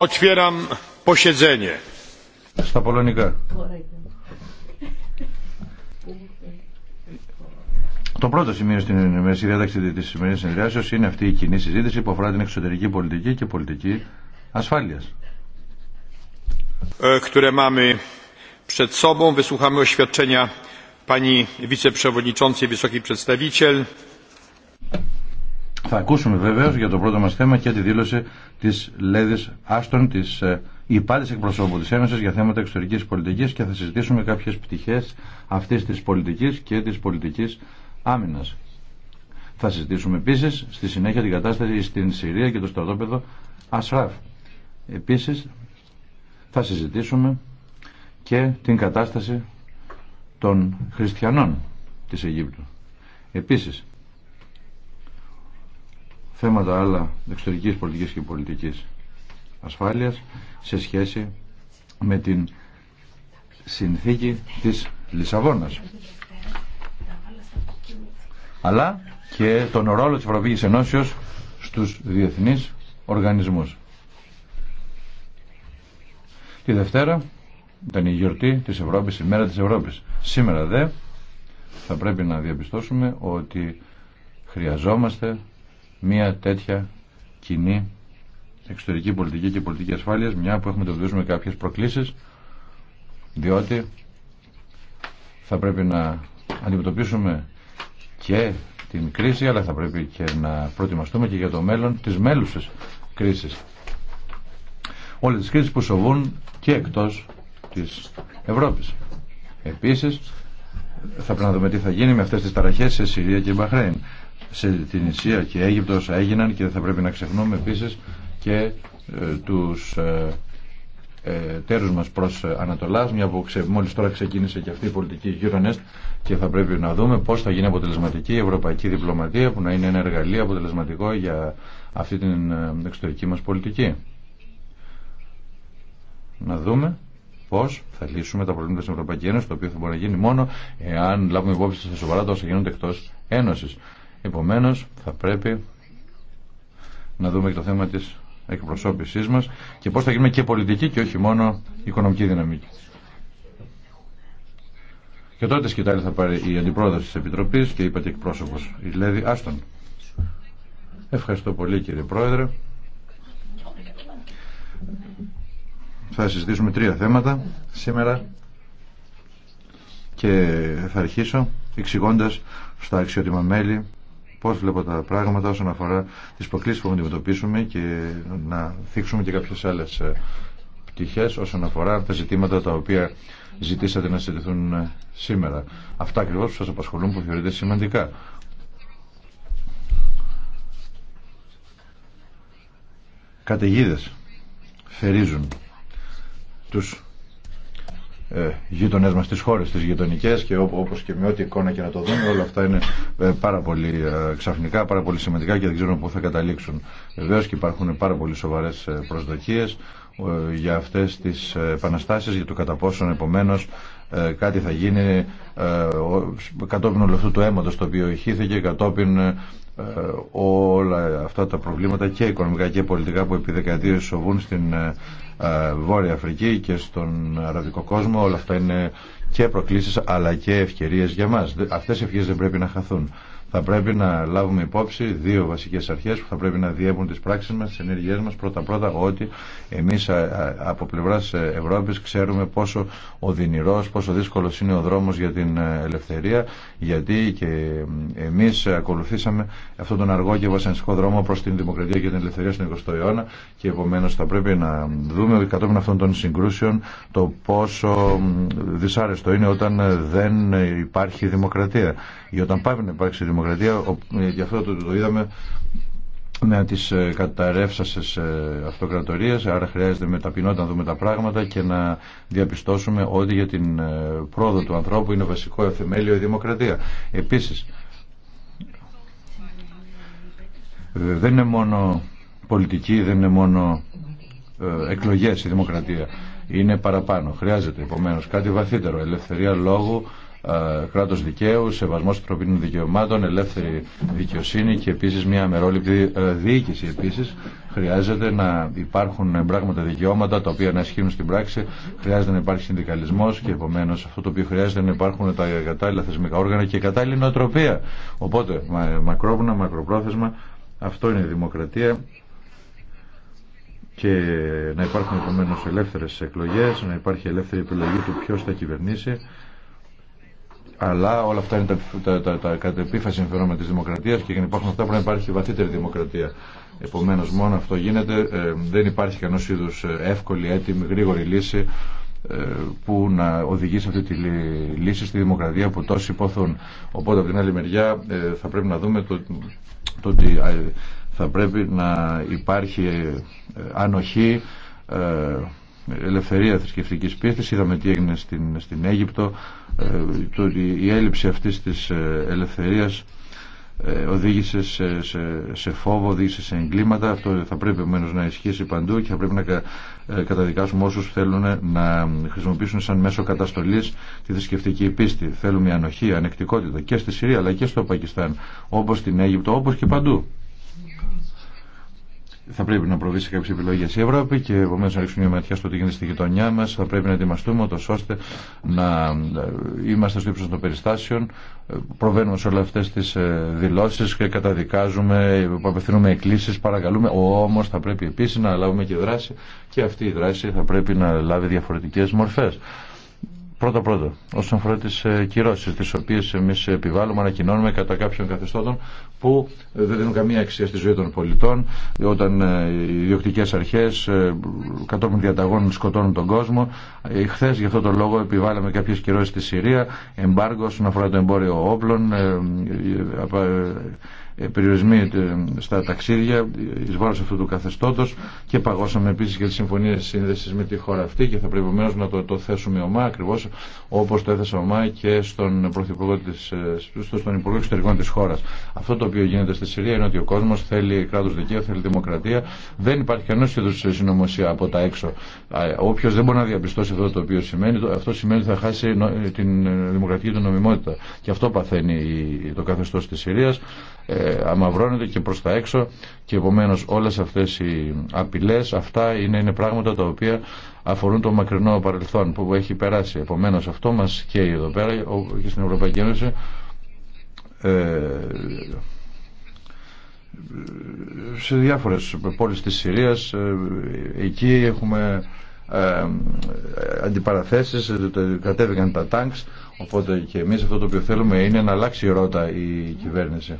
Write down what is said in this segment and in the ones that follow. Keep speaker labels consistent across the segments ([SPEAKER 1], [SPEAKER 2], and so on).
[SPEAKER 1] Otwieram posiedzenie.
[SPEAKER 2] Στα πολωνικά. Το πρώτο σημείο στην διάταξη τη σημερινή συνεδριάσεω είναι αυτή η κοινή συζήτηση που αφορά την εξωτερική πολιτική και πολιτική ασφάλεια. Ε, które mamy przed sobą. Wysłuchamy oświadczenia pani wiceprzewodniczącej, wysoki przedstawiciel. Θα ακούσουμε βεβαίω για το πρώτο μας θέμα και τη δήλωση της Λέδης Άστον, της ε, υπάλληλη εκπροσώπου τη Ένωσης για θέματα εξωτερική πολιτικής και θα συζητήσουμε κάποιες πτυχές αυτής της πολιτικής και της πολιτικής Άμυνα. Θα συζητήσουμε επίσης στη συνέχεια την κατάσταση στην Συρία και το στρατόπεδο Ασράφ. Επίση θα συζητήσουμε και την κατάσταση των χριστιανών της Αιγύπτου. Επίσης θέματα άλλα εξωτερική πολιτικής και πολιτικής ασφάλειας σε σχέση με την συνθήκη της Λισαβόνας. Αλλά και τον ρόλο της Ευρωπαϊκής Ενώσεως στους διεθνείς οργανισμούς. Τη Δευτέρα ήταν η γιορτή της Ευρώπης, η μέρα της Ευρώπης. Σήμερα δε θα πρέπει να διαπιστώσουμε ότι χρειαζόμαστε μια τέτοια κοινή εξωτερική πολιτική και πολιτική ασφάλειας, μια που έχουμε το με κάποιες προκλήσεις, διότι θα πρέπει να αντιμετωπίσουμε και την κρίση, αλλά θα πρέπει και να προετοιμαστούμε και για το μέλλον της μέλουσες κρίσης. Όλες τις κρίσεις που σοβούν και εκτός της Ευρώπης. Επίσης, θα πρέπει να δούμε τι θα γίνει με αυτές τις ταραχές σε Συρία και Μπαχρέιν σε την Ισία και Αίγυπτος έγιναν και δεν θα πρέπει να ξεχνούμε επίσης και ε, τους ε, ε, τέρους μας προς Ανατολάς μια που ξε, μόλις τώρα ξεκίνησε και αυτή η πολιτική Euronest και θα πρέπει να δούμε πώς θα γίνει αποτελεσματική η ευρωπαϊκή διπλωματία που να είναι ένα εργαλείο αποτελεσματικό για αυτή την εξωτερική μας πολιτική. Να δούμε πώ θα λύσουμε τα προβλήματα στην Ευρωπαϊκή Ένωση, το οποίο θα μπορεί να γίνει μόνο εάν λάβουμε υπόψη στα σοβαρά τα όσα γίνονται εκτό Ένωση. Επομένως θα πρέπει να δούμε και το θέμα της εκπροσώπησής μας και πώς θα γίνουμε και πολιτική και όχι μόνο οικονομική δυναμική. Και τότε σκητάλη θα πάρει η αντιπρόεδρος της Επιτροπής και είπατε εκπρόσωπος η Λέδη Άστον. Ευχαριστώ πολύ κύριε Πρόεδρε. Θα συζητήσουμε τρία θέματα σήμερα και θα αρχίσω εξηγώντα στα αξιότιμα μέλη πώ βλέπω τα πράγματα όσον αφορά τι προκλήσει που αντιμετωπίσουμε και να θίξουμε και κάποιε άλλες ε, πτυχέ όσον αφορά τα ζητήματα τα οποία ζητήσατε να συζητηθούν ε, σήμερα. Αυτά ακριβώ που σα απασχολούν που θεωρείτε σημαντικά. Καταιγίδε φερίζουν τους ε, γείτονές μας στις χώρες, τις γειτονικές και όπω όπως και με ό,τι εικόνα και να το δούμε όλα αυτά είναι ε, πάρα πολύ ε, ξαφνικά, πάρα πολύ σημαντικά και δεν ξέρουμε πού θα καταλήξουν. Βεβαίω και υπάρχουν πάρα πολύ σοβαρές ε, προσδοκίες για αυτές τις επαναστάσει για το κατά πόσον επομένως κάτι θα γίνει κατόπιν όλου αυτού του αίματο το οποίο ηχήθηκε, κατόπιν όλα αυτά τα προβλήματα και οικονομικά και πολιτικά που επί δεκαετίε σοβούν στην ε, Βόρεια Αφρική και στον αραβικό κόσμο. Όλα αυτά είναι και προκλήσεις αλλά και ευκαιρίες για μας. Αυτές οι ευκαιρίες δεν πρέπει να χαθούν θα πρέπει να λάβουμε υπόψη δύο βασικές αρχές που θα πρέπει να διέπουν τις πράξεις μας, τις ενεργειές μας. Πρώτα-πρώτα ότι εμείς από πλευράς ε, Ευρώπης ξέρουμε πόσο οδυνηρός, πόσο δύσκολος είναι ο δρόμος για την ε, ελευθερία, γιατί και ε, εμείς ακολουθήσαμε αυτόν τον αργό και βασανιστικό δρόμο προς την δημοκρατία και την ελευθερία στον 20ο αιώνα και επομένως θα πρέπει να δούμε κατόπιν αυτών των συγκρούσεων το πόσο δυσάρεστο είναι όταν δεν υπάρχει δημοκρατία. Για όταν πάει να δημοκρατία δημοκρατία. Ε, γι' αυτό το, είδαμε με τι ε, ε αυτοκρατορίε. άρα χρειάζεται με ταπεινότητα να δούμε τα πράγματα και να διαπιστώσουμε ότι για την ε, πρόοδο του ανθρώπου είναι βασικό θεμέλιο η δημοκρατία. Επίση. δεν είναι μόνο πολιτική, δεν είναι μόνο εκλογές η δημοκρατία. Είναι παραπάνω. Χρειάζεται επομένως κάτι βαθύτερο. Ελευθερία λόγου, ε, κράτος δικαίου, σεβασμός ανθρωπίνων δικαιωμάτων, ελεύθερη δικαιοσύνη και επίσης μια αμερόληπτη ε, διοίκηση. Επίσης χρειάζεται να υπάρχουν πράγματα δικαιώματα τα οποία να ισχύουν στην πράξη, χρειάζεται να υπάρχει συνδικαλισμό και επομένω αυτό το οποίο χρειάζεται να υπάρχουν τα κατάλληλα θεσμικά όργανα και κατάλληλη νοοτροπία. Οπότε μακρόβουνα, μακροπρόθεσμα, αυτό είναι η δημοκρατία και να υπάρχουν επομένω ελεύθερε εκλογέ, να υπάρχει ελεύθερη επιλογή του ποιο θα κυβερνήσει αλλά όλα αυτά είναι τα, τα, τα, τα κατεπίφαση φαινόμενα της δημοκρατίας και για να υπάρχουν αυτά πρέπει να υπάρχει βαθύτερη δημοκρατία. Επομένως μόνο αυτό γίνεται, ε, δεν υπάρχει κανένας είδους ε, εύκολη, έτοιμη, γρήγορη λύση ε, που να οδηγήσει αυτή τη λύση στη δημοκρατία που τόσοι υποθούν. Οπότε από την άλλη μεριά θα πρέπει να δούμε το, το ότι θα πρέπει να υπάρχει ανοχή ελευθερία θρησκευτικής πίστης είδαμε τι έγινε στην, στην Αίγυπτο ε, το, η έλλειψη αυτής της ε, ελευθερίας ε, οδήγησε σε, σε, φόβο, οδήγησε σε εγκλήματα. Αυτό θα πρέπει επομένω να ισχύσει παντού και θα πρέπει να κα, ε, καταδικάσουμε όσου θέλουν να χρησιμοποιήσουν σαν μέσο καταστολή τη θρησκευτική πίστη. Θέλουμε ανοχή, ανεκτικότητα και στη Συρία αλλά και στο Πακιστάν, όπω στην Αίγυπτο, όπω και παντού θα πρέπει να προβεί σε κάποιε επιλογέ η Ευρώπη και επομένω να ρίξουμε μια ματιά στο τι γίνεται στη γειτονιά μα. Θα πρέπει να ετοιμαστούμε ώστε να ε, είμαστε στο ύψο των περιστάσεων. Προβαίνουμε σε όλε αυτέ τι ε, δηλώσει και καταδικάζουμε, απευθύνουμε εκκλήσει, παρακαλούμε. Όμω θα πρέπει επίση να λάβουμε και δράση και αυτή η δράση θα πρέπει να λάβει διαφορετικέ μορφέ. Πρώτα πρώτα, όσον αφορά τι ε, κυρώσεις τις οποίε εμεί επιβάλλουμε, ανακοινώνουμε κατά κάποιων καθεστώτων που ε, δεν δίνουν καμία αξία στη ζωή των πολιτών, όταν ε, οι αρχές αρχέ κατόπιν διαταγών σκοτώνουν τον κόσμο. Χθε, γι' αυτό το λόγο, επιβάλαμε κάποιες κυρώσεις στη Συρία, εμπάργκο όσον αφορά το εμπόριο όπλων, ε, περιορισμοί ε, στα ταξίδια εις βάρος αυτού του καθεστώτος και παγώσαμε επίσης και τις συμφωνίες σύνδεσης με τη χώρα αυτή και θα πρέπει να το, το θέσουμε ομά ακριβώς όπως το έθεσα ομά και στον, ε, στον Υπουργό Εξωτερικών της χώρας. Αυτό το οποίο γίνεται στη Συρία είναι ότι ο κόσμος θέλει κράτος δικαίου, θέλει δημοκρατία. Δεν υπάρχει κανένας είδους συνωμοσία από τα έξω. Όποιος δεν μπορεί να διαπιστώσει αυτό το οποίο σημαίνει, αυτό σημαίνει ότι θα χάσει την δημοκρατική του νομιμότητα. Και αυτό παθαίνει το καθεστώς της Συρία ε, αμαυρώνεται και προς τα έξω και επομένως όλες αυτές οι απειλές αυτά είναι, είναι πράγματα τα οποία αφορούν το μακρινό παρελθόν που έχει περάσει. Επομένως αυτό μας καίει εδώ πέρα και στην Ευρωπαϊκή Ένωση ε, σε διάφορες πόλεις της Συρίας ε, εκεί έχουμε ε, αντιπαραθέσεις ε, κατέβηκαν τα τάγκς οπότε και εμείς αυτό το οποίο θέλουμε είναι να αλλάξει η ρότα η κυβέρνηση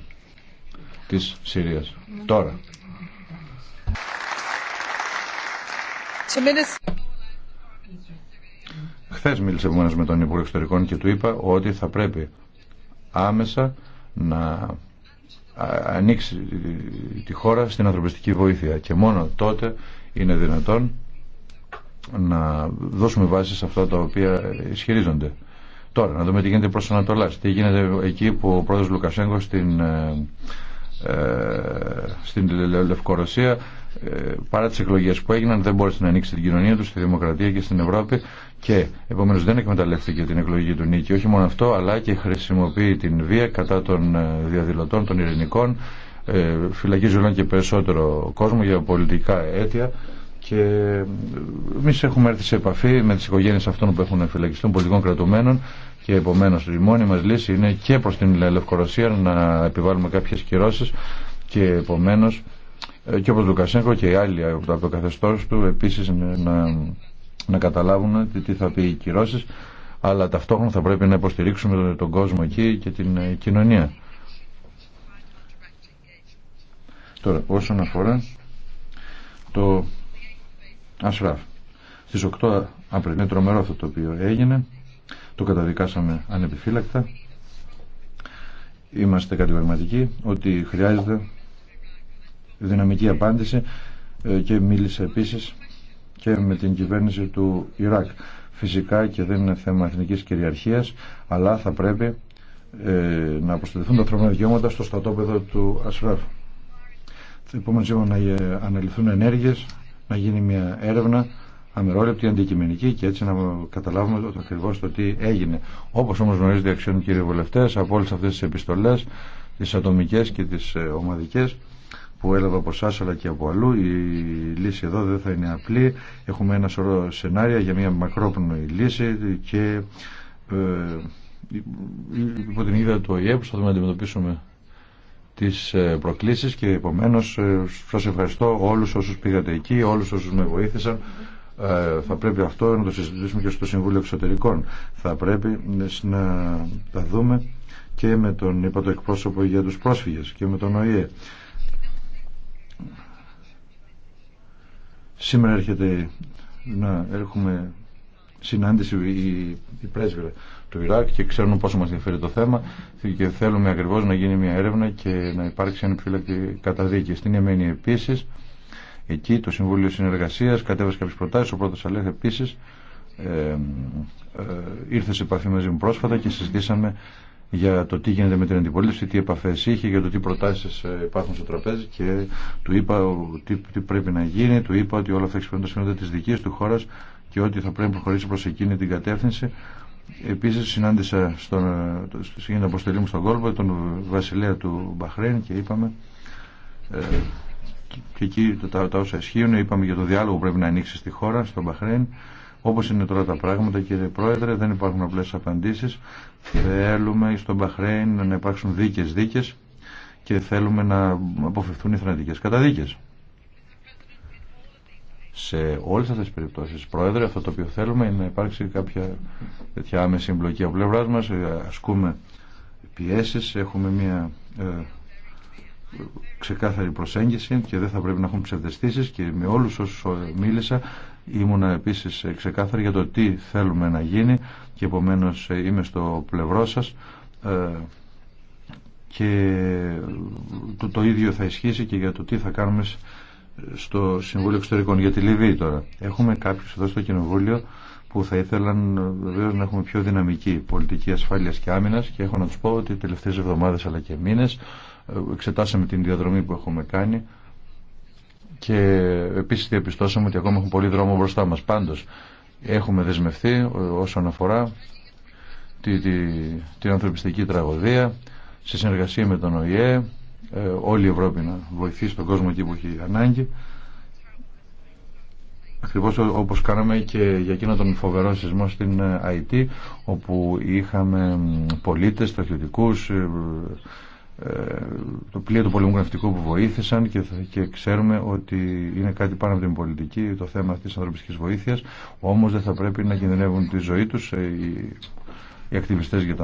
[SPEAKER 2] της Συρίας. Τώρα. Χθε μίλησε επομένω με τον Υπουργό Εξωτερικών και του είπα ότι θα πρέπει άμεσα να ανοίξει τη χώρα στην ανθρωπιστική βοήθεια και μόνο τότε είναι δυνατόν να δώσουμε βάση σε αυτά τα οποία ισχυρίζονται. Τώρα, να δούμε τι γίνεται προς Ανατολάς, τι γίνεται εκεί που ο πρόεδρος Λουκασέγκο στην ε, ε, στην Λευκορωσία ε, παρά τις εκλογές που έγιναν δεν μπόρεσε να ανοίξει την κοινωνία του στη δημοκρατία και στην Ευρώπη και επομένως δεν εκμεταλλεύτηκε την εκλογική του Νίκη όχι μόνο αυτό αλλά και χρησιμοποιεί την βία κατά των ε, διαδηλωτών των ειρηνικών φυλακίζει όλο και περισσότερο κόσμο για πολιτικά αίτια και εμεί έχουμε έρθει σε επαφή με τις οικογένειες αυτών που έχουν φυλακιστούν πολιτικών κρατουμένων και επομένως η μόνη μας λύση είναι και προς την Λευκορωσία να επιβάλλουμε κάποιες κυρώσεις και επομένως ε, και όπως Λουκασέγκο και οι άλλοι από το καθεστώς του επίσης να, να καταλάβουν τι θα πει οι κυρώσεις αλλά ταυτόχρονα θα πρέπει να υποστηρίξουμε τον κόσμο εκεί και την ε, κοινωνία. Τώρα, όσον αφορά το Ασράφ. Στις 8 Απριλίου, είναι τρομερό αυτό το οποίο έγινε. Το καταδικάσαμε ανεπιφύλακτα. Είμαστε κατηγορηματικοί ότι χρειάζεται δυναμική απάντηση ε, και μίλησε επίσης και με την κυβέρνηση του Ιράκ. Φυσικά και δεν είναι θέμα εθνικής κυριαρχίας, αλλά θα πρέπει ε, να αποστατευτούν τα ανθρώπινα δικαιώματα στο στρατόπεδο του Ασράφ. Επόμενο να ε, αναλυθούν ενέργειες, να γίνει μια έρευνα αμερόληπτη, αντικειμενική και έτσι να καταλάβουμε το, ακριβώ το τι έγινε. Όπω όμω γνωρίζετε, αξιόν κύριοι βουλευτέ, από όλε αυτέ τι επιστολέ, τι ατομικέ και τι ε, ομαδικέ που έλαβα από εσά αλλά και από αλλού, η λύση εδώ δεν θα είναι απλή. Έχουμε ένα σωρό σενάρια για μια μακρόπνοη λύση και ε, υπό την ίδια του ΟΗΕ που θα δούμε να αντιμετωπίσουμε τις ε, προκλήσεις και επομένως ε, σας ευχαριστώ όλους όσους πήγατε εκεί, όλους όσους με βοήθησαν ε, θα πρέπει αυτό να το συζητήσουμε και στο Συμβούλιο Εξωτερικών. Θα πρέπει να τα δούμε και με τον είπα εκπρόσωπο για τους πρόσφυγες και με τον ΟΗΕ. Σήμερα έρχεται να έχουμε συνάντηση η, η πρέσβυρα του Ιράκ και ξέρουμε πόσο μας ενδιαφέρει το θέμα και θέλουμε ακριβώς να γίνει μια έρευνα και να υπάρξει ανεπιφύλακτη καταδίκη. Στην Εμένη επίσης Εκεί το Συμβούλιο συνεργασία, κατέβασε κάποιε προτάσει, ο πρώτο Αλέχ επίση ε, ε, ήρθε σε επαφή μαζί μου πρόσφατα και συζητήσαμε για το τι γίνεται με την αντιπολίτευση, τι επαφέ είχε, για το τι προτάσει ε, υπάρχουν στο τραπέζι και του είπα τι, τι πρέπει να γίνει, του είπα ότι όλα αυτά εξυπηρετούν τα δικέ τη δική του χώρα και ότι θα πρέπει να προχωρήσει προ εκείνη την κατεύθυνση. Επίση, συνάντησα στον, ε, στην αποστολή μου στον κόλπο τον βασιλέα του Μπαχρέν και είπαμε ε, και εκεί τα, τα όσα ισχύουν είπαμε για το διάλογο που πρέπει να ανοίξει στη χώρα, στον Παχρέν Όπω είναι τώρα τα πράγματα κύριε Πρόεδρε δεν υπάρχουν απλέ απαντήσει. θέλουμε στον Παχρέν να υπάρξουν δίκες δίκες και θέλουμε να αποφευθούν οι θανατικές καταδίκε. σε όλε αυτέ τι περιπτώσει Πρόεδρε αυτό το οποίο θέλουμε είναι να υπάρξει κάποια τέτοια άμεση εμπλοκή από πλευρά μα. ασκούμε πιέσει, έχουμε μια ε, ξεκάθαρη προσέγγιση και δεν θα πρέπει να έχουν ψευδεστήσει και με όλου όσου ε, μίλησα ήμουνα επίση ε, ξεκάθαρη για το τι θέλουμε να γίνει και επομένω ε, είμαι στο πλευρό σας και το, το ίδιο θα ισχύσει και για το τι θα κάνουμε στο Συμβούλιο Εξωτερικών για τη Λιβύη τώρα. Έχουμε κάποιους εδώ στο Κοινοβούλιο που θα ήθελαν βεβαίω να έχουμε πιο δυναμική πολιτική ασφάλειας και άμυνας και έχω να τους πω ότι τελευταίες εβδομάδες αλλά και μήνες εξετάσαμε την διαδρομή που έχουμε κάνει και επίσης διαπιστώσαμε ότι ακόμα έχουμε πολύ δρόμο μπροστά μας. Πάντως έχουμε δεσμευτεί όσον αφορά τη, την ανθρωπιστική τραγωδία σε συνεργασία με τον ΟΗΕ ε, όλη η Ευρώπη να βοηθήσει τον κόσμο εκεί που έχει ανάγκη ακριβώς όπως κάναμε και για εκείνο τον φοβερό σεισμό στην ε, ΑΙΤ όπου είχαμε πολίτες, στρατιωτικούς ε, ε, το πλοίο του πολεμικού που βοήθησαν και, και ξέρουμε ότι είναι κάτι πάνω από την πολιτική το θέμα αυτής της ανθρωπιστικής βοήθειας όμως δεν θα πρέπει να κινδυνεύουν τη ζωή τους ε, οι, οι ακτιβιστές για,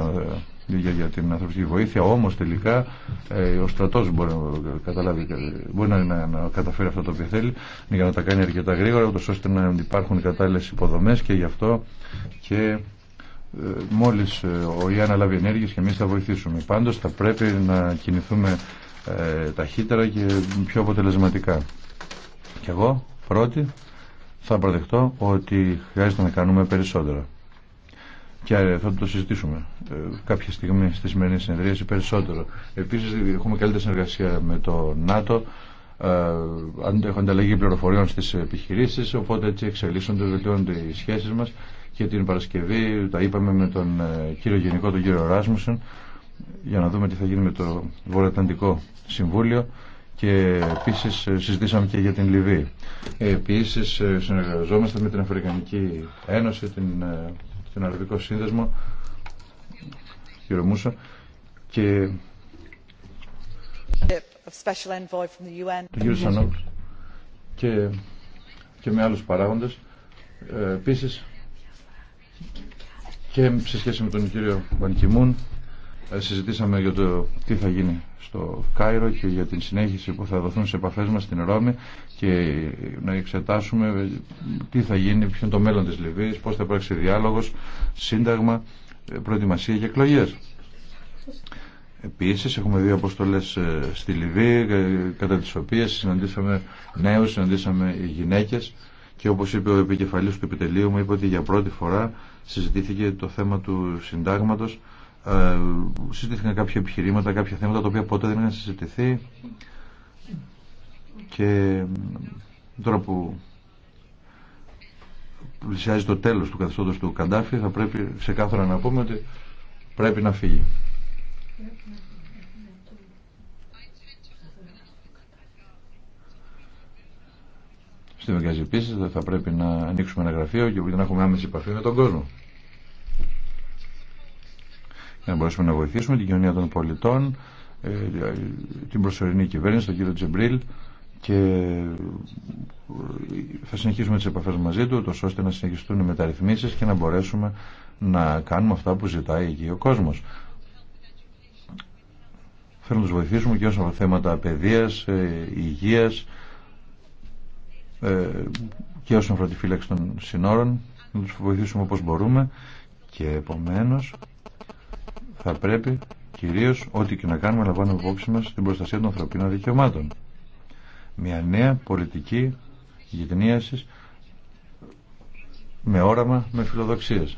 [SPEAKER 2] για, την ανθρωπιστική βοήθεια όμως τελικά ε, ο στρατός μπορεί να, να, να, καταφέρει αυτό το οποίο θέλει για να τα κάνει αρκετά γρήγορα ώστε να υπάρχουν κατάλληλες υποδομές και γι' αυτό και ε, μόλις ε, ο ΙΑ αναλάβει ενέργειες και εμείς θα βοηθήσουμε. Πάντως θα πρέπει να κινηθούμε ε, ταχύτερα και πιο αποτελεσματικά. Και εγώ πρώτη θα παραδεχτώ ότι χρειάζεται να κάνουμε περισσότερα. Και θα το συζητήσουμε κάποια στιγμή στη σημερινή συνεδρίαση περισσότερο. Επίσης έχουμε καλύτερη συνεργασία με το ΝΑΤΟ αν έχουν ανταλλαγή πληροφοριών στις επιχειρήσεις, οπότε έτσι εξελίσσονται, βελτιώνονται οι σχέσεις μας και την Παρασκευή τα είπαμε με τον ε, κύριο Γενικό, τον κύριο Ράσμουσεν για να δούμε τι θα γίνει με το Βορειοατλαντικό Συμβούλιο και επίση ε, συζητήσαμε και για την Λιβύη. Ε, επίση συνεργαζόμαστε με την Αφρικανική Ένωση, την, τον Αραβικό Σύνδεσμο, κύριο Μούσο και
[SPEAKER 3] τον κύριο Σανόπλου
[SPEAKER 2] και, και με άλλους παράγοντες. Επίσης και σε σχέση με τον κύριο Βανκιμούν ε, συζητήσαμε για το τι θα γίνει στο Κάιρο και για την συνέχιση που θα δοθούν σε επαφές μας στην Ρώμη και να εξετάσουμε ε, τι θα γίνει, ποιο είναι το μέλλον της Λιβύης, πώς θα υπάρξει διάλογος, σύνταγμα, ε, προετοιμασία για εκλογές. Επίσης έχουμε δύο αποστολές στη Λιβύη κατά τις οποίες συναντήσαμε νέους, συναντήσαμε γυναίκες και όπως είπε ο επικεφαλής του επιτελείου μου είπε ότι για πρώτη φορά συζητήθηκε το θέμα του συντάγματος, ε, συζητήθηκαν κάποια επιχειρήματα, κάποια θέματα τα οποία ποτέ δεν είχαν συζητηθεί και τώρα που πλησιάζει το τέλος του καθεστώτος του Καντάφη θα πρέπει ξεκάθαρα να πούμε ότι πρέπει να φύγει. στην εργασία επίση θα πρέπει να ανοίξουμε ένα γραφείο και να έχουμε άμεση επαφή με τον κόσμο. Για να μπορέσουμε να βοηθήσουμε την κοινωνία των πολιτών, ε, την προσωρινή κυβέρνηση, τον κύριο Τζεμπρίλ και ε, θα συνεχίσουμε τις επαφές μαζί του ώστε να συνεχιστούν οι μεταρρυθμίσεις και να μπορέσουμε να κάνουμε αυτά που ζητάει εκεί ο κόσμος. Θέλω να τους βοηθήσουμε και όσον αφορά θέματα παιδείας, ε, υγείας, ε, και όσον αφορά τη φύλαξη των συνόρων να τους βοηθήσουμε όπως μπορούμε και επομένως θα πρέπει κυρίως ό,τι και να κάνουμε να βάλουμε υπόψη μας την προστασία των ανθρωπίνων δικαιωμάτων. Μια νέα πολιτική γειτονίασης με όραμα, με φιλοδοξίες.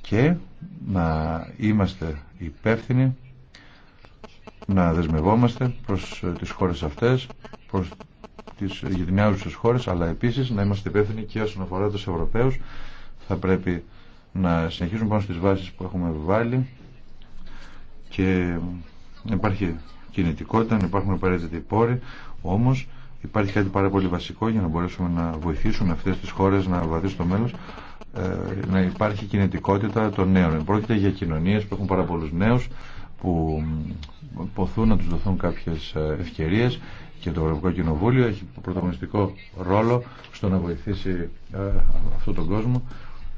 [SPEAKER 2] Και να είμαστε υπεύθυνοι να δεσμευόμαστε προς ε, τις χώρες αυτές, προς τις γειτονιάζουσες χώρες, αλλά επίσης να είμαστε υπεύθυνοι και όσον αφορά τους Ευρωπαίους. Θα πρέπει να συνεχίσουμε πάνω στις βάσεις που έχουμε βάλει και υπάρχει κινητικότητα, υπάρχουν απαραίτητοι πόροι, όμως υπάρχει κάτι πάρα πολύ βασικό για να μπορέσουμε να βοηθήσουμε αυτές τις χώρες να βαθίσουν το μέλλον ε, να υπάρχει κινητικότητα των νέων. Πρόκειται για κοινωνίες που έχουν πάρα πολλούς νέους που ποθούν να τους δοθούν κάποιες ε, ευκαιρίες και το Ευρωπαϊκό Κοινοβούλιο έχει πρωταγωνιστικό ρόλο στο να βοηθήσει ε, αυτόν τον κόσμο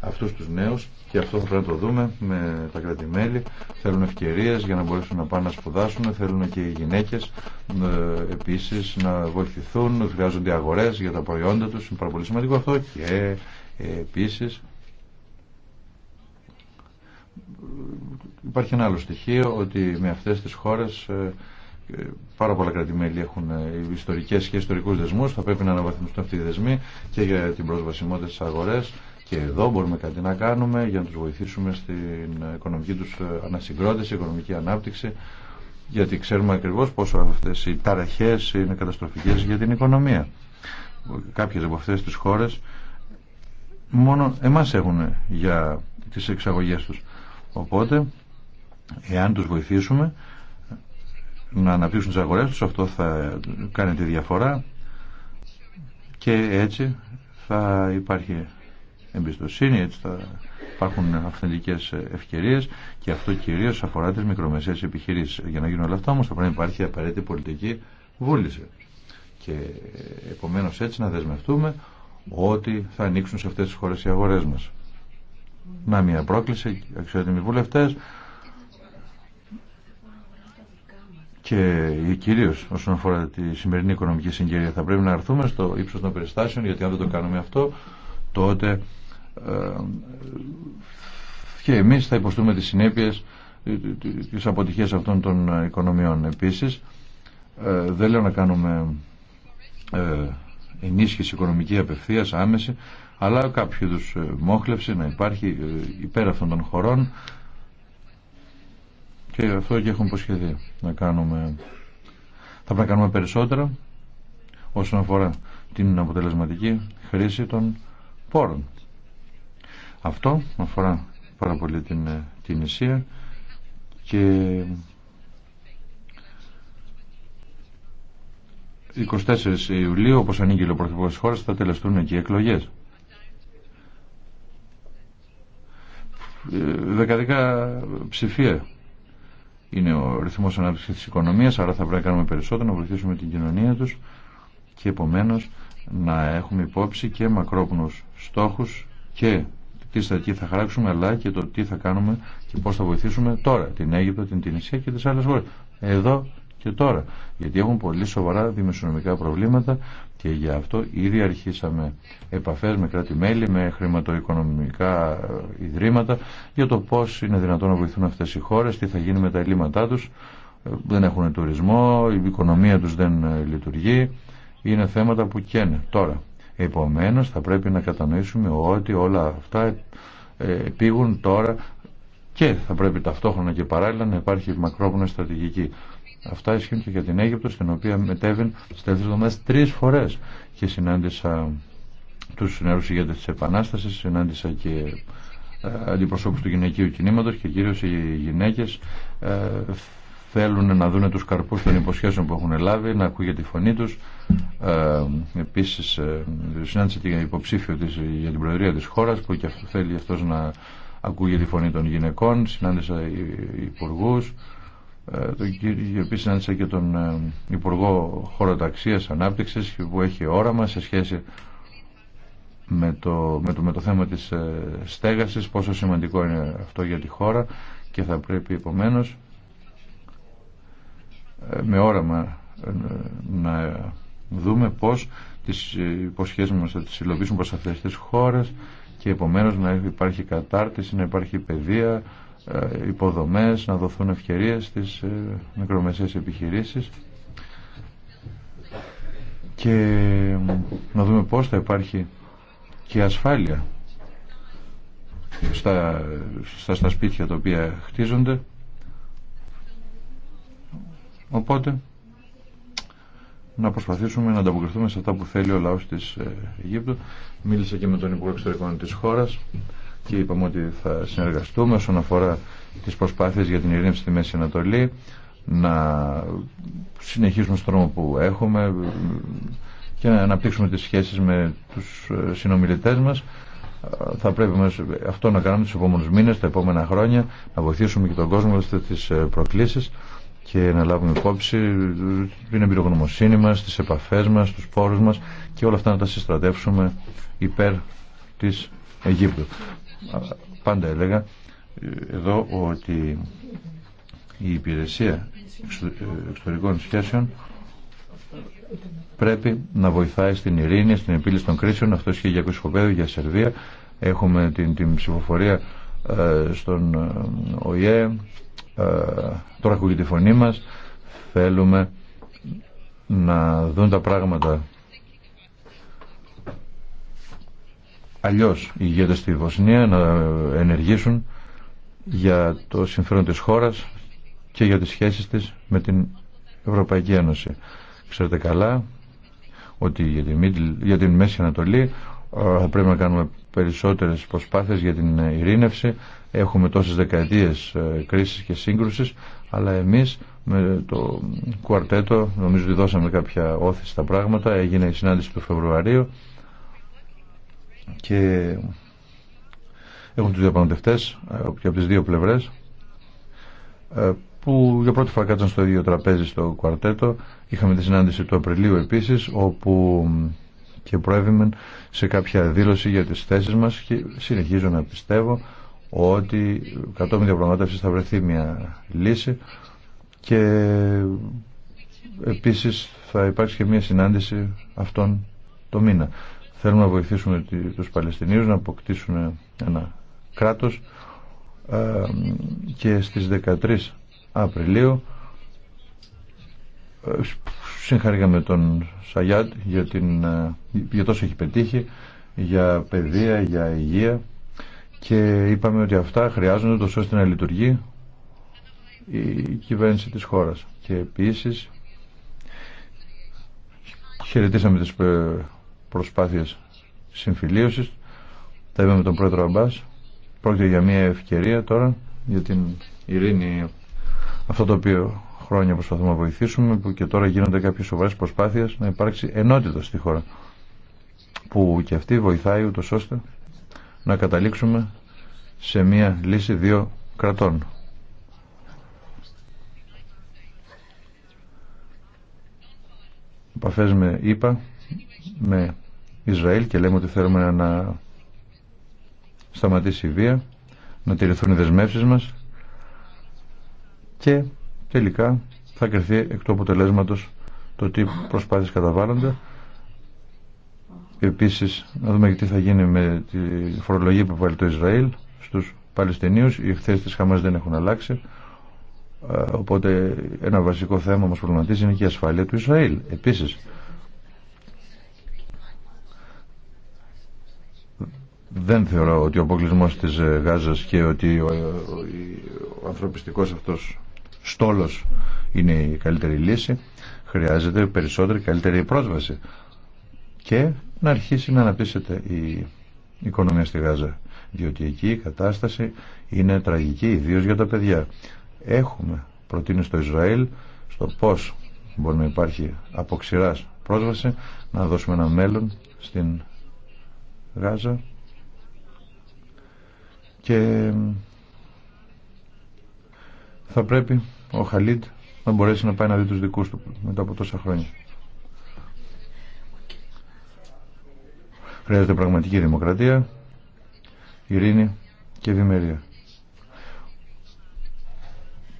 [SPEAKER 2] αυτούς τους νέους και αυτό θα πρέπει να το δούμε με τα κρατημέλη θέλουν ευκαιρίες για να μπορέσουν να πάνε να σπουδάσουν θέλουν και οι γυναίκες ε, επίσης να βοηθηθούν χρειάζονται αγορές για τα προϊόντα τους είναι πάρα πολύ σημαντικό αυτό και επίσης Υπάρχει ένα άλλο στοιχείο ότι με αυτές τις χώρες ε, ε, πάρα πολλά κρατημέλη έχουν ε, ιστορικέ και ιστορικού δεσμού θα πρέπει να αναβαθμιστούν αυτοί οι δεσμοί και για την προσβασιμότητα στι αγορέ και εδώ μπορούμε κάτι να κάνουμε για να του βοηθήσουμε στην οικονομική του ανασυγκρότηση, οικονομική ανάπτυξη γιατί ξέρουμε ακριβώ πόσο αυτέ οι ταραχέ είναι καταστροφικέ για την οικονομία. Κάποιε από αυτέ τι χώρε μόνο εμά έχουν για τι εξαγωγέ του. Οπότε Εάν τους βοηθήσουμε να αναπτύξουν τις αγορές τους, αυτό θα κάνει τη διαφορά και έτσι θα υπάρχει εμπιστοσύνη, έτσι θα υπάρχουν αυθεντικές ευκαιρίες και αυτό κυρίως αφορά τις μικρομεσαίες επιχειρήσεις. Για να γίνουν όλα αυτά όμως θα πρέπει να υπάρχει απαραίτητη πολιτική βούληση και επομένως έτσι να δεσμευτούμε ότι θα ανοίξουν σε αυτές τις χώρες οι αγορές μας. Να μια πρόκληση, αξιότιμοι βουλευτές, και ε, κυρίω όσον αφορά τη σημερινή οικονομική συγκυρία θα πρέπει να έρθουμε στο ύψος των περιστάσεων γιατί αν δεν το κάνουμε αυτό τότε ε, και εμείς θα υποστούμε τις συνέπειε ε, τις αποτυχία αυτών των οικονομιών Επίση. Ε, δεν λέω να κάνουμε ενίσχυση οικονομική απευθείας άμεση αλλά κάποιο είδου μόχλευση να υπάρχει υπέρ αυτών των χωρών και αυτό και έχουμε προσχεθεί να κάνουμε. Θα πρέπει να κάνουμε περισσότερα όσον αφορά την αποτελεσματική χρήση των πόρων. Αυτό αφορά πάρα πολύ την, την Ισία και 24 Ιουλίου, όπως ανήκει ο Πρωθυπουργός της χώρας, θα τελεστούν εκεί εκλογές. Ε, δεκαδικά ψηφία είναι ο ρυθμός ανάπτυξης της οικονομίας, άρα θα πρέπει να κάνουμε περισσότερο, να βοηθήσουμε την κοινωνία τους και επομένως να έχουμε υπόψη και μακρόπνους στόχους και τι στρατηγική θα χαράξουμε, αλλά και το τι θα κάνουμε και πώς θα βοηθήσουμε τώρα την Αίγυπτο, την Τινησία και τις άλλες χώρες. Εδώ και τώρα. Γιατί έχουν πολύ σοβαρά δημοσιονομικά προβλήματα και γι' αυτό ήδη αρχίσαμε επαφές με κράτη-μέλη, με χρηματοοικονομικά ε, ιδρύματα για το πώς είναι δυνατόν να βοηθούν αυτές οι χώρες, τι θα γίνει με τα ελλείμματά τους. Ε, δεν έχουν τουρισμό, η οικονομία τους δεν ε, λειτουργεί. Είναι θέματα που καίνε τώρα. Επομένως θα πρέπει να κατανοήσουμε ότι όλα αυτά πήγουν τώρα και θα πρέπει ταυτόχρονα και παράλληλα να υπάρχει μακρόπνοη στρατηγική. Αυτά ισχύουν και για την Αίγυπτο, στην οποία μετέβην στις τελευταίες εβδομάδε τρει φορές και συνάντησα του νεαρού ηγέτε τη επανάσταση, συνάντησα και ε, αντιπροσώπους του γυναικείου κινήματο και κυρίω οι γυναίκες ε, θέλουν να δουν του καρπούς των υποσχέσεων που έχουν λάβει, να ακούγεται τη φωνή του. Ε, επίσης ε, συνάντησα την υποψήφιο της, για την προεδρία τη χώρα που και θέλει αυτό να ακούγεται τη φωνή των γυναικών, συνάντησα υπουργού. Ε, τον κύριο συνάντησα και τον ε, Υπουργό Χωροταξίας Ανάπτυξης που έχει όραμα σε σχέση με το, με το, με το θέμα της ε, στέγασης, πόσο σημαντικό είναι αυτό για τη χώρα και θα πρέπει επομένως με όραμα να δούμε πώς τις υποσχέσεις μας θα τις υλοποιήσουμε προς αυτές τις χώρες και επομένως να υπάρχει κατάρτιση, να υπάρχει παιδεία, ε, υποδομές, να δοθούν ευκαιρίες στις ε, μικρομεσαίες επιχειρήσεις και να δούμε πώς θα υπάρχει και ασφάλεια στα, στα, σπίτια τα οποία χτίζονται οπότε να προσπαθήσουμε να ανταποκριθούμε σε αυτά που θέλει ο λαός της ε, Αιγύπτου μίλησα και με τον Υπουργό Εξωτερικών της χώρας και είπαμε ότι θα συνεργαστούμε όσον αφορά τις προσπάθειες για την ειρήνη στη Μέση Ανατολή να συνεχίσουμε στον τρόπο που έχουμε και να αναπτύξουμε τις σχέσεις με τους ε, συνομιλητές μας θα πρέπει αυτό να κάνουμε του επόμενου μήνες, τα επόμενα χρόνια να βοηθήσουμε και τον κόσμο στις τι ε, προκλήσεις και να λάβουμε υπόψη την εμπειρογνωμοσύνη μας, τις επαφές μας, τους πόρους μας και όλα αυτά να τα συστρατεύσουμε υπέρ της Αιγύπτου πάντα έλεγα ε, εδώ ότι η υπηρεσία ε, εξωτερικών σχέσεων πρέπει να βοηθάει στην ειρήνη, στην επίλυση των κρίσεων. Αυτό ισχύει για Κωσυφοπέδιο, για Σερβία. Έχουμε την, την ψηφοφορία ε, στον ΟΗΕ. τώρα ακούγεται η φωνή μας. Θέλουμε να δουν τα πράγματα αλλιώς οι ηγέτες στη Βοσνία να ενεργήσουν για το συμφέρον της χώρας και για τις σχέσεις της με την Ευρωπαϊκή Ένωση. Ξέρετε καλά ότι για την, για την Μέση Ανατολή θα ε, πρέπει να κάνουμε περισσότερες προσπάθειες για την ειρήνευση. Έχουμε τόσες δεκαετίες ε, κρίσης και σύγκρουσης, αλλά εμείς με το κουαρτέτο νομίζω ότι δώσαμε κάποια όθηση στα πράγματα. Έγινε η συνάντηση του Φεβρουαρίου και έχουν τους διαπραγματευτές ε, και από τις δύο πλευρές ε, που για πρώτη φορά κάτσαν στο ίδιο τραπέζι στο κουαρτέτο. Είχαμε τη συνάντηση του Απριλίου επίσης όπου και προέβημεν σε κάποια δήλωση για τις θέσεις μας και συνεχίζω να πιστεύω ότι κατόπιν διαπραγματεύσεις θα βρεθεί μια λύση και επίσης θα υπάρξει και μια συνάντηση αυτόν το μήνα. Θέλουμε να βοηθήσουμε τους Παλαιστινίους να αποκτήσουν ένα κράτος ε, και στις 13 Απριλίου ε, συγχαρήγαμε τον Σαγιάτ για, την, ε, για τόσο έχει πετύχει για παιδεία, για υγεία και είπαμε ότι αυτά χρειάζονται τόσο ώστε να λειτουργεί η κυβέρνηση της χώρας και επίσης χαιρετήσαμε τις προσπάθειες συμφιλίωσης. Τα είπαμε τον πρόεδρο Αμπάς. Πρόκειται για μια ευκαιρία τώρα για την ειρήνη αυτό το οποίο χρόνια προσπαθούμε να βοηθήσουμε που και τώρα γίνονται κάποιες σοβαρές προσπάθειες να υπάρξει ενότητα στη χώρα που και αυτή βοηθάει ούτως ώστε να καταλήξουμε σε μια λύση δύο κρατών. Επαφές με είπα με Ισραήλ και λέμε ότι θέλουμε να σταματήσει η βία, να τηρηθούν οι δεσμεύσεις μας και τελικά θα κρυθεί εκ του αποτελέσματος το τι προσπάθειες καταβάλλονται. Επίσης, να δούμε τι θα γίνει με τη φορολογία που βάλει το Ισραήλ στους Παλαιστινίους. Οι χθες της Χαμάς δεν έχουν αλλάξει. Ε, οπότε ένα βασικό θέμα μας προβληματίζει είναι και η ασφάλεια του Ισραήλ. Επίσης, Δεν θεωρώ ότι ο αποκλεισμό της ε, Γάζας και ότι ε, ο ανθρωπιστικός αυτός στόλος είναι η καλύτερη λύση. Χρειάζεται περισσότερη καλύτερη πρόσβαση και να αρχίσει να αναπτύσσεται η οικονομία στη Γάζα. Διότι εκεί η κατάσταση είναι τραγική, ιδίω για τα παιδιά. Έχουμε προτείνει στο Ισραήλ στο πώς μπορεί να υπάρχει από πρόσβαση να δώσουμε ένα μέλλον στην Γάζα και θα πρέπει ο Χαλίτ να μπορέσει να πάει να δει τους δικούς του μετά από τόσα χρόνια. Χρειάζεται πραγματική δημοκρατία, ειρήνη και ευημερία.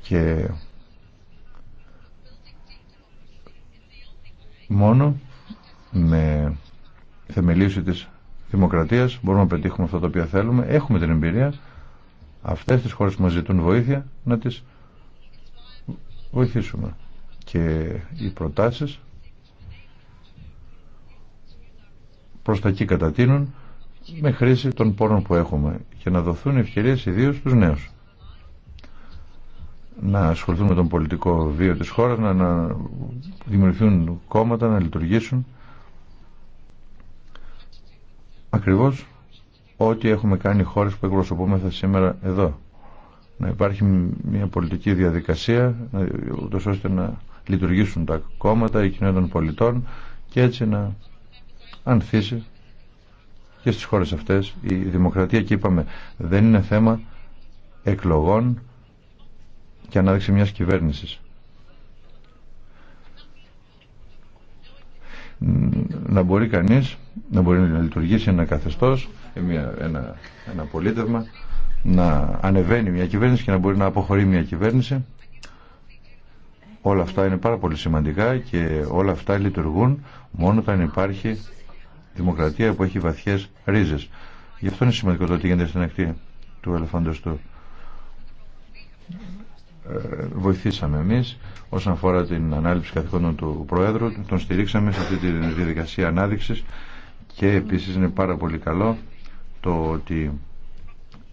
[SPEAKER 2] Και μόνο με θεμελίωση της Δημοκρατία, μπορούμε να πετύχουμε αυτό το οποίο θέλουμε. Έχουμε την εμπειρία αυτές τις χώρε που μα ζητούν βοήθεια να τις βοηθήσουμε. Και οι προτάσει. Προ τα εκεί κατατείνουν με χρήση των πόρων που έχουμε και να δοθούν ευκαιρίες ιδίω στους νέους να ασχοληθούν με τον πολιτικό βίο της χώρας να, να δημιουργηθούν κόμματα, να λειτουργήσουν ακριβώς ό,τι έχουμε κάνει οι χώρες που εκπροσωπούμεθα σήμερα εδώ. Να υπάρχει μια πολιτική διαδικασία, ούτως ώστε να λειτουργήσουν τα κόμματα, η κοινότητα των πολιτών και έτσι να ανθίσει και στις χώρες αυτές η δημοκρατία και είπαμε δεν είναι θέμα εκλογών και ανάδειξη μιας κυβέρνησης. να μπορεί κανείς να μπορεί να λειτουργήσει ένα καθεστώς ε, μια, ένα, ένα πολίτευμα να ανεβαίνει μια κυβέρνηση και να μπορεί να αποχωρεί μια κυβέρνηση όλα αυτά είναι πάρα πολύ σημαντικά και όλα αυτά λειτουργούν μόνο όταν υπάρχει δημοκρατία που έχει βαθιές ρίζες γι' αυτό είναι σημαντικό το ότι γίνεται στην ακτή του ελεφαντοστού βοηθήσαμε εμείς όσον αφορά την ανάληψη καθηκόντων του Προέδρου, τον στηρίξαμε σε αυτή τη διαδικασία ανάδειξης και επίσης είναι πάρα πολύ καλό το ότι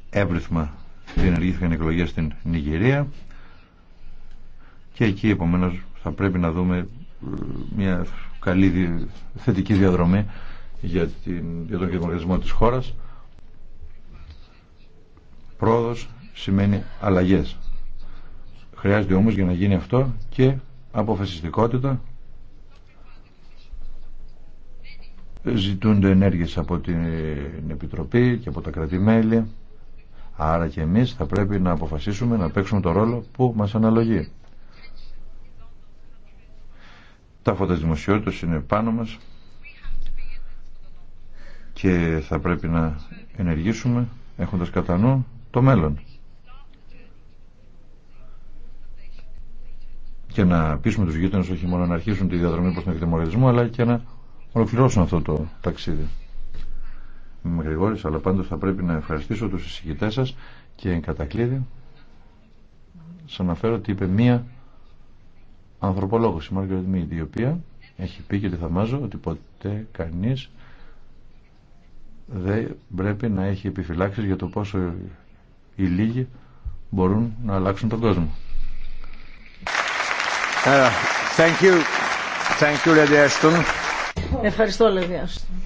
[SPEAKER 2] εύρυθμα διενεργήθηκαν εκλογές στην Νιγηρία και εκεί επομένως θα πρέπει να δούμε ε, μια καλή θετική διαδρομή για, την, για τον κοινωνισμό της χώρας. Πρόοδος σημαίνει αλλαγές. Χρειάζεται όμως για να γίνει αυτό και αποφασιστικότητα. Ζητούνται ενέργειες από την Επιτροπή και από τα κρατημέλη. Άρα και εμείς θα πρέπει να αποφασίσουμε να παίξουμε το ρόλο που μας αναλογεί. Τα φώτα είναι πάνω μας και θα πρέπει να ενεργήσουμε έχοντας κατά νου το μέλλον. και να πείσουμε τους γείτονες όχι μόνο να αρχίσουν τη διαδρομή προς τον εκδημοκρατισμό αλλά και να ολοκληρώσουν αυτό το ταξίδι. Με γρηγόρης, αλλά πάντως θα πρέπει να ευχαριστήσω τους εισηγητές σας και εν κατακλείδη σας αναφέρω ότι είπε μία ανθρωπολόγος, η Μάργαρετ Μίτ, η οποία έχει πει και τη θαυμάζω ότι ποτέ κανείς δεν πρέπει να έχει επιφυλάξεις για το πόσο οι λίγοι μπορούν να αλλάξουν τον κόσμο.
[SPEAKER 1] Thank you. Thank you, Lady Ashton.
[SPEAKER 4] Ευχαριστώ, Lady Ashton.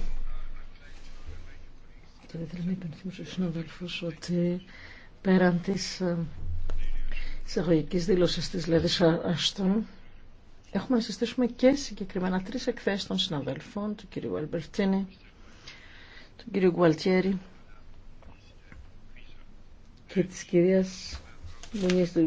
[SPEAKER 4] Θα ήθελα να υπενθυμίσω στους συναδελφούς ότι πέραν της εισαγωγικής δήλωσης της Lady Ashton έχουμε να συστήσουμε και συγκεκριμένα τρεις εκθέσεις των συναδελφών, του κ. Αλμπερτίνη, του κ. Γκουαλτιέρη και της κυρίας Μουνίας του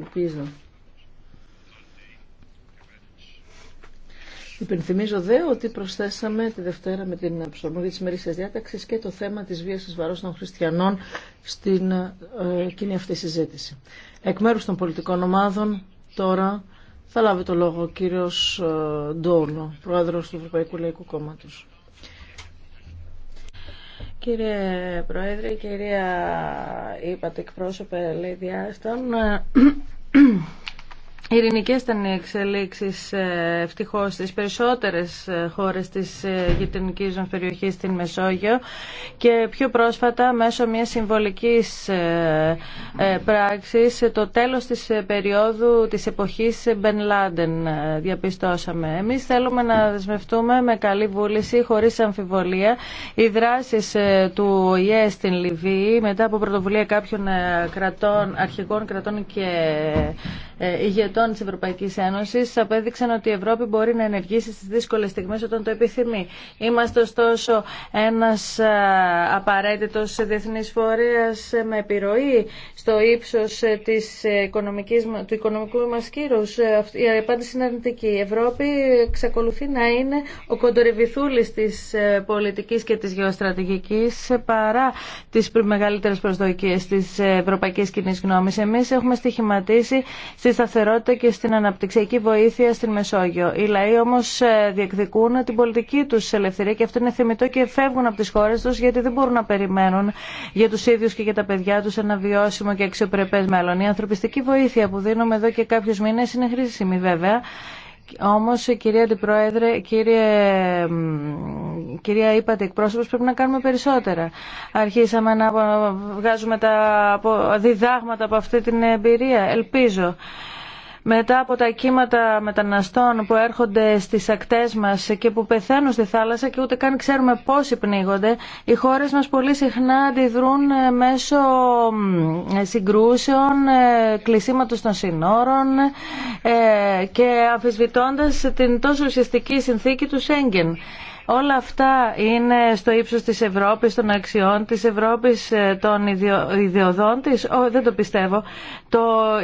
[SPEAKER 4] Υπενθυμίζω δε ότι προσθέσαμε τη Δευτέρα με την προσαρμογή τη ημερήσια διάταξη και το θέμα τη βία τη βαρό των χριστιανών στην ε, κοινή αυτή συζήτηση. Εκ μέρου των πολιτικών ομάδων τώρα θα λάβει το λόγο ο κύριο ε, Ντόνο, πρόεδρο του Ευρωπαϊκού Λαϊκού Κόμματο.
[SPEAKER 3] Κύριε Πρόεδρε, κυρία είπατε εκπρόσωπε Λίδια Ειρηνικές ήταν οι εξελίξεις ε, ευτυχώ στι περισσότερες ε, χώρες της ε, γειτονική μα περιοχής στην Μεσόγειο και πιο πρόσφατα μέσω μια συμβολικής πράξης το τέλος της περίοδου της εποχής Μπεν Λάντεν διαπιστώσαμε. Εμείς θέλουμε να δεσμευτούμε με καλή βούληση χωρίς αμφιβολία οι δράσει του ΟΗΕ στην Λιβύη μετά από πρωτοβουλία κάποιων κρατών, αρχικών κρατών και ε, ηγετών τη Ευρωπαϊκή Ένωση απέδειξαν ότι η Ευρώπη μπορεί να ενεργήσει στι δύσκολε στιγμές όταν το επιθυμεί. Είμαστε ωστόσο ένα ε, απαραίτητο διεθνής φορέας ε, με επιρροή στο ύψο του οικονομικού μα κύρου. Η απάντηση είναι αρνητική. Η Ευρώπη εξακολουθεί να είναι ο κοντορεβιθούλης τη πολιτική και τη γεωστρατηγική παρά τι μεγαλύτερε προσδοκίε τη Ευρωπαϊκή κοινή γνώμη. Εμεί έχουμε στοιχηματίσει σταθερότητα και στην αναπτυξιακή βοήθεια στην Μεσόγειο. Οι λαοί όμω ε, διεκδικούν την πολιτική του ελευθερία και αυτό είναι θεμητό και φεύγουν από τις χώρε τους γιατί δεν μπορούν να περιμένουν για τους ίδιου και για τα παιδιά τους ένα βιώσιμο και αξιοπρεπέ μέλλον. Η ανθρωπιστική βοήθεια που δίνουμε εδώ και κάποιου μήνε είναι χρήσιμη βέβαια όμως, κυρία Αντιπρόεδρε, κύριε, κυρία είπατε εκπρόσωπος, πρέπει να κάνουμε περισσότερα. Αρχίσαμε να βγάζουμε τα διδάγματα από αυτή την εμπειρία. Ελπίζω μετά από τα κύματα μεταναστών που έρχονται στις ακτές μας και που πεθαίνουν στη θάλασσα και ούτε καν ξέρουμε πόσοι πνίγονται, οι χώρες μας πολύ συχνά αντιδρούν ε, μέσω ε, συγκρούσεων, ε, κλεισίματος των συνόρων και αφισβητώντας την τόσο ουσιαστική συνθήκη του Σέγγεν. Όλα αυτά είναι στο ύψος της Ευρώπης, των αξιών της Ευρώπης, ε, των ιδιωδών της. Όχι, δεν το πιστεύω. Το,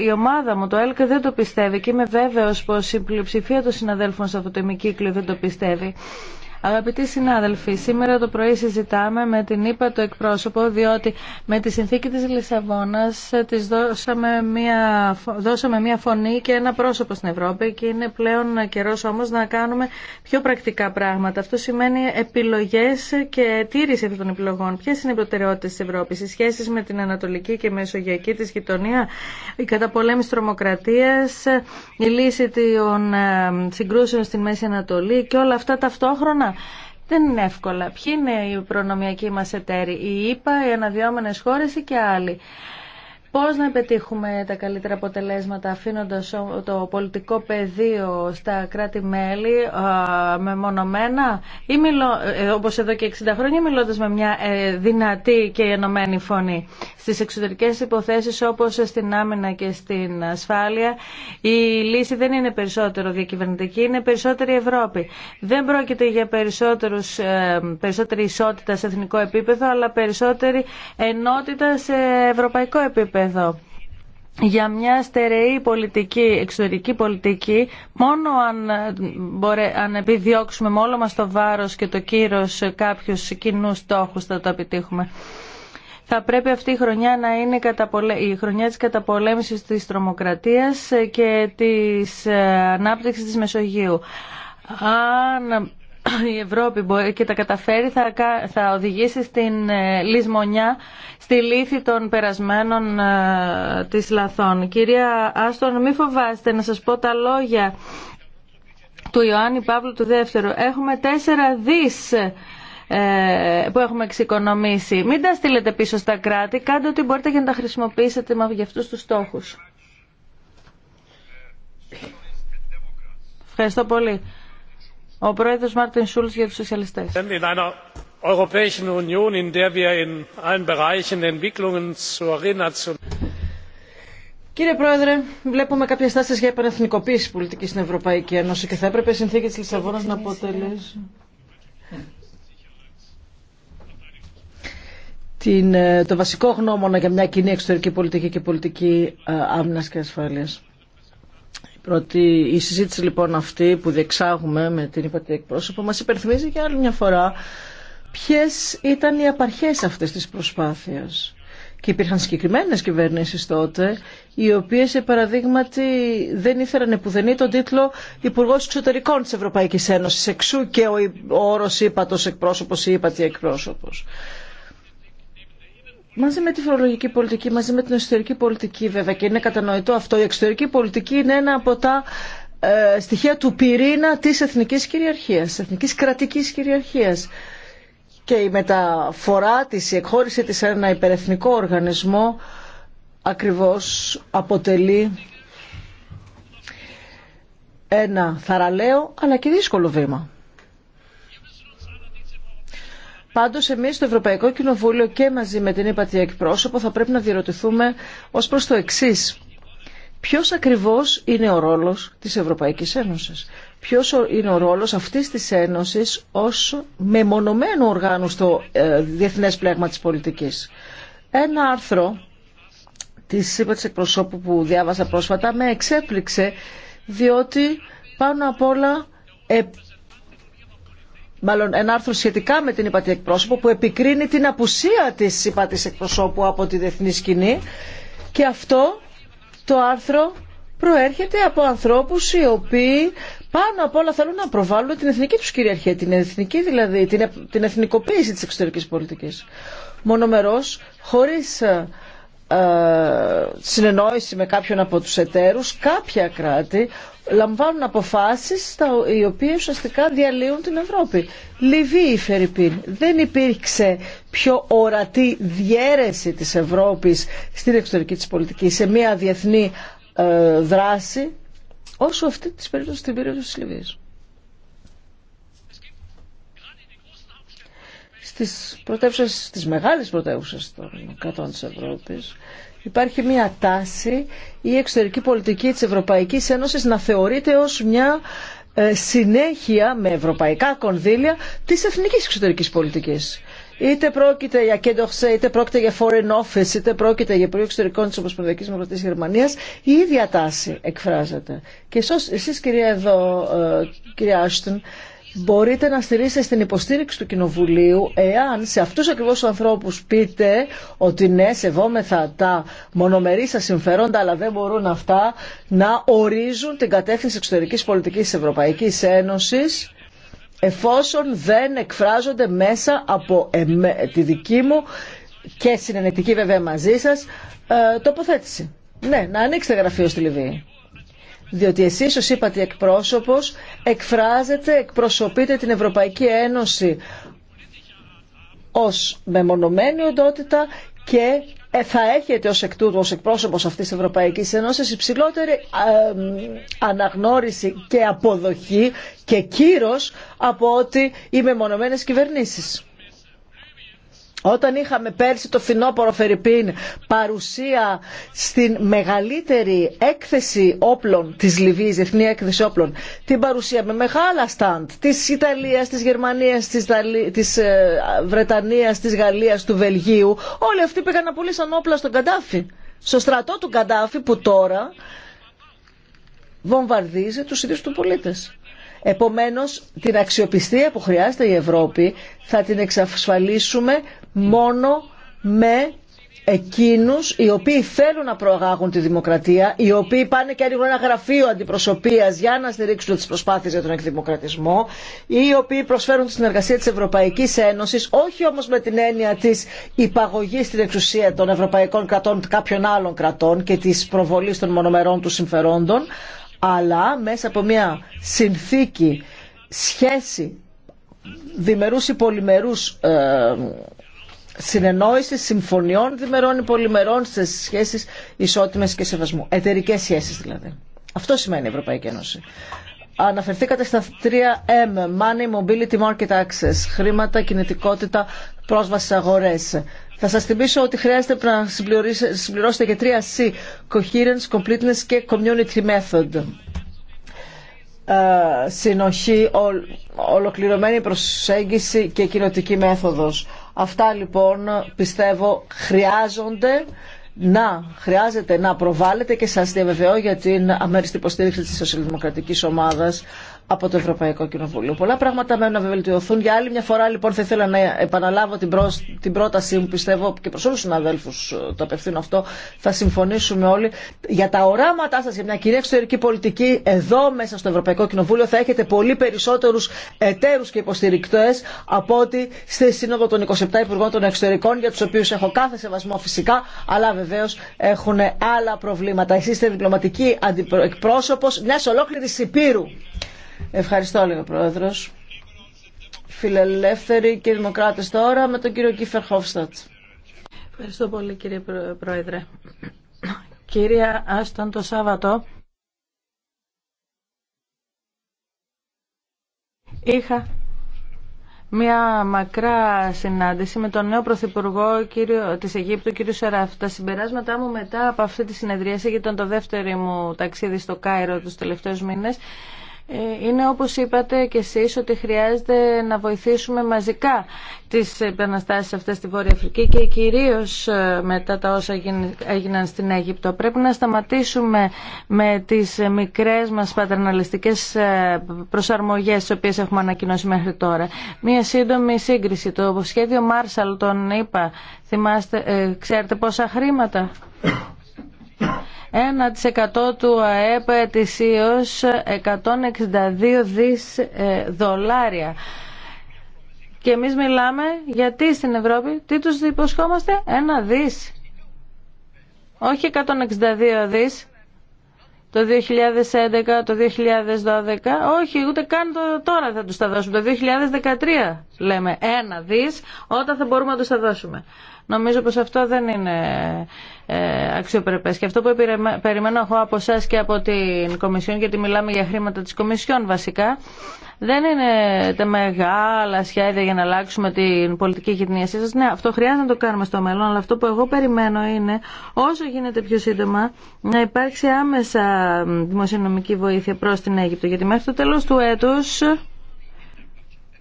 [SPEAKER 3] η ομάδα μου, το ΕΛΚΑ, δεν το πιστεύει και είμαι βέβαιος πως η πλειοψηφία των συναδέλφων σε αυτό το ημικύκλιο δεν το πιστεύει. Αγαπητοί συνάδελφοι, σήμερα το πρωί συζητάμε με την ΥΠΑ το εκπρόσωπο, διότι με τη συνθήκη της Λισαβόνας ε, της δώσαμε μια, δώσαμε μια φωνή και ένα πρόσωπο στην Ευρώπη και είναι πλέον καιρός όμως να κάνουμε πιο πρακτικά πράγματα. Αυτό σημαίνει επιλογές και τήρηση αυτών των επιλογών. Ποιε είναι οι προτεραιότητες της Ευρώπης, οι σχέσεις με την Ανατολική και Μεσογειακή της γειτονία, η καταπολέμηση τρομοκρατίας, η λύση των ε, συγκρούσεων στην Μέση Ανατολή και όλα αυτά ταυτόχρονα δεν είναι εύκολα. Ποιοι είναι οι προνομιακοί μας εταίροι, οι ΙΠΑ, ΕΕ, οι αναδυόμενες χώρες ή και άλλοι. Πώς να πετύχουμε τα καλύτερα αποτελέσματα αφήνοντας το πολιτικό πεδίο στα κράτη-μέλη μεμονωμένα ή μιλώ, ε, όπως εδώ και 60 χρόνια μιλώντας με μια ε, δυνατή και ενωμένη φωνή. Στις εξωτερικές υποθέσεις όπως στην άμυνα και στην ασφάλεια η λύση δεν είναι περισσότερο διακυβερνητική, είναι περισσότερη Ευρώπη. Δεν πρόκειται για περισσότερους, ε, περισσότερη ισότητα σε εθνικό επίπεδο αλλά περισσότερη ενότητα σε ευρωπαϊκό επίπεδο για μια στερεή πολιτική, εξωτερική πολιτική, μόνο αν, μπορέ, αν επιδιώξουμε με όλο μας το βάρος και το κύρος κάποιους κοινού στόχους θα το επιτύχουμε. Θα πρέπει αυτή η χρονιά να είναι η χρονιά της καταπολέμησης της τρομοκρατίας και της ε, ανάπτυξης της Μεσογείου. Αν η Ευρώπη και τα καταφέρει θα, οδηγήσει στην ε, λησμονιά στη λύθη των περασμένων ε, της λαθών. Κυρία Άστον, μη φοβάστε να σας πω τα λόγια του Ιωάννη Παύλου του Δεύτερου. Έχουμε τέσσερα δις ε, που έχουμε εξοικονομήσει. Μην τα στείλετε πίσω στα κράτη, κάντε ό,τι μπορείτε για να τα χρησιμοποιήσετε για αυτούς τους στόχους. Ευχαριστώ πολύ. Ο πρόεδρος Μάρτιν Σούλτς για τους σοσιαλιστές.
[SPEAKER 4] Κύριε Πρόεδρε, βλέπουμε κάποιε τάσει για επανεθνικοποίηση πολιτική στην Ευρωπαϊκή Ένωση και θα έπρεπε η συνθήκη τη Λισαβόνα να αποτελέσει. Ε, το βασικό γνώμονα για μια κοινή εξωτερική πολιτική και πολιτική ε, άμυνα και ασφάλεια ότι η συζήτηση λοιπόν αυτή που διεξάγουμε με την υπατή εκπρόσωπο μας υπερθυμίζει για άλλη μια φορά ποιες ήταν οι απαρχές αυτές της προσπάθειας. Και υπήρχαν συγκεκριμένε κυβερνήσει τότε, οι οποίε, σε παραδείγματι, δεν ήθελαν πουδενή τον τίτλο Υπουργό Εξωτερικών τη Ευρωπαϊκή Ένωση. Εξού και ο όρο ύπατο εκπρόσωπο ή ύπατη εκπρόσωπο. Μαζί με τη φορολογική πολιτική, μαζί με την εσωτερική πολιτική βέβαια και είναι κατανοητό αυτό, η εξωτερική πολιτική είναι ένα από τα ε, στοιχεία του πυρήνα της εθνικής κυριαρχίας, εθνικής κρατικής κυριαρχίας. Και η μεταφορά της, η εκχώρηση της σε ένα υπερεθνικό οργανισμό ακριβώς αποτελεί ένα θαραλέο αλλά και δύσκολο βήμα. Πάντως εμείς στο Ευρωπαϊκό Κοινοβούλιο και μαζί με την ύπατη εκπρόσωπο θα πρέπει να διερωτηθούμε ως προς το εξής. Ποιος ακριβώς είναι ο ρόλος της Ευρωπαϊκής Ένωσης. Ποιος είναι ο ρόλος αυτής της Ένωσης ως μεμονωμένου οργάνου στο ε, διεθνές πλέγμα της πολιτικής. Ένα άρθρο της έπατη εκπροσώπου που διάβασα πρόσφατα με εξέπληξε διότι πάνω απ' όλα μάλλον ένα άρθρο σχετικά με την υπατή εκπρόσωπο που επικρίνει την απουσία της υπατής εκπροσώπου από τη διεθνή σκηνή και αυτό το άρθρο προέρχεται από ανθρώπους οι οποίοι πάνω απ' όλα θέλουν να προβάλλουν την εθνική τους κυριαρχία, την εθνική δηλαδή, την, την εθνικοποίηση της εξωτερικής πολιτικής. Μονομερός, χωρίς ε, ε, συνεννόηση με κάποιον από τους εταίρους κάποια κράτη λαμβάνουν αποφάσεις τα, οι οποίες ουσιαστικά διαλύουν την Ευρώπη. Λιβύη Φερρυπίν. Δεν υπήρξε πιο ορατή διέρεση της Ευρώπης στην εξωτερική της πολιτική σε μια διεθνή ε, δράση όσο αυτή της περίπτωσης στην περίοδο της Λιβύης. Στις πρωτεύουσες, στις μεγάλες πρωτεύουσες των κρατών της Ευρώπης υπάρχει μια τάση η εξωτερική πολιτική της Ευρωπαϊκής Ένωσης να θεωρείται ως μια ε, συνέχεια με ευρωπαϊκά κονδύλια της εθνικής εξωτερικής πολιτικής. Είτε πρόκειται για Κέντοχσε, είτε πρόκειται για Foreign Office, είτε πρόκειται για Υπουργείο Εξωτερικών τη Ομοσπονδιακή Δημοκρατία Γερμανία, η ίδια τάση εκφράζεται. Και εσείς κυρία εδώ, ε, κυρία Άστον, μπορείτε να στηρίσετε στην υποστήριξη του Κοινοβουλίου εάν σε αυτούς ακριβώς τους ανθρώπους πείτε ότι ναι, σεβόμεθα τα μονομερή σας συμφέροντα αλλά δεν μπορούν αυτά να ορίζουν την κατεύθυνση εξωτερικής πολιτικής της Ευρωπαϊκής Ένωσης εφόσον δεν εκφράζονται μέσα από τη δική μου και συνενετική βέβαια μαζί σας ε, τοποθέτηση. Ναι, να ανοίξετε γραφείο στη Λιβύη. Διότι εσείς ως είπατε εκπρόσωπος εκφράζετε, εκπροσωπείτε την Ευρωπαϊκή Ένωση ως μεμονωμένη οντότητα και ε, θα έχετε ως εκ τούτου, ως εκπρόσωπος αυτής της Ευρωπαϊκής Ένωσης υψηλότερη αναγνώριση και αποδοχή και κύρος από ότι οι μεμονωμένες κυβερνήσεις. Όταν είχαμε πέρσι το φινόπορο Φερρυπίν παρουσία στην μεγαλύτερη έκθεση όπλων της Λιβύης, διεθνή έκθεση όπλων, την παρουσία με μεγάλα στάντ της Ιταλίας, της Γερμανίας, της, Βρετανία, της ε, Βρετανίας, της Γαλλίας, του Βελγίου, όλοι αυτοί πήγαν να πουλήσαν όπλα στον Καντάφη. Στο στρατό του Καντάφη που τώρα βομβαρδίζει τους ίδιους του πολίτες. Επομένως, την αξιοπιστία που χρειάζεται η Ευρώπη θα την εξασφαλίσουμε μόνο με εκείνους οι οποίοι θέλουν να προαγάγουν τη δημοκρατία, οι οποίοι πάνε και ανοίγουν ένα γραφείο αντιπροσωπείας για να στηρίξουν τις προσπάθειες για τον εκδημοκρατισμό, οι οποίοι προσφέρουν τη συνεργασία της Ευρωπαϊκής Ένωσης, όχι όμως με την έννοια της υπαγωγής στην εξουσία των ευρωπαϊκών κρατών κάποιων άλλων κρατών και της προβολής των μονομερών του συμφερόντων, αλλά μέσα από μια συνθήκη, σχέση διμερούς ή πολυμερούς ε, συνεννόηση συμφωνιών διμερών ή πολυμερών σε σχέσεις ισότιμες και σεβασμού. Εταιρικέ σχέσεις δηλαδή. Αυτό σημαίνει η πολυμερων σε σχέσει ισοτιμε και σεβασμου εταιρικε σχέσει, δηλαδη αυτο Αναφερθήκατε στα 3M, Money, Mobility, Market Access, χρήματα, κινητικότητα, πρόσβαση σε αγορές. Θα σας θυμίσω ότι χρειάζεται να συμπληρώσετε και 3C, Coherence, Completeness και Community Method ε, συνοχή, ολοκληρωμένη προσέγγιση και κοινοτική μέθοδος. Αυτά λοιπόν πιστεύω χρειάζονται να χρειάζεται να προβάλλεται και σας διαβεβαιώ για την αμέριστη υποστήριξη της σοσιαλδημοκρατικής ομάδας από το Ευρωπαϊκό Κοινοβούλιο. Πολλά πράγματα μένουν να βελτιωθούν. Για άλλη μια φορά λοιπόν θα ήθελα να επαναλάβω την, την πρότασή μου, πιστεύω και προ όλου του συναδέλφους ε, το απευθύνω αυτό, θα συμφωνήσουμε όλοι. Για τα οράματά σα, για μια κυρία εξωτερική πολιτική εδώ μέσα στο Ευρωπαϊκό Κοινοβούλιο θα έχετε πολύ περισσότερου, εταίρου και υποστηρικτέ από ότι στη Σύνοδο των 27 Υπουργών των Εξωτερικών για του οποίου έχω κάθε σεβασμό φυσικά, αλλά βεβαίω έχουν άλλα προβλήματα. Εσεί είστε διπλωματική αντιπρόσωπος μια ολόκληρη υπήρου. Ευχαριστώ, λίγο, Πρόεδρος. Φιλελεύθεροι και Δημοκράτες τώρα με τον κύριο Κίφερ Χόφστατ. Ευχαριστώ πολύ κύριε Πρόεδρε.
[SPEAKER 3] Κυρία Άστον το Σάββατο είχα μια μακρά συνάντηση με τον νέο Πρωθυπουργό κύριο, της Αιγύπτου, κύριο Σεράφ. Τα συμπεράσματά μου μετά από αυτή τη συνεδρίαση, γιατί ήταν το δεύτερο μου ταξίδι στο Κάιρο τους τελευταίους μήνες, ε, είναι όπως είπατε και εσείς ότι χρειάζεται να βοηθήσουμε μαζικά τις επαναστάσεις αυτές στη Βόρεια Αφρική και κυρίως ε, μετά τα όσα έγιναν στην Αίγυπτο. Πρέπει να σταματήσουμε με τις μικρές μας πατερναλιστικές ε, προσαρμογές τις οποίες έχουμε ανακοινώσει μέχρι τώρα. Μία σύντομη σύγκριση. Το σχέδιο Μάρσαλ τον είπα. Θυμάστε, ξέρετε πόσα χρήματα. 1% του ΑΕΠ ετησίως 162 δις ε, δολάρια. Και εμείς μιλάμε γιατί στην Ευρώπη, τι τους υποσχόμαστε, ένα δις. Όχι 162 δις το 2011, το 2012, όχι ούτε καν το, τώρα θα τους τα δώσουμε, το 2013 λέμε ένα δις όταν θα μπορούμε να τους τα δώσουμε. Νομίζω πως αυτό δεν είναι ε, αξιοπρεπές. Και αυτό που περιμένω εγώ από εσά και από την Κομισιόν, γιατί μιλάμε για χρήματα της Κομισιόν βασικά, δεν είναι τα μεγάλα σχέδια για να αλλάξουμε την πολιτική κοινωνία. Σα. Ναι, αυτό χρειάζεται να το κάνουμε στο μέλλον, αλλά αυτό που εγώ περιμένω είναι όσο γίνεται πιο σύντομα να υπάρξει άμεσα δημοσιονομική βοήθεια προ την Αίγυπτο, γιατί μέχρι το τέλο του έτου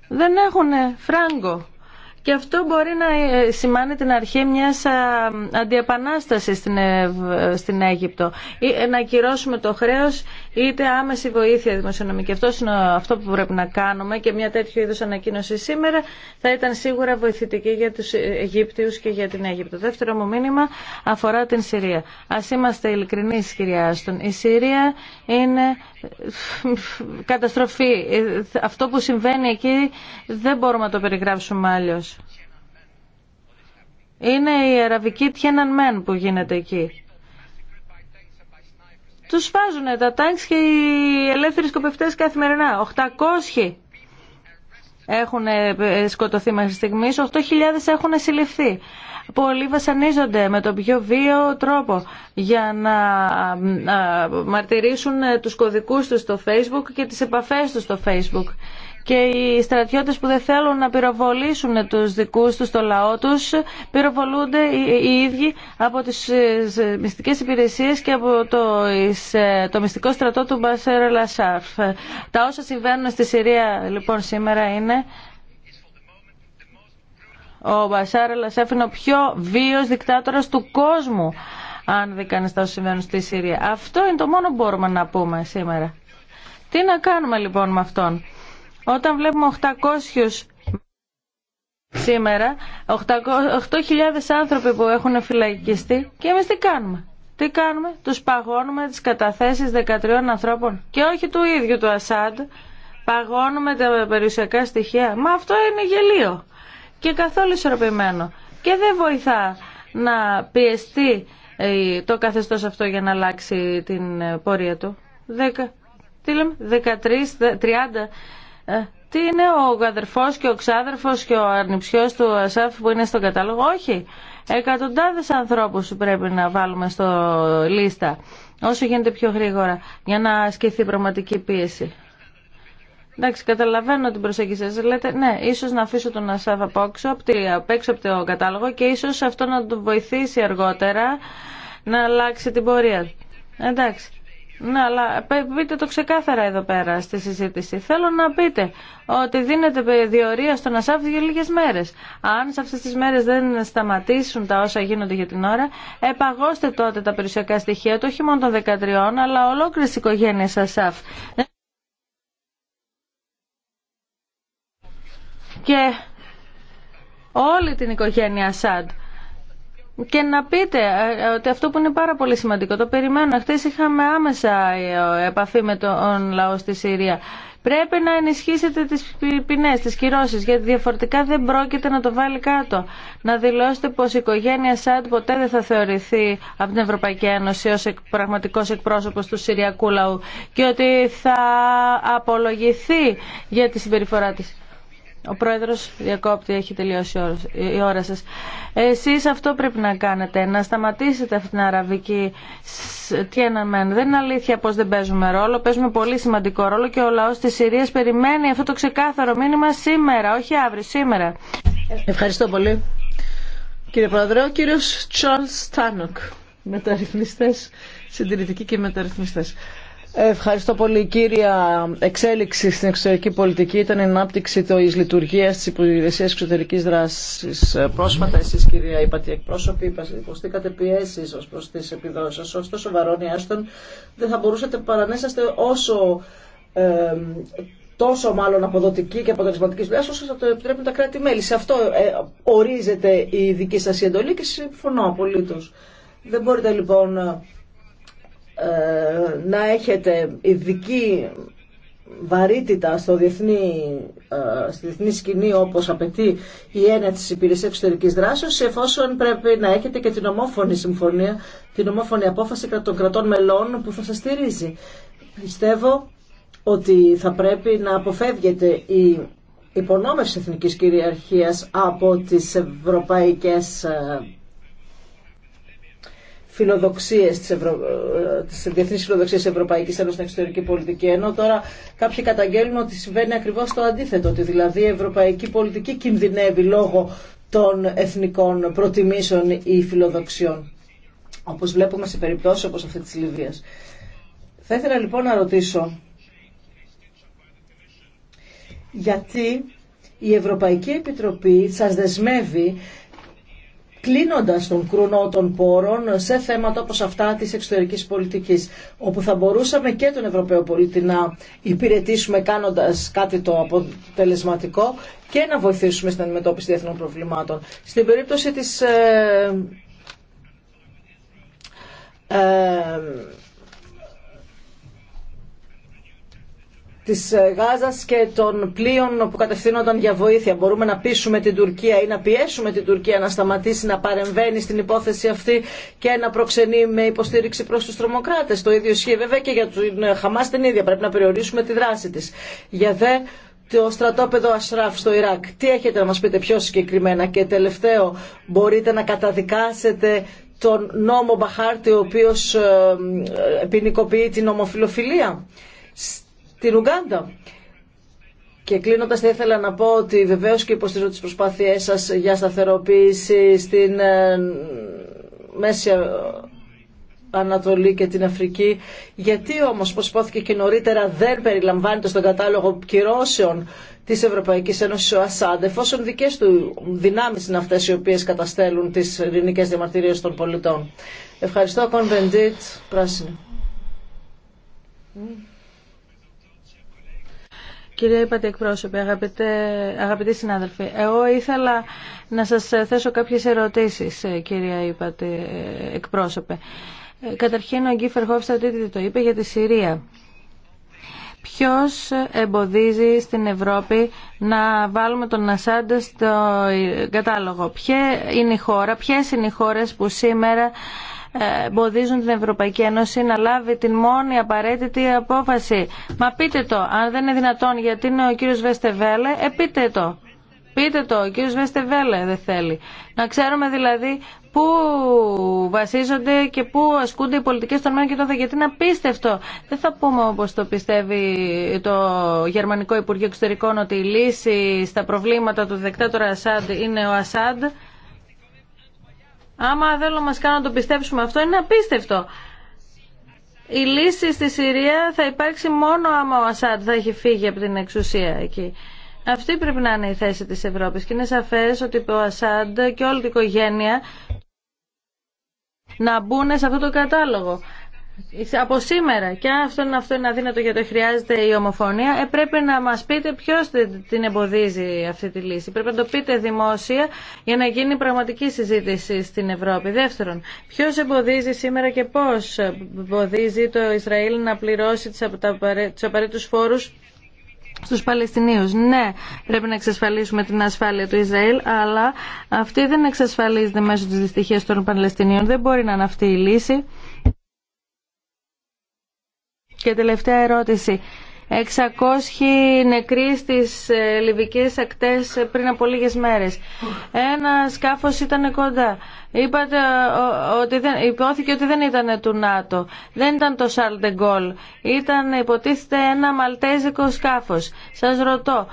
[SPEAKER 3] δεν έχουν φράγκο και αυτό μπορεί να ε, σημάνει την αρχή μιας αντιεπανάστασης στην, Αίγυπτο. Ε, να ακυρώσουμε το χρέος είτε άμεση βοήθεια δημοσιονομική. Αυτό είναι αυτό που πρέπει να κάνουμε και μια τέτοια είδου ανακοίνωση σήμερα θα ήταν σίγουρα βοηθητική για τους Αιγύπτιους και για την Αίγυπτο. Το Δεύτερο μου μήνυμα αφορά την Συρία. Ας είμαστε ειλικρινεί κυρία Άστον. Η Συρία είναι καταστροφή. Αυτό που συμβαίνει εκεί δεν μπορούμε να το περιγράψουμε άλλως. Είναι η αραβική μεν που γίνεται εκεί. Τους σπάζουν ε, τα τάγκς και οι ελεύθεροι σκοπευτές καθημερινά. 800 έχουν ε, ε, σκοτωθεί μέχρι στιγμής, 8.000 έχουν συλληφθεί. Πολλοί βασανίζονται με τον πιο βίαιο τρόπο για να μαρτυρήσουν τους κωδικούς τους στο Facebook και τις επαφές τους στο Facebook και οι στρατιώτες που δεν θέλουν να πυροβολήσουν τους δικούς τους, το λαό τους, πυροβολούνται οι ίδιοι από τις ε, μυστικές υπηρεσίες και από το, ε, το μυστικό στρατό του Μπασέρ Λασάρφ. Τα όσα συμβαίνουν στη Συρία λοιπόν σήμερα είναι ο Μπασάρ Λασάρφ είναι ο πιο βίος δικτάτορας του κόσμου αν δεν κανείς τα όσα συμβαίνουν στη Συρία. Αυτό είναι το μόνο που μπορούμε να πούμε σήμερα. Τι να κάνουμε λοιπόν με αυτόν. Όταν βλέπουμε 800 σήμερα, 8.000 άνθρωποι που έχουν φυλακιστεί και εμείς τι κάνουμε. Τι κάνουμε, τους παγώνουμε τις καταθέσεις 13 ανθρώπων και όχι του ίδιου του Ασάντ, παγώνουμε τα περιουσιακά στοιχεία. Μα αυτό είναι γελίο και καθόλου ισορροπημένο και δεν βοηθά να πιεστεί ε, το καθεστώς αυτό για να αλλάξει την ε, πορεία του. 10, τι λέμε, 13, 30 ε, τι είναι ο αδερφός και ο ξάδερφο και ο αρνηψιο του ΑΣΑΦ που είναι στον κατάλογο. Όχι. Εκατοντάδε ανθρώπους πρέπει να βάλουμε στο λίστα όσο γίνεται πιο γρήγορα για να ασκηθεί πραγματική πίεση. Εντάξει, καταλαβαίνω την προσέγγιση σα. Λέτε, ναι, ίσω να αφήσω τον Ασάφ από έξω, απ έξω από το κατάλογο και ίσω αυτό να τον βοηθήσει αργότερα να αλλάξει την πορεία. Εντάξει. Ναι, αλλά πείτε το ξεκάθαρα εδώ πέρα στη συζήτηση. Θέλω να πείτε ότι δίνετε διορία στον ΑΣΑΒ για λίγε μέρε. Αν σε αυτέ τι μέρε δεν σταματήσουν τα όσα γίνονται για την ώρα, επαγώστε τότε τα περιουσιακά στοιχεία το όχι μόνο των 13, αλλά ολόκληρη οικογένεια ΑΣΑΒ. Και όλη την οικογένεια ΑΣΑΔ και να πείτε ε, ε, ότι αυτό που είναι πάρα πολύ σημαντικό, το περιμένω. Χθε είχαμε άμεσα ε, επαφή με τον λαό στη Συρία. Πρέπει να ενισχύσετε τις ποινές, τις κυρώσεις, γιατί διαφορετικά δεν πρόκειται να το βάλει κάτω. Να δηλώσετε πως η οικογένεια ΣΑΤ ποτέ δεν θα θεωρηθεί από την Ευρωπαϊκή Ένωση ως πραγματικός εκπρόσωπος του Συριακού λαού και ότι θα απολογηθεί για τη συμπεριφορά της. Ο πρόεδρος διακόπτη έχει τελειώσει η ώρα σας. Εσείς αυτό πρέπει να κάνετε, να σταματήσετε αυτήν την αραβική τι Δεν είναι αλήθεια πως δεν παίζουμε ρόλο, παίζουμε πολύ σημαντικό ρόλο και ο λαός της Συρίας περιμένει αυτό το ξεκάθαρο μήνυμα σήμερα, όχι αύριο, σήμερα.
[SPEAKER 4] Ευχαριστώ πολύ. Κύριε Πρόεδρε, ο κύριος Τσόλς Τάνοκ, μεταρρυθμιστές, συντηρητικοί και μεταρρυθμιστές. Ευχαριστώ πολύ. Η κύρια εξέλιξη στην εξωτερική πολιτική ήταν η ανάπτυξη τη λειτουργία τη Υπηρεσία Εξωτερική Δράση. Πρόσφατα, εσεί, κυρία Υπατή, εκπρόσωποι, υποστήκατε πιέσει ω προ τι επιδόσει σα. Ωστόσο, βαρώνει Άστον, δεν θα μπορούσατε παρά να είσαστε όσο. Ε, τόσο μάλλον αποδοτική και αποτελεσματική δουλειά όσο θα το επιτρέπουν τα κράτη-μέλη. Σε αυτό ε, ορίζεται η δική σα εντολή και συμφωνώ απολύτω. Δεν μπορείτε λοιπόν ε, να έχετε ειδική βαρύτητα στο διεθνή, ε, στη διεθνή σκηνή όπως απαιτεί η έννοια της υπηρεσίας εξωτερικής δράσης εφόσον πρέπει να έχετε και την ομόφωνη συμφωνία, την ομόφωνη απόφαση των κρατών μελών που θα σας στηρίζει. Πιστεύω ότι θα πρέπει να αποφεύγεται η υπονόμευση εθνικής κυριαρχίας από τις ευρωπαϊκές ε, φιλοδοξίες της, Ευρω... Ε, της διεθνείς φιλοδοξίες Ευρωπαϊκής στην εξωτερική πολιτική. Ενώ τώρα κάποιοι καταγγέλνουν ότι συμβαίνει ακριβώς το αντίθετο, ότι δηλαδή η ευρωπαϊκή πολιτική κινδυνεύει λόγω των εθνικών προτιμήσεων ή φιλοδοξιών. Όπως βλέπουμε σε περιπτώσεις όπως αυτή της Λιβύας. Θα ήθελα λοιπόν να ρωτήσω γιατί η Ευρωπαϊκή Επιτροπή σας δεσμεύει Κλείνοντα τον κρουνό των πόρων σε θέματα όπως αυτά της εξωτερικής πολιτικής, όπου θα μπορούσαμε και τον Ευρωπαίο πολίτη να υπηρετήσουμε κάνοντας κάτι το αποτελεσματικό και να βοηθήσουμε στην αντιμετώπιση διεθνών προβλημάτων. Στην περίπτωση της... Ε, ε, Τη ε, Γάζα και των πλοίων που κατευθύνονταν για βοήθεια. Μπορούμε να πείσουμε την Τουρκία ή να πιέσουμε την Τουρκία να σταματήσει να παρεμβαίνει στην υπόθεση αυτή και να προξενεί με υποστήριξη προ του τρομοκράτε. Το ίδιο ισχύει βέβαια και για την ε, Χαμά την ίδια. Πρέπει να περιορίσουμε τη δράση τη. Για δε το στρατόπεδο Ασράφ στο Ιράκ. Τι έχετε να μας πείτε πιο συγκεκριμένα και τελευταίο μπορείτε να καταδικάσετε τον νόμο Μπαχάρτη ο οποίος ε, ποινικοποιεί την ομοφιλοφιλία την Ουγκάντα. Και κλείνοντα, θα ήθελα να πω ότι βεβαίω και υποστηρίζω τι προσπάθειέ σα για σταθεροποίηση στην ε, Μέση Ανατολή και την Αφρική. Γιατί όμω, όπω υπόθηκε και νωρίτερα, δεν περιλαμβάνεται στον κατάλογο κυρώσεων τη Ευρωπαϊκή Ένωση ο Ασάντ, εφόσον δικέ του δυνάμει είναι αυτέ οι οποίε καταστέλουν τι ειρηνικέ διαμαρτυρίε των πολιτών. Ευχαριστώ, Κονβεντήτ. Πράσινη.
[SPEAKER 1] Mm.
[SPEAKER 3] Κυρία Υπάτη εκπρόσωπε, αγαπητοί συνάδελφοι, εγώ ήθελα να σας θέσω κάποιες ερωτήσεις, ε, κυρία Υπάτη ε, εκπρόσωπε. Ε, καταρχήν ο Γκίφερ Χόφστατ το είπε για τη Συρία. Ποιος εμποδίζει στην Ευρώπη να βάλουμε τον Ασάντα στο κατάλογο. Ποια είναι χώρα, ποιες είναι οι χώρες που σήμερα ε, εμποδίζουν την Ευρωπαϊκή Ένωση να λάβει την μόνη απαραίτητη απόφαση. Μα πείτε το, αν δεν είναι δυνατόν γιατί είναι ο κύριος Βεστεβέλε, ε, πείτε το. Πείτε το, ο κύριος Βεστεβέλε δεν θέλει. Να ξέρουμε δηλαδή πού βασίζονται και πού ασκούνται οι πολιτικές των μένων και των ΔΕ. Γιατί είναι απίστευτο. Δεν θα πούμε όπως το πιστεύει το Γερμανικό Υπουργείο Εξωτερικών ότι η λύση στα προβλήματα του δεκτάτορα Ασάντ είναι ο Ασάντ. Άμα δεν μας κάνουν να το πιστέψουμε αυτό, είναι απίστευτο. Η λύση στη Συρία θα υπάρξει μόνο άμα ο Ασάντ θα έχει φύγει από την εξουσία εκεί. Αυτή πρέπει να είναι η θέση της Ευρώπης και είναι σαφές ότι ο Ασάντ και όλη την οικογένεια να μπουν σε αυτό το κατάλογο από σήμερα, και αν αυτό είναι, αυτό είναι αδύνατο γιατί χρειάζεται η ομοφωνία, ε, πρέπει να μα πείτε ποιο την εμποδίζει αυτή τη λύση. Πρέπει να το πείτε δημόσια για να γίνει πραγματική συζήτηση στην Ευρώπη. Δεύτερον, ποιο εμποδίζει σήμερα και πώ εμποδίζει το Ισραήλ να πληρώσει του απαραίτητου φόρου στους Παλαιστινίους. Ναι, πρέπει να εξασφαλίσουμε την ασφάλεια του Ισραήλ, αλλά αυτή δεν εξασφαλίζεται μέσω της δυστυχίας των Παλαιστινίων. Δεν μπορεί να είναι αυτή η λύση. Και τελευταία ερώτηση. 600 νεκροί στις ε, λιβικές ακτές πριν από λίγες μέρες. Ένα σκάφος ήταν κοντά. Είπατε ότι δεν, υπόθηκε ότι δεν ήταν του ΝΑΤΟ. Δεν ήταν το Charles Ήταν υποτίθεται ένα μαλτέζικο σκάφος. Σας ρωτώ,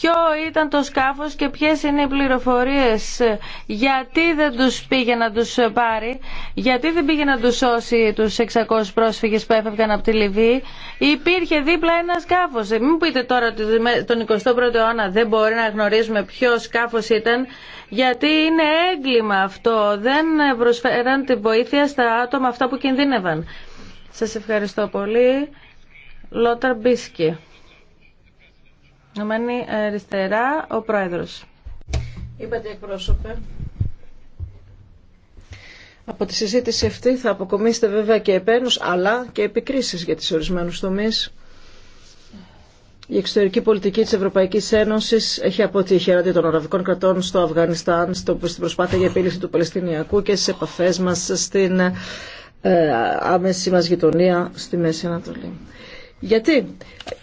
[SPEAKER 3] ποιο ήταν το σκάφος και ποιες είναι οι πληροφορίες. Γιατί δεν τους πήγε να τους πάρει, γιατί δεν πήγε να τους σώσει τους 600 πρόσφυγες που έφευγαν από τη Λιβύη. Υπήρχε δίπλα ένα σκάφος. Ε, μην πείτε τώρα ότι τον 21ο αιώνα δεν μπορεί να γνωρίζουμε ποιο σκάφος ήταν, γιατί είναι έγκλημα αυτό. Δεν προσφέραν τη βοήθεια στα άτομα αυτά που κινδύνευαν. Σας ευχαριστώ πολύ. Λόταρ Μπίσκι. Ενωμένη ε, αριστερά, ο Πρόεδρος.
[SPEAKER 4] Είπατε εκπρόσωπε. Από τη συζήτηση αυτή θα αποκομίσετε βέβαια και επένους, αλλά και επικρίσεις για τις ορισμένους τομείς. Η εξωτερική πολιτική της Ευρωπαϊκής Ένωσης έχει αποτύχει έναντι των αραβικών κρατών στο Αφγανιστάν, στο, στην προσπάθεια για επίλυση του Παλαιστινιακού και στις επαφές μας στην ε, άμεση μας γειτονία στη Μέση Ανατολή. Γιατί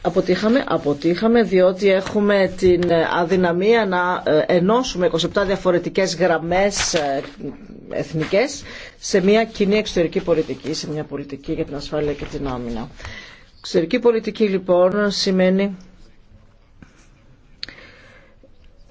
[SPEAKER 4] αποτύχαμε, αποτύχαμε διότι έχουμε την ε, αδυναμία να ε, ενώσουμε 27 διαφορετικές γραμμές ε, εθνικές σε μια κοινή εξωτερική πολιτική, σε μια πολιτική για την ασφάλεια και την άμυνα. Εξωτερική πολιτική λοιπόν σημαίνει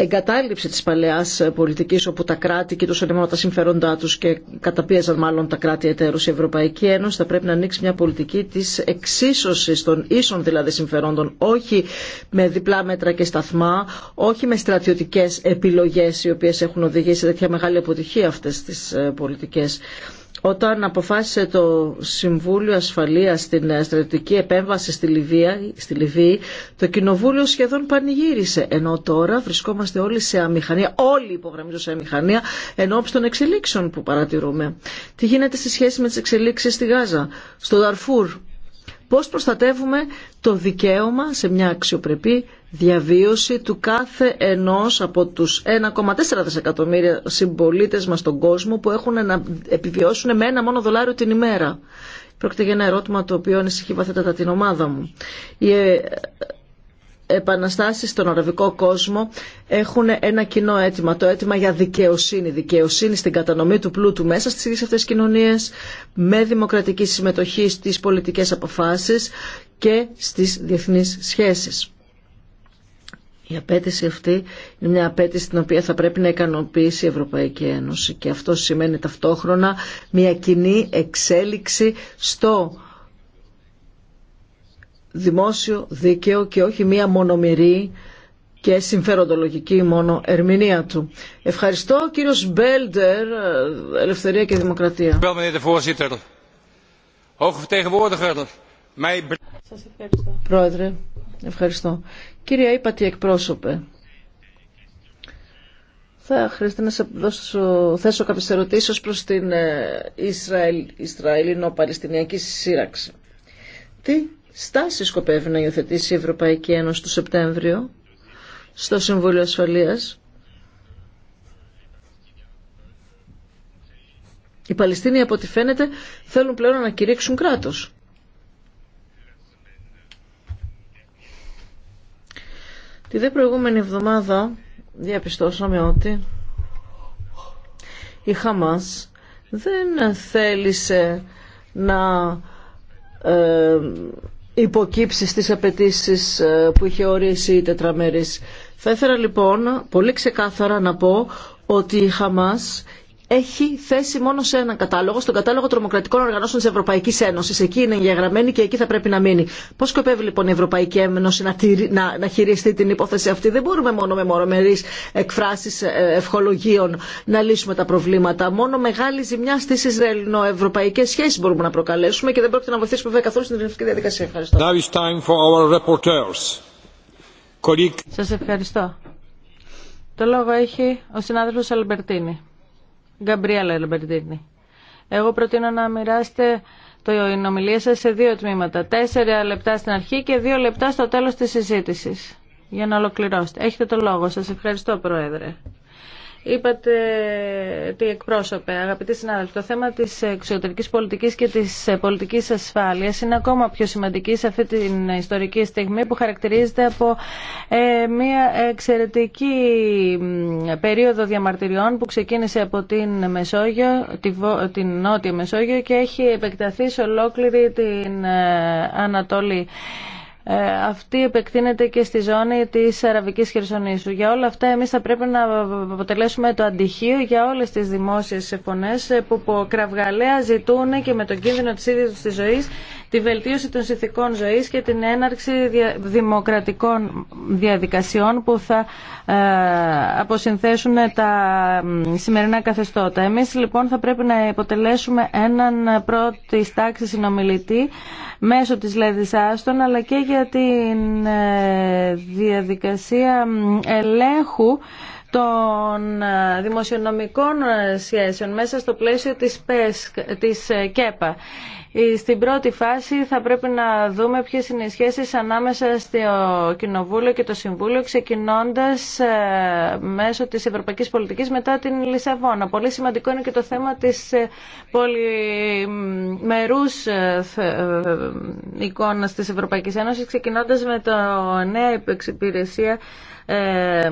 [SPEAKER 4] εγκατάλειψη της παλαιάς πολιτικής όπου τα κράτη κοιτούσαν μόνο τα συμφέροντά τους και καταπίεζαν μάλλον τα κράτη εταίρους η Ευρωπαϊκή Ένωση θα πρέπει να ανοίξει μια πολιτική της εξίσωσης των ίσων δηλαδή συμφερόντων όχι με διπλά μέτρα και σταθμά όχι με στρατιωτικές επιλογές οι οποίες έχουν οδηγήσει σε τέτοια μεγάλη αποτυχία αυτές τις ε, πολιτικές όταν αποφάσισε το Συμβούλιο Ασφαλείας την ε, στρατιωτική επέμβαση στη Λιβύη, στη Λιβύη, το Κοινοβούλιο σχεδόν πανηγύρισε. Ενώ τώρα βρισκόμαστε όλοι σε αμηχανία, όλοι υπογραμμίζουν σε αμηχανία, εν των εξελίξεων που παρατηρούμε. Τι γίνεται στη σχέση με τις εξελίξεις στη Γάζα, στο Δαρφούρ, πώς προστατεύουμε το δικαίωμα σε μια αξιοπρεπή διαβίωση του κάθε ενός από τους 1,4 δισεκατομμύρια συμπολίτες μας στον κόσμο που έχουν να επιβιώσουν με ένα μόνο δολάριο την ημέρα. Πρόκειται για ένα ερώτημα το οποίο ανησυχεί βαθύτατα την ομάδα μου. Ε, επαναστάσεις στον αραβικό κόσμο έχουν ένα κοινό αίτημα, το αίτημα για δικαιοσύνη, δικαιοσύνη στην κατανομή του πλούτου μέσα στις ίδιες αυτές κοινωνίες, με δημοκρατική συμμετοχή στις πολιτικές αποφάσεις και στις διεθνείς σχέσεις. Η απέτηση αυτή είναι μια απέτηση την οποία θα πρέπει να ικανοποιήσει η Ευρωπαϊκή Ένωση και αυτό σημαίνει ταυτόχρονα μια κοινή εξέλιξη στο δημόσιο δίκαιο και όχι μία μονομερή και συμφεροντολογική μόνο ερμηνεία του. Ευχαριστώ κύριο Μπέλντερ, Ελευθερία και Δημοκρατία. Πρόεδρε, ευχαριστώ. Κύριε Ήπατη εκπρόσωπε, θα χρειαστεί να σε δώσω, θέσω κάποιες ερωτήσεις προς την ε, Ισραηλ, Ισραηλινο-Παλαιστινιακή σύραξη. Τι στάση σκοπεύει να υιοθετήσει η Ευρωπαϊκή Ένωση το Σεπτέμβριο στο Συμβούλιο Ασφαλείας. Οι Παλαιστίνοι από ό,τι φαίνεται θέλουν πλέον να κηρύξουν κράτος. Τη δε προηγούμενη εβδομάδα διαπιστώσαμε ότι η Χαμάς δεν θέλησε να ε, υποκύψει στις απαιτήσει ε, που είχε ορίσει η τετραμέρης. Θα ήθελα λοιπόν πολύ ξεκάθαρα να πω ότι η Χαμάς έχει θέση μόνο σε έναν κατάλογο, στον κατάλογο τρομοκρατικών οργανώσεων τη Ευρωπαϊκή Ένωση. Εκεί είναι εγγεγραμμένη και εκεί θα πρέπει να μείνει. Πώ σκοπεύει λοιπόν η Ευρωπαϊκή Ένωση να, να, χειριστεί την υπόθεση αυτή. Δεν μπορούμε μόνο με μορομερεί εκφράσει ε, ευχολογίων να λύσουμε τα προβλήματα. Μόνο μεγάλη ζημιά στι Ισραηλινοευρωπαϊκέ σχέσει μπορούμε να προκαλέσουμε και δεν πρόκειται να βοηθήσουμε βέβαια καθόλου στην ειρηνευτική διαδικασία.
[SPEAKER 5] Ευχαριστώ.
[SPEAKER 4] Σα ευχαριστώ. Το λόγο έχει ο συνάδελφο
[SPEAKER 3] Αλμπερτίνη. Γκαμπριέλα Λεμπερντίνη. Εγώ προτείνω να μοιράσετε το ομιλία σας σε δύο τμήματα. Τέσσερα λεπτά στην αρχή και δύο λεπτά στο τέλος της συζήτηση. Για να ολοκληρώσετε. Έχετε το λόγο. Σας ευχαριστώ, Πρόεδρε είπατε τι εκπρόσωπε, αγαπητοί συνάδελφοι, το θέμα της εξωτερική πολιτικής και της πολιτικής ασφάλειας είναι ακόμα πιο σημαντική σε αυτή την ιστορική στιγμή που χαρακτηρίζεται από ε, μια εξαιρετική περίοδο διαμαρτυριών που ξεκίνησε από την Μεσόγειο, την Νότια Μεσόγειο και έχει επεκταθεί σε ολόκληρη την ε, Ανατολή. Ε, αυτή επεκτείνεται και στη ζώνη της Αραβικής Χερσονήσου. Για όλα αυτά εμείς θα πρέπει να αποτελέσουμε το αντιχείο για όλες τις δημόσιες φωνές που κραυγαλαία ζητούν και με τον κίνδυνο της ίδιας της ζωής τη βελτίωση των συνθηκών ζωής και την έναρξη δημοκρατικών διαδικασιών που θα ε, αποσυνθέσουν τα σημερινά καθεστώτα. Εμείς λοιπόν θα πρέπει να υποτελέσουμε έναν πρώτη τάξη συνομιλητή μέσω της Λέδης Άστον αλλά και για την ε, διαδικασία ελέγχου των ε, δημοσιονομικών σχέσεων μέσα στο πλαίσιο της, της ΚΕΠΑ. Ε, στην πρώτη φάση θα πρέπει να δούμε ποιες είναι οι σχέσεις ανάμεσα στο Κοινοβούλιο και το Συμβούλιο ξεκινώντας ε, μέσω της Ευρωπαϊκής Πολιτικής μετά την Λισαβόνα. Πολύ σημαντικό είναι και το θέμα της ε, πολυμερούς εικόνας της Ευρωπαϊκής Ένωσης ξεκινώντας με το νέα υπεξυπηρεσία ε,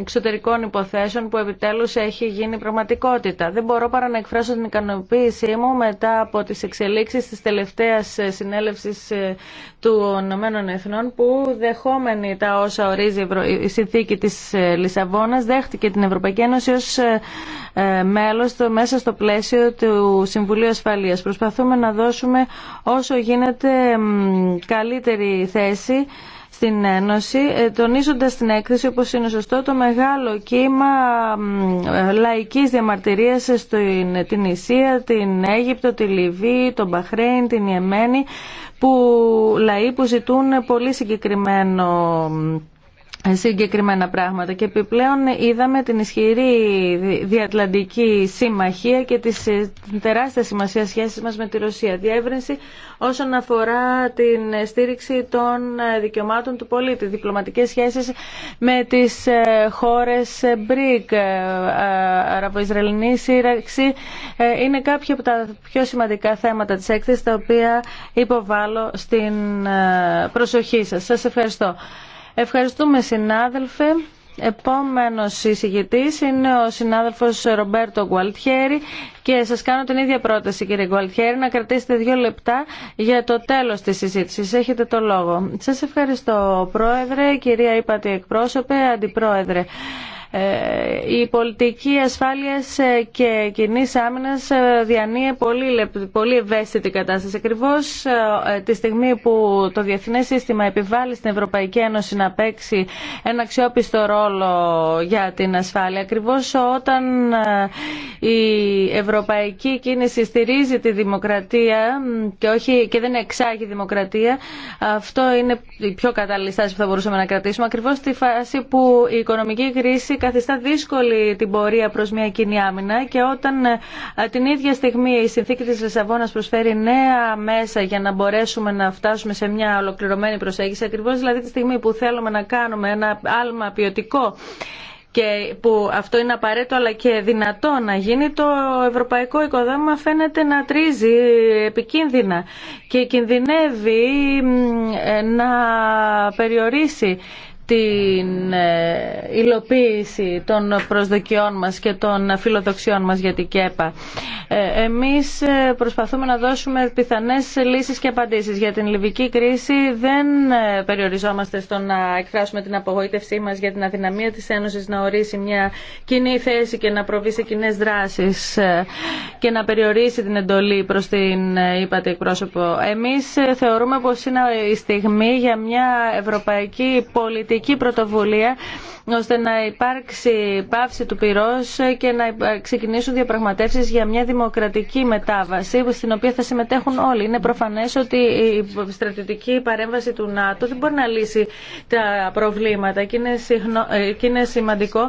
[SPEAKER 3] εξωτερικών υποθέσεων που επιτέλους έχει γίνει πραγματικότητα. Δεν μπορώ παρά να εκφράσω την ικανοποίησή μου μετά από τις εξελίξεις της τελευταίας συνέλευσης ε, του Ηνωμένων Εθνών που δεχόμενη τα όσα ορίζει η συνθήκη της ε, Λισαβόνας δέχτηκε την Ευρωπαϊκή Ένωση ως μέλος μέσα στο πλαίσιο του Συμβουλίου Ασφαλείας. Προσπαθούμε να δώσουμε όσο γίνεται καλύτερη θέση στην Ένωση, ε, τονίζοντας την έκθεση, όπως είναι σωστό, το μεγάλο κύμα ε, λαϊκής διαμαρτυρίας στην την Ισία, την Αίγυπτο, τη Λιβύη, τον Μπαχρέιν, την Ιεμένη, που λαοί που ζητούν πολύ συγκεκριμένο συγκεκριμένα πράγματα και επιπλέον είδαμε την ισχυρή διατλαντική συμμαχία και τις ε, τεράστια σημασία σχέσεις μας με τη Ρωσία. Διεύρυνση όσον αφορά την στήριξη των ε, δικαιωμάτων του πολίτη, διπλωματικές σχέσεις με τις ε, χώρες BRIC, Αραβοϊσραηλινή σύραξη. Είναι κάποια από τα πιο σημαντικά θέματα της έκθεσης τα οποία υποβάλλω στην προσοχή σας. Σας ευχαριστώ. Ευχαριστούμε συνάδελφε. Επόμενος συζητητής είναι ο συνάδελφος Ρομπέρτο Γκουαλτιέρη και σας κάνω την ίδια πρόταση κύριε Γκουαλτιέρη να κρατήσετε δύο λεπτά για το τέλος της συζήτησης. Έχετε το λόγο. Σας ευχαριστώ πρόεδρε, κυρία Ήπατη εκπρόσωπε, αντιπρόεδρε. Ε, η πολιτική ασφάλειας ε, και κοινή άμυνας ε, διανύει πολύ, πολύ ευαίσθητη κατάσταση. Ακριβώ τη στιγμή που το διεθνές σύστημα επιβάλλει στην Ευρωπαϊκή Ένωση να παίξει ένα αξιόπιστο ρόλο για την ασφάλεια, ακριβώ όταν η ευρωπαϊκή κίνηση στηρίζει τη δημοκρατία και, όχι, και δεν εξάγει δημοκρατία, αυτό είναι η πιο κατάλληλη στάση που θα μπορούσαμε να κρατήσουμε. Ακριβώ στη φάση που η οικονομική κρίση καθιστά δύσκολη την πορεία προς μια κοινή άμυνα και όταν ε, την ίδια στιγμή η συνθήκη της Λισαβόνα προσφέρει νέα μέσα για να μπορέσουμε να φτάσουμε σε μια ολοκληρωμένη προσέγγιση, ακριβώς δηλαδή τη στιγμή που θέλουμε να κάνουμε ένα άλμα ποιοτικό και που αυτό είναι απαραίτητο αλλά και δυνατό να γίνει, το ευρωπαϊκό οικοδόμημα φαίνεται να τρίζει επικίνδυνα και κινδυνεύει ε, να περιορίσει την ε, υλοποίηση των προσδοκιών μας και των φιλοδοξιών μας για την ΚΕΠΑ. Ε, εμείς ε, προσπαθούμε να δώσουμε πιθανές λύσεις και απαντήσεις. Για την λιβική κρίση δεν περιοριζόμαστε στο να εκφράσουμε την απογοήτευσή μας για την αδυναμία της Ένωσης να ορίσει μια κοινή θέση και να προβεί σε κοινέ δράσεις και να περιορίσει την εντολή προς την είπατε εκπρόσωπο. Εμείς θεωρούμε πως είναι η στιγμή για μια ευρωπαϊκή πολιτική κοινωνική πρωτοβουλία ώστε να υπάρξει πάυση του πυρός και να ξεκινήσουν διαπραγματεύσεις για μια δημοκρατική μετάβαση στην οποία θα συμμετέχουν όλοι. Είναι προφανές ότι η στρατιωτική παρέμβαση του ΝΑΤΟ δεν μπορεί να λύσει τα προβλήματα και είναι, συχνο... Ε, και είναι σημαντικό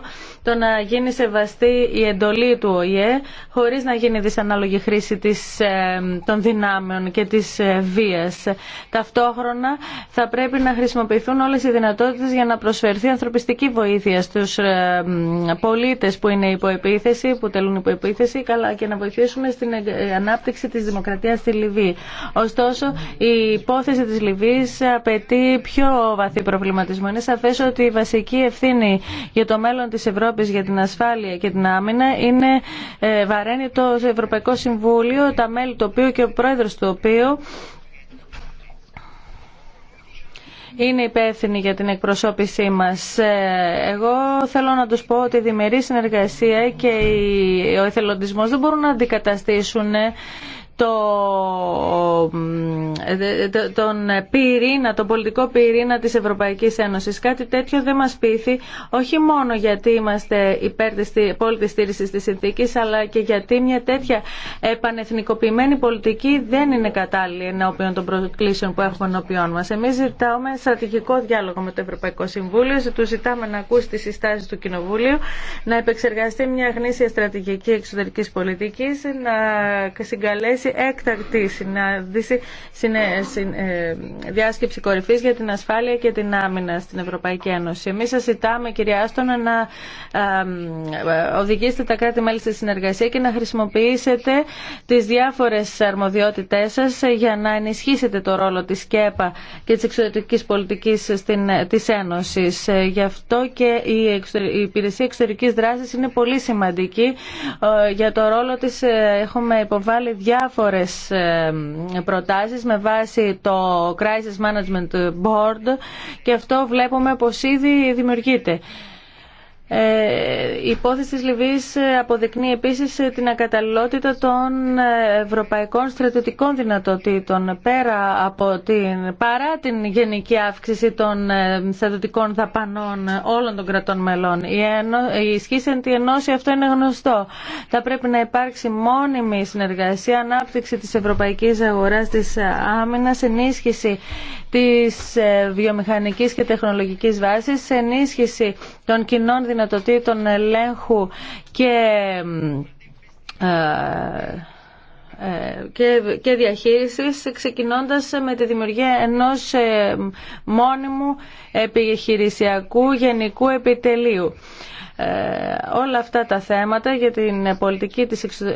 [SPEAKER 3] το να γίνει σεβαστή η εντολή του ΟΗΕ χωρίς να γίνει δυσανάλογη χρήση της, ε, των δυνάμεων και της ε, βίας. Ταυτόχρονα θα πρέπει να χρησιμοποιηθούν όλες οι δυνατότητες για να προσφερθεί ανθρωπιστική βοήθεια στους ε, πολίτες που είναι υποεπίθεση, που τελούν υποεπίθεση, καλά και να βοηθήσουμε στην ε, ανάπτυξη της δημοκρατίας στη Λιβύη. Ωστόσο, η υπόθεση της Λιβύης απαιτεί πιο βαθύ προβληματισμό. Είναι σαφές ότι η βασική ευθύνη για το μέλλον της Ευρώπης για την ασφάλεια και την άμυνα είναι ε, βαραίνει το Ευρωπαϊκό Συμβούλιο, τα μέλη του οποίου και ο πρόεδρος του οποίου είναι υπεύθυνοι για την εκπροσώπησή μας. Ε, εγώ θέλω να τους πω ότι η διμερή συνεργασία και ο εθελοντισμός δεν μπορούν να αντικαταστήσουν ε, ε, το, τον πυρήνα, τον πολιτικό πυρήνα της Ευρωπαϊκής Ένωσης. Κάτι τέτοιο δεν μας πείθει, όχι μόνο γιατί είμαστε υπέρ της απόλυτης στήρισης της συνθήκης, αλλά και γιατί μια τέτοια επανεθνικοποιημένη πολιτική δεν είναι κατάλληλη ενώπιον των προκλήσεων που έχουμε ενώπιον μας. Εμείς ζητάμε στρατηγικό διάλογο με το Ευρωπαϊκό Συμβούλιο, του ζητάμε να ακούσει τις συστάσεις του Κοινοβουλίου, να επεξεργαστεί μια γνήσια στρατηγική εξωτερικής πολιτικής, να συγκαλέσει έκτακτη συνάντηση, ε, διάσκεψη κορυφή για την ασφάλεια και την άμυνα στην Ευρωπαϊκή Ένωση. Εμεί σα ζητάμε, κυρία Άστονα, να οδηγήσετε τα κράτη-μέλη στη συνεργασία και να χρησιμοποιήσετε τι διάφορε αρμοδιότητέ σα για να ενισχύσετε το ρόλο τη ΚΕΠΑ και τη εξωτερική πολιτική τη Ένωση. Ε, γι' αυτό και η υπηρεσία εξωτερική δράση είναι πολύ σημαντική ε, για το ρόλο τη. Έχουμε υποβάλει διάφορα διάφορες ε, προτάσεις με βάση το Crisis Management Board και αυτό βλέπουμε πως ήδη δημιουργείται. Ε, η υπόθεση της Λιβύης ε, αποδεικνύει επίσης ε, την ακαταλληλότητα των ευρωπαϊκών στρατιωτικών δυνατοτήτων πέρα από την, παρά την γενική αύξηση των στρατιωτικών δαπανών όλων των κρατών μελών. Η, ενω, η αυτό είναι γνωστό. Θα πρέπει να υπάρξει μόνιμη συνεργασία, ανάπτυξη της ευρωπαϊκής αγοράς της άμυνας, ενίσχυση της βιομηχανικής και τεχνολογικής βάσης, ενίσχυση των κοινών δυνατοτήτων των ελέγχου ε, ε, και και διαχείρισης ξεκινώντας με τη δημιουργία ενός ε, μόνιμου επιχειρησιακού γενικού επιτελείου. Ε, όλα αυτά τα θέματα για την, πολιτική,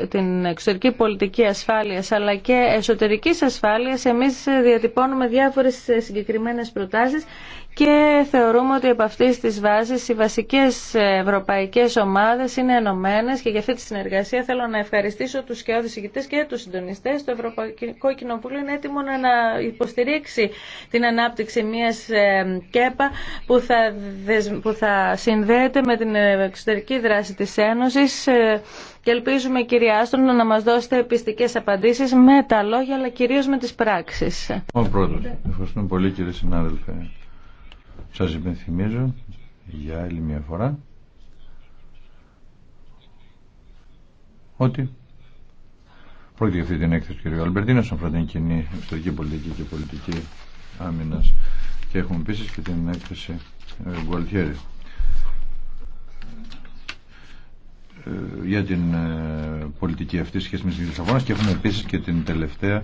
[SPEAKER 3] την εξωτερική πολιτική ασφάλειας αλλά και εσωτερικής ασφάλειας εμείς διατυπώνουμε διάφορες συγκεκριμένες προτάσεις και θεωρούμε ότι από αυτή τη βάση οι βασικέ ευρωπαϊκέ ομάδε είναι ενωμένε και για αυτή τη συνεργασία θέλω να ευχαριστήσω του και ηγητέ και του συντονιστέ. Το Ευρωπαϊκό Κοινοβούλιο είναι έτοιμο να υποστηρίξει την ανάπτυξη μια ε, ΚΕΠΑ που θα, που θα συνδέεται με την ε, εξωτερική δράση της Ένωσης ε, και ελπίζουμε κυρία Άστρο να μας δώσετε πιστικές απαντήσεις με τα λόγια αλλά κυρίως με τις πράξεις. Ο πρώτος.
[SPEAKER 2] Ευχαριστούμε πολύ κύριε συνάδελφε. Σας υπενθυμίζω για άλλη μια φορά ότι πρόκειται για αυτή την έκθεση του κύριου στον την κοινή εξωτερική πολιτική και πολιτική άμυνας και έχουμε επίση και την έκθεση ε, Γκουαλτιέρη. Ε, για την ε, πολιτική αυτή σχέση με την Λισαβόνα και έχουμε επίσης και την τελευταία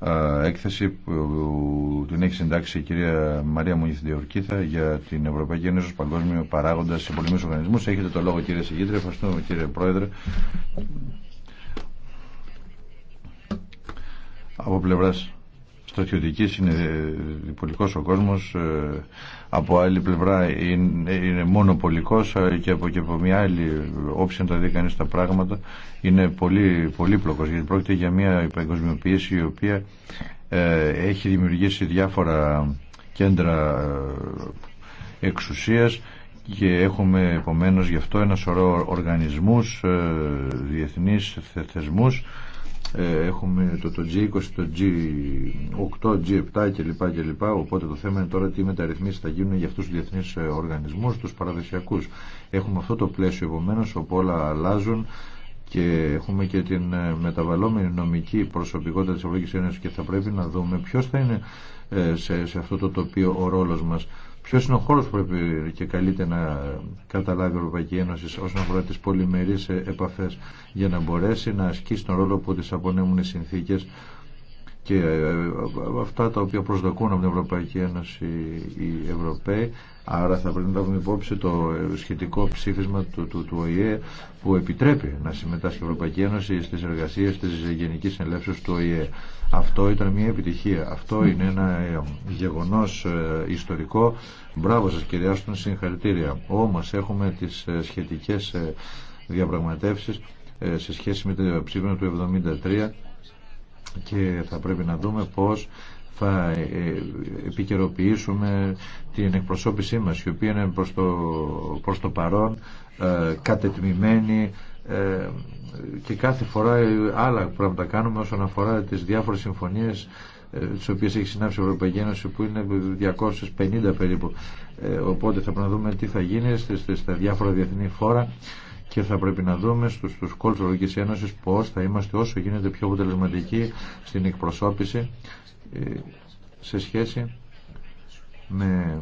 [SPEAKER 2] ε, έκθεση που την έχει συντάξει η κυρία Μαρία Διορκήθα για την Ευρωπαϊκή Ένωση παγκόσμιο παράγοντα σε πολεμικούς οργανισμούς. Έχετε το λόγο κύριε Συγήτρια, ευχαριστούμε κύριε Πρόεδρε. Από πλευράς στρατιωτική, είναι πολικό ο κόσμος ε, από άλλη πλευρά είναι, είναι μονοπολικός ε, και από, και από μια άλλη όψη να τα δει κανείς τα πράγματα είναι πολύ, πολύ γιατί πρόκειται για μια παγκοσμιοποίηση η οποία ε, έχει δημιουργήσει διάφορα κέντρα εξουσίας και έχουμε επομένως γι' αυτό ένα σωρό οργανισμούς, διεθνείς θεσμούς ε, έχουμε το, το G20, το G8, G7 κλπ, κλπ. Οπότε το θέμα είναι τώρα τι μεταρρυθμίσεις θα γίνουν για αυτούς του διεθνείς ε, οργανισμούς, τους παραδοσιακού. Έχουμε αυτό το πλαίσιο επομένω όπου όλα αλλάζουν και έχουμε και την ε, μεταβαλλόμενη νομική προσωπικότητα της Ευρωπαϊκή Ένωση και θα πρέπει να δούμε ποιος θα είναι σε, σε αυτό το τοπίο ο ρόλος μας. Ποιο είναι ο χώρο που πρέπει και καλείται να καταλάβει η Ευρωπαϊκή Ένωση όσον αφορά τι πολυμερεί επαφέ για να μπορέσει να ασκήσει τον ρόλο που τη απονέμουν οι συνθήκε και ε, ε, αυτά τα οποία προσδοκούν από την Ευρωπαϊκή Ένωση οι Ευρωπαίοι. Άρα θα πρέπει να λάβουμε υπόψη το ε, σχετικό ψήφισμα του, του, του ΟΗΕ που επιτρέπει να συμμετάσχει η Ευρωπαϊκή Ένωση στις εργασίες της Γενικής Ελεύσεω του ΟΗΕ. Αυτό ήταν μια επιτυχία. Αυτό είναι ένα γεγονός ιστορικό. Μπράβο σας κυρία στον συγχαρητήρια. Όμως έχουμε τις σχετικές διαπραγματεύσεις σε σχέση με το ψήφισμα του 1973 και θα πρέπει να δούμε πώς θα ε, επικαιροποιήσουμε την εκπροσώπησή μας η οποία είναι προς το, προς παρόν ε, κατετμημένη ε, και κάθε φορά άλλα πράγματα κάνουμε όσον αφορά τις διάφορες συμφωνίες τις οποίες έχει συνάψει η Ευρωπαϊκή Ένωση που είναι 250 περίπου οπότε θα πρέπει να δούμε τι θα γίνει στα διάφορα διεθνή φόρα και θα πρέπει να δούμε στους, στους κόλπους της Ευρωπαϊκής Ένωσης πώς θα είμαστε όσο γίνεται πιο αποτελεσματικοί στην εκπροσώπηση ε, σε σχέση με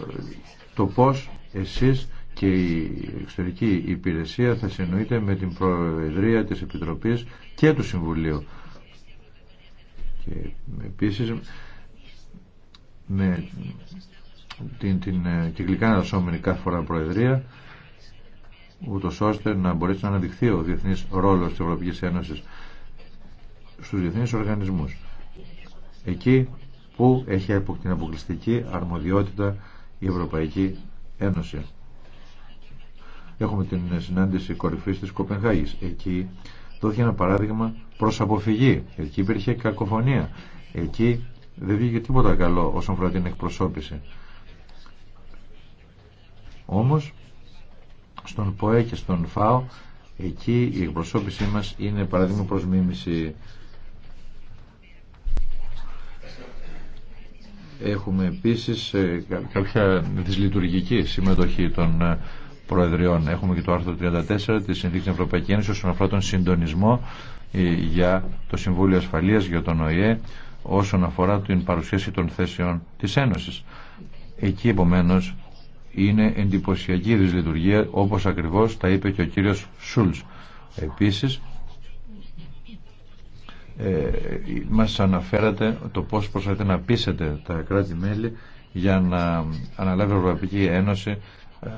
[SPEAKER 2] ε, το πώς εσείς και η εξωτερική υπηρεσία θα συνοείται με την Προεδρία της Επιτροπής και του Συμβουλίου. Και επίσης με την, την ε, κυκλικά ανασώμενη κάθε φορά Προεδρία ούτω ώστε να μπορέσει να αναδειχθεί ο διεθνής ρόλος της Ευρωπαϊκής Ένωσης στους διεθνείς οργανισμούς. Εκεί που έχει την αποκλειστική αρμοδιότητα η Ευρωπαϊκή Ένωση. Έχουμε την συνάντηση κορυφής της Κοπενχάγης. Εκεί δόθηκε ένα παράδειγμα προς αποφυγή. Εκεί υπήρχε κακοφωνία. Εκεί δεν βγήκε τίποτα καλό όσον αφορά την εκπροσώπηση. Όμως στον ΠΟΕ και στον ΦΑΟ εκεί η εκπροσώπησή μας είναι παράδειγμα προς έχουμε επίσης ε, κάποια δυσλειτουργική συμμετοχή των ε, Προεδριών. Έχουμε και το άρθρο 34 της Συνθήκης Ευρωπαϊκής Ένωσης όσον αφορά τον συντονισμό ε, για το Συμβούλιο Ασφαλείας, για τον ΟΗΕ, όσον αφορά την παρουσίαση των θέσεων της Ένωσης. Εκεί επομένως είναι εντυπωσιακή δυσλειτουργία όπως ακριβώς τα είπε και ο κύριος Σουλς. Επίσης ε, μας αναφέρατε το πώς προσπαθείτε να πείσετε τα κράτη-μέλη για να αναλάβει η Ευρωπαϊκή Ένωση ε,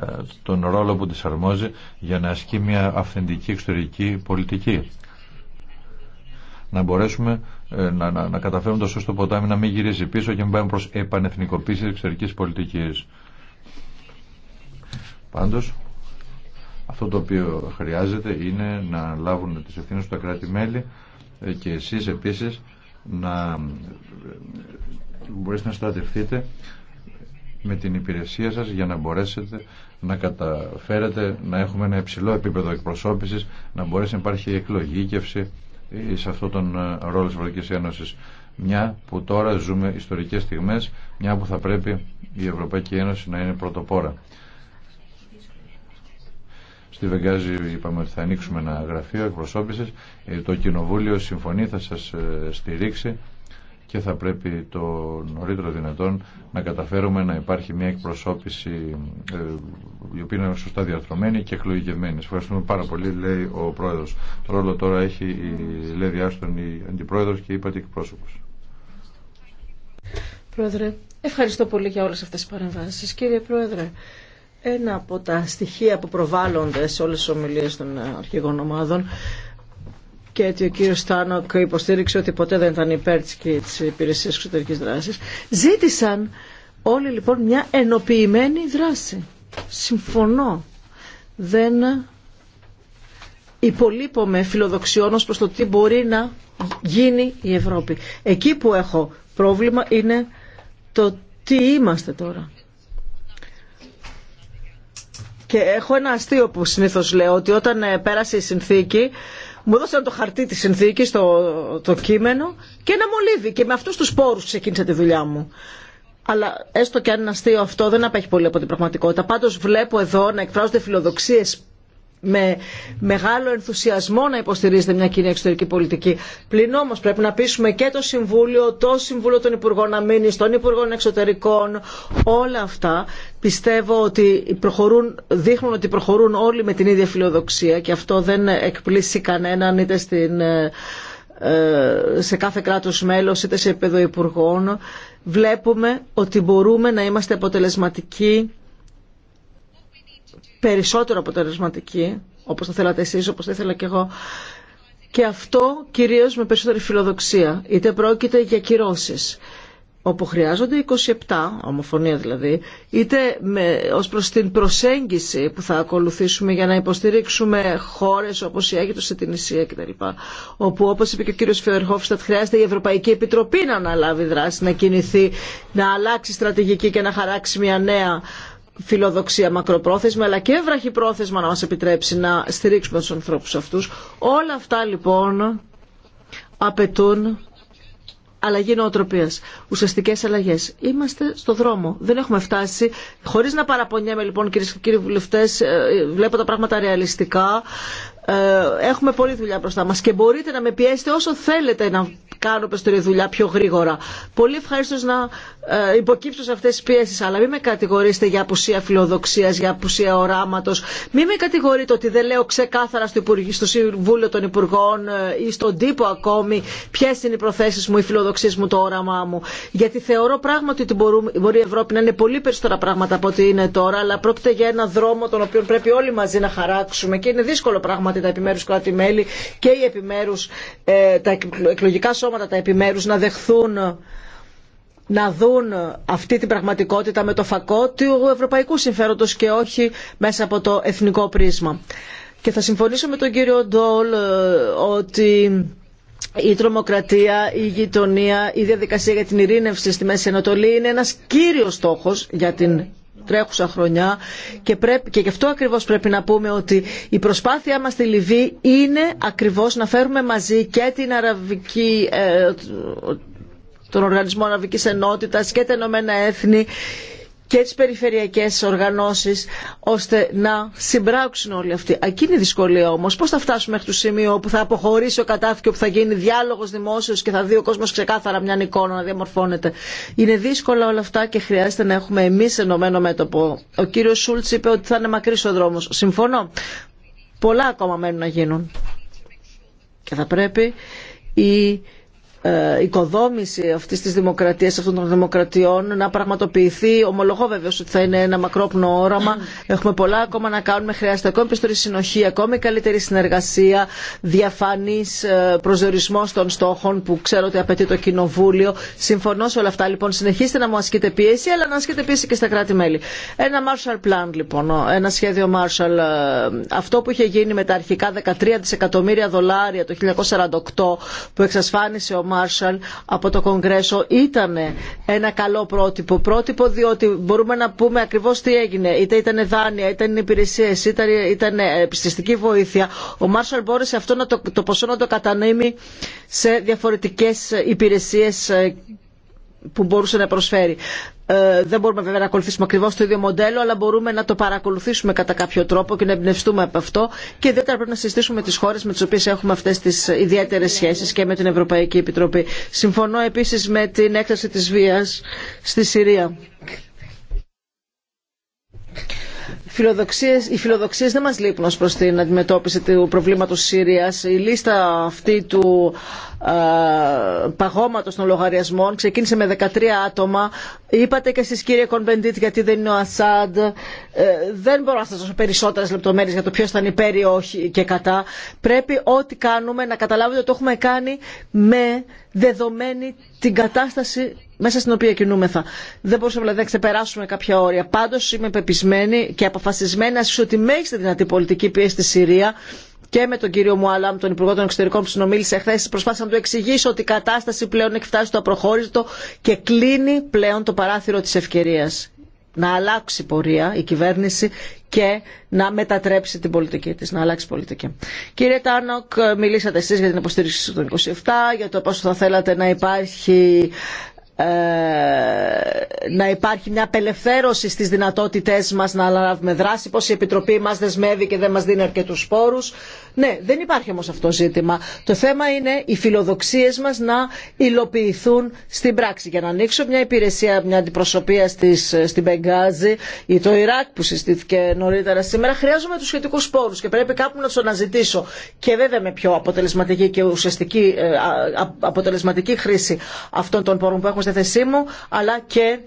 [SPEAKER 2] τον ρόλο που της αρμόζει για να ασκεί μια αυθεντική εξωτερική πολιτική. Να μπορέσουμε ε, να, να, να καταφέρουμε το σωστό ποτάμι να μην γυρίσει πίσω και να πάμε προς επανεθνικοποίηση εξωτερικής πολιτικής. Πάντως, αυτό το οποίο χρειάζεται είναι να λάβουν τις ευθύνε του τα κράτη-μέλη ε, και εσείς επίσης να ε, μπορέσετε να στρατευτείτε με την υπηρεσία σας για να μπορέσετε να καταφέρετε να έχουμε ένα υψηλό επίπεδο εκπροσώπησης, να μπορέσει να υπάρχει εκλογήκευση ε, σε αυτόν τον ρόλο της Ευρωπαϊκής Ένωσης. Μια που τώρα ζούμε ιστορικές στιγμές, μια που θα πρέπει η Ευρωπαϊκή Ένωση να είναι πρωτοπόρα. Στη Βεγγάζη είπαμε ότι θα ανοίξουμε ένα γραφείο εκπροσώπηση. Ε, το Κοινοβούλιο συμφωνεί, θα σας ε, στηρίξει και θα πρέπει το νωρίτερο δυνατόν να καταφέρουμε να υπάρχει μια εκπροσώπηση ε, η οποία είναι σωστά διαρθρωμένη και εκλογικευμένη. Ευχαριστούμε πάρα πολύ, λέει ο Πρόεδρος. Το ρόλο τώρα έχει η Λέδη Άστον, η Αντιπρόεδρος και η Πατήκη Πρόσωπος.
[SPEAKER 4] Πρόεδρε, ευχαριστώ πολύ για όλες αυτές τις παρεμβάσεις. Κύριε Πρόεδρε, ένα από τα στοιχεία που προβάλλονται σε όλες τις ομιλίες των αρχηγών ομάδων και ότι ο κύριο Στάνοκ υποστήριξε ότι ποτέ δεν ήταν υπέρ της υπηρεσίας εξωτερικής δράσης, ζήτησαν όλοι λοιπόν μια ενοποιημένη δράση. Συμφωνώ. Δεν υπολείπομαι φιλοδοξιών ως προς το τι μπορεί να γίνει η Ευρώπη. Εκεί που έχω πρόβλημα είναι το τι είμαστε τώρα έχω ένα αστείο που συνήθω λέω ότι όταν ε, πέρασε η συνθήκη μου έδωσαν το χαρτί της συνθήκης, το, το κείμενο και ένα μολύβι και με αυτού του πόρου ξεκίνησα τη δουλειά μου. Αλλά έστω και αν είναι αστείο αυτό δεν απέχει πολύ από την πραγματικότητα. Πάντω βλέπω εδώ να εκφράζονται φιλοδοξίε με μεγάλο ενθουσιασμό να υποστηρίζετε μια κοινή εξωτερική πολιτική. Πλην όμω πρέπει να πείσουμε και το Συμβούλιο, το Συμβούλιο των Υπουργών Αμήνη, των Υπουργών Εξωτερικών, όλα αυτά πιστεύω ότι προχωρούν, δείχνουν ότι προχωρούν όλοι με την ίδια φιλοδοξία και αυτό δεν εκπλήσει κανέναν είτε ε, ε, σε κάθε κράτος μέλος είτε σε επίπεδο υπουργών βλέπουμε ότι μπορούμε να είμαστε αποτελεσματικοί περισσότερο αποτελεσματική, όπως θα θέλατε εσείς, όπως θα ήθελα και εγώ, και αυτό κυρίως με περισσότερη φιλοδοξία. Είτε πρόκειται για κυρώσεις, όπου χρειάζονται 27, ομοφωνία δηλαδή, είτε με, ως προς την προσέγγιση που θα ακολουθήσουμε για να υποστηρίξουμε χώρες όπως η Αίγυπτος, την Ισία κτλ. Όπου όπως είπε και ο κύριος Φιωρχόφστατ χρειάζεται η Ευρωπαϊκή Επιτροπή να αναλάβει δράση, να κινηθεί, να αλλάξει στρατηγική και να χαράξει μια νέα φιλοδοξία μακροπρόθεσμα αλλά και πρόθεσμα να μας επιτρέψει να στηρίξουμε τους ανθρώπους αυτούς. Όλα αυτά λοιπόν απαιτούν αλλαγή νοοτροπία. Ουσιαστικέ αλλαγέ. Είμαστε στο δρόμο. Δεν έχουμε φτάσει. Χωρί να παραπονιέμαι, λοιπόν, κυρίε και κύριοι βουλευτέ, ε, βλέπω τα πράγματα ρεαλιστικά. Ε, έχουμε πολλή δουλειά μπροστά μα και μπορείτε να με πιέσετε όσο θέλετε να κάνω περισσότερη δουλειά πιο γρήγορα. Πολύ ευχαρίστω να ε, υποκύψω σε αυτές τις πιέσεις αλλά μην με κατηγορήσετε για απουσία φιλοδοξίας, για απουσία οράματος μην με κατηγορείτε ότι δεν λέω ξεκάθαρα στο Συμβούλιο των Υπουργών ε, ή στον τύπο ακόμη ποιε είναι οι προθέσεις μου, οι φιλοδοξίες μου, το όραμά μου γιατί θεωρώ πράγματι ότι μπορεί η Ευρώπη να είναι πολύ περισσότερα πράγματα από ό,τι είναι τώρα αλλά πρόκειται για ένα δρόμο τον οποίο πρέπει όλοι μαζί να χαράξουμε και είναι δύσκολο πράγματι τα επιμέρους κράτη-μέλη και οι επιμέρους, ε, τα εκλογικά σώματα τα επιμέρους να δεχθούν να δουν αυτή την πραγματικότητα με το φακό του ευρωπαϊκού συμφέροντος και όχι μέσα από το εθνικό πρίσμα. Και θα συμφωνήσω με τον κύριο Ντόλ ε, ότι η τρομοκρατία, η γειτονία, η διαδικασία για την ειρήνευση στη Μέση Ανατολή είναι ένας κύριος στόχος για την τρέχουσα χρονιά και, πρέπει, και γι' αυτό ακριβώς πρέπει να πούμε ότι η προσπάθειά μας στη Λιβύη είναι ακριβώς να φέρουμε μαζί και την αραβική, ε, τον Οργανισμό Αναβικής Ενότητας και τα Ενωμένα Έθνη και τις περιφερειακές οργανώσεις ώστε να συμπράξουν όλοι αυτοί. Εκείνη η δυσκολία όμως. Πώς θα φτάσουμε μέχρι το σημείο όπου θα αποχωρήσει ο κατάφυκιο, που θα γίνει διάλογος δημόσιος και θα δει ο κόσμος ξεκάθαρα μια εικόνα να διαμορφώνεται. Είναι δύσκολα όλα αυτά και χρειάζεται να έχουμε εμείς ενωμένο μέτωπο. Ο κύριος Σούλτς είπε ότι θα είναι μακρύς ο δρόμος. Συμφωνώ. Πολλά ακόμα μένουν να γίνουν. Και θα πρέπει η ε, οικοδόμηση αυτής της δημοκρατίας, αυτών των δημοκρατιών να πραγματοποιηθεί. Ομολογώ βεβαίω ότι θα είναι ένα μακρόπνο όραμα. Έχουμε πολλά ακόμα να κάνουμε. Χρειάζεται ακόμη περισσότερη συνοχή, ακόμη καλύτερη συνεργασία, διαφανή, ε, προσδιορισμό των στόχων που ξέρω ότι απαιτεί το Κοινοβούλιο. Συμφωνώ σε όλα αυτά. Λοιπόν, συνεχίστε να μου ασκείτε πίεση, αλλά να ασκείτε πίεση και στα κράτη-μέλη. Ένα Marshall Plan, λοιπόν, ένα σχέδιο Marshall. Ε, αυτό που είχε γίνει με τα αρχικά 13 δισεκατομμύρια δολάρια το 1948 που εξασφάνισε ο Μάρσαλ από το Κογκρέσο ήταν ένα καλό πρότυπο. Πρότυπο διότι μπορούμε να πούμε ακριβώς τι έγινε. Είτε ήταν δάνεια, είτε ήταν υπηρεσίες, είτε ήταν επιστηστική βοήθεια. Ο Μάρσαλ μπόρεσε αυτό να το, ποσό να το κατανείμει σε διαφορετικές ε, υπηρεσίες ε, που μπορούσε να προσφέρει. Ε, δεν μπορούμε βέβαια να ακολουθήσουμε ακριβώ το ίδιο μοντέλο, αλλά μπορούμε να το παρακολουθήσουμε κατά κάποιο τρόπο και να εμπνευστούμε από αυτό. Και ιδιαίτερα πρέπει να συζητήσουμε τι χώρε με τι οποίε έχουμε αυτέ τι ιδιαίτερε σχέσει και με την Ευρωπαϊκή Επιτροπή. Συμφωνώ επίση με την έκταση τη βία στη Συρία φιλοδοξίες, οι φιλοδοξίες δεν μας λείπουν ως προς την αντιμετώπιση του προβλήματος Συρίας. Η λίστα αυτή του ε, παγώματος των λογαριασμών ξεκίνησε με 13 άτομα. Είπατε και εσείς κύριε Κονπεντήτ γιατί δεν είναι ο Ασάντ. Ε, δεν μπορώ να σας δώσω περισσότερες λεπτομέρειες για το ποιος ήταν υπέρ ή όχι και κατά. Πρέπει ό,τι κάνουμε να καταλάβετε ότι το έχουμε κάνει με δεδομένη την κατάσταση μέσα στην οποία κινούμεθα. Δεν μπορούσαμε δηλαδή να ξεπεράσουμε κάποια όρια. Πάντως είμαι πεπισμένη και από αποφασισμένα στους ότι μέγιστη δυνατή πολιτική πίεση στη Συρία και με τον κύριο Μουαλάμ, τον Υπουργό των Εξωτερικών που συνομίλησε χθε, προσπάθησα να του εξηγήσω ότι η κατάσταση πλέον έχει φτάσει στο απροχώρητο και κλείνει πλέον το παράθυρο τη ευκαιρία. να αλλάξει πορεία η κυβέρνηση και να μετατρέψει την πολιτική της, να αλλάξει πολιτική. Κύριε Τάνοκ, μιλήσατε εσείς για την υποστήριξη του 27, για το πόσο θα θέλατε να υπάρχει ε, να υπάρχει μια απελευθέρωση στις δυνατότητές μας να αναλάβουμε δράση, πως η Επιτροπή μας δεσμεύει και δεν μας δίνει αρκετούς πόρους. Ναι, δεν υπάρχει όμως αυτό ζήτημα. Το θέμα είναι οι φιλοδοξίες μας να υλοποιηθούν στην πράξη. Για να ανοίξω μια υπηρεσία, μια αντιπροσωπεία στις, στην Μπεγκάζη ή το Ιράκ που συστήθηκε νωρίτερα σήμερα, χρειάζομαι τους σχετικούς πόρους και πρέπει κάπου να τους αναζητήσω. Και βέβαια με πιο αποτελεσματική και ουσιαστική ε, αποτελεσματική χρήση αυτών των πόρων που έχουμε στη θέσή μου, αλλά και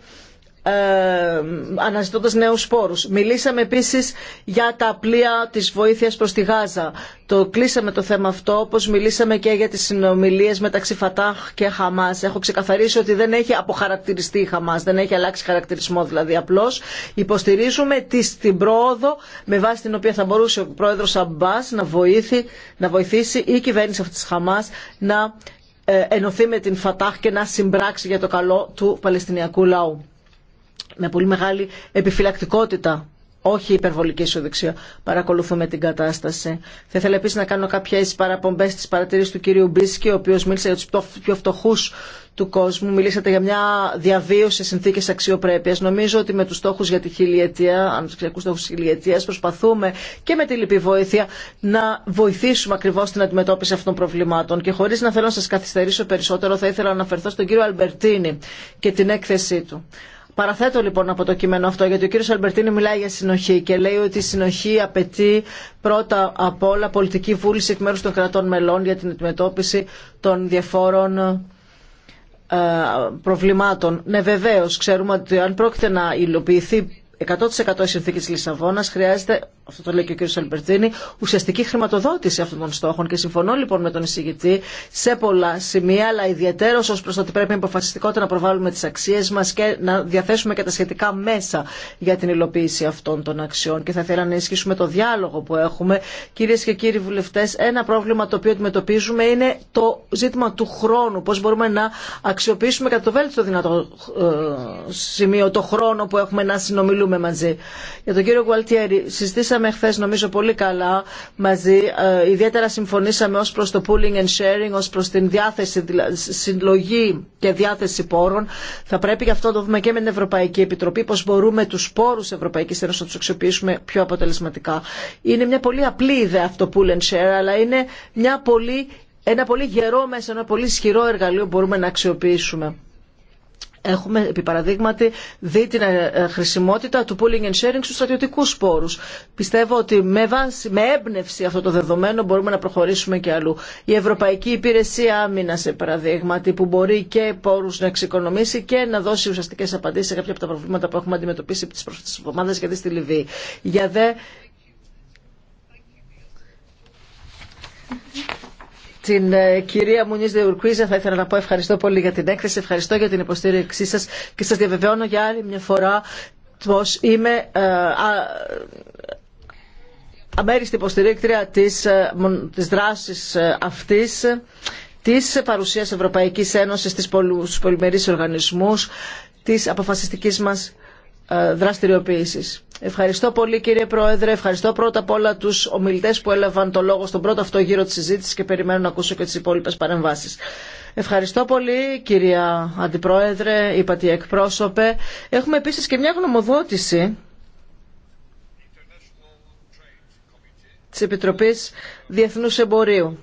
[SPEAKER 4] ε, αναζητώντας νέους σπόρους. Μιλήσαμε επίσης για τα πλοία της βοήθειας προς τη Γάζα. Το κλείσαμε το θέμα αυτό, όπως μιλήσαμε και για τις συνομιλίες μεταξύ Φατάχ και Χαμάς. Έχω ξεκαθαρίσει ότι δεν έχει αποχαρακτηριστεί η Χαμάς, δεν έχει αλλάξει χαρακτηρισμό δηλαδή απλώς. Υποστηρίζουμε την πρόοδο με βάση την οποία θα μπορούσε ο πρόεδρος Αμπάς να, βοήθει, να βοηθήσει η κυβέρνηση αυτής της Χαμάς να ε, ενωθεί με την Φατάχ και να συμπράξει για το καλό του Παλαιστινιακού λαού με πολύ μεγάλη επιφυλακτικότητα όχι υπερβολική ισοδεξία. Παρακολουθούμε την κατάσταση. Θα ήθελα επίση να κάνω κάποιε παραπομπέ στι παρατηρήσει του κύριου Μπίσκη, ο οποίο μίλησε για του πιο φτωχού του κόσμου. Μιλήσατε για μια διαβίωση συνθήκε αξιοπρέπεια. Νομίζω ότι με του στόχου για τη χιλιετία, αν του στόχου τη χιλιετία, προσπαθούμε και με τη λυπή βοήθεια να βοηθήσουμε ακριβώ την αντιμετώπιση αυτών των προβλημάτων. Και χωρί να θέλω να σα καθυστερήσω περισσότερο, θα ήθελα να αναφερθώ στον κύριο Αλμπερτίνη και την έκθεσή του. Παραθέτω λοιπόν από το κείμενο αυτό, γιατί ο κύριος Αλμπερτίνη μιλάει για συνοχή και λέει ότι η συνοχή απαιτεί πρώτα απ' όλα πολιτική βούληση εκ μέρου των κρατών μελών για την αντιμετώπιση των διαφόρων ε, προβλημάτων. Ναι βεβαίως ξέρουμε ότι αν πρόκειται να υλοποιηθεί 100% η συνθήκη τη Λισαβόνα χρειάζεται, αυτό το λέει και ο κ. Αλμπερτζίνη, ουσιαστική χρηματοδότηση αυτών των στόχων. Και συμφωνώ λοιπόν με τον εισηγητή σε πολλά σημεία, αλλά ιδιαίτερω ω προ το ότι πρέπει με αποφασιστικότητα να προβάλλουμε τι αξίε μα και να διαθέσουμε και τα σχετικά μέσα για την υλοποίηση αυτών των αξιών. Και θα ήθελα να ενισχύσουμε το διάλογο που έχουμε. Κυρίε και κύριοι βουλευτέ, ένα πρόβλημα το οποίο αντιμετωπίζουμε είναι το ζήτημα του χρόνου. Πώ μπορούμε να αξιοποιήσουμε κατά το βέλτιστο δυνατό ε, σημείο το χρόνο που έχουμε να συνομιλούμε μαζί. Για τον κύριο Γουαλτιέρη, συζητήσαμε χθε νομίζω πολύ καλά μαζί. Ε, ιδιαίτερα συμφωνήσαμε ω προ το pooling and sharing, ω προ την διάθεση, συλλογή και διάθεση πόρων. Θα πρέπει γι' αυτό να το δούμε και με την Ευρωπαϊκή Επιτροπή, πω μπορούμε του πόρου Ευρωπαϊκή Ένωση να του αξιοποιήσουμε πιο αποτελεσματικά. Είναι μια πολύ απλή ιδέα αυτό το pool and share, αλλά είναι μια πολύ, ένα πολύ γερό μέσα, ένα πολύ ισχυρό εργαλείο που μπορούμε να αξιοποιήσουμε. Έχουμε, επί παραδείγματι, δει την ε, ε, χρησιμότητα του pooling and sharing στους στρατιωτικούς πόρους. Πιστεύω ότι με, βάση, με έμπνευση αυτό το δεδομένο μπορούμε να προχωρήσουμε και αλλού. Η Ευρωπαϊκή Υπηρεσία Άμυνα, σε παραδείγματι, που μπορεί και πόρους να εξοικονομήσει και να δώσει ουσιαστικές απαντήσεις σε κάποια από τα προβλήματα που έχουμε αντιμετωπίσει από τις πρόσφατες εβδομάδες γιατί στη Λιβύη. Την ε, κυρία Μουνής Δεουρκουίζα θα ήθελα να πω ευχαριστώ πολύ για την έκθεση, ευχαριστώ για την υποστήριξή σας και σας διαβεβαιώνω για άλλη μια φορά πως είμαι ε, αμέριστη υποστηρίκτρια της, δράση ε, δράσης αυτής της παρουσίας Ευρωπαϊκής Ένωσης στις οργανισμού, οργανισμούς της αποφασιστικής μας ε, ευχαριστώ πολύ κύριε Πρόεδρε, ευχαριστώ πρώτα απ' όλα τους ομιλητές που έλαβαν το λόγο στον πρώτο αυτό γύρο της συζήτησης και περιμένω να ακούσω και τις υπόλοιπες παρεμβάσεις. Ευχαριστώ πολύ κυρία Αντιπρόεδρε, είπατε εκπρόσωπε. Έχουμε επίσης και μια γνωμοδότηση της Επιτροπής Διεθνούς Εμπορίου.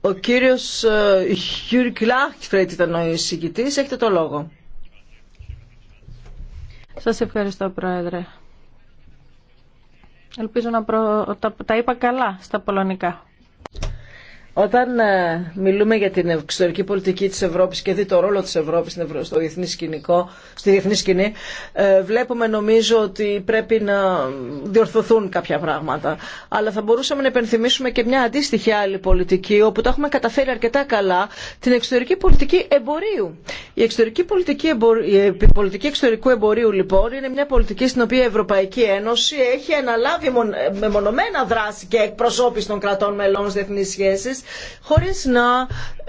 [SPEAKER 4] Ο κύριος ε, Γιούρκ Λάχτφρετ ήταν ο εισηγητής, έχετε το λόγο.
[SPEAKER 3] Σας ευχαριστώ, Πρόεδρε. Ελπίζω να προ... τα είπα καλά στα πολωνικά.
[SPEAKER 4] Όταν ε, μιλούμε για την εξωτερική πολιτική της Ευρώπης και δει το ρόλο της Ευρώπης στο διεθνή σκηνικό, στη διεθνή σκηνή, ε, βλέπουμε νομίζω ότι πρέπει να διορθωθούν κάποια πράγματα. Αλλά θα μπορούσαμε να επενθυμίσουμε και μια αντίστοιχη άλλη πολιτική, όπου το έχουμε καταφέρει αρκετά καλά, την εξωτερική πολιτική εμπορίου. Η εξωτερική πολιτική, η πολιτική εξωτερικού εμπορίου, λοιπόν, είναι μια πολιτική στην οποία η Ευρωπαϊκή Ένωση έχει αναλάβει ε, μεμονωμένα δράση και εκπροσώπηση των κρατών μελών στι διεθνεί σχέσει Χωρί να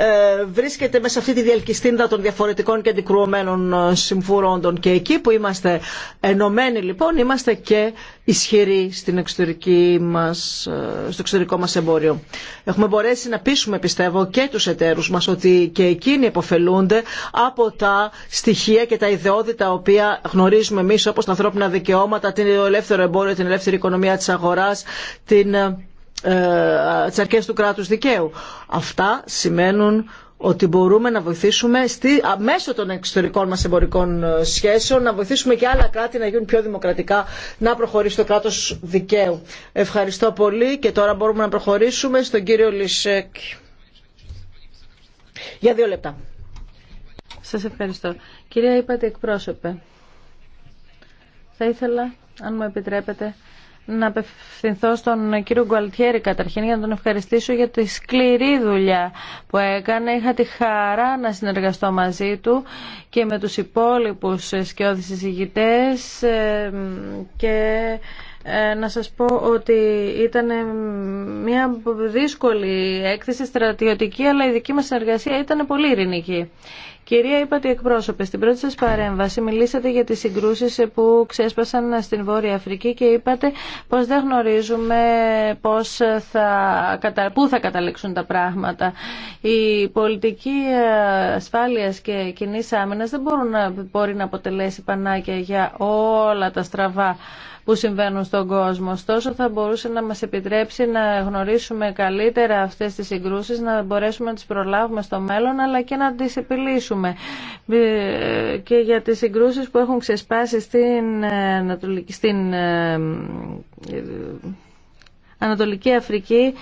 [SPEAKER 4] ε, βρίσκεται μέσα αυτή τη διαλκυστίνδα των διαφορετικών και αντικρουωμένων ε, συμφουρώντων. Και εκεί που είμαστε ενωμένοι λοιπόν είμαστε και ισχυροί στην εξωτερική μας, ε, στο εξωτερικό μας εμπόριο. Έχουμε μπορέσει να πείσουμε πιστεύω και τους εταίρους μας ότι και εκείνοι υποφελούνται από τα στοιχεία και τα ιδεώδη τα οποία γνωρίζουμε εμείς όπως τα ανθρώπινα δικαιώματα, την ελεύθερο εμπόριο, την ελεύθερη οικονομία της αγοράς, την ε, τις του κράτους δικαίου. Αυτά σημαίνουν ότι μπορούμε να βοηθήσουμε στη, μέσω των εξωτερικών μας εμπορικών ε, σχέσεων να βοηθήσουμε και άλλα κράτη να γίνουν πιο δημοκρατικά, να προχωρήσει το κράτος δικαίου. Ευχαριστώ πολύ και τώρα μπορούμε να προχωρήσουμε στον κύριο Λισεκ. Για δύο λεπτά.
[SPEAKER 3] Σας ευχαριστώ. Κυρία είπατε εκπρόσωπε, θα ήθελα, αν μου επιτρέπετε, να απευθυνθώ στον κύριο Γκουαλτιέρη καταρχήν για να τον ευχαριστήσω για τη σκληρή δουλειά που έκανε. Είχα τη χαρά να συνεργαστώ μαζί του και με τους υπόλοιπους σκιώδης συζητητές ε, και ε, να σας πω ότι ήταν μια δύσκολη έκθεση στρατιωτική, αλλά η δική μας συνεργασία ήταν πολύ ειρηνική. Κυρία, είπατε εκπρόσωπε, στην πρώτη σας παρέμβαση μιλήσατε για τις συγκρούσεις που ξέσπασαν στην Βόρεια Αφρική και είπατε πως δεν γνωρίζουμε πώς θα, πού θα καταλήξουν τα πράγματα. Η πολιτική ασφάλειας και κοινή άμυνας δεν μπορούν να, μπορεί να αποτελέσει πανάκια για όλα τα στραβά που συμβαίνουν στον κόσμο. Ωστόσο θα μπορούσε να μας επιτρέψει να γνωρίσουμε καλύτερα αυτέ τις συγκρούσει, να μπορέσουμε να τι προλάβουμε στο μέλλον αλλά και να τις επιλύσουμε. Ε, και για τις συγκρούσει που έχουν ξεσπάσει στην, ε, στην ε, Ανατολική Αφρική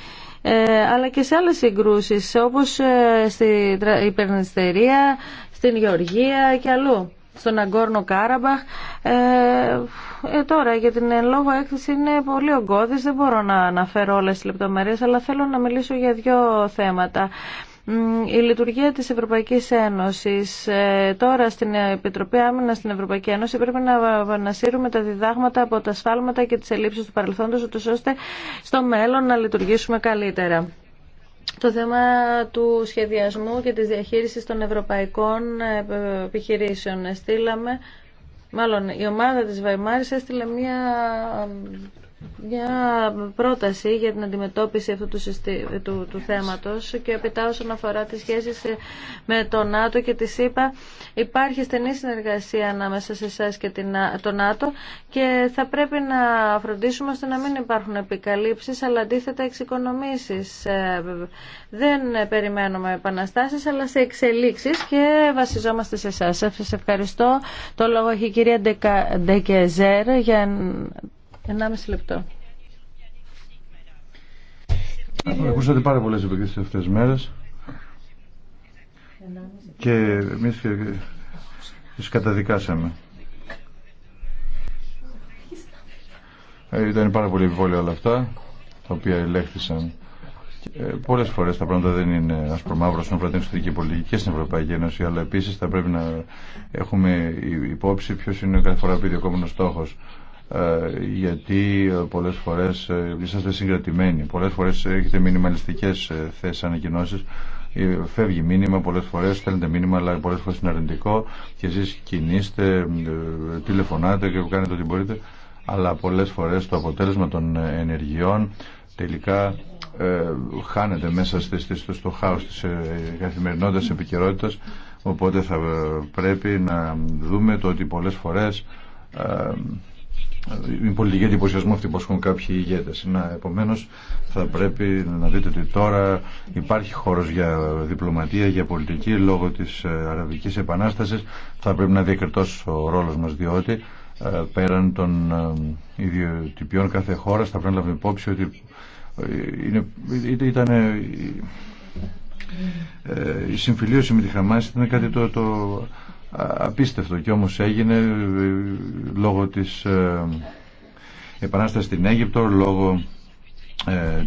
[SPEAKER 3] αλλά και σε άλλες συγκρούσεις όπως στην υπερνηστερία, στην Γεωργία και αλλού στον Αγκόρνο Κάραμπαχ. Ε, ε, τώρα για την εν λόγω έκθεση είναι πολύ ογκώδης, δεν μπορώ να αναφέρω όλες τις λεπτομέρειες, αλλά θέλω να μιλήσω για δύο θέματα. Η λειτουργία της Ευρωπαϊκής Ένωσης ε, τώρα στην Επιτροπή Άμυνα στην Ευρωπαϊκή Ένωση πρέπει να, ανασύρουμε τα διδάγματα από τα σφάλματα και τις ελλείψεις του παρελθόντος ώστε στο μέλλον να λειτουργήσουμε καλύτερα το θέμα του σχεδιασμού και της διαχείρισης των ευρωπαϊκών ε, επιχειρήσεων. Στείλαμε, μάλλον η ομάδα της Βαϊμάρης έστειλε μια μια πρόταση για την αντιμετώπιση αυτού του, συστη... του, θέματος και επιτά όσον αφορά τις σχέσεις με το ΝΑΤΟ και τη ΣΥΠΑ υπάρχει στενή συνεργασία ανάμεσα σε εσά και την... το ΝΑΤΟ και θα πρέπει να φροντίσουμε ώστε να μην υπάρχουν επικαλύψεις αλλά αντίθετα εξοικονομήσεις. Ε, δεν περιμένουμε επαναστάσεις αλλά σε εξελίξεις και βασιζόμαστε σε εσά. Σας ευχαριστώ. Το λόγο έχει η κυρία Ντεκεζέρ για 1,5 λεπτό.
[SPEAKER 2] Ακούσατε πάρα πολλέ επικρίσει αυτέ τι μέρε. Και εμεί τι καταδικάσαμε. Ε, ήταν πάρα πολύ εμβόλια όλα αυτά, τα οποία ελέγχθησαν. Ε, πολλέ φορέ τα πράγματα δεν είναι ασπρομαύρο να την εξωτερική πολιτική και στην Ευρωπαϊκή Ένωση, αλλά επίση θα πρέπει να έχουμε υπόψη ποιο είναι ο επόμενο στόχο. Ε, γιατί ε, πολλές φορές ε, είσαστε συγκρατημένοι, πολλές φορές έχετε μινιμαλιστικές θέσεις ανακοινώσεις φεύγει μήνυμα πολλές φορές, στέλνετε μήνυμα αλλά πολλές φορές είναι αρνητικό και εσείς κινείστε, τηλεφωνάτε και κάνετε ό,τι μπορείτε αλλά πολλές φορές το αποτέλεσμα των ενεργειών τελικά ε, χάνεται μέσα στο, στο χάος της ε, καθημερινότητας επικαιρότητας οπότε θα πρέπει να δούμε το ότι πολλές φορές η πολιτική εντυπωσιασμό αυτή που ασκούν κάποιοι ηγέτε. Επομένω, επομένως θα πρέπει να δείτε ότι τώρα υπάρχει χώρος για διπλωματία, για πολιτική λόγω της ε, Αραβικής Επανάστασης. Θα πρέπει να διακριτώσει ο ρόλος μας διότι ε, πέραν των ε, ιδιωτικών κάθε χώρα θα πρέπει να λάβουμε υπόψη ότι είναι, ήταν η συμφιλίωση με τη Χαμάση ήταν κάτι το, το απίστευτο και όμως έγινε ε, λόγω της ε, επανάστασης στην Αίγυπτο, λόγω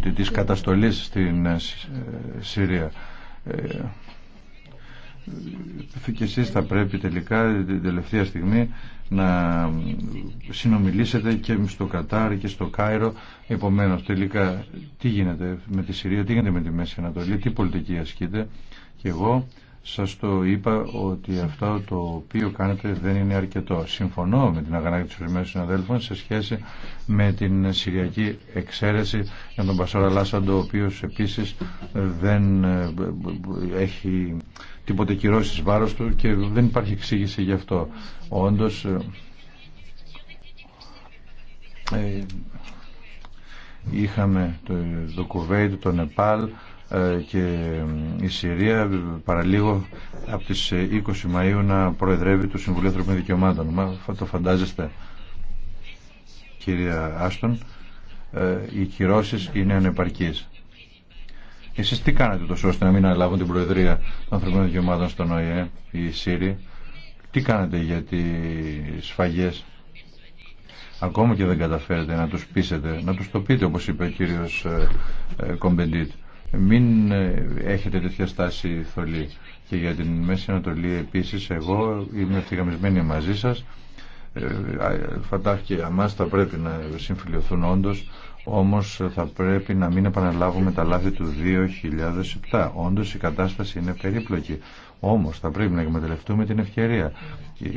[SPEAKER 2] ε, της καταστολής στην Συρία. Και εσείς θα πρέπει τελικά την τελευταία στιγμή να συνομιλήσετε και στο Κατάρ και στο Κάιρο. Επομένως τελικά τι γίνεται με τη Συρία, τι γίνεται με τη Μέση Ανατολή, τι πολιτική ασκείται. Και εγώ σας το είπα ότι αυτό το οποίο κάνετε δεν είναι αρκετό. Συμφωνώ με την αγανάκτηση των Ρημένου Συναδέλφων σε σχέση με την Συριακή εξαίρεση για τον Πασόρα Λάσαντο, ο οποίος επίσης δεν ε, ε, έχει τίποτε κυρώσεις βάρος του και δεν υπάρχει εξήγηση γι' αυτό. Όντως, ε, είχαμε το, το Κουβέιτ, το Νεπάλ, ε, και η Συρία παραλίγο από τις 20 ε, Μαΐου να προεδρεύει το Συμβουλίο Ανθρωπίνων Δικαιωμάτων. Μα το φαντάζεστε κυρία Άστον, ε, οι κυρώσεις είναι ανεπαρκείς. Εσείς τι κάνατε τόσο ώστε να μην αναλάβουν την Προεδρία των Ανθρωπίνων Δικαιωμάτων στον ΟΗΕ, η Συρία; Τι κάνατε για τις σφαγές. Ακόμα και δεν καταφέρετε να τους πείσετε, να τους το πείτε όπως είπε ο κύριος Κομπεντίτ. Μην ε, έχετε τέτοια στάση θολή. Και για την Μέση Ανατολή επίσης εγώ είμαι ευθυγραμμισμένη μαζί σας. Ε, Φαντάχ και αμάς θα πρέπει να συμφιλειωθούν όντως, όμως θα πρέπει να μην επαναλάβουμε τα λάθη του 2007. Όντως η κατάσταση είναι περίπλοκη. Όμως θα πρέπει να εκμεταλλευτούμε την ευκαιρία.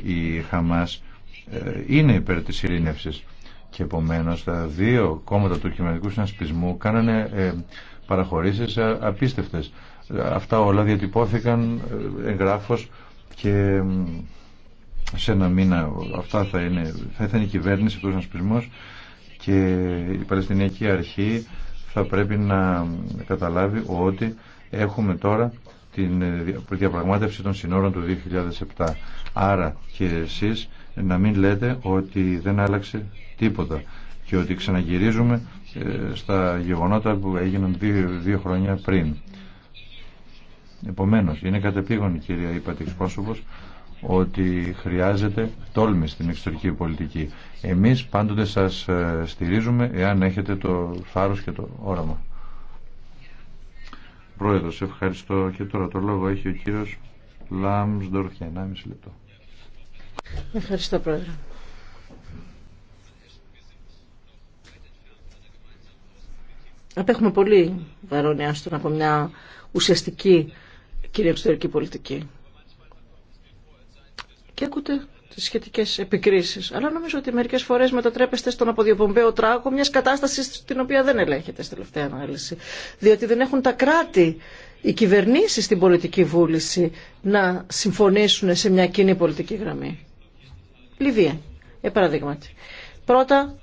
[SPEAKER 2] Η Χαμάς ε, είναι υπέρ της ειρήνευσης και επομένως τα δύο κόμματα του κοινωνικού συνασπισμού κάνανε παραχωρήσεις ε, απίστευτες. Αυτά όλα διατυπώθηκαν ε, εγγράφως και σε ένα μήνα αυτά θα είναι, θα ήταν η κυβέρνηση του συνασπισμός και η Παλαιστινιακή Αρχή θα πρέπει να καταλάβει ότι έχουμε τώρα την ε, διαπραγμάτευση των συνόρων του 2007. Άρα και εσείς να μην λέτε ότι δεν άλλαξε τίποτα και ότι ξαναγυρίζουμε ε, στα γεγονότα που έγιναν δύο, χρόνια πριν. Επομένως, είναι κατεπήγον κυρία είπατε εκπρόσωπος ότι χρειάζεται τόλμη στην εξωτερική πολιτική. Εμείς πάντοτε σας ε, στηρίζουμε εάν έχετε το φάρος και το όραμα. Πρόεδρος, ευχαριστώ και τώρα το λόγο έχει ο κύριος Λάμς Ντορφιέ. 1,5 λεπτό.
[SPEAKER 4] Ευχαριστώ πρόεδρε. Απέχουμε πολύ, Βαρόνια, Άστον, από μια ουσιαστική κυρία εξωτερική πολιτική. Και ακούτε τις σχετικές επικρίσεις. Αλλά νομίζω ότι μερικέ φορέ μετατρέπεστε στον αποδιοπομπαίο τράγο μιας κατάστασης την οποία δεν ελέγχεται στη τελευταία ανάλυση. Διότι δεν έχουν τα κράτη, οι κυβερνήσει στην πολιτική βούληση να συμφωνήσουν σε μια κοινή πολιτική γραμμή. Λιβύα, για παραδείγματι. Πρώτα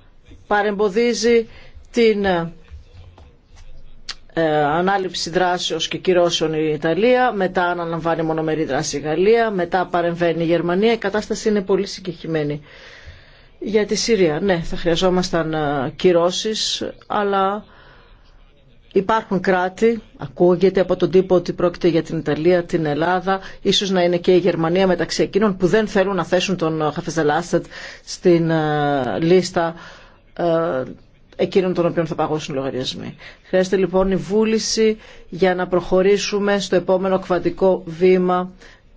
[SPEAKER 4] παρεμποδίζει την ε, ανάληψη δράσεως και κυρώσεων η Ιταλία, μετά αναλαμβάνει μονομερή δράση η Γαλλία, μετά παρεμβαίνει η Γερμανία. Η κατάσταση είναι πολύ συγκεκριμένη. Για τη Συρία, ναι, θα χρειαζόμασταν ε, κυρώσεις, αλλά υπάρχουν κράτη, ακούγεται από τον τύπο ότι πρόκειται για την Ιταλία, την Ελλάδα, ίσως να είναι και η Γερμανία μεταξύ εκείνων που δεν θέλουν να θέσουν τον Χαφεζελάστατ στην ε, λίστα εκείνων των οποίων θα παγώσουν οι λογαριασμοί. Χρειάζεται λοιπόν η βούληση για να προχωρήσουμε στο επόμενο κβαντικό βήμα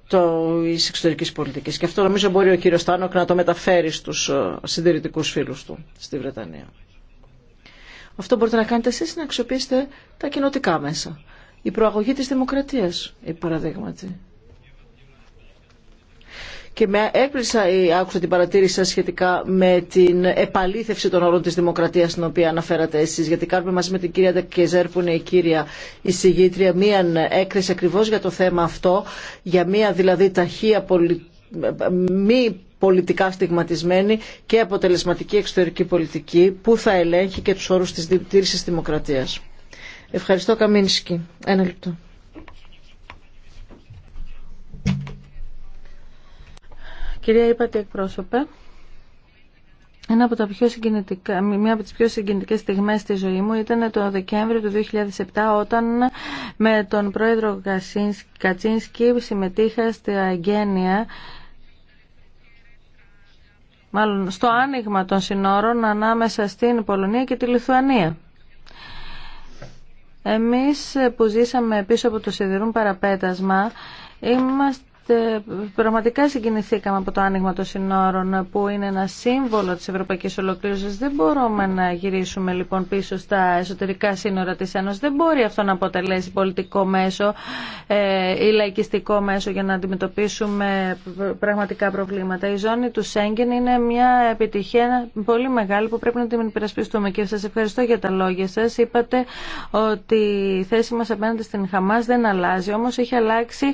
[SPEAKER 4] τη εξωτερική πολιτική. Και αυτό νομίζω μπορεί ο κύριο Τάνοκ να το μεταφέρει στου ε, συντηρητικού φίλου του στη Βρετανία. Αυτό μπορείτε να κάνετε εσεί να αξιοποιήσετε τα κοινοτικά μέσα. Η προαγωγή τη δημοκρατία, η παραδείγματι και με έπλησα ή άκουσα την παρατήρηση σας σχετικά με την επαλήθευση των όρων της δημοκρατίας στην οποία αναφέρατε εσείς γιατί κάνουμε μαζί με την κυρία Ντακεζέρ που είναι η κύρια εισηγήτρια μία έκθεση ακριβώς για το θέμα αυτό για μία δηλαδή ταχεία πολι... μη πολιτικά στιγματισμένη και αποτελεσματική εξωτερική πολιτική που θα ελέγχει και τους όρους της τήρησης δημοκρατίας. Ευχαριστώ Καμίνσκι. Ένα λεπτό. Κυρία
[SPEAKER 3] είπατε εκπρόσωπε, ένα από τα πιο συγκινητικά, μία από τις πιο συγκινητικές στιγμές στη ζωή μου ήταν το Δεκέμβριο του 2007 όταν με τον πρόεδρο Κατσίνσκι συμμετείχα στη Αγγένεια μάλλον στο άνοιγμα των συνόρων ανάμεσα στην Πολωνία και τη Λιθουανία. Εμείς που ζήσαμε πίσω από το σιδηρούν παραπέτασμα είμαστε ε, πραγματικά συγκινηθήκαμε από το άνοιγμα των συνόρων που είναι ένα σύμβολο της ευρωπαϊκής ολοκλήρωσης. Δεν μπορούμε να γυρίσουμε λοιπόν πίσω στα εσωτερικά σύνορα της Ένωσης. Δεν μπορεί αυτό να αποτελέσει πολιτικό μέσο ε, ή λαϊκιστικό μέσο για να αντιμετωπίσουμε πραγματικά προβλήματα. Η ζώνη του Σέγγεν είναι μια επιτυχία πολύ μεγάλη που πρέπει να την υπερασπιστούμε. Και σας ευχαριστώ για τα λόγια σας. Είπατε ότι η θέση μας απέναντι στην Χαμάς δεν αλλάζει, όμως έχει αλλάξει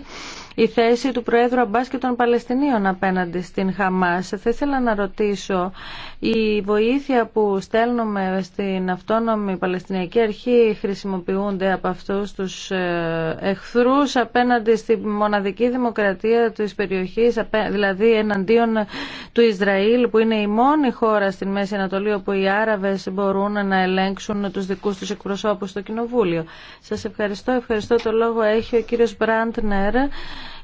[SPEAKER 3] η θέση του Προέδρου Αμπάς και των Παλαιστινίων απέναντι στην Χαμάς. Θα ήθελα να ρωτήσω, η βοήθεια που στέλνουμε στην αυτόνομη Παλαιστινιακή Αρχή χρησιμοποιούνται από αυτούς τους ε, εχθρούς απέναντι στη μοναδική δημοκρατία της περιοχής, δηλαδή εναντίον του Ισραήλ που είναι η μόνη χώρα στην Μέση Ανατολή όπου οι Άραβες μπορούν να ελέγξουν τους δικούς τους εκπροσώπους στο Κοινοβούλιο. Σας ευχαριστώ. Ευχαριστώ. Το λόγο έχει ο κύριος Μπραντνερ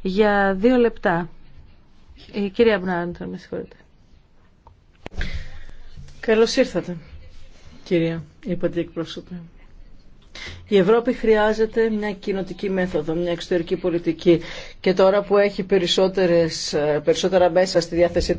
[SPEAKER 3] για δύο λεπτά. Η κυρία Μπνάντρα,
[SPEAKER 4] με συγχωρείτε. Καλώς ήρθατε, κυρία είπατε εκπρόσωπε. Η Ευρώπη χρειάζεται μια κοινοτική μέθοδο, μια εξωτερική πολιτική. Και τώρα που έχει περισσότερες, ε, περισσότερα μέσα στη διάθεση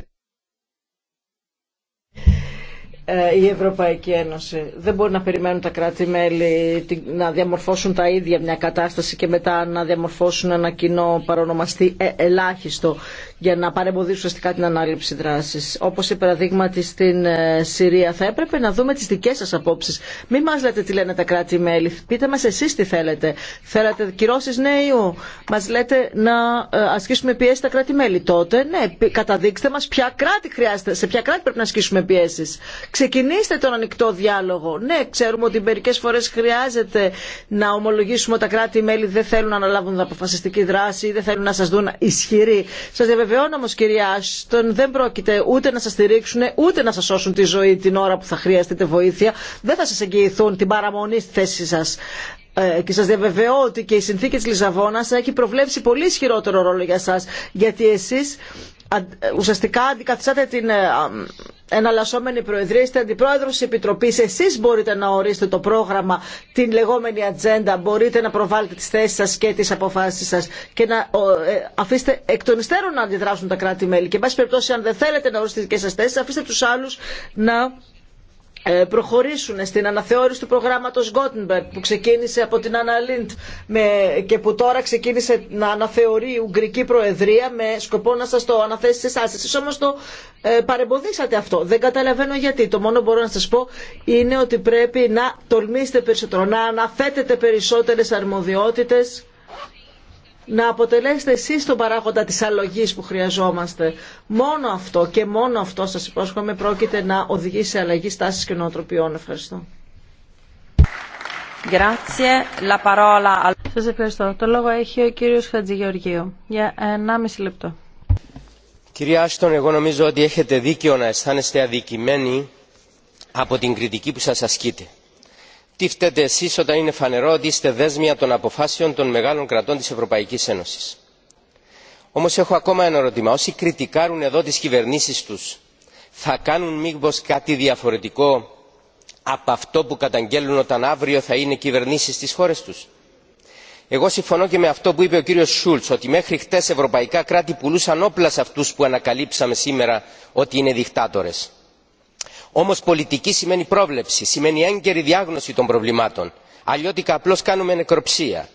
[SPEAKER 4] ε, η Ευρωπαϊκή Ένωση. Δεν μπορεί να περιμένουν τα κράτη-μέλη να διαμορφώσουν τα ίδια μια κατάσταση και μετά να διαμορφώσουν ένα κοινό παρονομαστή ε, ελάχιστο για να παρεμποδίσουν ουσιαστικά την ανάληψη δράση. Όπω η παραδείγματι στην ε, Συρία, θα έπρεπε να δούμε τι δικέ σα απόψει. Μην μα λέτε τι λένε τα κράτη-μέλη. Πείτε μα εσεί τι θέλετε. Θέλετε κυρώσει νέου. Μα λέτε να ε, ασκήσουμε πιέσει στα κράτη-μέλη. Τότε, ναι, καταδείξτε μα ποια κράτη χρειάζεται, σε ποια κράτη πρέπει να ασκήσουμε πιέσει. Ξεκινήστε τον ανοιχτό διάλογο. Ναι, ξέρουμε ότι μερικέ φορέ χρειάζεται να ομολογήσουμε ότι τα κράτη-μέλη δεν θέλουν να αναλάβουν αποφασιστική δράση ή δεν θέλουν να σα δουν ισχυροί επιβεβαιώνω όμω, κυρία Άστον, δεν πρόκειται ούτε να σα στηρίξουν ούτε να σα σώσουν τη ζωή την ώρα που θα χρειαστείτε βοήθεια. Δεν θα σα εγγυηθούν την παραμονή στη θέση σα. Ε, και σα διαβεβαιώ ότι και η συνθήκη τη Λισαβόνα έχει προβλέψει πολύ ισχυρότερο ρόλο για εσά. Γιατί εσεί ουσιαστικά αντικαθιστάτε την ε, εναλλασσόμενη Προεδρία, είστε Αντιπρόεδρο τη Επιτροπή. Εσεί μπορείτε να ορίσετε το πρόγραμμα, την λεγόμενη ατζέντα, μπορείτε να προβάλλετε τι θέσει σα και τι αποφάσει σα και να ε, αφήσετε εκ των υστέρων να αντιδράσουν τα κράτη-μέλη. Και, εν περιπτώσει, αν δεν θέλετε να ορίσετε τι δικέ σα θέσει, αφήστε του άλλου να ε, προχωρήσουν στην αναθεώρηση του προγράμματος Gothenburg που ξεκίνησε από την Άννα και που τώρα ξεκίνησε να αναθεωρεί η Ουγγρική Προεδρία με σκοπό να σας το αναθέσει σε εσάς. Εσείς όμως το ε, παρεμποδίσατε αυτό. Δεν καταλαβαίνω γιατί. Το μόνο που μπορώ να σας πω είναι ότι πρέπει να τολμήσετε περισσότερο, να αναθέτετε περισσότερες αρμοδιότητες να αποτελέσετε εσείς τον παράγοντα της αλλογής που χρειαζόμαστε. Μόνο αυτό και μόνο αυτό σας υπόσχομαι πρόκειται να οδηγήσει σε αλλαγή στάσης και νοοτροπιών. Ευχαριστώ. Σας ευχαριστώ. Το λόγο
[SPEAKER 3] έχει ο κύριος Χατζηγεωργίου για 1,5 λεπτό.
[SPEAKER 6] Κυρία Άστον, εγώ νομίζω ότι έχετε δίκιο να αισθάνεστε αδικημένοι από την κριτική που σας ασκείτε τι φταίτε εσεί όταν είναι φανερό ότι είστε δέσμια των αποφάσεων των μεγάλων κρατών τη Ευρωπαϊκή Ένωση. Όμω έχω ακόμα ένα ερώτημα. Όσοι κριτικάρουν εδώ τι κυβερνήσει του, θα κάνουν μήπω κάτι διαφορετικό από αυτό που καταγγέλνουν όταν αύριο θα είναι κυβερνήσει στι χώρε του. Εγώ συμφωνώ και με αυτό που είπε ο κύριο Σούλτ, ότι μέχρι χτε ευρωπαϊκά κράτη πουλούσαν όπλα σε αυτού που ανακαλύψαμε σήμερα ότι είναι δικτάτορε. Όμω πολιτική σημαίνει πρόβλεψη, σημαίνει έγκαιρη διάγνωση των προβλημάτων. Αλλιώτικα απλώ κάνουμε νεκροψία.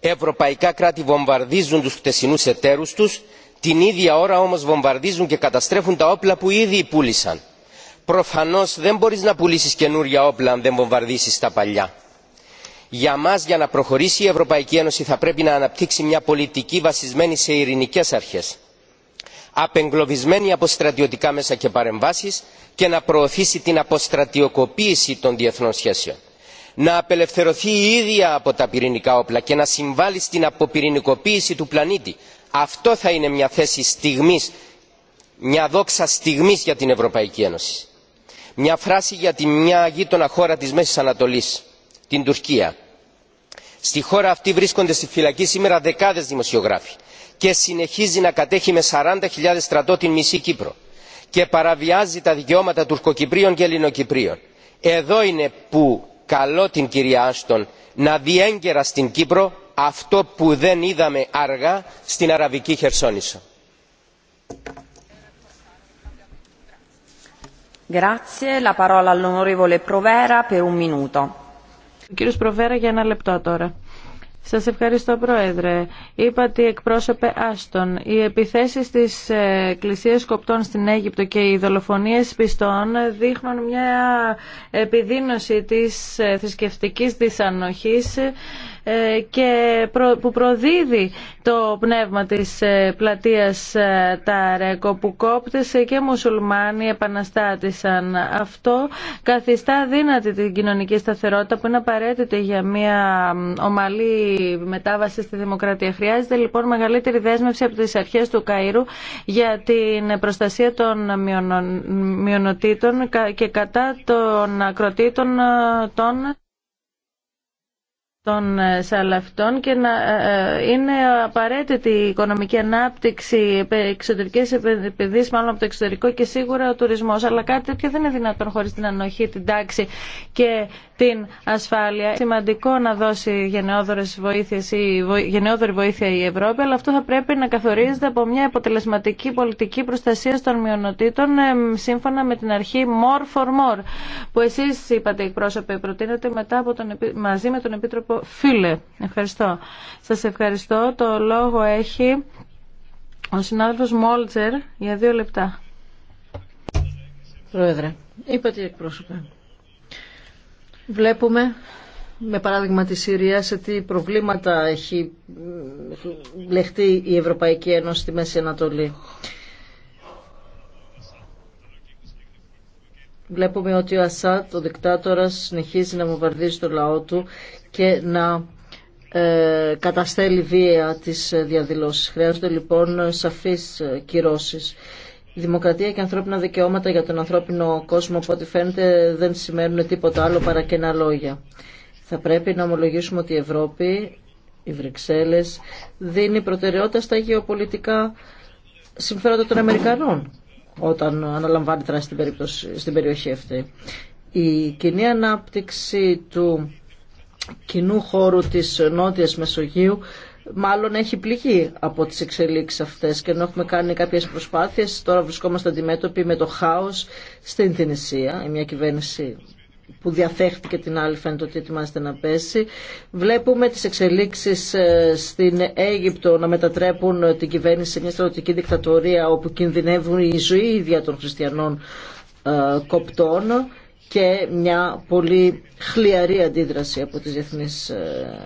[SPEAKER 6] Ευρωπαϊκά κράτη βομβαρδίζουν του χτεσινού εταίρου του, την ίδια ώρα όμω βομβαρδίζουν και καταστρέφουν τα όπλα που ήδη πούλησαν. Προφανώ δεν μπορεί να πουλήσει καινούρια όπλα αν δεν βομβαρδίσει τα παλιά. Για μα, για να προχωρήσει η Ευρωπαϊκή Ένωση θα πρέπει να αναπτύξει μια πολιτική βασισμένη σε ειρηνικέ αρχέ απεγκλωβισμένη από στρατιωτικά μέσα και παρεμβάσεις και να προωθήσει την αποστρατιωκοποίηση των διεθνών σχέσεων να απελευθερωθεί η ίδια από τα πυρηνικά όπλα και να συμβάλει στην αποπυρηνικοποίηση του πλανήτη. αυτό θα είναι μια θέση στιγμής μια δόξα στιγμής για την ευρωπαϊκή ένωση. μια φράση για τη μια γείτονα χώρα της μέσης ανατολής την τουρκία. στη χώρα αυτή βρίσκονται στη φυλακή σήμερα δεκάδες δημοσιογράφοι και συνεχίζει να κατέχει με 40.000 στρατό την μισή Κύπρο και παραβιάζει τα δικαιώματα τουρκοκυπρίων και ελληνοκυπρίων. Εδώ είναι που καλώ την κυρία Άστον να δει έγκαιρα στην Κύπρο αυτό που δεν είδαμε αργά στην Αραβική Χερσόνησο.
[SPEAKER 3] Προβέρα για ένα λεπτό τώρα. Σας ευχαριστώ Πρόεδρε. Είπα ότι εκπρόσωπε Άστον. Οι επιθέσεις της Εκκλησίας Κοπτών στην Αίγυπτο και οι δολοφονίες πιστών δείχνουν μια επιδείνωση της θρησκευτικής δυσανοχής ε, και που προδίδει το πνεύμα της ε, πλατείας ε, Ταρέκο που κόπτες και μουσουλμάνοι επαναστάτησαν. Αυτό καθιστά δύνατη την κοινωνική σταθερότητα που είναι απαραίτητη για μια ομαλή μετάβαση στη δημοκρατία. Χρειάζεται λοιπόν μεγαλύτερη δέσμευση από τις αρχές του Καΐρου για την προστασία των μειονοτήτων και κατά των ακροτήτων των των ε, σαλαφτών και να ε, ε, είναι απαραίτητη η οικονομική ανάπτυξη, εξωτερικέ επενδύσει μάλλον από το εξωτερικό και σίγουρα ο τουρισμό, Αλλά κάτι τέτοιο δεν είναι δυνατόν χωρί την ανοχή, την τάξη και την ασφάλεια. Σημαντικό να δώσει γενναιόδορες γενναιόδορη βοήθεια η Ευρώπη, αλλά αυτό θα πρέπει να καθορίζεται από μια αποτελεσματική πολιτική προστασία των μειονοτήτων σύμφωνα με την αρχή more for more που εσεί είπατε εκπρόσωποι προτείνετε μετά από τον, μαζί με τον Επίτροπο Φίλε. Ευχαριστώ. Σας ευχαριστώ. Το λόγο έχει ο συνάδελφος Μόλτζερ για δύο λεπτά.
[SPEAKER 4] Πρόεδρε, είπατε εκπρόσωπε. Βλέπουμε με παράδειγμα τη Συρία σε τι προβλήματα έχει λεχτεί η Ευρωπαϊκή Ένωση στη Μέση Ανατολή. Βλέπουμε ότι ο Ασάτ, ο δικτάτορας, συνεχίζει να βομβαρδίζει το λαό του και να ε, καταστέλει βία τις διαδηλώσεις. Χρειάζονται λοιπόν σαφείς κυρώσεις. Η δημοκρατία και ανθρώπινα δικαιώματα για τον ανθρώπινο κόσμο, από ό,τι φαίνεται, δεν σημαίνουν τίποτα άλλο παρά κενά λόγια. Θα πρέπει να ομολογήσουμε ότι η Ευρώπη, οι Βρυξέλλες, δίνει προτεραιότητα στα γεωπολιτικά συμφέροντα των Αμερικανών όταν αναλαμβάνει δράση στην, στην περιοχή αυτή. Η κοινή ανάπτυξη του κοινού χώρου της Νότιας Μεσογείου μάλλον έχει πληγεί από τις εξελίξεις αυτές και ενώ έχουμε κάνει κάποιες προσπάθειες τώρα βρισκόμαστε αντιμέτωποι με το χάος στην Τινησία μια κυβέρνηση που διαθέχτηκε την άλλη φαίνεται ότι ετοιμάζεται να πέσει. Βλέπουμε τις εξελίξεις ε, στην Αίγυπτο να μετατρέπουν την κυβέρνηση σε μια στρατιωτική δικτατορία όπου κινδυνεύουν η ζωή ίδια των χριστιανών ε, κοπτών και μια πολύ χλιαρή αντίδραση από τις διεθνείς ε,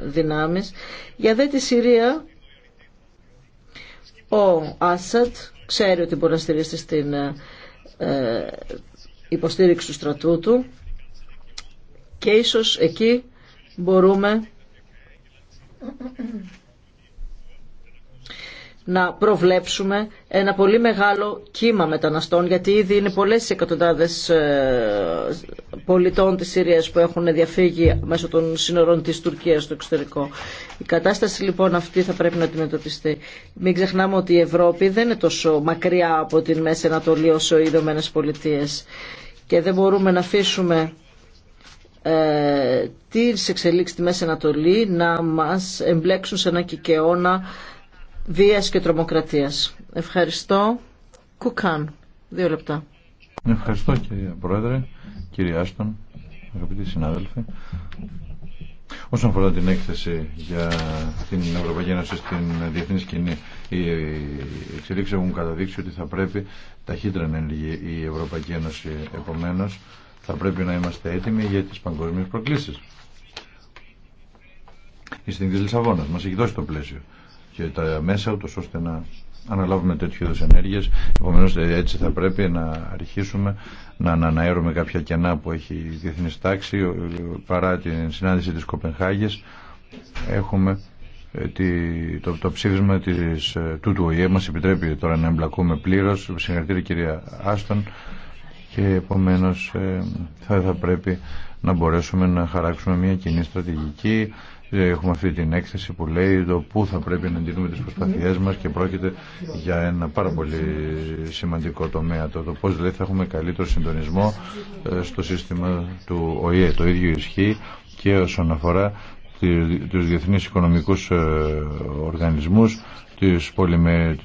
[SPEAKER 4] δυνάμεις. Για δε τη Συρία, ο Άσαντ ξέρει ότι μπορεί να στηρίσει στην ε, ε, υποστήριξη του στρατού του και ίσως εκεί μπορούμε να προβλέψουμε ένα πολύ μεγάλο κύμα μεταναστών γιατί ήδη είναι πολλές εκατοντάδες ε, πολιτών της Συρίας που έχουν διαφύγει μέσω των σύνορων της Τουρκίας στο εξωτερικό. Η κατάσταση λοιπόν αυτή θα πρέπει να αντιμετωπιστεί. Μην ξεχνάμε ότι η Ευρώπη δεν είναι τόσο μακριά από την Μέση Ανατολή όσο οι Ηνωμένες Πολιτείες και δεν μπορούμε να αφήσουμε ε, τις εξελίξεις στη Μέση Ανατολή να μας εμπλέξουν σε ένα κικαιώνα βίας και τρομοκρατίας. Ευχαριστώ. Κουκάν. Δύο λεπτά.
[SPEAKER 2] Ευχαριστώ κύριε Πρόεδρε, κύριε Άστον, αγαπητοί συνάδελφοι. Όσον αφορά την έκθεση για την Ευρωπαϊκή Ένωση στην διεθνή σκηνή, οι εξελίξει έχουν καταδείξει ότι θα πρέπει ταχύτερα να ενεργεί η Ευρωπαϊκή Ένωση. Επομένω, θα πρέπει να είμαστε έτοιμοι για τι παγκόσμιε προκλήσει. Η συνθήκη τη Λισαβόνα μα έχει δώσει το πλαίσιο και τα μέσα ούτως ώστε να αναλάβουμε τέτοιου είδου ενέργειες. Επομένως ε, έτσι θα πρέπει να αρχίσουμε να αναέρουμε κάποια κενά που έχει η διεθνής τάξη παρά την συνάντηση της Κοπενχάγης έχουμε ε, το, το ψήφισμα της, ε, του του ΟΗΕ μας επιτρέπει τώρα να εμπλακούμε πλήρως συγχαρητήρια κυρία Άστον και επομένως θα, θα πρέπει να μπορέσουμε να χαράξουμε μια κοινή στρατηγική ε, έχουμε αυτή την έκθεση που λέει το πού θα πρέπει να εντείνουμε τις προσπαθειές μας και πρόκειται για ένα πάρα πολύ σημαντικό τομέα. Το, το πώς δηλαδή θα έχουμε καλύτερο συντονισμό ε, στο σύστημα του ΟΗΕ. Το ίδιο ισχύει και όσον αφορά τους διεθνείς οικονομικούς ε, οργανισμούς, τις πολυμε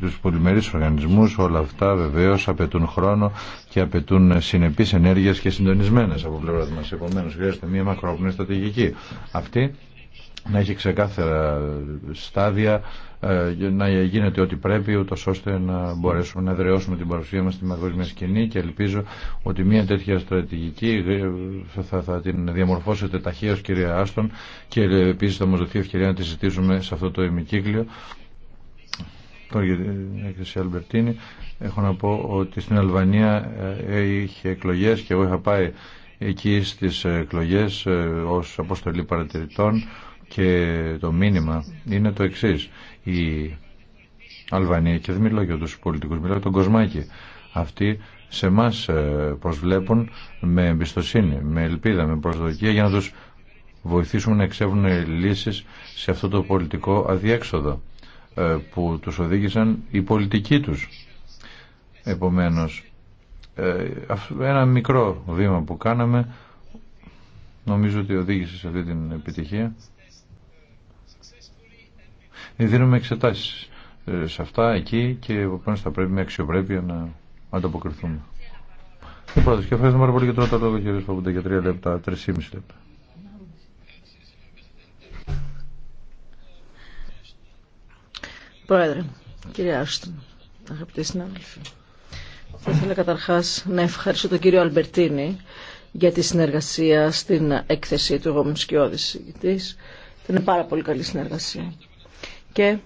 [SPEAKER 2] τους πολυμερείς οργανισμούς, όλα αυτά βεβαίως απαιτούν χρόνο και απαιτούν συνεπεί ενέργειες και συντονισμένες από πλευρά μας. Επομένως χρειάζεται μια μακρόπνοη στρατηγική. Αυτή να έχει ξεκάθαρα στάδια, ε, να γίνεται ό,τι πρέπει, ούτω ώστε να μπορέσουμε να δρεώσουμε την παρουσία μας στη παγκόσμια σκηνή και ελπίζω ότι μια τέτοια στρατηγική ε, θα, θα την διαμορφώσετε ταχαίως κυρία Άστον και επίσης θα μας δοθεί ευκαιρία να τη ζητήσουμε σε αυτό το ημικύκλιο την εκκλησία ε, Αλμπερτίνη έχω να πω ότι στην Αλβανία ε, είχε εκλογές και εγώ είχα πάει εκεί στις εκλογές ε, ως αποστολή παρατηρητών και το μήνυμα είναι το εξής η Αλβανία και δεν μιλάω για τους πολιτικούς μιλάω για τον Κοσμάκη αυτοί σε εμά προσβλέπουν με εμπιστοσύνη, με ελπίδα, με προσδοκία για να τους βοηθήσουμε να εξεύρουν λύσεις σε αυτό το πολιτικό αδιέξοδο. Ε, που τους οδήγησαν η πολιτική τους. Επομένως, ε, ένα μικρό βήμα που κάναμε νομίζω ότι οδήγησε σε αυτή την επιτυχία. Ε, δίνουμε εξετάσεις σε αυτά εκεί και επομένως θα πρέπει με αξιοπρέπεια να ανταποκριθούμε. Ο ευχαριστούμε πολύ και τώρα το λόγο κύριε για τρία λεπτά, τρεις λεπτά.
[SPEAKER 4] Πρόεδρε, κύριε Άστον, αγαπητοί συνάδελφοι. Θα ήθελα καταρχάς να ευχαριστήσω τον κύριο Αλμπερτίνη για τη συνεργασία στην έκθεση του εγώ Σκιώδης της. Ήταν πάρα πολύ καλή συνεργασία. Και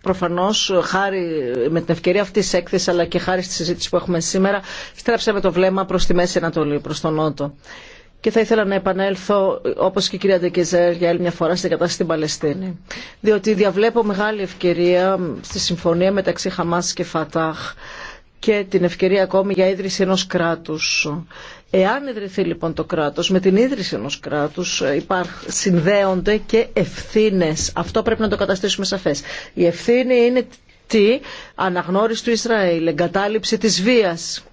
[SPEAKER 4] προφανώς χάρη με την ευκαιρία αυτή τη έκθεση, αλλά και χάρη στη συζήτηση που έχουμε σήμερα στρέψαμε το βλέμμα προς τη Μέση Ανατολή, προς τον Νότο και θα ήθελα να επανέλθω, όπω και η κυρία Ντεκεζέρ, για άλλη μια φορά στην κατάσταση στην Παλαιστίνη. Διότι διαβλέπω μεγάλη ευκαιρία στη συμφωνία μεταξύ Χάμά και Φατάχ και την ευκαιρία ακόμη για ίδρυση ενό κράτου. Εάν ιδρυθεί λοιπόν το κράτο, με την ίδρυση ενό κράτου, συνδέονται και ευθύνε. Αυτό πρέπει να το καταστήσουμε σαφέ. Η ευθύνη είναι τι αναγνώριση του Ισραήλ, εγκατάλειψη της βίας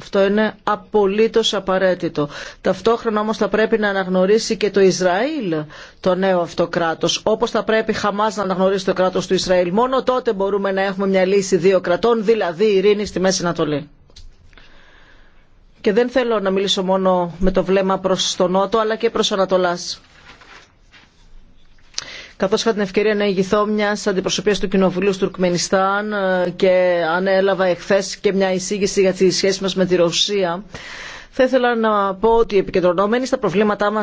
[SPEAKER 4] αυτό είναι απολύτως απαραίτητο. Ταυτόχρονα όμως θα πρέπει να αναγνωρίσει και το Ισραήλ το νέο αυτό κράτος. Όπως θα πρέπει Χαμάς να αναγνωρίσει το κράτος του Ισραήλ. Μόνο τότε μπορούμε να έχουμε μια λύση δύο κρατών, δηλαδή ειρήνη στη Μέση Ανατολή. Και δεν θέλω να μιλήσω μόνο με το βλέμμα προς τον Νότο, αλλά και προς Ανατολάς καθώς είχα την ευκαιρία να ηγηθώ μια αντιπροσωπείας του Κοινοβουλίου του Τουρκμενιστάν ε, και ανέλαβα εχθές και μια εισήγηση για τη σχέση μας με τη Ρωσία. Θα ήθελα να πω ότι επικεντρωνόμενοι στα προβλήματά μα,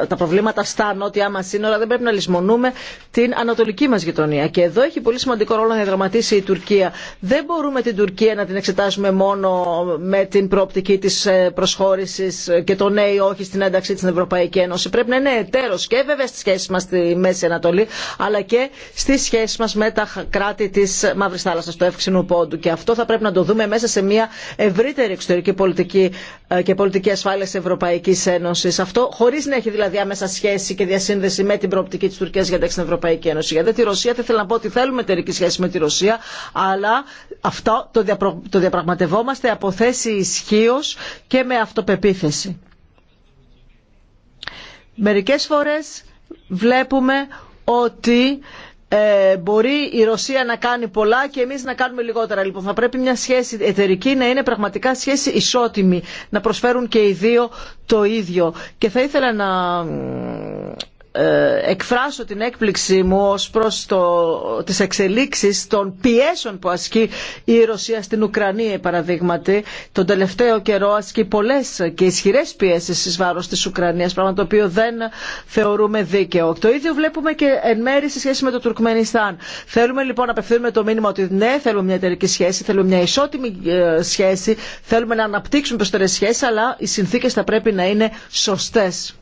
[SPEAKER 4] ε, τα προβλήματα στα νότια μα σύνορα δεν πρέπει να λησμονούμε την ανατολική μα γειτονία. Και εδώ έχει πολύ σημαντικό ρόλο να διαδραματίσει η Τουρκία. Δεν μπορούμε την Τουρκία να την εξετάσουμε μόνο με την προοπτική τη ε, προσχώρηση και το ναι ή όχι στην ένταξή της στην Ευρωπαϊκή Ένωση. Πρέπει να είναι εταίρο και βέβαια στι σχέσει μα στη Μέση Ανατολή αλλά και στι σχέσει μα με τα κράτη τη Μαύρη Θάλασσα, του Εύξηνου Πόντου. Και αυτό θα πρέπει να το δούμε μέσα σε μια ευρύτερη εξωτερική πολιτική ε, και πολιτική ασφάλεια Ευρωπαϊκή Ένωση. Αυτό χωρί να έχει δηλαδή άμεσα σχέση και διασύνδεση με την προοπτική τη Τουρκία για την Ευρωπαϊκή Ένωση. Γιατί η Ρωσία δεν θέλω να πω ότι θέλουμε εταιρική σχέση με τη Ρωσία, αλλά αυτό το, διαπραγματευόμαστε από θέση ισχύω και με αυτοπεποίθηση. Μερικές φορές βλέπουμε ότι ε, μπορεί η Ρωσία να κάνει πολλά και εμείς να κάνουμε λιγότερα. Λοιπόν, θα πρέπει μια σχέση εταιρική να είναι πραγματικά σχέση ισότιμη, να προσφέρουν και οι δύο το ίδιο. Και θα ήθελα να ε, εκφράσω την έκπληξή μου ως προς το, τις εξελίξεις των πιέσεων που ασκεί η Ρωσία στην Ουκρανία παραδείγματι. Τον τελευταίο καιρό ασκεί πολλές και ισχυρές πιέσεις εις βάρος της Ουκρανίας, πράγμα το οποίο δεν θεωρούμε δίκαιο. Το ίδιο βλέπουμε και εν μέρη σε σχέση με το Τουρκμενιστάν. Θέλουμε λοιπόν να απευθύνουμε το μήνυμα ότι ναι, θέλουμε μια εταιρική σχέση, θέλουμε μια ισότιμη ε, σχέση, θέλουμε να αναπτύξουμε προστερέ σχέσεις, αλλά οι συνθήκες θα πρέπει να είναι σωστές.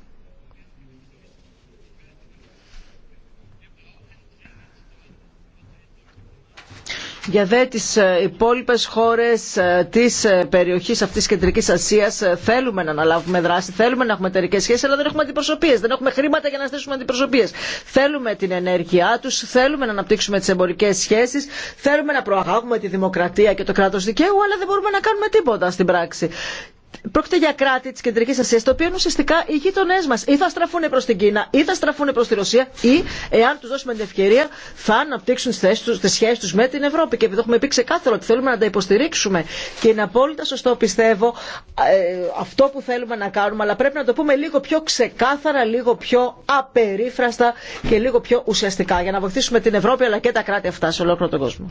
[SPEAKER 4] Για δε τις ε, υπόλοιπες χώρες ε, της ε, περιοχής αυτής της Κεντρικής Ασίας θέλουμε να αναλάβουμε δράση, θέλουμε να έχουμε εταιρικέ σχέσεις, αλλά δεν έχουμε αντιπροσωπείες, δεν έχουμε χρήματα για να στήσουμε αντιπροσωπείες. Θέλουμε την ενέργειά τους, θέλουμε να αναπτύξουμε τις εμπορικές σχέσεις, θέλουμε να προαγάγουμε τη δημοκρατία και το κράτος δικαίου, αλλά δεν μπορούμε να κάνουμε τίποτα στην πράξη. Πρόκειται για κράτη τη Κεντρική Ασία, τα οποία είναι ουσιαστικά οι γείτονέ μα. Ή θα στραφούν προ την Κίνα, ή θα στραφούν προ τη Ρωσία, ή, εάν του δώσουμε την ευκαιρία, θα αναπτύξουν τι σχέσει του με την Ευρώπη. Και επειδή έχουμε πει ξεκάθαρο ότι θέλουμε να τα υποστηρίξουμε και είναι απόλυτα σωστό, πιστεύω, ε, αυτό που θέλουμε να κάνουμε, αλλά πρέπει να το πούμε λίγο πιο ξεκάθαρα, λίγο πιο απερίφραστα και λίγο πιο ουσιαστικά για να βοηθήσουμε την Ευρώπη αλλά και τα κράτη αυτά σε ολόκληρο τον κόσμο.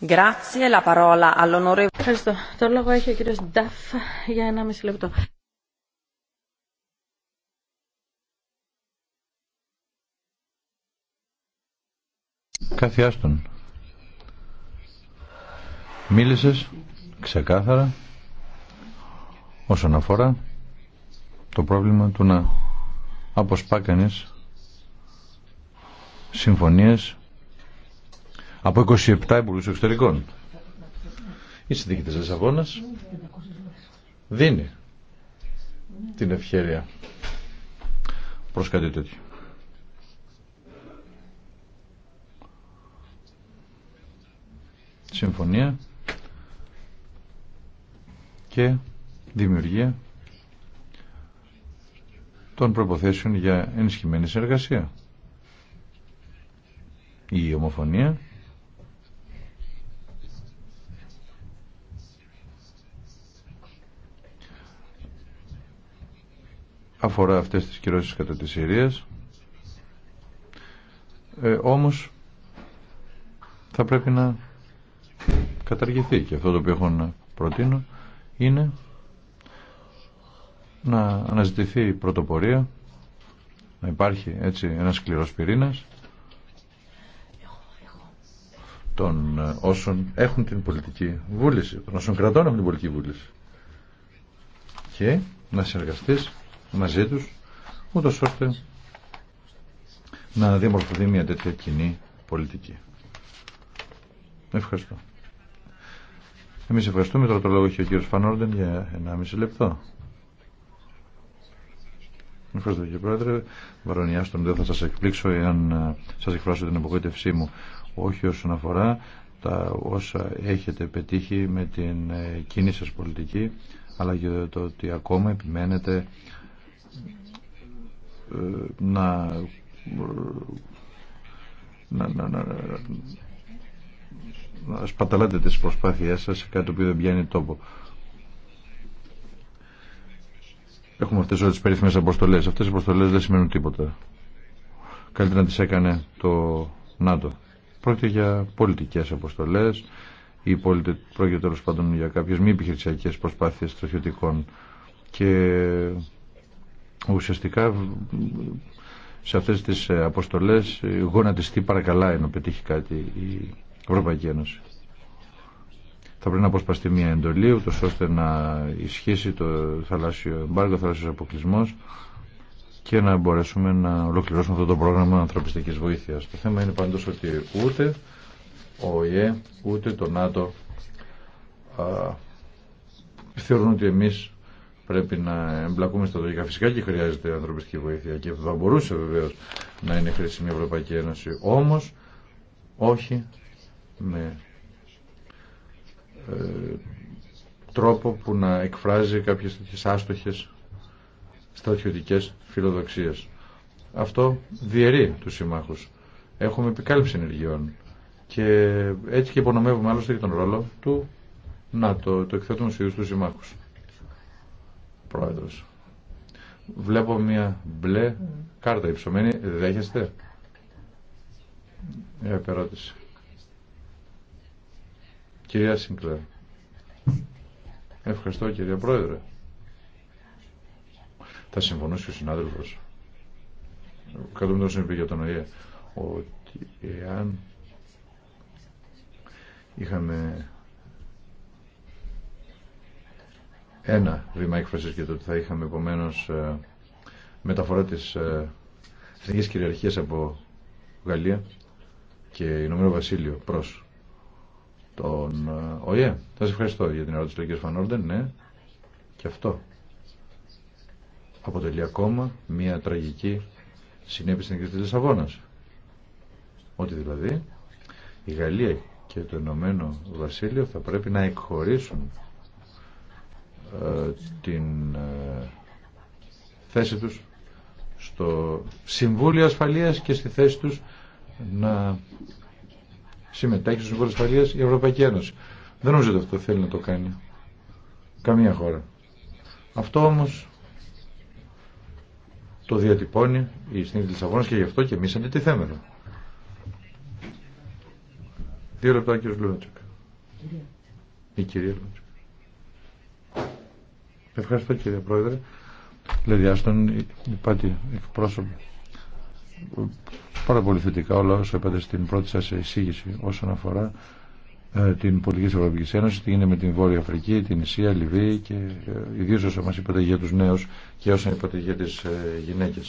[SPEAKER 3] Ευχαριστώ. Το λόγο έχει ο κύριο Νταφ για ένα μισή λεπτό.
[SPEAKER 2] Καθιάστον. Μίλησες ξεκάθαρα όσον αφορά το πρόβλημα του να αποσπά κανείς συμφωνίες από 27 υπουργού εξωτερικών. Η συνθήκη της Λισαβόνα. δίνει την ευχαίρεια προ κάτι τέτοιο. Συμφωνία και δημιουργία των προποθέσεων για ενισχυμένη συνεργασία. Η ομοφωνία αφορά αυτές τις κυρώσεις κατά της Συρίας ε, όμως θα πρέπει να καταργηθεί και αυτό το οποίο έχω να προτείνω είναι να αναζητηθεί η πρωτοπορία να υπάρχει έτσι ένας σκληρός πυρήνα των ε, όσων έχουν την πολιτική βούληση των όσων κρατών την πολιτική βούληση και να συνεργαστείς μαζί τους, ούτως ώστε να διαμορφωθεί μια τέτοια κοινή πολιτική. Ευχαριστώ. Εμείς ευχαριστούμε. Τώρα το λόγο έχει ο κύριος Φανόρντεν για 1,5 λεπτό. Ευχαριστώ κύριε Πρόεδρε. Βαρονιάστον δεν θα σας εκπλήξω εάν ε, σας εκφράσω την απογοήτευσή μου. Όχι όσον αφορά τα όσα έχετε πετύχει με την ε, κοινή σας πολιτική αλλά και το ότι ακόμα επιμένετε ε, να, ε, να, να, να, να σπαταλάτε τις προσπάθειές σας σε κάτι το οποίο δεν πιάνει τόπο. Έχουμε αυτές όλες τις περίφημες αποστολές. Αυτές οι αποστολές δεν σημαίνουν τίποτα. Καλύτερα να τις έκανε το ΝΑΤΟ. Πρόκειται για πολιτικές αποστολές ή πρόκειται τέλο πάντων για κάποιες μη επιχειρησιακές προσπάθειες στρατιωτικών και ουσιαστικά σε αυτές τις ε, αποστολές ε, γονατιστεί παρακαλά ενώ πετύχει κάτι η Ευρωπαϊκή Ένωση. Θα πρέπει να αποσπαστεί μια εντολή ούτως ώστε να ισχύσει το θαλάσσιο εμπάργο, ο θαλάσσιος αποκλεισμός και να μπορέσουμε να ολοκληρώσουμε αυτό το πρόγραμμα ανθρωπιστικής βοήθειας. Το θέμα είναι πάντως ότι ούτε ο ΙΕ ούτε το ΝΑΤΟ θεωρούν ότι εμείς πρέπει να εμπλακούμε στα δίκαιο. Φυσικά και χρειάζεται ανθρωπιστική βοήθεια και θα μπορούσε βεβαίω να είναι χρήσιμη η Ευρωπαϊκή Ένωση. Όμω όχι με ε, τρόπο που να εκφράζει κάποιες τέτοιες άστοχες στρατιωτικές φιλοδοξίες. Αυτό διαιρεί του συμμάχους. Έχουμε επικάλυψη ενεργειών και έτσι και υπονομεύουμε άλλωστε και τον ρόλο του ΝΑΤΟ, το εκθέτουμε στους ίδιους τους συμμάχους. Πρόεδρος. Βλέπω μια μπλε κάρτα υψωμένη. Δέχεστε. Ε, επερώτηση. Κυρία Σινκλέρ. Ευχαριστώ κυρία Πρόεδρε. Θα συμφωνούσε ο συνάδελφος. Κατ' όμως είπε για τον ΟΗΕ ότι εάν είχαμε ένα βήμα έκφρασης για το ότι θα είχαμε επομένω ε, μεταφορά της ε, εθνικής κυριαρχίας από Γαλλία και Ηνωμένο Βασίλειο προς τον ε, ΟΗΕ. Θα σας ευχαριστώ για την ερώτηση του κ. Φανόρντεν. Ναι, και αυτό αποτελεί ακόμα μια τραγική συνέπεια στην κρίση της Λισαβόνας. Ότι δηλαδή η Γαλλία και το Ηνωμένο Βασίλειο θα πρέπει να εκχωρήσουν την ε, θέση τους στο Συμβούλιο Ασφαλείας και στη θέση τους να συμμετέχει στο Συμβούλιο Ασφαλείας η Ευρωπαϊκή Ένωση. Δεν νομίζω ότι αυτό θέλει να το κάνει καμία χώρα. Αυτό όμως το διατυπώνει η Συνήθεια Λισαβόνας και γι' αυτό και εμείς αντιτιθέμενο. Δύο λεπτά κύριε Λούνατσεκ. Η κυρία Λούνατσεκ. Ευχαριστώ κύριε Πρόεδρε. Λέει Άστον, υπάτη εκπρόσωπο. Πάρα πολύ θετικά όλα όσα είπατε στην πρώτη σας εισήγηση όσον αφορά ε, την πολιτική τη Ευρωπαϊκής Ένωσης, τι γίνεται με την Βόρεια Αφρική, την Ισία, Λιβύη και ε, ιδίως όσα μας είπατε για του νέου και όσα είπατε για τις ε, γυναίκε.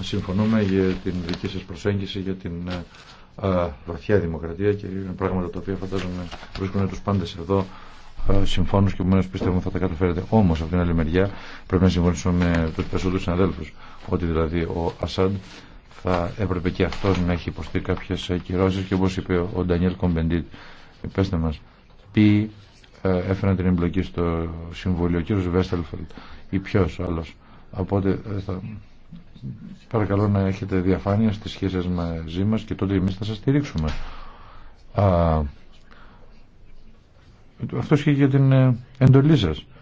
[SPEAKER 2] Συμφωνούμε για την δική σα προσέγγιση, για την ε, βαθιά δημοκρατία και είναι πράγματα τα οποία φαντάζομαι βρίσκουν τους πάντες εδώ συμφώνου και επομένω πιστεύουμε θα τα καταφέρετε. Όμω από την άλλη μεριά πρέπει να συμφωνήσουμε με του περισσότερου συναδέλφου ότι δηλαδή ο Ασάντ θα έπρεπε και αυτό να έχει υποστεί κάποιε κυρώσει και όπω είπε ο Ντανιέλ Κομπεντίτ, πέστε μα, ποιοι ε, έφεραν την εμπλοκή στο Συμβούλιο, ο κύριο Βέστελφελτ ή ποιο άλλο. Οπότε ε, θα... παρακαλώ να έχετε διαφάνεια στι σχέσει μαζί μα και τότε εμεί θα σα στηρίξουμε αυτό και για την ε, εντολή σα.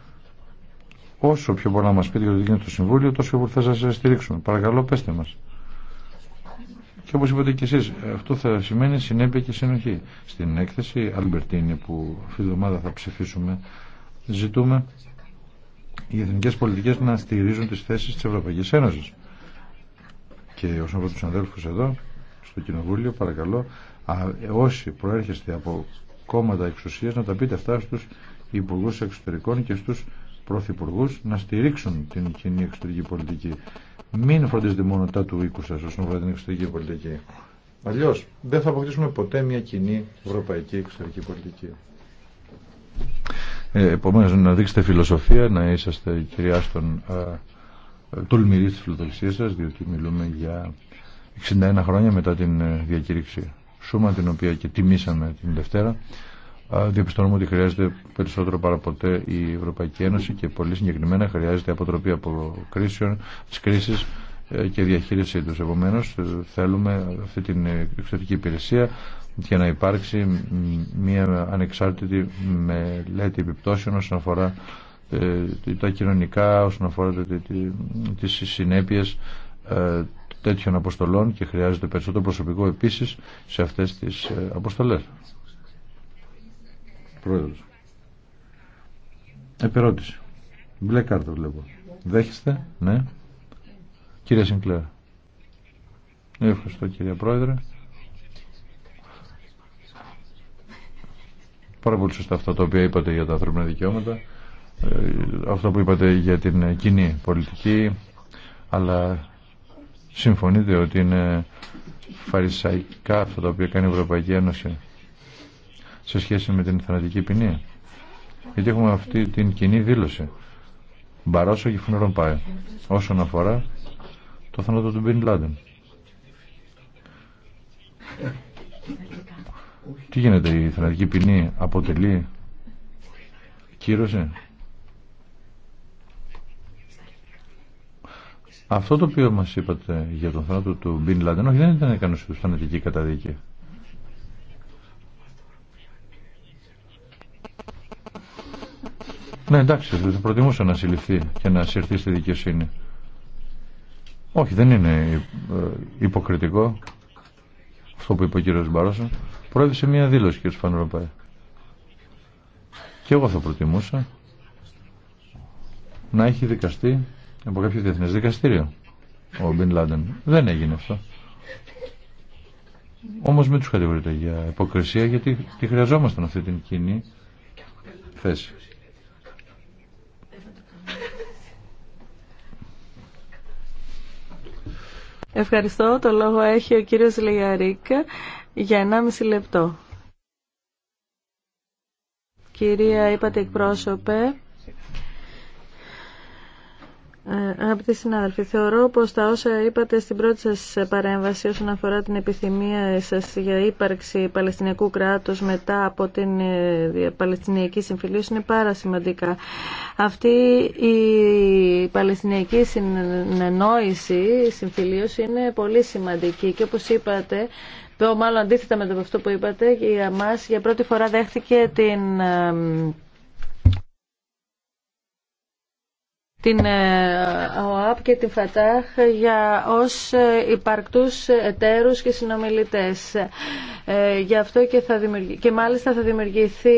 [SPEAKER 2] Όσο πιο πολλά μα πείτε για το γίνεται το Συμβούλιο, τόσο πιο πολύ θα σα ε, στηρίξουμε. Παρακαλώ, πέστε μα. Και όπω είπατε και εσεί, ε, αυτό θα σημαίνει συνέπεια και συνοχή. Στην έκθεση Αλμπερτίνη που αυτή τη εβδομάδα θα ψηφίσουμε, ζητούμε οι εθνικέ πολιτικέ να στηρίζουν τι θέσει τη Ευρωπαϊκή Ένωση. Και όσον αφορά τους αδέλφου εδώ, στο Κοινοβούλιο, παρακαλώ, όσοι προέρχεστε από κόμματα εξουσίας να τα πείτε αυτά στους υπουργού εξωτερικών και στους πρωθυπουργούς να στηρίξουν την κοινή εξωτερική πολιτική. Μην φροντίζετε μόνο τα του οίκου σας όσον αφορά την εξωτερική πολιτική. Αλλιώ δεν θα αποκτήσουμε ποτέ μια κοινή ευρωπαϊκή εξωτερική πολιτική. Ε, Επομένω, να δείξετε φιλοσοφία, να είσαστε κυρία στον τολμηρή τη φιλοδοξία σα, διότι μιλούμε για 61 χρόνια μετά την ε, διακήρυξη Σούμα, την οποία και τιμήσαμε την Δευτέρα, διαπιστώνουμε ότι χρειάζεται περισσότερο παρά ποτέ η Ευρωπαϊκή Ένωση και πολύ συγκεκριμένα χρειάζεται αποτροπή κρίσεων, τη κρίση ε, και διαχείρισή του. Επομένω, ε, θέλουμε αυτή την εξωτερική υπηρεσία για να υπάρξει μια ανεξάρτητη μελέτη επιπτώσεων όσον αφορά ε, τα κοινωνικά, όσον αφορά τι συνέπειε τέτοιων αποστολών και χρειάζεται περισσότερο προσωπικό επίσης σε αυτές τις ε, αποστολές. Πρόεδρος. Επερώτηση. Μπλε κάρτα βλέπω. Δέχεστε, ναι. Κύριε Συγκλέρα. Ναι, ευχαριστώ κύριε Πρόεδρε. Πάρα πολύ σωστά αυτά τα οποία είπατε για τα ανθρώπινα δικαιώματα, ε, αυτό που είπατε για την κοινή πολιτική, αλλά συμφωνείτε ότι είναι φαρισαϊκά αυτά τα οποία κάνει η Ευρωπαϊκή Ένωση σε σχέση με την θανατική ποινή. Γιατί έχουμε αυτή την κοινή δήλωση. Μπαρόσο και φουνερόν πάει. Όσον αφορά το θάνατο του Μπιν Λάντεν. Τι γίνεται η θανατική ποινή αποτελεί κύρωση Αυτό το οποίο μας είπατε για τον θάνατο του Μπιν Λάντεν, όχι δεν ήταν κανένα του θανατική καταδίκη. Ναι, εντάξει, θα προτιμούσα να συλληφθεί και να συρθεί στη δικαιοσύνη. Όχι, δεν είναι ε, υποκριτικό αυτό που είπε ο κύριος Μπαρόσο. Πρόεδρε μια δήλωση κύριος Φανουροπέ. Και εγώ θα προτιμούσα να έχει δικαστεί από κάποιο διεθνές δικαστήριο ο Μπιν Λάντεν. Δεν έγινε αυτό. Όμως μην τους κατηγορείτε για υποκρισία γιατί τη χρειαζόμασταν αυτή την κοινή θέση.
[SPEAKER 3] Ευχαριστώ. Το λόγο έχει ο κύριος Λιγαρίκα για 1,5 λεπτό. Κυρία, είπατε εκπρόσωπε, ε, αγαπητοί συνάδελφοι, θεωρώ πως τα όσα είπατε στην πρώτη σας παρέμβαση όσον αφορά την επιθυμία σας για ύπαρξη Παλαιστινιακού κράτους μετά από την ε, Παλαιστινιακή Συμφιλίωση είναι πάρα σημαντικά. Αυτή η Παλαιστινιακή συνεννόηση, η συμφιλίωση είναι πολύ σημαντική και όπως είπατε το μάλλον αντίθετα με το αυτό που είπατε, για ΑΜΑΣ για πρώτη φορά δέχτηκε την ε, την ε, ΟΑΠ και την ΦΑΤΑΧ για ως υπαρκτούς εταίρους και συνομιλητές. Ε, γι' αυτό και, μάλιστα θα δημιουργηθεί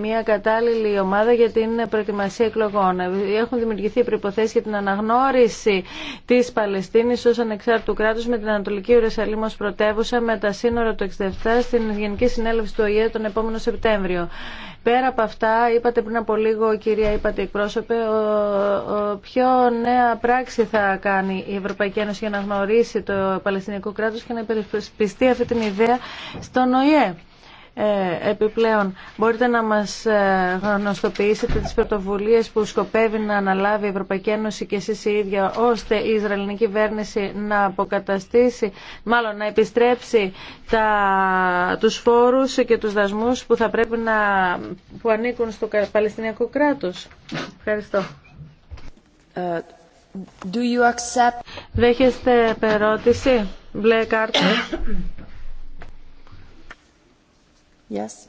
[SPEAKER 3] μια κατάλληλη ομάδα για την προετοιμασία εκλογών. Ε, έχουν δημιουργηθεί προϋποθέσεις για την αναγνώριση της Παλαιστίνης ως ανεξάρτητου κράτους με την Ανατολική Ιερουσαλήμ ως πρωτεύουσα με τα σύνορα του 67 στην Γενική Συνέλευση του ΟΗΕ τον επόμενο Σεπτέμβριο. Πέρα από αυτά, είπατε πριν από λίγο, κυρία, είπατε εκπρόσωπε, ποιο νέα πράξη θα κάνει η Ευρωπαϊκή Ένωση για να γνωρίσει το Παλαιστινικό κράτος και να υπερασπιστεί αυτή την ιδέα στον ΟΗΕ. Ε, επιπλέον μπορείτε να μας ε, γνωστοποιήσετε τις πρωτοβουλίες που σκοπεύει να αναλάβει η Ευρωπαϊκή Ένωση και εσείς η ίδια ώστε η Ισραηλινή κυβέρνηση να αποκαταστήσει, μάλλον να επιστρέψει τα, τους φόρους και τους δασμούς που θα πρέπει να που ανήκουν στο Παλαιστινιακό κράτος. Ευχαριστώ. Ε, do you accept... Δέχεστε περώτηση, μπλε Yes.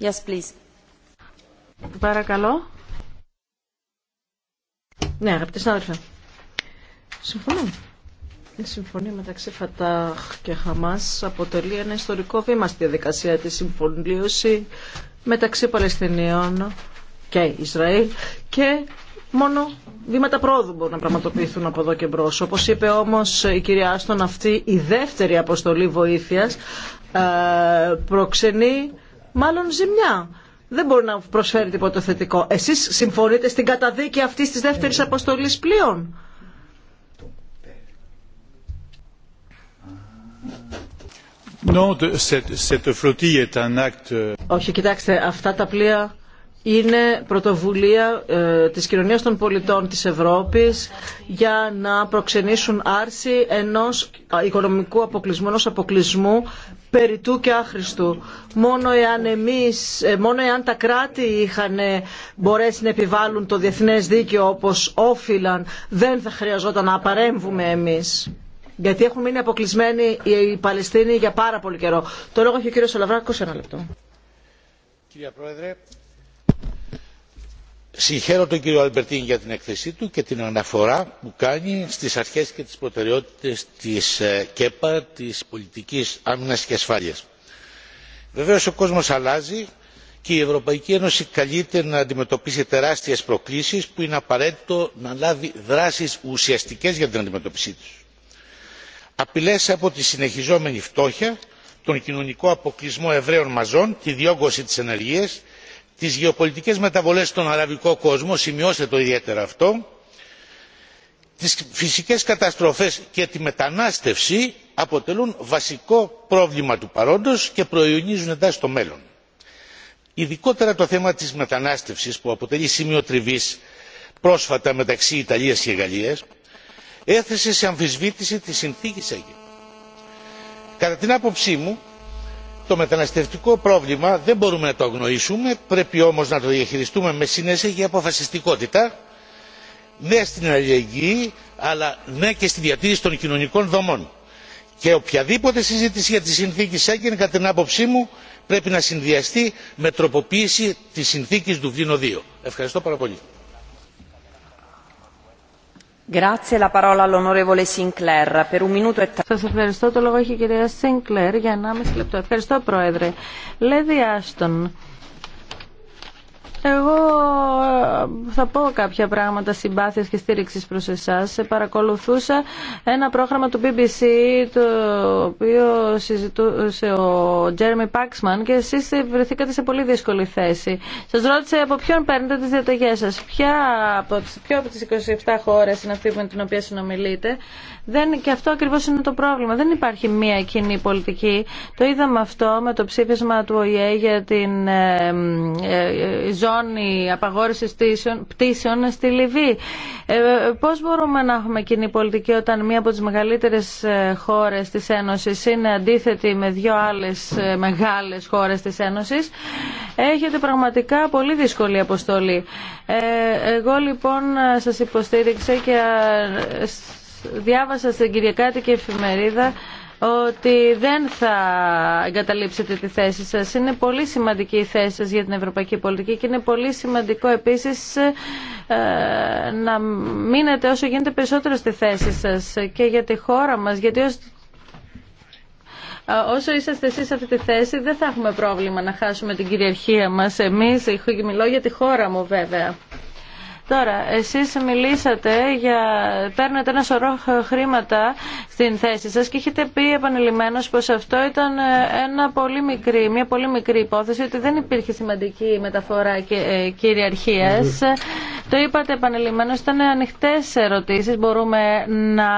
[SPEAKER 3] Yes, please.
[SPEAKER 4] Παρακαλώ. Ναι, αγαπητοί συνάδελφοι. Συμφωνώ. Η συμφωνία μεταξύ Φατάχ και Χαμάς αποτελεί ένα ιστορικό βήμα στη διαδικασία της συμφωνίωση μεταξύ Παλαιστινίων και Ισραήλ και μόνο βήματα πρόοδου μπορούν να πραγματοποιηθούν από εδώ και μπρος. Όπως είπε όμως η κυρία Άστον αυτή η δεύτερη αποστολή βοήθειας ε, προξενεί μάλλον ζημιά. Δεν μπορεί να προσφέρει τίποτα θετικό. Εσείς συμφωνείτε στην καταδίκη αυτής της δεύτερης αποστολής πλοίων. Euh, Όχι, κοιτάξτε, αυτά τα πλοία είναι πρωτοβουλία ε, της κοινωνίας των πολιτών της Ευρώπης για να προξενήσουν άρση ενός οικονομικού αποκλεισμού, ενός αποκλεισμού περιτού και άχρηστου. Μόνο εάν, εμείς, ε, μόνο εάν τα κράτη είχαν ε, μπορέσει να επιβάλλουν το διεθνές δίκαιο όπως όφυλαν, δεν θα χρειαζόταν να παρέμβουμε εμείς. Γιατί έχουν μείνει αποκλεισμένοι οι Παλαιστίνοι για πάρα πολύ καιρό. Το λόγο έχει ο κύριος Σολαβράκος, ένα λεπτό.
[SPEAKER 1] Κυρία Πρόεδρε, συγχαίρω τον κύριο αλμπερτίνη για την έκθεσή του και την αναφορά που κάνει στις αρχές και τις προτεραιότητες της ε, κέπα της πολιτικής άμυνας και ασφάλειας. βεβαίως ο κόσμος αλλάζει και η ευρωπαϊκή ένωση καλείται να αντιμετωπίσει τεράστιες προκλήσεις που είναι απαραίτητο να λάβει δράσεις ουσιαστικές για την αντιμετώπιση τους. απειλές από τη συνεχιζόμενη φτώχεια τον κοινωνικό αποκλεισμό ευρέων μαζών τη διόγκωση της ενεργείας τις γεωπολιτικές μεταβολές στον αραβικό κόσμο σημειώστε το ιδιαίτερα αυτό τις φυσικές καταστροφές και τη μετανάστευση αποτελούν βασικό πρόβλημα του παρόντος και προεικονίζουν εντάξει το μέλλον. ειδικότερα το θέμα της μετανάστευσης που αποτελεί σημείο τριβής πρόσφατα μεταξύ ιταλίας και γαλλίας έθεσε σε αμφισβήτηση τη συνθήκη κατά την άποψή μου το μεταναστευτικό πρόβλημα δεν μπορούμε να το αγνοήσουμε πρέπει όμως να το διαχειριστούμε με συνέση και αποφασιστικότητα ναι στην αλληλεγγύη αλλά ναι και στη διατήρηση των κοινωνικών δομών και οποιαδήποτε συζήτηση για τη συνθήκη σέγγεν κατά την άποψή μου πρέπει να συνδυαστεί με τροποποίηση της συνθήκης δουβλίνο 2. ευχαριστώ πάρα πολύ.
[SPEAKER 3] E Σας ευχαριστώ. Το λόγο έχει η κυρία Σίνκλερ για 1,5 λεπτό. Ευχαριστώ, Πρόεδρε. Λέδη Άστον, εγώ ε, θα πω κάποια πράγματα συμπάθεια και στήριξης προ εσά. Παρακολουθούσα ένα πρόγραμμα του BBC το οποίο συζητούσε ο Τζέρεμι Πάξμαν και εσεί βρεθήκατε σε πολύ δύσκολη θέση. Σας ρώτησε από ποιον παίρνετε τις διαταγές σας. Ποια από τις, ποιο από τις 27 χώρε είναι αυτή με την οποία συνομιλείτε. Δεν, και αυτό ακριβώς είναι το πρόβλημα. Δεν υπάρχει μία κοινή πολιτική. Το είδαμε αυτό με το ψήφισμα του ΟΗΕ για την ε, ε, ε η απαγόρηση πτήσεων στη Λιβύη. Ε, πώς μπορούμε να έχουμε κοινή πολιτική όταν μία από τις μεγαλύτερες ε, χώρες της Ένωσης είναι αντίθετη με δύο άλλες ε, μεγάλες χώρες της Ένωσης. Έχετε πραγματικά πολύ δύσκολη αποστολή. Εγώ λοιπόν σας υποστήριξα και διάβασα στην Κυριακάτικη εφημερίδα ότι δεν θα εγκαταλείψετε τη θέση σας. Είναι πολύ σημαντική η θέση σας για την ευρωπαϊκή πολιτική και είναι πολύ σημαντικό επίσης ε, να μείνετε όσο γίνεται περισσότερο στη θέση σας και για τη χώρα μας, γιατί ε, Όσο είσαστε εσεί σε αυτή τη θέση, δεν θα έχουμε πρόβλημα να χάσουμε την κυριαρχία μα. Εμεί, μιλώ για τη χώρα μου βέβαια. Τώρα, εσείς μιλήσατε για παίρνετε ένα σωρό χρήματα στην θέση σας και έχετε πει επανειλημμένως πως αυτό ήταν ε, ένα πολύ μικρή, μια πολύ μικρή υπόθεση ότι δεν υπήρχε σημαντική μεταφορά και, ε, κυριαρχίας. Το είπατε επανειλημμένως, ήταν ανοιχτές ερωτήσεις. Μπορούμε να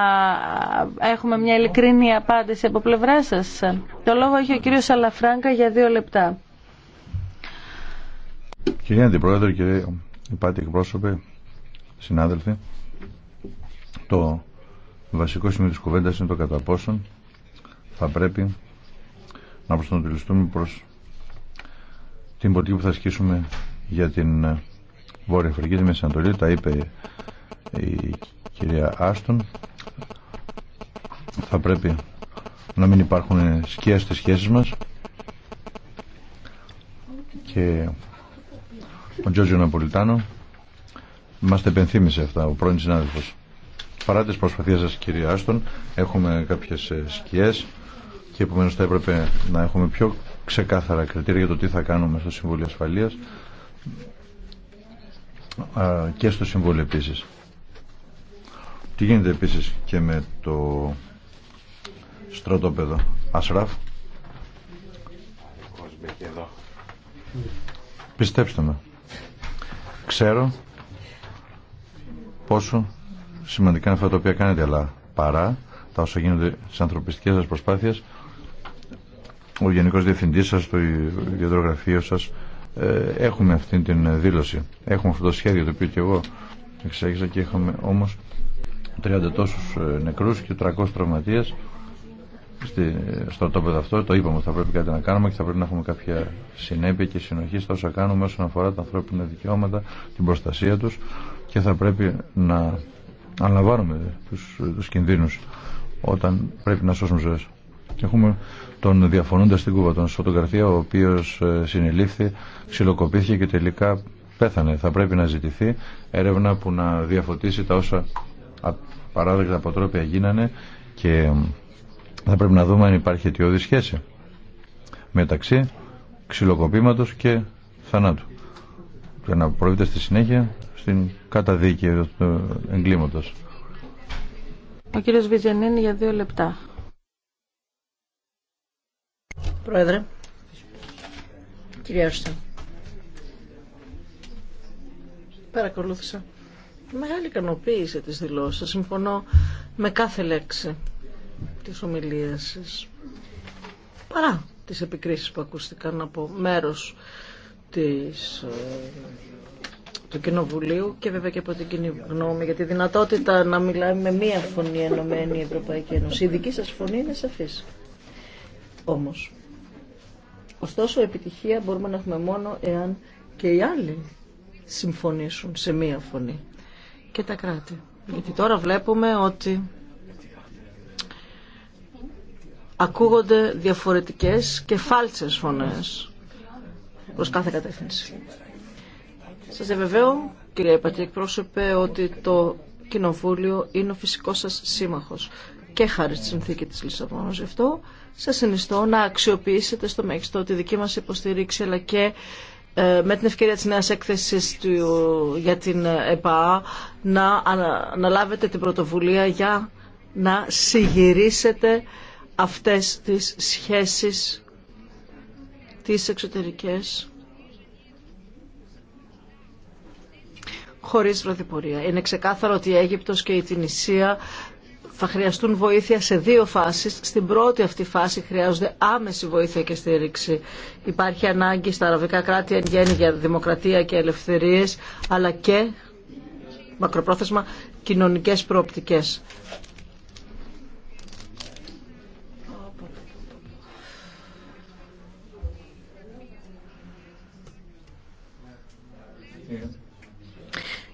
[SPEAKER 3] έχουμε μια ειλικρινή απάντηση από πλευρά σας. Το λόγο έχει ο κύριος Σαλαφράγκα για δύο λεπτά.
[SPEAKER 2] Κυρία Αντιπρόεδρε, κύριε Υπάρχει εκπρόσωπε, συνάδελφοι, το βασικό σημείο της κουβέντας είναι το κατά πόσον θα πρέπει να προστατευτούμε προς την πολιτική που θα ασκήσουμε για την Βόρεια Αφρική, τη Μέση τα είπε η κυρία Άστον. Θα πρέπει να μην υπάρχουν σκιά στις σχέσεις μας ο Τζόζιο Ναπολιτάνο μας τα επενθύμησε αυτά, ο πρώην συνάδελφο. Παρά τι προσπαθίε σα, κύριε Άστον, έχουμε κάποιε ε, σκιέ και επομένω θα έπρεπε να έχουμε πιο ξεκάθαρα κριτήρια για το τι θα κάνουμε στο Συμβούλιο ασφαλεία. και στο Συμβούλιο επίση. Τι γίνεται επίση και με το στρατόπεδο Ασράφ. Πιστέψτε με ξέρω πόσο σημαντικά είναι αυτά τα οποία κάνετε, αλλά παρά τα όσα γίνονται στι ανθρωπιστικές σα προσπάθειες, ο Γενικό Διευθυντής σα, το Ιδρυογραφείο σας, ε, έχουμε αυτή την δήλωση. Έχουμε αυτό το σχέδιο το οποίο και εγώ εξέγησα και είχαμε όμως 30 τόσους ε, νεκρούς και 300 τραυματίες στο τόπο αυτό, το είπαμε ότι θα πρέπει κάτι να κάνουμε και θα πρέπει να έχουμε κάποια συνέπεια και συνοχή στα όσα κάνουμε όσον αφορά τα ανθρώπινα δικαιώματα, την προστασία τους και θα πρέπει να αναβάρουμε τους, τους κινδύνους όταν πρέπει να σώσουμε ζωές. Έχουμε τον διαφωνούντα στην Κούβα, τον Σωτογκαρθία, ο οποίος ε, συνελήφθη, ξυλοκοπήθηκε και τελικά πέθανε. Θα πρέπει να ζητηθεί έρευνα που να διαφωτίσει τα όσα παράδεκτα αποτρόπια γίνανε και θα πρέπει να δούμε αν υπάρχει αιτιώδη σχέση μεταξύ ξυλοκοπήματος και θανάτου Για να προβείται στη συνέχεια στην καταδίκη του εγκλήματος.
[SPEAKER 3] Ο κύριος Βιτζενίνη για δύο λεπτά. Πρόεδρε,
[SPEAKER 4] κυρία παρακολούθησα μεγάλη ικανοποίηση της δηλώσεις. Συμφωνώ με κάθε λέξη τις ομιλίες σας παρά τις επικρίσεις που ακούστηκαν από μέρος της, ε, του Κοινοβουλίου και βέβαια και από την κοινή γνώμη για τη δυνατότητα να μιλάμε με μία φωνή ενωμένη η Ευρωπαϊκή Ένωση. Η δική σας φωνή είναι σαφής. Όμως, ωστόσο επιτυχία μπορούμε να έχουμε μόνο εάν και οι άλλοι συμφωνήσουν σε μία φωνή και τα κράτη. Γιατί τώρα βλέπουμε ότι ακούγονται διαφορετικές και φάλτσες φωνές προς κάθε κατεύθυνση. Σας διαβεβαίω, κυρία Επατή εκπρόσωπε, ότι το Κοινοβούλιο είναι ο φυσικός σας σύμμαχος και χάρη στη συνθήκη της Λισαβόνας. Γι' αυτό σας συνιστώ να αξιοποιήσετε στο μέγιστο τη δική μας υποστηρίξη αλλά και ε, με την ευκαιρία της νέας έκθεσης του, για την ε, ΕΠΑ να αναλάβετε την πρωτοβουλία για να συγυρίσετε αυτές τις σχέσεις τις εξωτερικές χωρίς βραδιπορία. Είναι ξεκάθαρο ότι η Αίγυπτος και η Τινησία θα χρειαστούν βοήθεια σε δύο φάσεις. Στην πρώτη αυτή φάση χρειάζονται άμεση βοήθεια και στήριξη. Υπάρχει ανάγκη στα αραβικά κράτη εν γέννη για δημοκρατία και ελευθερίες, αλλά και μακροπρόθεσμα κοινωνικές προοπτικές.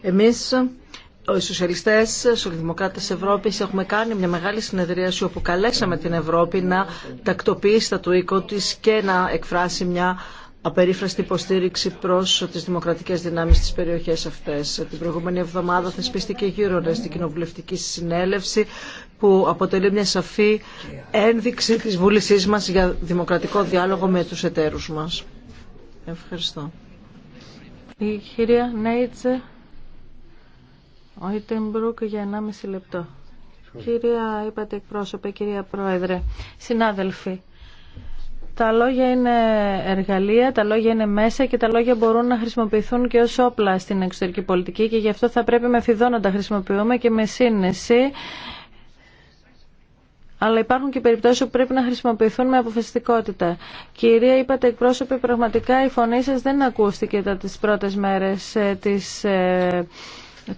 [SPEAKER 4] Εμείς, οι σοσιαλιστές, οι σοσιαλδημοκράτες Ευρώπης, έχουμε κάνει μια μεγάλη συνεδρίαση όπου καλέσαμε την Ευρώπη να τακτοποιήσει τα του οίκο της και να εκφράσει μια απερίφραστη υποστήριξη προ τι δημοκρατικέ δυνάμει στι περιοχέ αυτέ. Την προηγούμενη εβδομάδα θεσπίστηκε γύρω στην κοινοβουλευτική συνέλευση που αποτελεί μια σαφή ένδειξη της βούλησής μας για δημοκρατικό διάλογο με τους εταίρους μας. Ευχαριστώ. Η κυρία
[SPEAKER 3] Νέιτσε ο Ιτεμπρούκ για 1,5 λεπτό. Κυρία, είπατε εκπρόσωπε, κυρία Πρόεδρε, συνάδελφοι. Τα λόγια είναι εργαλεία, τα λόγια είναι μέσα και τα λόγια μπορούν να χρησιμοποιηθούν και ως όπλα στην εξωτερική πολιτική και γι' αυτό θα πρέπει με φιδό να τα χρησιμοποιούμε και με σύνεση. Αλλά υπάρχουν και περιπτώσεις που πρέπει να χρησιμοποιηθούν με αποφασιστικότητα. Κυρία, είπατε εκπρόσωποι, πραγματικά η φωνή σας δεν ακούστηκε τα τις πρώτες μέρες ε, της ε,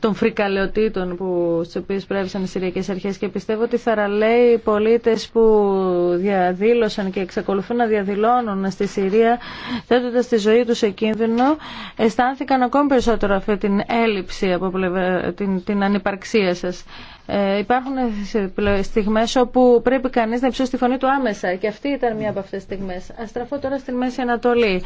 [SPEAKER 3] των φρικαλαιοτήτων που, στις οποίες πρέβησαν οι Συριακές Αρχές και πιστεύω ότι θαραλέοι οι πολίτες που διαδήλωσαν και εξακολουθούν να διαδηλώνουν στη Συρία θέτοντα τη ζωή τους σε κίνδυνο αισθάνθηκαν ακόμη περισσότερο αυτή την έλλειψη από την, την ανυπαρξία σας. Ε, υπάρχουν στιγμέ όπου πρέπει κανείς να υψώσει τη φωνή του άμεσα και αυτή ήταν μια από αυτέ τι στιγμέ. Α στραφώ τώρα στην Μέση Ανατολή.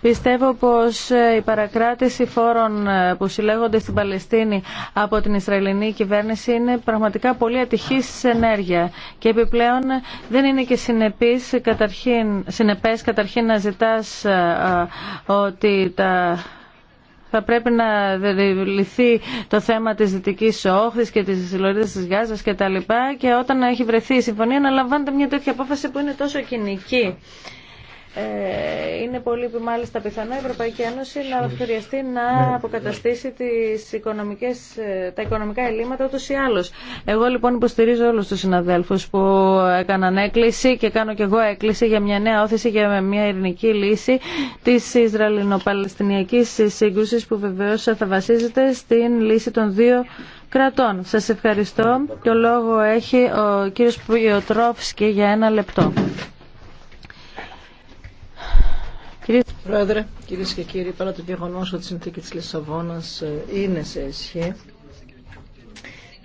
[SPEAKER 3] Πιστεύω πως ε, η παρακράτηση φόρων ε, που συλλέγονται στην Παλαιστίνη από την Ισραηλινή κυβέρνηση είναι πραγματικά πολύ ατυχή ενέργεια και επιπλέον ε, δεν είναι και συνεπής, καταρχήν, καταρχήν να ζητά ότι τα θα πρέπει να λυθεί το θέμα της Δυτικής Όχθης και της Λωρίδας της Γάζας και τα λοιπά και όταν έχει βρεθεί η συμφωνία να λαμβάνεται μια τέτοια απόφαση που είναι τόσο κοινική. Ε, είναι πολύ μάλιστα πιθανό η Ευρωπαϊκή Ένωση να χρειαστεί να ναι, ναι. αποκαταστήσει τις οικονομικές, ε, τα οικονομικά ελλείμματα ούτως ή άλλως. Εγώ λοιπόν υποστηρίζω όλους τους συναδέλφους που έκαναν έκκληση και κάνω κι εγώ έκκληση για μια νέα όθηση για μια ειρηνική λύση της ισραηλινο σύγκρουσης που βεβαίως θα βασίζεται στην λύση των δύο κρατών. Σας ευχαριστώ. Το λόγο έχει ο κύριος Πουγιοτρόφσκι για ένα λεπτό.
[SPEAKER 4] Κύριε Πρόεδρε, κυρίε και κύριοι, παρά το γεγονό ότι η συνθήκη τη Λισαβόνα ε, είναι σε ισχύ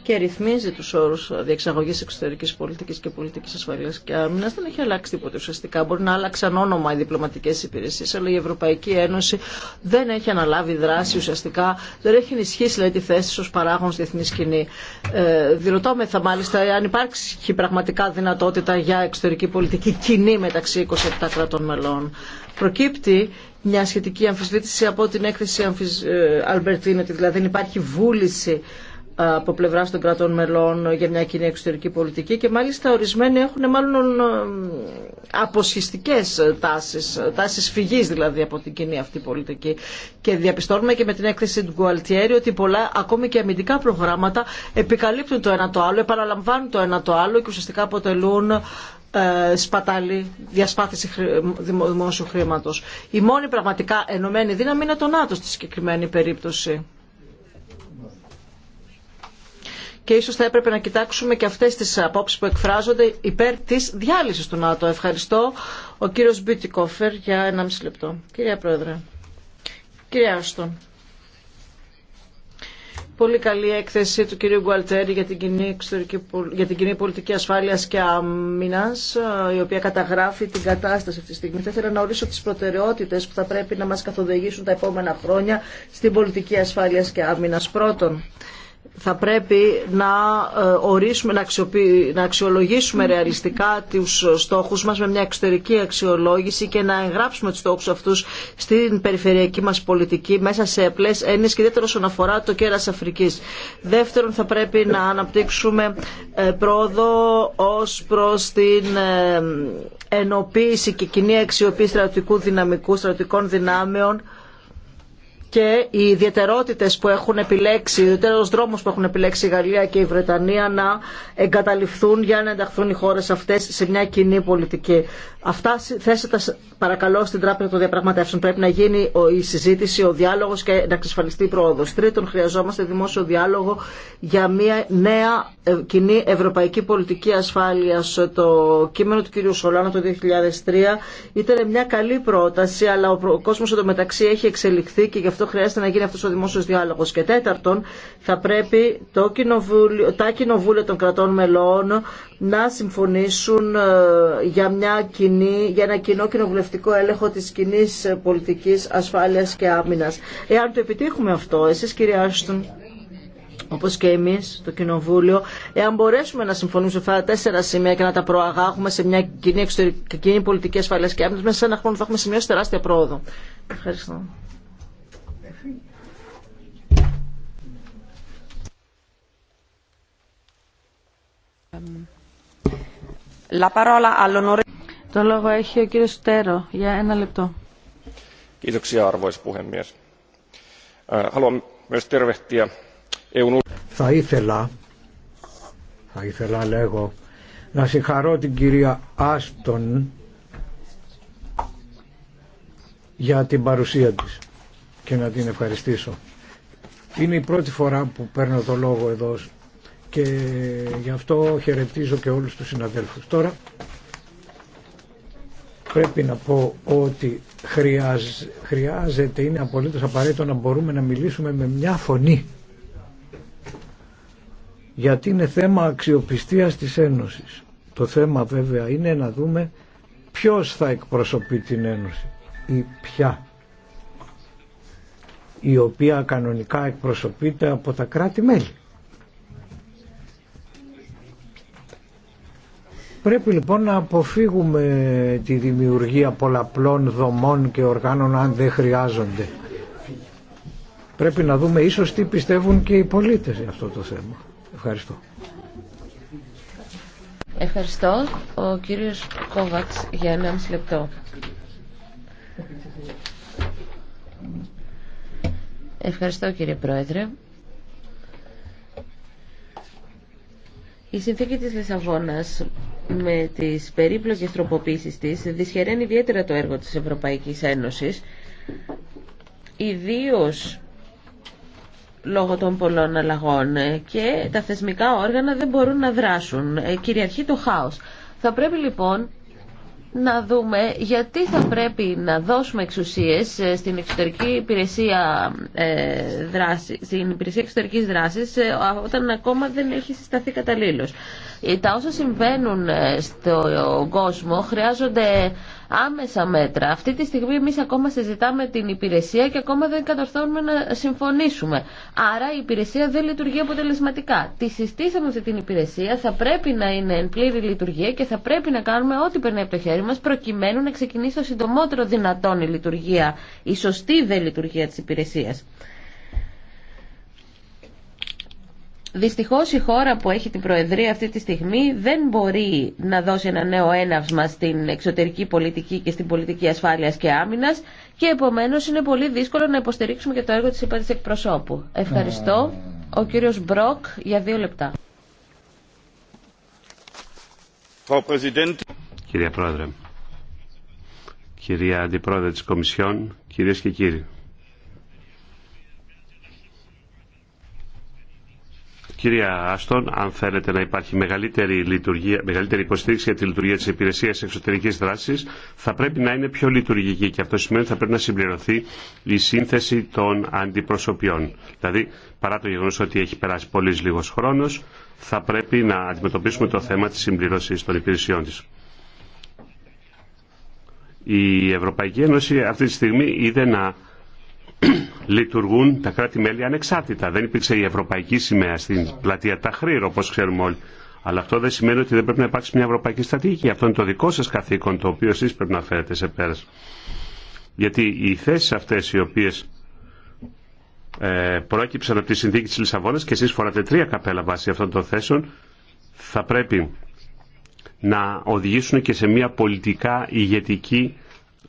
[SPEAKER 4] και ρυθμίζει του όρου διεξαγωγή εξωτερική πολιτική και πολιτική ασφαλεία και άμυνα, δεν έχει αλλάξει τίποτα ουσιαστικά. Μπορεί να άλλαξαν όνομα οι διπλωματικέ υπηρεσίε, αλλά η Ευρωπαϊκή Ένωση δεν έχει αναλάβει δράση ουσιαστικά, δεν έχει ενισχύσει τη θέση ω παράγον διεθνή σκηνή. Ε, θα μάλιστα αν υπάρξει πραγματικά δυνατότητα για εξωτερική πολιτική κοινή μεταξύ 27 κρατών μελών προκύπτει μια σχετική αμφισβήτηση από την έκθεση αμφισ... ότι ε, δηλαδή δεν υπάρχει βούληση ε, από πλευρά των κρατών μελών για μια κοινή εξωτερική πολιτική και μάλιστα ορισμένοι έχουν μάλλον ε, αποσχιστικέ τάσεις τάσεις φυγής δηλαδή από την κοινή αυτή πολιτική. Και διαπιστώνουμε και με την έκθεση του Γκουαλτιέρη ότι πολλά ακόμη και αμυντικά προγράμματα επικαλύπτουν το ένα το άλλο, επαναλαμβάνουν το ένα το άλλο και ουσιαστικά αποτελούν ε, σπατάλη, διασπάθηση δημόσιου χρήματο. Η μόνη πραγματικά ενωμένη δύναμη είναι το ΝΑΤΟ στη συγκεκριμένη περίπτωση. Και ίσως θα έπρεπε να κοιτάξουμε και αυτές τις απόψεις που εκφράζονται υπέρ της διάλυσης του ΝΑΤΟ. Ευχαριστώ ο κύριος Μπίτικοφερ για μισή λεπτό. Κυρία Πρόεδρε, κυρία Άστον πολύ καλή έκθεση του κυρίου Γκουαλτέρη για την κοινή, για την πολιτική ασφάλειας και άμυνας, ε, η οποία καταγράφει την κατάσταση αυτή τη στιγμή. Θα ήθελα να ορίσω τις προτεραιότητες που θα πρέπει να μας καθοδηγήσουν τα επόμενα χρόνια στην πολιτική ασφάλειας και άμυνας. Πρώτον, θα πρέπει να ε, ορίσουμε, να, αξιολογήσουμε ρεαλιστικά τους στόχους μας με μια εξωτερική αξιολόγηση και να εγγράψουμε τους στόχους αυτούς στην περιφερειακή μας πολιτική μέσα σε απλές έννοιες και ιδιαίτερα όσον αφορά το κέρας Αφρικής. Δεύτερον θα πρέπει να αναπτύξουμε ε, πρόοδο ως προς την ε, ενοποίηση και κοινή αξιοποίηση στρατιωτικού δυναμικού, στρατιωτικών δυνάμεων και οι ιδιαιτερότητες που έχουν επιλέξει, οι ιδιαίτερος δρόμος που έχουν επιλέξει η Γαλλία και η Βρετανία να εγκαταληφθούν για να ενταχθούν οι χώρες αυτές σε μια κοινή πολιτική. Αυτά θέσετε παρακαλώ στην Τράπεζα των Διαπραγματεύσεων. Πρέπει να γίνει η συζήτηση, ο διάλογος και να εξασφαλιστεί η πρόοδος. Τρίτον, χρειαζόμαστε δημόσιο διάλογο για μια νέα ε, κοινή ευρωπαϊκή πολιτική ασφάλειας. Το κείμενο του κ. Σολάνα το 2003 ήταν μια καλή πρόταση, αλλά ο κόσμος μεταξύ έχει εξελιχθεί και αυτό χρειάζεται να γίνει αυτός ο δημόσιος διάλογος. Και τέταρτον, θα πρέπει το κοινοβούλιο, τα κοινοβούλια των κρατών μελών να συμφωνήσουν ε, για, μια κοινή, για ένα κοινό κοινοβουλευτικό έλεγχο της κοινή πολιτικής ασφάλειας και άμυνας. Εάν το επιτύχουμε αυτό, εσείς κύριε Άστον, όπως και εμείς το Κοινοβούλιο, εάν μπορέσουμε να συμφωνήσουμε σε αυτά τα τέσσερα σημεία και να τα προαγάγουμε σε μια κοινή, εξωτερική, κοινή πολιτική ασφαλείας και άμυνας, μέσα σε ένα χρόνο θα έχουμε σημειώσει τεράστια πρόοδο. Ευχαριστώ.
[SPEAKER 3] Το λόγο έχει ο κύριος Στέρο για ένα λεπτό.
[SPEAKER 5] Ε, θα ήθελα, θα ήθελα λέγω, να συγχαρώ την κυρία Άστον για την παρουσία της και να την ευχαριστήσω. Είναι η πρώτη φορά που παίρνω το λόγο εδώ και γι' αυτό χαιρετίζω και όλους τους συναδέλφους. Τώρα πρέπει να πω ότι χρειάζεται, είναι απολύτως απαραίτητο να μπορούμε να μιλήσουμε με μια φωνή γιατί είναι θέμα αξιοπιστίας της Ένωσης. Το θέμα βέβαια είναι να δούμε ποιος θα εκπροσωπεί την Ένωση ή ποια η οποία κανονικά εκπροσωπείται από τα κράτη-μέλη. Πρέπει λοιπόν να αποφύγουμε τη δημιουργία πολλαπλών δομών και οργάνων αν δεν χρειάζονται. Πρέπει να δούμε ίσως τι πιστεύουν και οι πολίτες για αυτό το θέμα. Ευχαριστώ.
[SPEAKER 7] Ευχαριστώ. Ο κύριος Κόβατς για ένα μισή λεπτό. Ευχαριστώ κύριε Πρόεδρε. Η συνθήκη της Λισαβόνας με τις περίπλοκες τροποποίησεις της δυσχεραίνει ιδιαίτερα το έργο της Ευρωπαϊκής Ένωσης ιδίως λόγω των πολλών αλλαγών και τα θεσμικά όργανα δεν μπορούν να δράσουν. Ε, κυριαρχεί το χάος. Θα πρέπει λοιπόν να δούμε γιατί θα πρέπει να δώσουμε εξουσίες ε, στην εξωτερική υπηρεσία ε, δράση, στην υπηρεσία εξωτερικής δράσης ε, όταν ακόμα δεν έχει συσταθεί καταλήλως. Ε, τα όσα συμβαίνουν στον κόσμο χρειάζονται άμεσα μέτρα. Αυτή τη στιγμή εμείς ακόμα συζητάμε την υπηρεσία και ακόμα δεν κατορθώνουμε να συμφωνήσουμε. Άρα η υπηρεσία δεν λειτουργεί αποτελεσματικά. Τη συστήσαμε αυτή την υπηρεσία, θα πρέπει να είναι εν πλήρη λειτουργία και θα πρέπει να κάνουμε ό,τι περνάει από το χέρι μας προκειμένου να ξεκινήσει το συντομότερο δυνατόν η λειτουργία, η σωστή δε λειτουργία της υπηρεσίας. Δυστυχώς η χώρα που έχει την Προεδρία αυτή τη στιγμή δεν μπορεί να δώσει ένα νέο έναυσμα στην εξωτερική πολιτική και στην πολιτική ασφάλειας και άμυνας και επομένως είναι πολύ δύσκολο να υποστηρίξουμε και το έργο της υπάρξης εκπροσώπου. Ευχαριστώ. Ο κύριος Μπροκ για δύο λεπτά.
[SPEAKER 8] Κυρία Πρόεδρε, κυρία Αντιπρόεδρε της Κομισιόν, κυρίες και κύριοι. Κυρία Άστον, αν θέλετε να υπάρχει μεγαλύτερη, λειτουργία, μεγαλύτερη υποστήριξη για τη λειτουργία τη υπηρεσία εξωτερική δράση, θα πρέπει να είναι πιο λειτουργική και αυτό σημαίνει ότι θα πρέπει να συμπληρωθεί η σύνθεση των αντιπροσωπιών. Δηλαδή, παρά το γεγονό ότι έχει περάσει πολύ λίγο χρόνο, θα πρέπει να αντιμετωπίσουμε το θέμα τη συμπληρώση των υπηρεσιών τη. Η Ευρωπαϊκή Ένωση αυτή τη στιγμή είδε να λειτουργούν τα κράτη-μέλη ανεξάρτητα. Δεν υπήρξε η ευρωπαϊκή σημαία στην πλατεία Ταχρήρ, όπω ξέρουμε όλοι. Αλλά αυτό δεν σημαίνει ότι δεν πρέπει να υπάρξει μια ευρωπαϊκή στρατηγική. Αυτό είναι το δικό σα καθήκον, το οποίο εσεί πρέπει να φέρετε σε πέρα. Γιατί οι θέσει αυτέ οι οποίε ε, προέκυψαν από τη συνθήκη τη Λισαβόνα και εσείς φοράτε τρία καπέλα βάσει αυτών των θέσεων, θα πρέπει να οδηγήσουν και σε μια πολιτικά ηγετική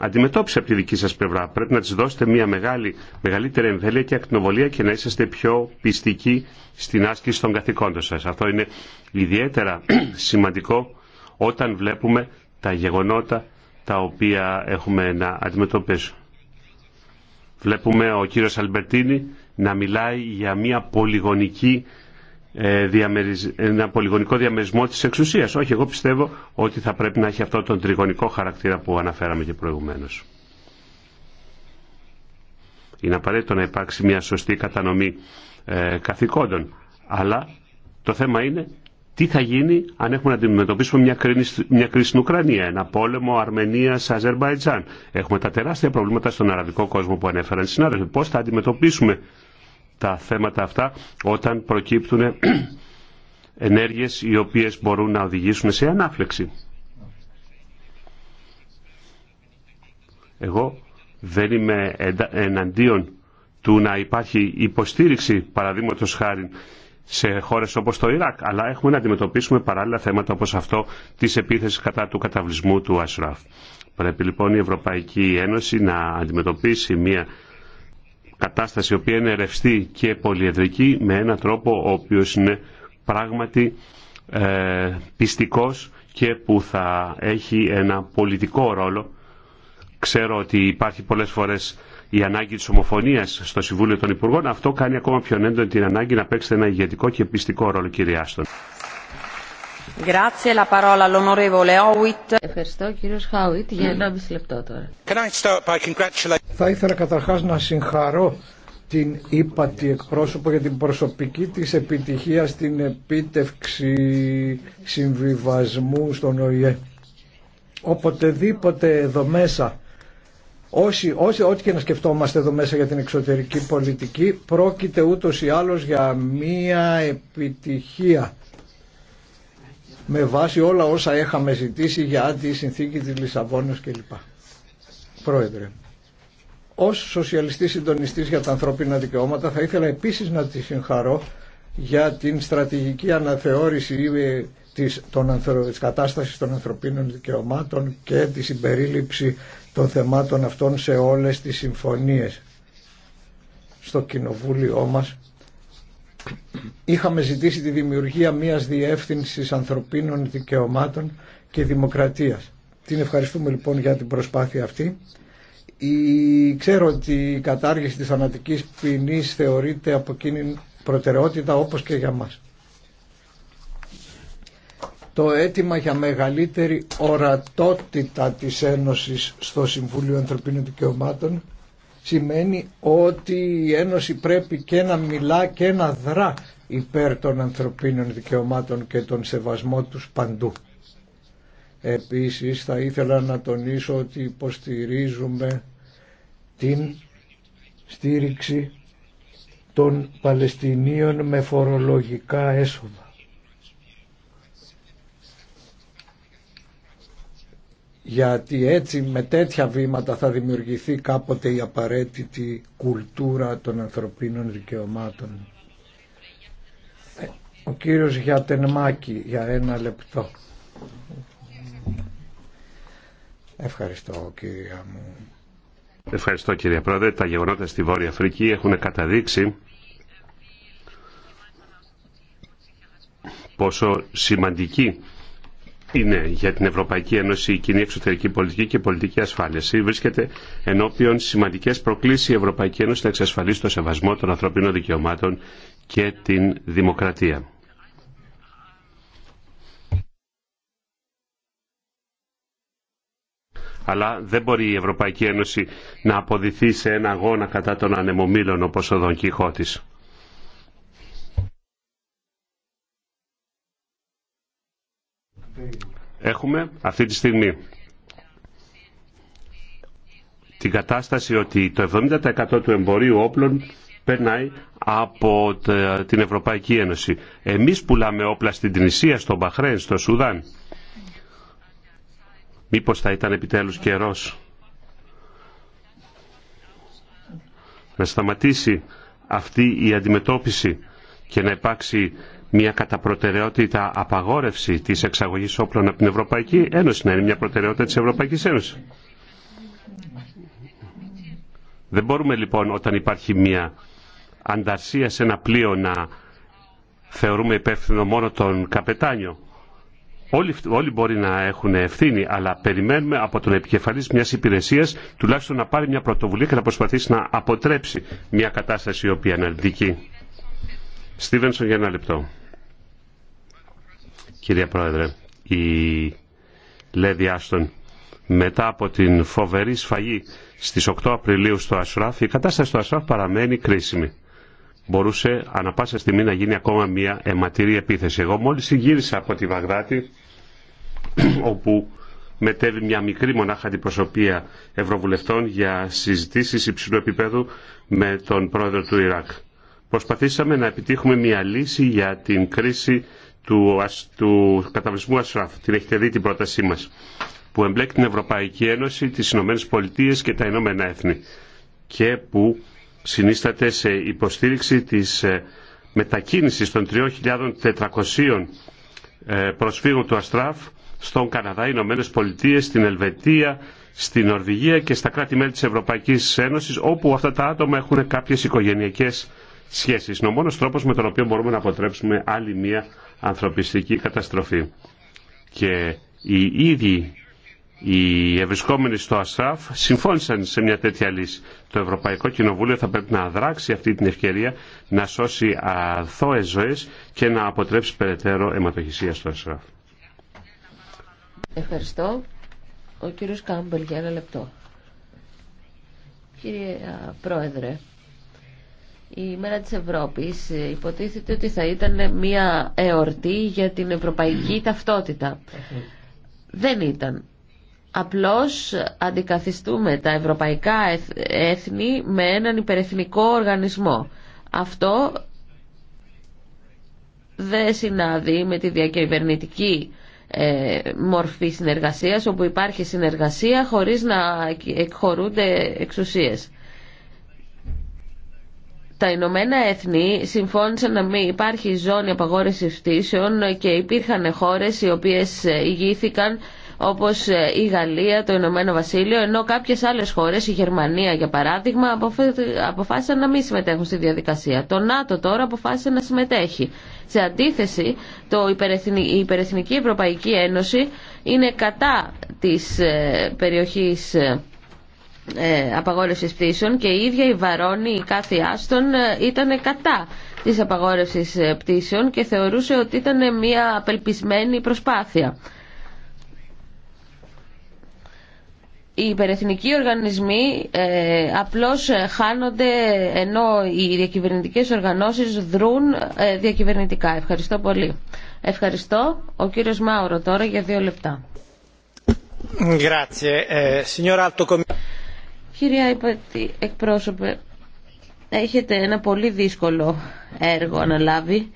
[SPEAKER 8] αντιμετώπιση από τη δική σας πλευρά. Πρέπει να της δώσετε μια μεγάλη, μεγαλύτερη εμβέλεια και ακτινοβολία και να είσαστε πιο πιστικοί στην άσκηση των καθηκόντων σας. Αυτό είναι ιδιαίτερα σημαντικό όταν βλέπουμε τα γεγονότα τα οποία έχουμε να αντιμετωπίσουμε. Βλέπουμε ο κύριος Αλμπερτίνη να μιλάει για μια πολυγονική ε, ε, ένα πολυγονικό διαμερισμό της εξουσίας. Όχι, εγώ πιστεύω ότι θα πρέπει να έχει αυτό τον τριγωνικό χαρακτήρα που αναφέραμε και προηγουμένως. Είναι απαραίτητο να υπάρξει μια σωστή κατανομή ε, καθηκόντων. Αλλά το θέμα είναι τι θα γίνει αν έχουμε να αντιμετωπίσουμε μια κρίση, μια κρίση στην Ουκρανία, ένα πόλεμο Αρμενία-Αζερβαϊτζάν. Έχουμε τα τεράστια προβλήματα στον αραβικό κόσμο που ανέφεραν οι συνάδελφοι. Πώ θα αντιμετωπίσουμε τα θέματα αυτά όταν προκύπτουν ενέργειες οι οποίες μπορούν να οδηγήσουν σε ανάφλεξη. Εγώ δεν είμαι εναντίον του να υπάρχει υποστήριξη παραδείγματο χάρη σε χώρες όπως το Ιράκ, αλλά έχουμε να αντιμετωπίσουμε παράλληλα θέματα όπως αυτό της επίθεσης κατά του καταβλισμού του Ασράφ. Πρέπει λοιπόν η Ευρωπαϊκή Ένωση να αντιμετωπίσει μια κατάσταση η οποία είναι ρευστή και πολυεδρική με έναν τρόπο ο οποίος είναι πράγματι ε, πιστικός και που θα έχει ένα πολιτικό ρόλο. Ξέρω ότι υπάρχει πολλές φορές η ανάγκη της ομοφωνίας στο Συμβούλιο των Υπουργών. Αυτό κάνει ακόμα πιο έντονη την ανάγκη να παίξετε ένα ηγετικό και πιστικό ρόλο, κυρία Άστον.
[SPEAKER 7] Ευχαριστώ Χάουιτ για mm.
[SPEAKER 5] λεπτό τώρα. Θα ήθελα καταρχάς να συγχαρώ την ύπατη εκπρόσωπο για την προσωπική της επιτυχία στην επίτευξη συμβιβασμού στον ΟΗΕ. Οποτεδήποτε εδώ μέσα, ό,τι και να σκεφτόμαστε εδώ μέσα για την εξωτερική πολιτική, πρόκειται ούτως ή άλλως για μία επιτυχία με βάση όλα όσα είχαμε ζητήσει για τη συνθήκη της Λισαβόνας κλπ. Πρόεδρε, ως σοσιαλιστής συντονιστής για τα ανθρώπινα δικαιώματα θα ήθελα επίσης να τη συγχαρώ για την στρατηγική αναθεώρηση ε, της, των, της κατάστασης των ανθρωπίνων δικαιωμάτων και τη συμπερίληψη των θεμάτων αυτών σε όλες τις συμφωνίες στο κοινοβούλιο μας είχαμε ζητήσει τη δημιουργία μιας διεύθυνσης ανθρωπίνων δικαιωμάτων και δημοκρατίας. Την ευχαριστούμε λοιπόν για την προσπάθεια αυτή. Η, ξέρω ότι η κατάργηση της θανατικής ποινή θεωρείται από εκείνη προτεραιότητα όπως και για μας. Το αίτημα για μεγαλύτερη ορατότητα της Ένωσης στο Συμβούλιο Ανθρωπίνων Δικαιωμάτων σημαίνει ότι η Ένωση πρέπει και να μιλά και να δρά υπέρ των ανθρωπίνων δικαιωμάτων και τον σεβασμό τους παντού. Επίσης θα ήθελα να τονίσω ότι υποστηρίζουμε την στήριξη των Παλαιστινίων με φορολογικά έσοδα. γιατί έτσι με τέτοια βήματα θα δημιουργηθεί κάποτε η απαραίτητη κουλτούρα των ανθρωπίνων δικαιωμάτων. Ε, ο κύριος Γιατενμάκη για ένα λεπτό. Ευχαριστώ κύριε μου.
[SPEAKER 8] Ευχαριστώ κύριε Πρόεδρε. Τα γεγονότα στη Βόρεια Αφρική έχουν καταδείξει πόσο σημαντική είναι για την Ευρωπαϊκή Ένωση η κοινή εξωτερική πολιτική και πολιτική ασφάλεια. Βρίσκεται ενώπιον σημαντικέ προκλήσει η Ευρωπαϊκή Ένωση να εξασφαλίσει το σεβασμό των ανθρωπίνων δικαιωμάτων και την δημοκρατία. αλλά δεν μπορεί η Ευρωπαϊκή Ένωση να αποδηθεί σε ένα αγώνα κατά των ανεμομήλων όπως ο Δον Κιχώτης. Έχουμε αυτή τη στιγμή την κατάσταση ότι το 70% του εμπορίου όπλων περνάει από την Ευρωπαϊκή Ένωση. Εμείς πουλάμε όπλα στην Τινησία, στο Μπαχρέν, στο Σουδάν. Μήπως θα ήταν επιτέλους καιρός να σταματήσει αυτή η αντιμετώπιση και να υπάρξει μια κατά προτεραιότητα απαγόρευση της εξαγωγής όπλων από την Ευρωπαϊκή Ένωση, να είναι μια προτεραιότητα της Ευρωπαϊκής Ένωσης. Δεν μπορούμε λοιπόν όταν υπάρχει μια ανταρσία σε ένα πλοίο να θεωρούμε υπεύθυνο μόνο τον καπετάνιο. Όλοι, όλοι μπορεί να έχουν ευθύνη, αλλά περιμένουμε από τον επικεφαλής μιας υπηρεσίας τουλάχιστον να πάρει μια πρωτοβουλία και να προσπαθήσει να αποτρέψει μια κατάσταση η οποία είναι αρνητική. Στίβενσον για ένα λεπτό κυρία Πρόεδρε. Η Λέδη Άστον μετά από την φοβερή σφαγή στις 8 Απριλίου στο Ασράφ, η κατάσταση στο Ασράφ παραμένει κρίσιμη. Μπορούσε ανα πάσα στιγμή να γίνει ακόμα μια αιματηρή επίθεση. Εγώ μόλις γύρισα από τη Βαγδάτη, όπου μετέβη μια μικρή μονάχα αντιπροσωπεία ευρωβουλευτών για συζητήσεις υψηλού επίπεδου με τον πρόεδρο του Ιράκ. Προσπαθήσαμε να επιτύχουμε μια λύση για την κρίση του, του καταβλισμού Ασράφ. Την έχετε δει την πρότασή μας που εμπλέκει την Ευρωπαϊκή Ένωση, τις Ηνωμένες Πολιτείες και τα Ηνωμένα Έθνη και που συνίσταται σε υποστήριξη της ε, μετακίνησης των 3.400 ε, προσφύγων του Αστράφ στον Καναδά, οι Ηνωμένε Πολιτείε, στην Ελβετία, στην Νορβηγία και στα κράτη-μέλη της Ευρωπαϊκής Ένωσης όπου αυτά τα άτομα έχουν κάποιες οικογενειακές σχέσεις. Είναι ο μόνος τρόπος με τον οποίο μπορούμε να αποτρέψουμε άλλη μία ανθρωπιστική καταστροφή. Και οι ίδιοι οι ευρισκόμενοι στο ΑΣΡΑΦ συμφώνησαν σε μια τέτοια λύση. Το Ευρωπαϊκό Κοινοβούλιο θα πρέπει να δράξει αυτή την ευκαιρία να σώσει αθώες ζωές και να αποτρέψει περαιτέρω αιματοχυσία στο ΑΣΡΑΦ.
[SPEAKER 7] Ευχαριστώ. Ο κύριος Κάμπελ για ένα λεπτό. Κύριε Πρόεδρε, η μέρα της Ευρώπης ε, υποτίθεται ότι θα ήταν μια εορτή για την ευρωπαϊκή ταυτότητα. Δεν ήταν. Απλώς αντικαθιστούμε τα ευρωπαϊκά έθνη με έναν υπερεθνικό οργανισμό. Αυτό δεν συνάδει με τη διακυβερνητική ε, μορφή συνεργασίας όπου υπάρχει συνεργασία χωρίς να εκχωρούνται εξουσίες τα Ηνωμένα Έθνη συμφώνησαν να μην υπάρχει ζώνη απαγόρευση φτήσεων και υπήρχαν χώρε οι οποίες ηγήθηκαν όπως η Γαλλία, το Ηνωμένο Βασίλειο, ενώ κάποιες άλλες χώρε, η Γερμανία για παράδειγμα, αποφάσισαν να μην συμμετέχουν στη διαδικασία. Το ΝΑΤΟ τώρα αποφάσισε να συμμετέχει. Σε αντίθεση, το η Υπερεθνική Ευρωπαϊκή Ένωση είναι κατά της ε, περιοχής ε, ε, Απαγόρευση πτήσεων και η ίδια η Βαρόνη, η Άστον ε, ήταν κατά της απαγόρευσης ε, πτήσεων και θεωρούσε ότι ήταν μια απελπισμένη προσπάθεια. οι υπερεθνικοί οργανισμοί ε, απλώς χάνονται ενώ οι διακυβερνητικές οργανώσεις δρούν διακυβερνητικά. Ευχαριστώ πολύ. Ευχαριστώ. Ο κύριος Μάουρο τώρα για δύο λεπτά. Κυρία εκπρόσωπε, έχετε ένα πολύ δύσκολο έργο αναλάβει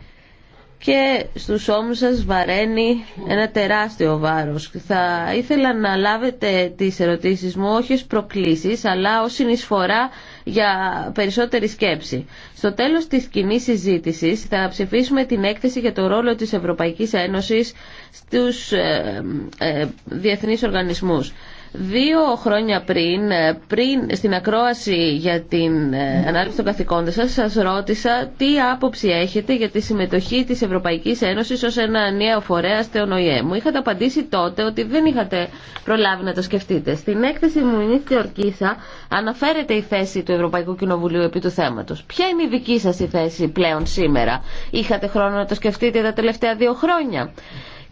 [SPEAKER 7] και στους ώμους σας βαραίνει ένα τεράστιο βάρος. Θα ήθελα να λάβετε τις ερωτήσεις μου όχι ως προκλήσεις, αλλά ως συνεισφορά για περισσότερη σκέψη. Στο τέλος της κοινή συζήτηση θα ψηφίσουμε την έκθεση για το ρόλο της Ευρωπαϊκής Ένωσης στους ε, ε, ε διεθνείς οργανισμούς. Δύο χρόνια πριν, ε, πριν στην ακρόαση για την ε, ανάληψη των καθηκόντων σας, σας ρώτησα τι άποψη έχετε για τη συμμετοχή της Ευρωπαϊκής Ένωσης ως ένα νέο φορέα στον ΟΗΕ. Μου είχατε απαντήσει τότε ότι δεν είχατε προλάβει να το σκεφτείτε. Στην έκθεση μου Ορκίσα αναφέρεται η θέση του Ευρωπαϊκού Κοινοβουλίου επί του θέματος. Ποια είναι η δική σας η θέση πλέον σήμερα. Είχατε χρόνο να το σκεφτείτε τα τελευταία δύο χρόνια.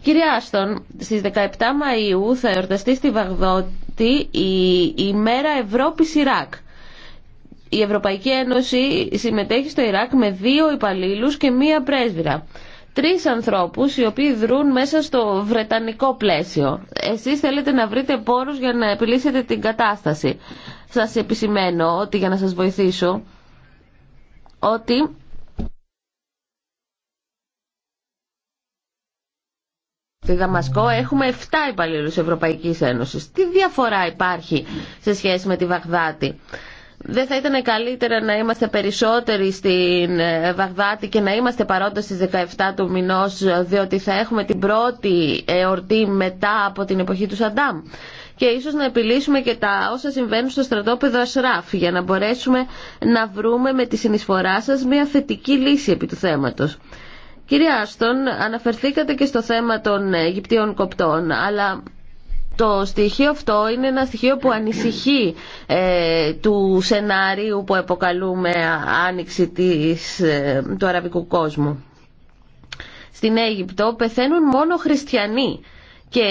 [SPEAKER 7] Κύριε Άστον, στις 17 Μαΐου θα εορταστεί στη Βαγδότη η ημέρα Ευρώπης-Ιράκ. Η Ευρωπαϊκή Ένωση συμμετέχει στο Ιράκ με δύο υπαλλήλους και μία πρέσβυρα τρεις ανθρώπους οι οποίοι δρούν μέσα στο βρετανικό πλαίσιο. Εσείς θέλετε να βρείτε πόρους για να επιλύσετε την κατάσταση. Σας επισημαίνω ότι για να σας βοηθήσω ότι Στη Δαμασκό έχουμε 7 υπαλλήλους Ευρωπαϊκής Ένωσης. Τι διαφορά υπάρχει σε σχέση με τη Βαγδάτη. Δεν θα ήταν καλύτερα να είμαστε περισσότεροι στην ε, Βαγδάτη και να είμαστε παρόντες στις 17 του μηνός, διότι θα έχουμε την πρώτη ε, εορτή μετά από την εποχή του Σαντάμ και ίσως να επιλύσουμε και τα όσα συμβαίνουν στο στρατόπεδο Ασράφ για να μπορέσουμε να βρούμε με τη συνεισφορά σας μια θετική λύση επί του θέματος. Κύριε Άστον, αναφερθήκατε και στο θέμα των Αιγυπτίων κοπτών, αλλά το στοιχείο αυτό είναι ένα στοιχείο που ανησυχεί ε, του σενάριου που αποκαλούμε άνοιξη ε, του αραβικού κόσμου. Στην Αίγυπτο πεθαίνουν μόνο χριστιανοί και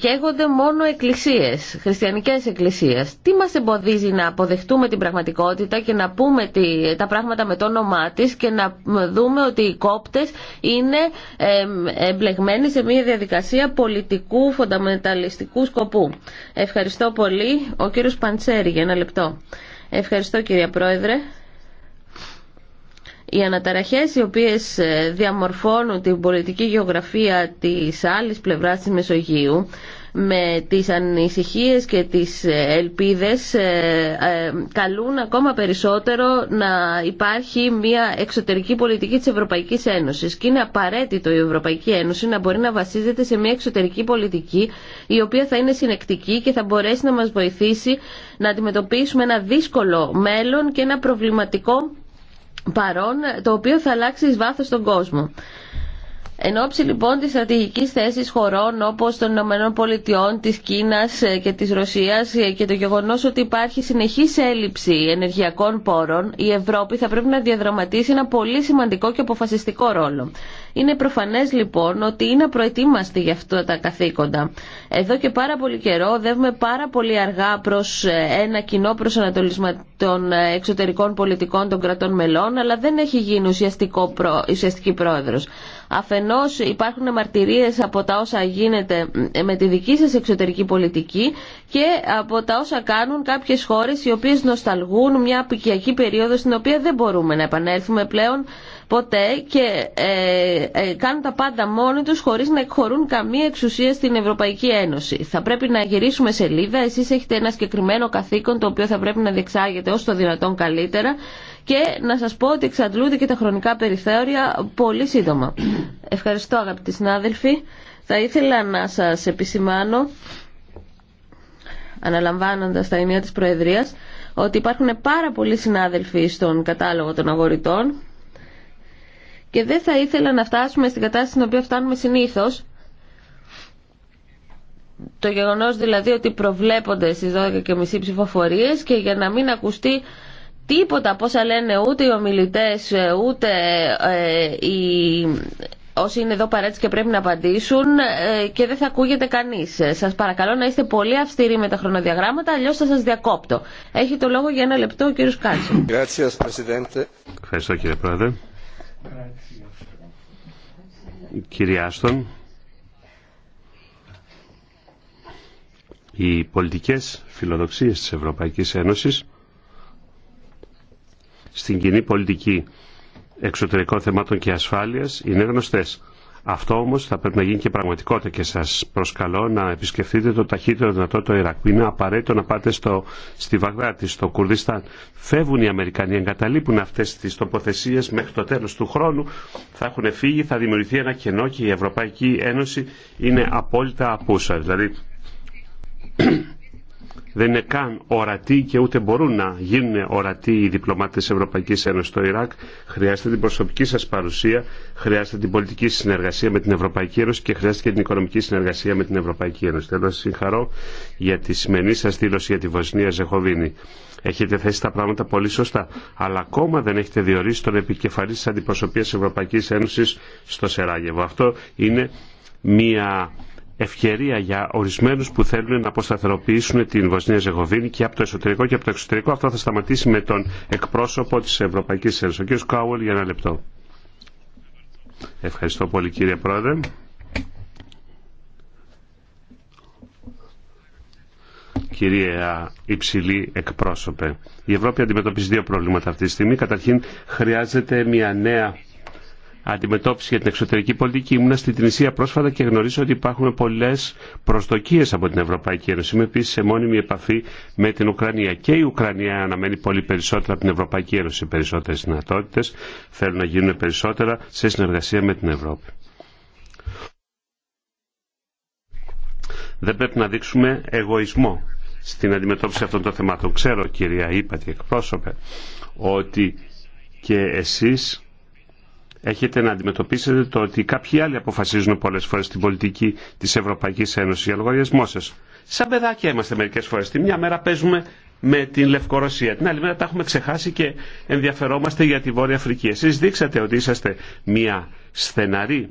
[SPEAKER 7] καίγονται μόνο εκκλησίες, χριστιανικές εκκλησίες. Τι μας εμποδίζει να αποδεχτούμε την πραγματικότητα και να πούμε τα πράγματα με το όνομά της και να δούμε ότι οι κόπτες είναι εμπλεγμένοι σε μια διαδικασία πολιτικού φονταμεταλιστικού σκοπού. Ευχαριστώ πολύ. Ο κύριος Παντσέρη για ένα λεπτό. Ευχαριστώ κυρία Πρόεδρε. Οι αναταραχές οι οποίες ε, διαμορφώνουν την πολιτική γεωγραφία της άλλης πλευράς της Μεσογείου με τις ανησυχίες και τις ε, ελπίδες ε, καλούν ακόμα περισσότερο να υπάρχει μια εξωτερική πολιτική της Ευρωπαϊκής Ένωσης και είναι απαραίτητο η Ευρωπαϊκή Ένωση να μπορεί να βασίζεται σε μια εξωτερική πολιτική η οποία θα είναι συνεκτική και θα μπορέσει να μας βοηθήσει να αντιμετωπίσουμε ένα δύσκολο μέλλον και ένα προβληματικό παρόν το οποίο θα αλλάξει εις βάθος τον κόσμο. Εν ώψη λοιπόν τη στρατηγική θέση χωρών όπω των ΗΠΑ, τη της Κίνας ε, και τη Ρωσία ε, και το γεγονό ότι υπάρχει συνεχή έλλειψη ενεργειακών πόρων, η Ευρώπη θα πρέπει να διαδραματίσει ένα πολύ σημαντικό και αποφασιστικό ρόλο. Είναι προφανέ λοιπόν ότι είναι προετοίμαστοι για αυτά τα καθήκοντα. Εδώ και πάρα πολύ καιρό οδεύουμε πάρα πολύ αργά προ ε, ένα κοινό προσανατολισμό των εξωτερικών πολιτικών των κρατών μελών, αλλά δεν έχει γίνει ουσιαστικό προ... ουσιαστική πρόεδρο Αφενός υπάρχουν μαρτυρίες από τα όσα γίνεται με τη δική σας εξωτερική πολιτική και από τα όσα κάνουν κάποιες χώρες οι οποίες νοσταλγούν μια απικιακή περίοδο στην οποία δεν μπορούμε να επανέλθουμε πλέον ποτέ και ε, ε, κάνουν τα πάντα μόνοι τους χωρίς να εκχωρούν καμία εξουσία στην Ευρωπαϊκή Ένωση. Θα πρέπει να γυρίσουμε σελίδα. Εσείς έχετε ένα συγκεκριμένο καθήκον το οποίο θα πρέπει να διεξάγετε όσο το δυνατόν καλύτερα και να σας πω ότι εξαντλούνται και τα χρονικά περιθώρια πολύ σύντομα. Ευχαριστώ αγαπητοί συνάδελφοι. Θα ήθελα να σας επισημάνω αναλαμβάνοντας τα ενία της Προεδρίας, ότι υπάρχουν πάρα πολλοί συνάδελφοι στον κατάλογο των αγορητών και δεν θα ήθελα να φτάσουμε στην κατάσταση στην οποία φτάνουμε συνήθω, το γεγονό δηλαδή ότι προβλέπονται στι 12.30 ψηφοφορίε και για να μην ακουστεί τίποτα από όσα λένε ούτε οι ομιλητέ ούτε ε, όσοι είναι εδώ παρέτηση και πρέπει να απαντήσουν ε, και δεν θα ακούγεται κανεί. Σα παρακαλώ να είστε πολύ αυστηροί με τα χρονοδιαγράμματα, αλλιώ θα σα διακόπτω. Έχει το λόγο για ένα λεπτό ο κύριο
[SPEAKER 5] Κάτσο.
[SPEAKER 8] Ευχαριστώ κύριε Πρόεδρε. Κυριάστον, Άστον, οι πολιτικές φιλοδοξίες της Ευρωπαϊκής Ένωσης στην κοινή πολιτική εξωτερικών θεμάτων και ασφάλειας είναι γνωστές. Αυτό όμω θα πρέπει να γίνει και πραγματικότητα και σα προσκαλώ να επισκεφτείτε το ταχύτερο δυνατό το Ιράκ. Είναι απαραίτητο να πάτε στο, στη Βαγδάτη, στο Κουρδιστάν. Φεύγουν οι Αμερικανοί, εγκαταλείπουν αυτέ τι τοποθεσίε μέχρι το τέλο του χρόνου. Θα έχουν φύγει, θα δημιουργηθεί ένα κενό και η Ευρωπαϊκή Ένωση είναι απόλυτα απούσα. Δηλαδή δεν είναι καν ορατοί και ούτε μπορούν να γίνουν ορατοί οι διπλωμάτες της Ευρωπαϊκής Ένωσης στο Ιράκ. Χρειάζεται την προσωπική σας παρουσία, χρειάζεται την πολιτική συνεργασία με την Ευρωπαϊκή Ένωση και χρειάζεται και την οικονομική συνεργασία με την Ευρωπαϊκή Ένωση. Θέλω να σας συγχαρώ για τη σημερινή σας δήλωση για τη Βοσνία Ζεχοβίνη. Έχετε θέσει τα πράγματα πολύ σωστά, αλλά ακόμα δεν έχετε διορίσει τον επικεφαλή τη αντιπροσωπεία Ευρωπαϊκή Ένωση στο Σεράγεβο. Αυτό είναι μια ευκαιρία για ορισμένου που θέλουν να αποσταθεροποιήσουν την Βοσνία Ζεγοβίνη και από το εσωτερικό και από το εξωτερικό. Αυτό θα σταματήσει με τον εκπρόσωπο τη Ευρωπαϊκή Ένωση. Ο κ. Κάουελ, για ένα λεπτό. Ευχαριστώ πολύ, κύριε Πρόεδρε. Κυρία Υψηλή Εκπρόσωπε, η Ευρώπη αντιμετωπίζει δύο προβλήματα αυτή τη στιγμή. Καταρχήν, χρειάζεται μια νέα αντιμετώπιση για την εξωτερική πολιτική. Ήμουνα στην Τινησία πρόσφατα και γνωρίζω ότι υπάρχουν πολλέ προσδοκίε από την Ευρωπαϊκή Ένωση. Είμαι επίση σε μόνιμη επαφή με την Ουκρανία. Και η Ουκρανία αναμένει πολύ περισσότερα από την Ευρωπαϊκή Ένωση. Περισσότερε δυνατότητε θέλουν να γίνουν περισσότερα σε συνεργασία με την Ευρώπη. Δεν πρέπει να δείξουμε εγωισμό στην αντιμετώπιση αυτών των θεμάτων. Ξέρω, κυρία Ήπατη, εκπρόσωπε, ότι και εσείς έχετε να αντιμετωπίσετε το ότι κάποιοι άλλοι αποφασίζουν πολλές φορές την πολιτική της Ευρωπαϊκής Ένωσης για λογαριασμό σας. Σαν παιδάκια είμαστε μερικές φορές. Τη μια μέρα παίζουμε με την Λευκορωσία. Την άλλη μέρα τα έχουμε ξεχάσει και ενδιαφερόμαστε για τη Βόρεια Αφρική. Εσείς δείξατε ότι είσαστε μια στεναρή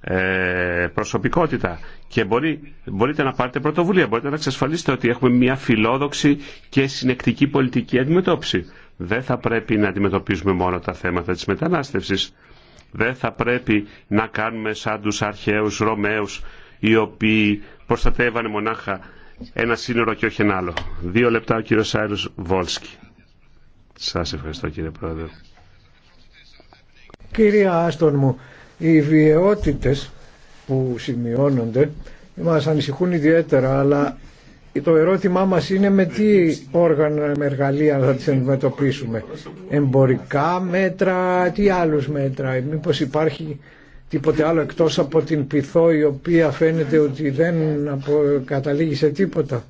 [SPEAKER 8] ε, προσωπικότητα και μπορεί, μπορείτε να πάρετε πρωτοβουλία, μπορείτε να εξασφαλίσετε ότι έχουμε μια φιλόδοξη και συνεκτική πολιτική αντιμετώπιση. Δεν θα πρέπει να αντιμετωπίζουμε μόνο τα θέματα της μετανάστευσης. Δεν θα πρέπει να κάνουμε σαν τους αρχαίους Ρωμαίους οι οποίοι προστατεύανε μονάχα ένα σύνορο και όχι ένα άλλο. Δύο λεπτά ο κύριος Σάιρος Βόλσκι. Σας ευχαριστώ κύριε Πρόεδρε.
[SPEAKER 5] Κυρία Άστον μου, οι βιαιότητες που σημειώνονται μας ανησυχούν ιδιαίτερα αλλά το ερώτημά μας είναι με τι όργανα, με εργαλεία θα τις αντιμετωπίσουμε. Εμπορικά μέτρα, τι άλλους μέτρα. Μήπως υπάρχει τίποτε άλλο εκτός από την πυθό η οποία φαίνεται ότι δεν καταλήγει σε τίποτα.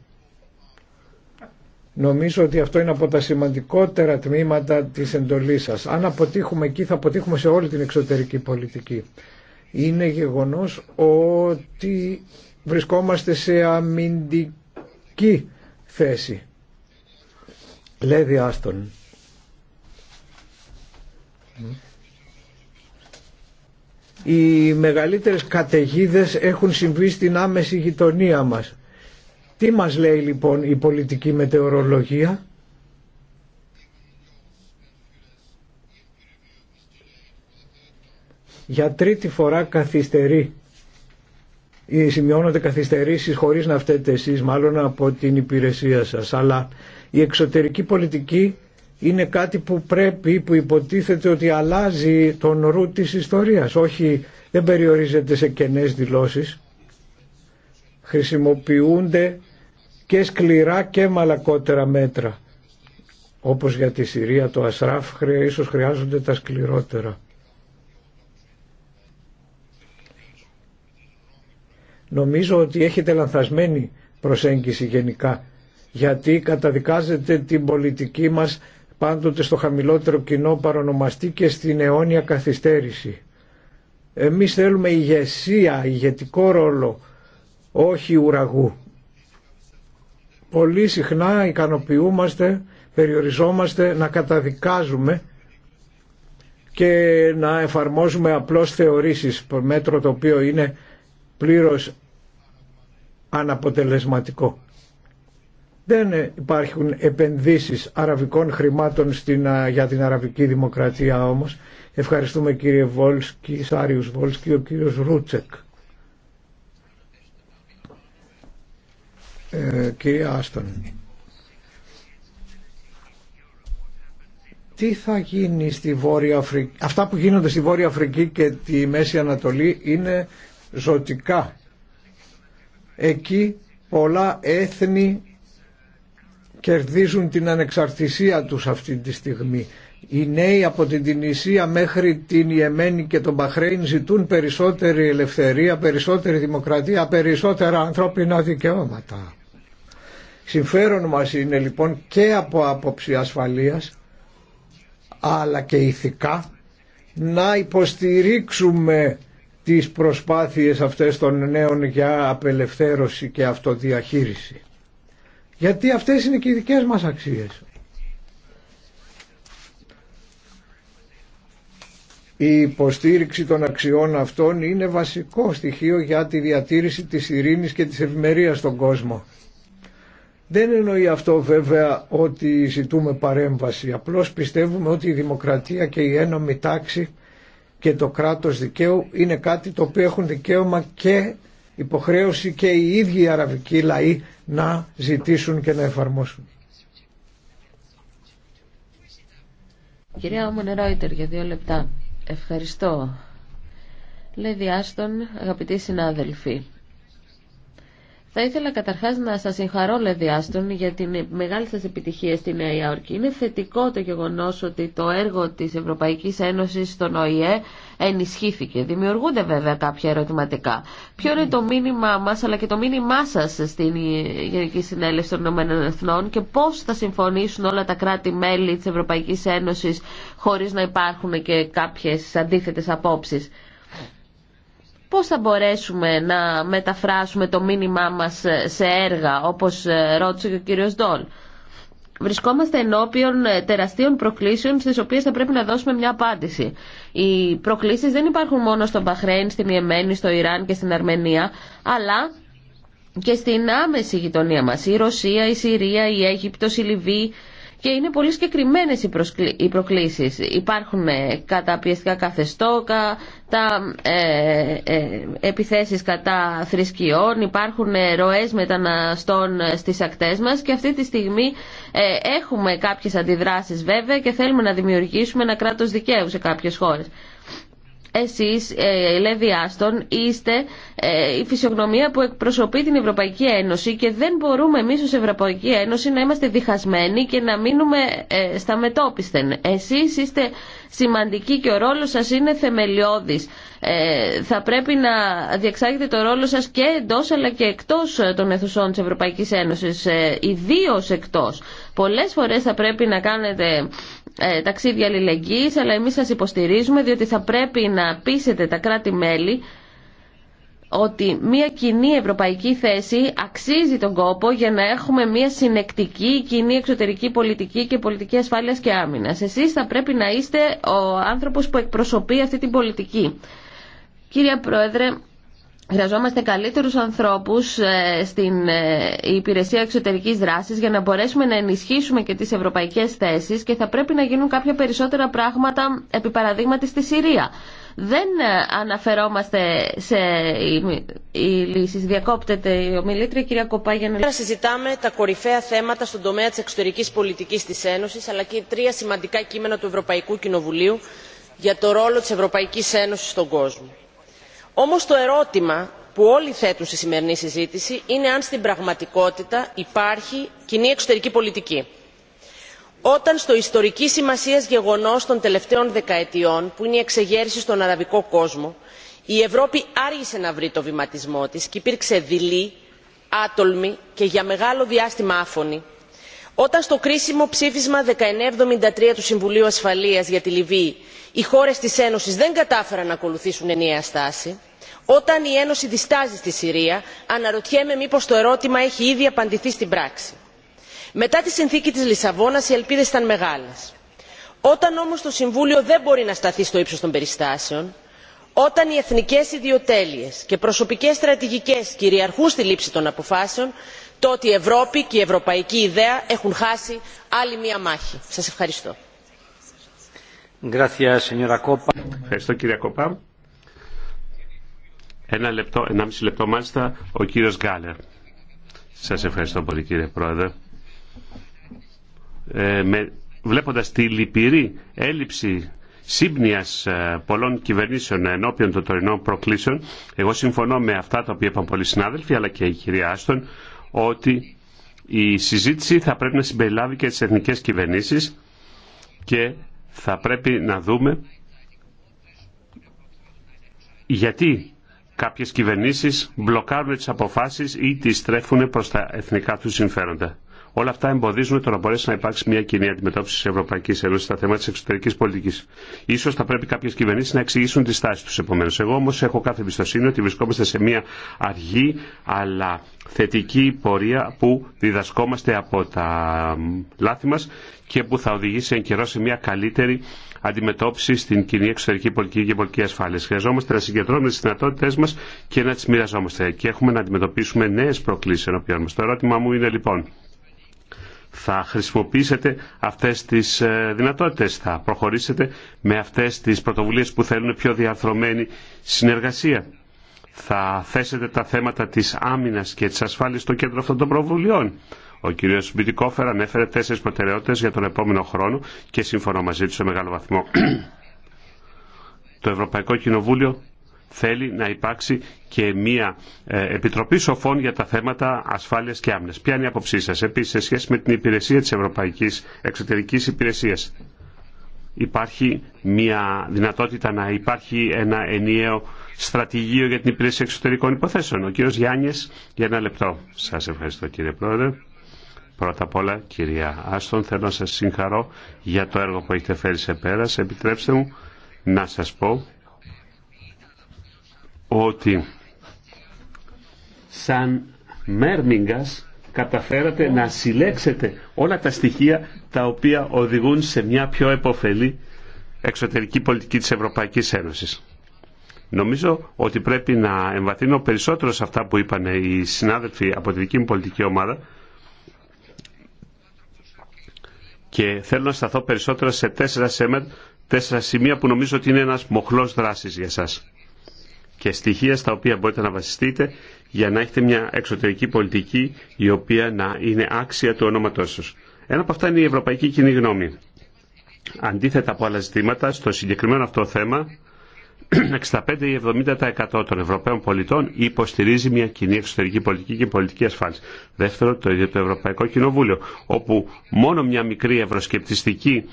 [SPEAKER 5] Νομίζω ότι αυτό είναι από τα σημαντικότερα τμήματα της εντολής σας. Αν αποτύχουμε εκεί θα αποτύχουμε σε όλη την εξωτερική πολιτική. Είναι γεγονός ότι βρισκόμαστε σε αμυντική θέση. λέει Άστον. Οι μεγαλύτερες καταιγίδε έχουν συμβεί στην άμεση γειτονία μας. Τι μας λέει λοιπόν η πολιτική μετεωρολογία. Για τρίτη φορά καθυστερεί ε, σημειώνονται καθυστερήσεις χωρίς να φταίτε εσείς μάλλον από την υπηρεσία σας αλλά η εξωτερική πολιτική είναι κάτι που πρέπει, που υποτίθεται ότι αλλάζει τον ρου της ιστορίας όχι δεν περιορίζεται σε κενές δηλώσεις χρησιμοποιούνται και σκληρά και μαλακότερα μέτρα όπως για τη Συρία το Ασράφ ίσως χρειάζονται τα σκληρότερα Νομίζω ότι έχετε λανθασμένη προσέγγιση γενικά γιατί καταδικάζετε την πολιτική μας πάντοτε στο χαμηλότερο κοινό παρονομαστή και στην αιώνια καθυστέρηση. Εμείς θέλουμε ηγεσία, ηγετικό ρόλο, όχι ουραγού. Πολύ συχνά ικανοποιούμαστε, περιοριζόμαστε να καταδικάζουμε και να εφαρμόζουμε απλώς θεωρήσεις, μέτρο το οποίο είναι πλήρως αναποτελεσματικό. Δεν υπάρχουν επενδύσεις αραβικών χρημάτων στην, για την αραβική δημοκρατία όμως. Ευχαριστούμε κύριε Βόλσκι, Σάριους Βόλσκι, ο κύριος Ρούτσεκ. Ε, Άστον. Τι θα γίνει στη Βόρεια Αφρική. Αυτά που γίνονται στη Βόρεια Αφρική και τη Μέση Ανατολή είναι ζωτικά Εκεί πολλά έθνη κερδίζουν την ανεξαρτησία τους αυτή τη στιγμή. Οι νέοι από την Τινησία μέχρι την Ιεμένη και τον Μπαχρέιν ζητούν περισσότερη ελευθερία, περισσότερη δημοκρατία, περισσότερα ανθρώπινα δικαιώματα. Συμφέρον μας είναι λοιπόν και από άποψη ασφαλείας αλλά και ηθικά να υποστηρίξουμε τις προσπάθειες αυτές των νέων για απελευθέρωση και αυτοδιαχείριση. Γιατί αυτές είναι και οι δικές μας αξίες. Η υποστήριξη των αξιών αυτών είναι βασικό στοιχείο για τη διατήρηση της ειρήνης και της ευημερίας στον κόσμο. Δεν εννοεί αυτό βέβαια ότι ζητούμε παρέμβαση, απλώς πιστεύουμε ότι η δημοκρατία και η ένωμη τάξη και το κράτος δικαίου είναι κάτι το οποίο έχουν δικαίωμα και υποχρέωση και οι ίδιοι οι αραβικοί λαοί να ζητήσουν και να εφαρμόσουν.
[SPEAKER 7] Κυρία Ρόιτερ, για δύο λεπτά. Ευχαριστώ. Λέει Άστον, αγαπητοί συνάδελφοι. Θα ήθελα καταρχάς να σα συγχαρώ, Λεδιάστον, για την μεγάλη σα επιτυχία στη Νέα Υόρκη. Είναι θετικό το γεγονό ότι το έργο τη Ευρωπαϊκή Ένωση στον ΟΗΕ ενισχύθηκε. Δημιουργούνται βέβαια κάποια ερωτηματικά. Ποιο είναι το μήνυμά μα, αλλά και το μήνυμά σα στην Γενική Συνέλευση των Ηνωμένων Εθνών και πώ θα συμφωνήσουν όλα τα κράτη-μέλη τη Ευρωπαϊκή Ένωση χωρί να υπάρχουν και κάποιε αντίθετε απόψει πώς θα μπορέσουμε να μεταφράσουμε το μήνυμά μας σε έργα, όπως ρώτησε και ο κύριος Ντόλ. Βρισκόμαστε ενώπιον τεραστίων προκλήσεων στις οποίες θα πρέπει να δώσουμε μια απάντηση. Οι προκλήσεις δεν υπάρχουν μόνο στο Μπαχρέιν, στην Ιεμένη, στο Ιράν και στην Αρμενία, αλλά και στην άμεση γειτονία μας. Η Ρωσία, η Συρία, η Αίγυπτος, η Λιβύη, και είναι πολύ συγκεκριμένε οι προκλήσει. Υπάρχουν ε, καταπιεστικά καθεστώκα, τα ε, ε, επιθέσεις κατά θρησκειών, υπάρχουν ε, ροές μεταναστών στις ακτές μας και αυτή τη στιγμή έχουμε κάποιες αντιδράσεις βέβαια και θέλουμε να δημιουργήσουμε ένα κράτο δικαίου σε κάποιες χώρες εσείς, ε, διάστον, Άστον, είστε ε, η φυσιογνωμία που εκπροσωπεί την Ευρωπαϊκή Ένωση και δεν μπορούμε εμείς ως Ευρωπαϊκή Ένωση να είμαστε διχασμένοι και να μείνουμε ε, στα μετόπισθεν. Εσείς είστε σημαντικοί και ο ρόλος σας είναι θεμελιώδης. Ε, θα πρέπει να διεξάγετε το ρόλο σας και εντός αλλά και εκτός ε, των αιθουσών της Ευρωπαϊκής Ένωσης, ε, ιδίως εκτός. Πολλές φορές θα πρέπει να κάνετε ε, ταξίδια αλληλεγγύης, αλλά εμείς σας υποστηρίζουμε διότι θα πρέπει να πείσετε τα κράτη-μέλη ότι μια κοινή ευρωπαϊκή θέση αξίζει τον κόπο για να έχουμε μια συνεκτική κοινή εξωτερική πολιτική και πολιτική ασφάλειας και άμυνας. Εσείς θα πρέπει να είστε ο άνθρωπος που εκπροσωπεί αυτή την πολιτική. Κύριε Πρόεδρε, Χρειαζόμαστε καλύτερους ανθρώπους ε, στην ε, υπηρεσία εξωτερικής δράσης για να μπορέσουμε να ενισχύσουμε και τις ευρωπαϊκές θέσεις και θα πρέπει να γίνουν κάποια περισσότερα πράγματα επί παραδείγματι στη Συρία. Δεν ε, αναφερόμαστε σε οι λύσεις. Διακόπτεται
[SPEAKER 9] η ομιλήτρια κυρία Κοπάγια. Τώρα συζητάμε τα κορυφαία θέματα στον τομέα της εξωτερικής πολιτικής της Ένωσης αλλά και τρία σημαντικά κείμενα του Ευρωπαϊκού Κοινοβουλίου για το ρόλο της Ευρωπαϊκής Ένωσης στον κόσμο όμως το ερώτημα που όλοι θέτουν στη σημερινή συζήτηση είναι αν στην πραγματικότητα υπάρχει κοινή εξωτερική πολιτική. όταν στο ιστορικής σημασίας γεγονός των τελευταίων δεκαετιών που είναι η εξεγέρση στον αραβικό κόσμο η ευρώπη άργησε να βρει το βηματισμό της και υπήρξε δειλή άτολμη και για μεγάλο διάστημα άφωνη όταν στο κρίσιμο ψήφισμα 1973 του Συμβουλίου Ασφαλείας για τη Λιβύη οι χώρες της Ένωσης δεν κατάφεραν να ακολουθήσουν ενιαία στάση, όταν η Ένωση διστάζει στη Συρία, αναρωτιέμαι μήπως το ερώτημα έχει ήδη απαντηθεί στην πράξη. Μετά τη συνθήκη της Λισαβόνας οι ελπίδες ήταν μεγάλες. Όταν όμως το Συμβούλιο δεν μπορεί να σταθεί στο ύψος των περιστάσεων, όταν οι εθνικές ιδιοτέλειες και προσωπικές στρατηγικές κυριαρχούν στη λήψη των αποφάσεων το ότι η ευρώπη και η ευρωπαϊκή ιδέα έχουν χάσει άλλη μία μάχη. σας ευχαριστώ.
[SPEAKER 8] Ευχαριστώ κύριε Κοπά. Ένα λεπτό, ένα μισή λεπτό μάλιστα, ο κύριος Γκάλερ. Σας ευχαριστώ πολύ κύριε Πρόεδρε. Ε, με, βλέποντας τη λυπηρή έλλειψη σύμπνοιας ε, πολλών κυβερνήσεων ενώπιον των τωρινών προκλήσεων, εγώ συμφωνώ με αυτά τα οποία είπαν πολλοί συνάδελφοι, αλλά και η κυρία Άστον, ότι η συζήτηση θα πρέπει να συμπεριλάβει και τις εθνικές κυβερνήσεις και θα πρέπει να δούμε γιατί κάποιες κυβερνήσεις μπλοκάρουν τις αποφάσεις ή τις στρέφουν προς τα εθνικά τους συμφέροντα. Όλα αυτά εμποδίζουν το να μπορέσει να υπάρξει μια κοινή αντιμετώπιση τη Ευρωπαϊκή Ένωση στα θέματα τη εξωτερική πολιτική. σω θα πρέπει κάποιε κυβερνήσει να εξηγήσουν τη στάση του. Επομένω, εγώ όμω έχω κάθε εμπιστοσύνη ότι βρισκόμαστε σε μια αργή αλλά θετική πορεία που διδασκόμαστε από τα λάθη μα και που θα οδηγήσει εν καιρό σε μια καλύτερη αντιμετώπιση στην κοινή εξωτερική πολιτική και πολιτική ασφάλεια. Χρειαζόμαστε να συγκεντρώνουμε τι δυνατότητέ μα και να τι μοιραζόμαστε. Και έχουμε να αντιμετωπίσουμε νέε προκλήσει ενώπιον μα. Το ερώτημά μου είναι λοιπόν θα χρησιμοποιήσετε αυτές τις ε, δυνατότητες, θα προχωρήσετε με αυτές τις πρωτοβουλίες που θέλουν πιο διαρθρωμένη συνεργασία. Θα θέσετε τα θέματα της άμυνας και της ασφάλειας στο κέντρο αυτών των προβουλειών. Ο κ. Μπιτικόφερ ανέφερε τέσσερις προτεραιότητες για τον επόμενο χρόνο και συμφωνώ μαζί του σε μεγάλο βαθμό. Το Ευρωπαϊκό Κοινοβούλιο θέλει να υπάρξει και μια ε, επιτροπή σοφών για τα θέματα ασφάλεια και άμυνα. Ποια είναι η άποψή σα επίση σε σχέση με την υπηρεσία τη Ευρωπαϊκή Εξωτερική Υπηρεσία. Υπάρχει μια δυνατότητα να υπάρχει ένα ενιαίο στρατηγείο για την υπηρεσία εξωτερικών υποθέσεων. Ο κύριο Γιάννη, για ένα λεπτό. Σα ευχαριστώ κύριε Πρόεδρε. Πρώτα απ' όλα, κυρία Άστον, θέλω να σας συγχαρώ για το έργο που έχετε φέρει σε πέρα. Επιτρέψτε μου να σας πω ότι σαν Μέρμιγκας καταφέρατε να συλλέξετε όλα τα στοιχεία τα οποία οδηγούν σε μια πιο επωφελή εξωτερική πολιτική της Ευρωπαϊκής Ένωσης. Νομίζω ότι πρέπει να εμβαθύνω περισσότερο σε αυτά που είπαν οι συνάδελφοι από τη δική μου πολιτική ομάδα και θέλω να σταθώ περισσότερο σε τέσσερα, τέσσερα σημεία που νομίζω ότι είναι ένας μοχλός δράσης για σας και στοιχεία στα οποία μπορείτε να βασιστείτε για να έχετε μια εξωτερική πολιτική η οποία να είναι άξια του ονόματός σας. Ένα από αυτά είναι η ευρωπαϊκή κοινή γνώμη. Αντίθετα από άλλα ζητήματα, στο συγκεκριμένο αυτό θέμα, 65 ή 70% των Ευρωπαίων πολιτών υποστηρίζει μια κοινή εξωτερική πολιτική και πολιτική ασφάλεια. Δεύτερο, το ίδιο το Ευρωπαϊκό Κοινοβούλιο, όπου μόνο μια μικρή ευρωσκεπτιστική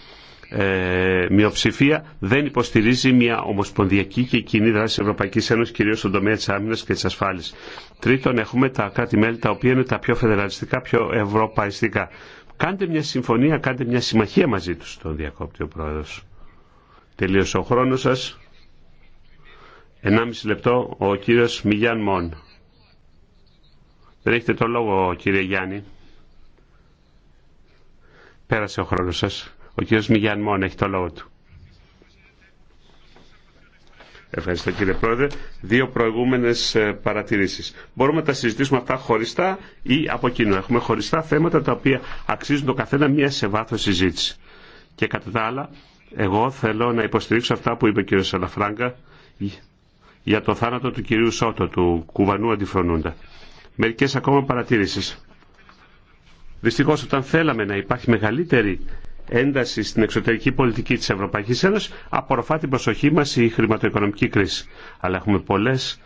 [SPEAKER 8] ε, μειοψηφία δεν υποστηρίζει μια ομοσπονδιακή και κοινή δράση της Ευρωπαϊκής Ένωσης κυρίως στον τομέα της άμυνας και της ασφάλειας. Τρίτον, έχουμε τα κράτη-μέλη τα οποία είναι τα πιο φεδεραλιστικά, πιο ευρωπαϊστικά. Κάντε μια συμφωνία, κάντε μια συμμαχία μαζί τους, τον διακόπτη ο Πρόεδρος. Τελείωσε ο χρόνος σας. 1,5 λεπτό ο κύριος Μιγιάν Μόν. Δεν έχετε το λόγο κύριε Γιάννη. Πέρασε ο χρόνος σας. Ο κύριος Μιγιάν Μόν έχει το λόγο του. Ευχαριστώ κύριε Πρόεδρε. Δύο προηγούμενε ε, παρατηρήσεις Μπορούμε να τα συζητήσουμε αυτά χωριστά ή από κοινού. Έχουμε χωριστά θέματα τα οποία αξίζουν το καθένα μία σε βάθο συζήτηση. Και κατά τα άλλα, εγώ θέλω να υποστηρίξω αυτά που είπε ο κύριος Σαλαφράγκα για το θάνατο του κυρίου Σότο, του κουβανού αντιφρονούντα. μερικές ακόμα παρατηρήσεις Δυστυχώ όταν θέλαμε να υπάρχει μεγαλύτερη ένταση στην εξωτερική πολιτική της Ευρωπαϊκής Ένωσης απορροφά την προσοχή μας η χρηματοοικονομική κρίση. Αλλά έχουμε πολλές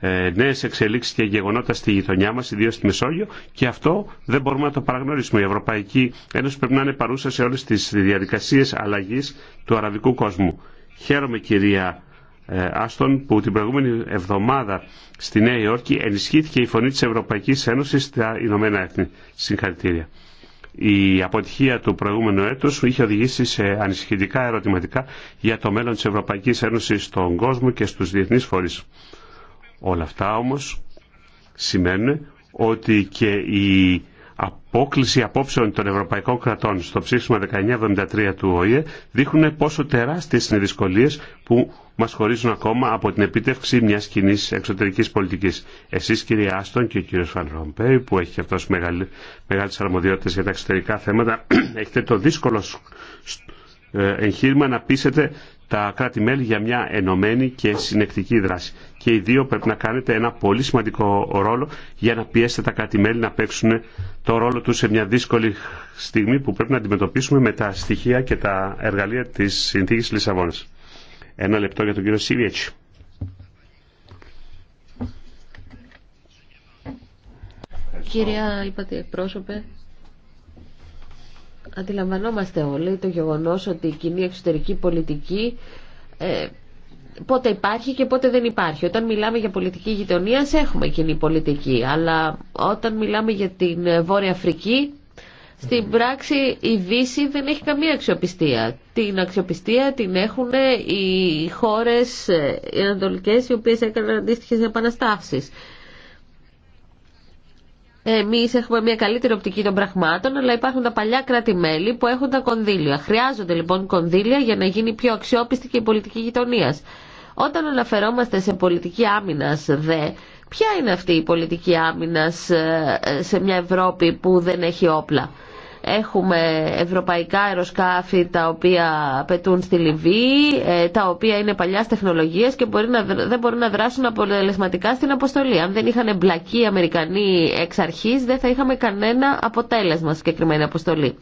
[SPEAKER 8] ε, νέες εξελίξεις και γεγονότα στη γειτονιά μας, ιδίως στη Μεσόγειο και αυτό δεν μπορούμε να το παραγνωρίσουμε. Η Ευρωπαϊκή Ένωση πρέπει να είναι παρούσα σε όλες τις διαδικασίες αλλαγής του αραβικού κόσμου. Χαίρομαι κυρία ε, Άστον που την προηγούμενη εβδομάδα στη Νέα Υόρκη ενισχύθηκε η φωνή της Ευρωπαϊκής Ένωσης στα Ηνωμένα Έθνη. Συγχαρητήρια η αποτυχία του προηγούμενου έτους είχε οδηγήσει σε ανησυχητικά ερωτηματικά για το μέλλον τη Ευρωπαϊκής Ένωσης στον κόσμο και στους διεθνείς φορεί. Όλα αυτά όμως σημαίνουν ότι και η απόκληση απόψεων των ευρωπαϊκών κρατών στο ψήφισμα 1973 του ΟΗΕ δείχνουν πόσο τεράστιε είναι οι δυσκολίε που μα χωρίζουν ακόμα από την επίτευξη μια κοινή εξωτερική πολιτική. Εσεί, κύριε Άστον και ο κύριο Φαν που έχει αυτός αυτό μεγάλε αρμοδιότητες για τα εξωτερικά θέματα έχετε το δύσκολο ε, εγχείρημα να πείσετε τα κράτη-μέλη για μια ενωμένη και συνεκτική δράση και οι δύο πρέπει να κάνετε ένα πολύ σημαντικό ρόλο για να πιέσετε τα κράτη-μέλη να παίξουν το ρόλο τους σε μια δύσκολη στιγμή που πρέπει να αντιμετωπίσουμε με τα στοιχεία και τα εργαλεία της συνθήκη Λισαβόνας. Ένα λεπτό για τον κύριο Σίβιετσι.
[SPEAKER 7] Κυρία, είπατε εκπρόσωπε, αντιλαμβανόμαστε όλοι το γεγονός ότι η κοινή εξωτερική πολιτική ε, πότε υπάρχει και πότε δεν υπάρχει. Όταν μιλάμε για πολιτική γειτονία, έχουμε κοινή πολιτική. Αλλά όταν μιλάμε για την Βόρεια Αφρική, στην πράξη η Δύση δεν έχει καμία αξιοπιστία. Την αξιοπιστία την έχουν οι χώρες οι ανατολικέ, οι οποίες έκαναν αντίστοιχε επαναστάσει. Εμεί έχουμε μια καλύτερη οπτική των πραγμάτων, αλλά υπάρχουν τα παλιά κράτη-μέλη που έχουν τα κονδύλια. Χρειάζονται λοιπόν κονδύλια για να γίνει πιο αξιόπιστη και η πολιτική γειτονία. Όταν αναφερόμαστε σε πολιτική άμυνας δε, ποια είναι αυτή η πολιτική άμυνας ε, σε μια Ευρώπη που δεν έχει όπλα. Έχουμε ευρωπαϊκά αεροσκάφη τα οποία πετούν στη Λιβύη, ε, τα οποία είναι παλιά τεχνολογία και μπορεί να, δεν μπορούν να δράσουν αποτελεσματικά στην αποστολή. Αν δεν είχαν εμπλακεί οι Αμερικανοί εξ αρχή, δεν θα είχαμε κανένα αποτέλεσμα στη συγκεκριμένη αποστολή.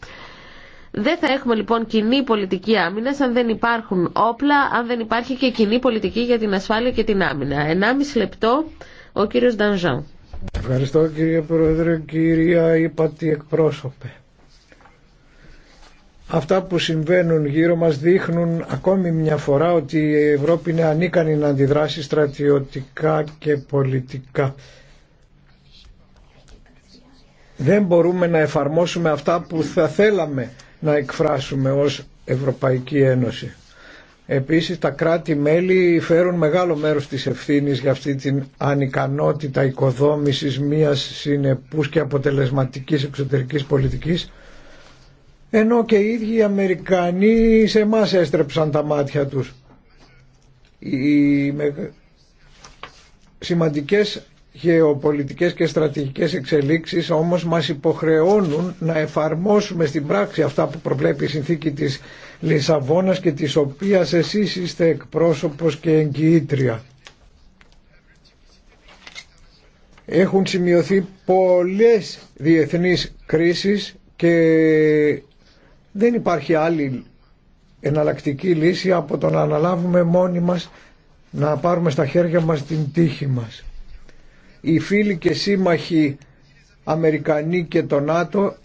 [SPEAKER 7] Δεν θα έχουμε λοιπόν κοινή πολιτική άμυνα αν δεν υπάρχουν όπλα, αν δεν υπάρχει και κοινή πολιτική για την ασφάλεια και την άμυνα. 1,5 λεπτό ο κύριος Ντανζάν.
[SPEAKER 5] Ευχαριστώ κύριε Πρόεδρε, κυρία Υπατή εκπρόσωπε. Αυτά που συμβαίνουν γύρω μας δείχνουν ακόμη μια φορά ότι η Ευρώπη είναι ανίκανη να αντιδράσει στρατιωτικά και πολιτικά. Δεν μπορούμε να εφαρμόσουμε αυτά που θα θέλαμε να εκφράσουμε ως Ευρωπαϊκή Ένωση. Επίσης τα κράτη-μέλη φέρουν μεγάλο μέρος της ευθύνης για αυτή την ανικανότητα οικοδόμησης μιας συνεπούς και αποτελεσματικής εξωτερικής πολιτικής ενώ και οι ίδιοι οι Αμερικανοί σε εμά έστρεψαν τα μάτια τους. Οι σημαντικές γεωπολιτικές και στρατηγικές εξελίξεις όμως μας υποχρεώνουν να εφαρμόσουμε στην πράξη αυτά που προβλέπει η συνθήκη της Λισαβόνας και της οποίας εσείς είστε εκπρόσωπος και εγκυήτρια Έχουν σημειωθεί πολλές διεθνείς κρίσεις και δεν υπάρχει άλλη εναλλακτική λύση από το να αναλάβουμε μόνοι μας να πάρουμε στα χέρια μας την τύχη μας οι φίλοι και σύμμαχοι Αμερικανοί και το ΝΑΤΟ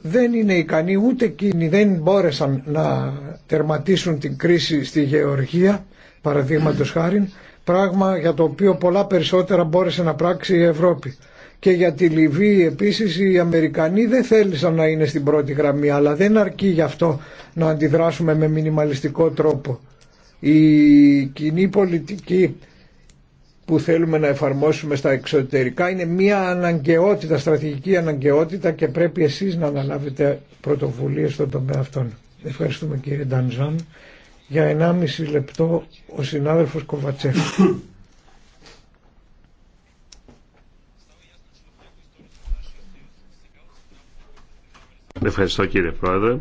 [SPEAKER 5] δεν είναι ικανοί ούτε εκείνοι δεν μπόρεσαν να τερματίσουν την κρίση στη Γεωργία παραδείγματο χάρη πράγμα για το οποίο πολλά περισσότερα μπόρεσε να πράξει η Ευρώπη και για τη Λιβύη επίσης οι Αμερικανοί δεν θέλησαν να είναι στην πρώτη γραμμή αλλά δεν αρκεί γι' αυτό να αντιδράσουμε με μινιμαλιστικό τρόπο η κοινή πολιτική που θέλουμε να εφαρμόσουμε στα εξωτερικά είναι μια αναγκαιότητα, στρατηγική αναγκαιότητα και πρέπει εσείς να αναλάβετε πρωτοβουλίες στον τομέα αυτών. Ευχαριστούμε κύριε Ντανζάν. Για 1,5 λεπτό ο συνάδελφος Κοβατσέφ.
[SPEAKER 8] Ευχαριστώ κύριε Πρόεδρε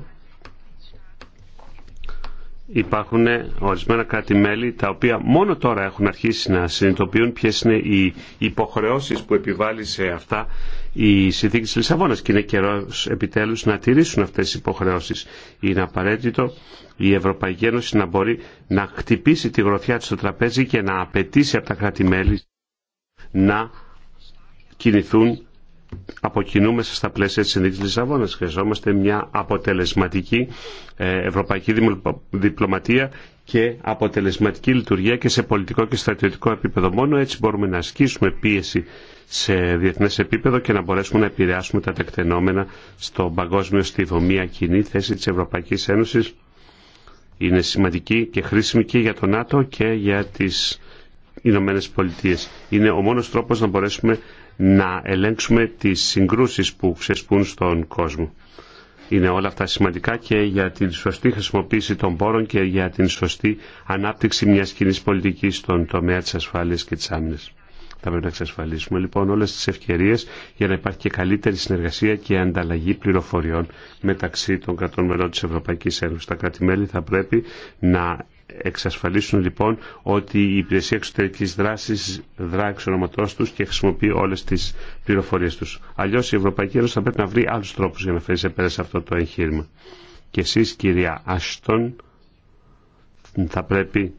[SPEAKER 8] υπάρχουν ορισμένα κράτη-μέλη τα οποία μόνο τώρα έχουν αρχίσει να συνειδητοποιούν ποιε είναι οι υποχρεώσει που επιβάλλει σε αυτά η συνθήκη τη Λισαβόνα. και είναι καιρό επιτέλου να τηρήσουν αυτές τι υποχρεώσει. Είναι απαραίτητο η Ευρωπαϊκή Ένωση να μπορεί να χτυπήσει τη γροθιά τη στο τραπέζι και να απαιτήσει από τα κράτη-μέλη να κινηθούν αποκινούμε στα πλαίσια της συνδίκης Λισαβόνας. Χρειαζόμαστε μια αποτελεσματική ε, ευρωπαϊκή διπλωματία και αποτελεσματική λειτουργία και σε πολιτικό και στρατιωτικό επίπεδο. Μόνο έτσι μπορούμε να ασκήσουμε πίεση σε διεθνές επίπεδο και να μπορέσουμε να επηρεάσουμε τα τεκτενόμενα στο παγκόσμιο στη Μια κοινή θέση της Ευρωπαϊκής Ένωσης είναι σημαντική και χρήσιμη και για το ΝΑΤΟ και για τις Ηνωμένε Πολιτείε. Είναι ο μόνος τρόπος να μπορέσουμε να ελέγξουμε τις συγκρούσεις που ξεσπούν στον κόσμο. Είναι όλα αυτά σημαντικά και για την σωστή χρησιμοποίηση των πόρων και για την σωστή ανάπτυξη μιας κοινή πολιτικής στον τομέα της ασφάλειας και της άμυνας. Θα πρέπει να εξασφαλίσουμε λοιπόν όλες τις ευκαιρίες για να υπάρχει και καλύτερη συνεργασία και ανταλλαγή πληροφοριών μεταξύ των κρατών μελών της Ευρωπαϊκής Ένωσης. Τα κράτη-μέλη θα πρέπει να εξασφαλίσουν λοιπόν ότι η υπηρεσία εξωτερικής δράσης δρά εξ ονοματός τους και χρησιμοποιεί όλες τις πληροφορίες τους. Αλλιώς η Ευρωπαϊκή Ένωση θα πρέπει να βρει άλλους τρόπους για να φέρει σε πέρα σε αυτό το εγχείρημα. Και εσείς κυρία Άστον θα πρέπει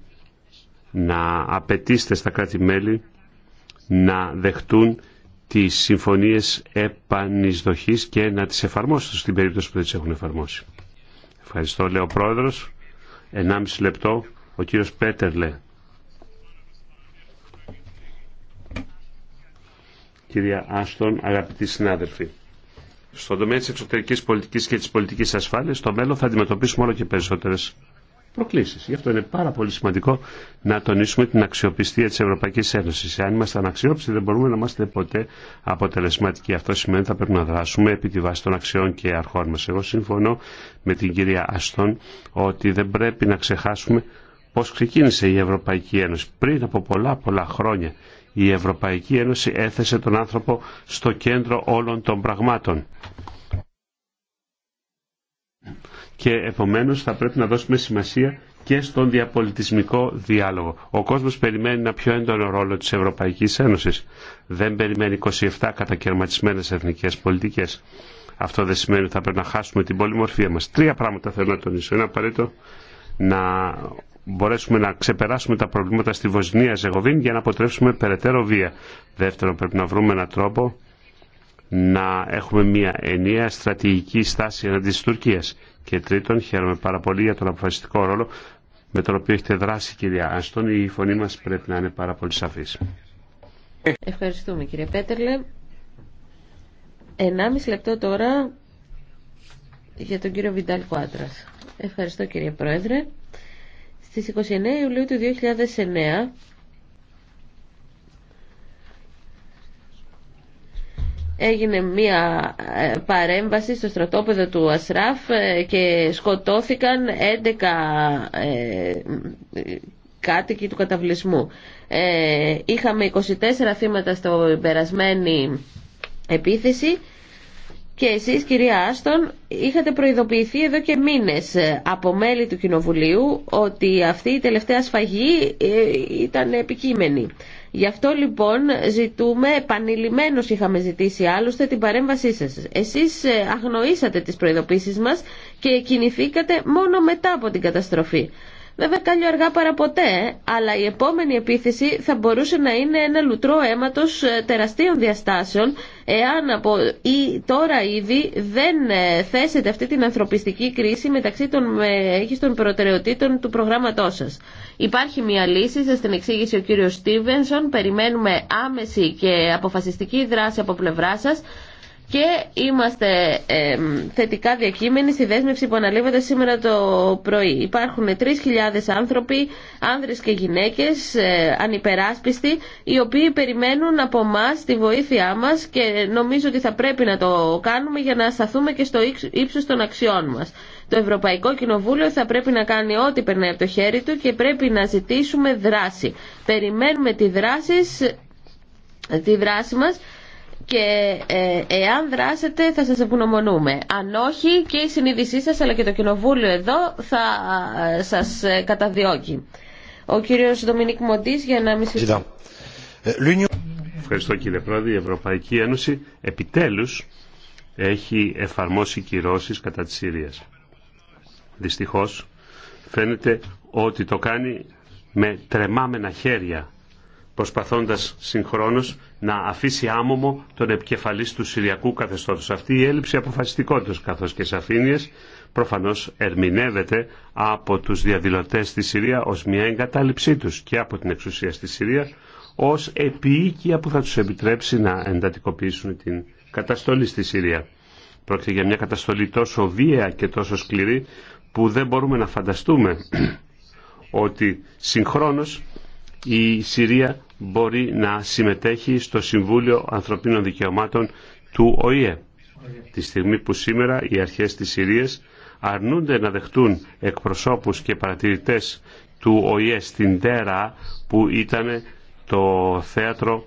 [SPEAKER 8] να απαιτήσετε στα κράτη-μέλη να δεχτούν τις συμφωνίες επανεισδοχής και να τις εφαρμόσουν στην περίπτωση που δεν τις έχουν εφαρμόσει. Ευχαριστώ, λέει ο Πρόεδρος. 1,5 λεπτό ο κύριος Πέτερλε. Κυρία Άστον, αγαπητοί συνάδελφοι. Στον τομέα της εξωτερικής πολιτικής και της πολιτικής ασφάλειας, στο μέλλον θα αντιμετωπίσουμε όλο και περισσότερες προκλήσεις. Γι' αυτό είναι πάρα πολύ σημαντικό να τονίσουμε την αξιοπιστία της Ευρωπαϊκής Ένωσης. Αν είμαστε αναξιόπιστοι δεν μπορούμε να είμαστε ποτέ αποτελεσματικοί. Αυτό σημαίνει ότι θα πρέπει να δράσουμε επί τη βάση των αξιών και αρχών μας. Εγώ συμφωνώ με την κυρία Αστών ότι δεν πρέπει να ξεχάσουμε πώς ξεκίνησε η Ευρωπαϊκή Ένωση. Πριν από πολλά πολλά χρόνια η Ευρωπαϊκή Ένωση έθεσε τον άνθρωπο στο κέντρο όλων των πραγμάτων και επομένως θα πρέπει να δώσουμε σημασία και στον διαπολιτισμικό διάλογο. Ο κόσμος περιμένει ένα πιο έντονο ρόλο της Ευρωπαϊκής Ένωσης. Δεν περιμένει 27 κατακαιρματισμένες εθνικές πολιτικές. Αυτό δεν σημαίνει ότι θα πρέπει να χάσουμε την πολυμορφία μας. Τρία πράγματα θέλω να τονίσω. Είναι απαραίτητο να μπορέσουμε να ξεπεράσουμε τα προβλήματα στη Βοσνία ζεγοβιν για να αποτρέψουμε περαιτέρω βία. Δεύτερον, πρέπει να βρούμε έναν τρόπο να έχουμε μια ενιαία στρατηγική στάση εναντί της Τουρκίας. Και τρίτον, χαίρομαι πάρα πολύ για τον αποφασιστικό ρόλο με τον οποίο έχετε δράσει, κυρία Άστον. Η φωνή μα πρέπει να είναι πάρα πολύ σαφή.
[SPEAKER 7] Ευχαριστούμε, κύριε Πέτερλε. Ενάμιση λεπτό τώρα για τον κύριο Βιντάλ Κουάντρα. Ευχαριστώ, κύριε Πρόεδρε. Στι 29 Ιουλίου του 2009 έγινε μία ε, παρέμβαση στο στρατόπεδο του Ασράφ ε, και σκοτώθηκαν 11 ε, κάτοικοι του καταβλισμού. Είχαμε 24 θύματα στο περασμένη επίθεση και εσείς κυρία Άστον είχατε προειδοποιηθεί εδώ και μήνες ε, από μέλη του Κοινοβουλίου ότι αυτή η τελευταία σφαγή ε, ήταν επικείμενη. Γι' αυτό λοιπόν ζητούμε, επανειλημμένως είχαμε ζητήσει άλλωστε την παρέμβασή σας. Εσείς ε, αγνοήσατε τις προειδοποίησεις μας και κινηθήκατε μόνο μετά από την καταστροφή. Βέβαια κάνει αργά παραποτέ, αλλά η επόμενη επίθεση θα μπορούσε να είναι ένα λουτρό αίματος ε, τεραστίων διαστάσεων, εάν από ή τώρα ήδη δεν ε, θέσετε αυτή την ανθρωπιστική κρίση μεταξύ των μέγιστων προτεραιοτήτων του προγράμματός σας. Υπάρχει μια λύση, σας την εξήγησε ο κύριος Στίβενσον, περιμένουμε άμεση και αποφασιστική δράση από πλευρά σας και είμαστε θετικά διακείμενοι στη δέσμευση που αναλύεται σήμερα το πρωί. Υπάρχουν 3.000 άνθρωποι, άνδρες και γυναίκες, ε, ανυπεράσπιστοι, οι οποίοι περιμένουν από εμά τη βοήθειά μας και νομίζω ότι θα πρέπει να το κάνουμε για να σταθούμε και στο ύψος των αξιών μας. Το Ευρωπαϊκό Κοινοβούλιο θα πρέπει να κάνει ό,τι περνάει από το χέρι του και πρέπει να ζητήσουμε δράση. Περιμένουμε τη δράση, τη δράση μας και ε, εάν δράσετε θα σας ευγνωμονούμε. Αν όχι και η συνείδησή σας αλλά και το κοινοβούλιο εδώ θα ε, σας ε, καταδιώκει. Ο κύριος Δομινίκ Μοντής για να μην
[SPEAKER 8] Ευχαριστώ κύριε Πρόεδρε. Η Ευρωπαϊκή Ένωση επιτέλους έχει εφαρμόσει κυρώσεις κατά της Συρίας. Δυστυχώς φαίνεται ότι το κάνει με τρεμάμενα χέρια προσπαθώντας συγχρόνως να αφήσει άμομο τον επικεφαλής του Συριακού καθεστώτος. Αυτή η έλλειψη αποφασιστικότητα καθώς και σαφήνειες προφανώ ερμηνεύεται από τους διαδηλωτέ στη Συρία ως μια εγκατάλειψή του και από την εξουσία στη Συρία ως επίοικια που θα τους επιτρέψει να εντατικοποιήσουν την καταστολή στη Συρία. Πρόκειται για μια καταστολή τόσο βία και τόσο σκληρή που δεν μπορούμε να φανταστούμε ότι συγχρόνως η Συρία μπορεί να συμμετέχει στο Συμβούλιο Ανθρωπίνων Δικαιωμάτων του ΟΗΕ. Τη στιγμή που σήμερα οι αρχές της Συρίας αρνούνται να δεχτούν εκπροσώπους και παρατηρητές του ΟΗΕ στην Τέρα που ήταν το θέατρο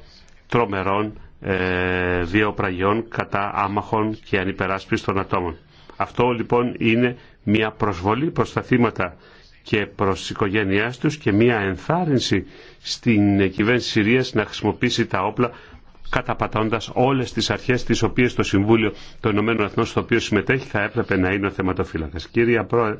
[SPEAKER 8] τρομερών ε, βιοπραγιών κατά άμαχων και ανυπεράσπιστων ατόμων. Αυτό λοιπόν είναι μια προσβολή προς τα θύματα και προς τις οικογένειάς τους και μια ενθάρρυνση στην κυβέρνηση Συρίας να χρησιμοποιήσει τα όπλα καταπατώντας όλες τις αρχές τις οποίες το Συμβούλιο των Ηνωμένων Εθνών στο οποίο συμμετέχει θα έπρεπε να είναι ο θεματοφύλακας. Κύριε Πρόεδρε,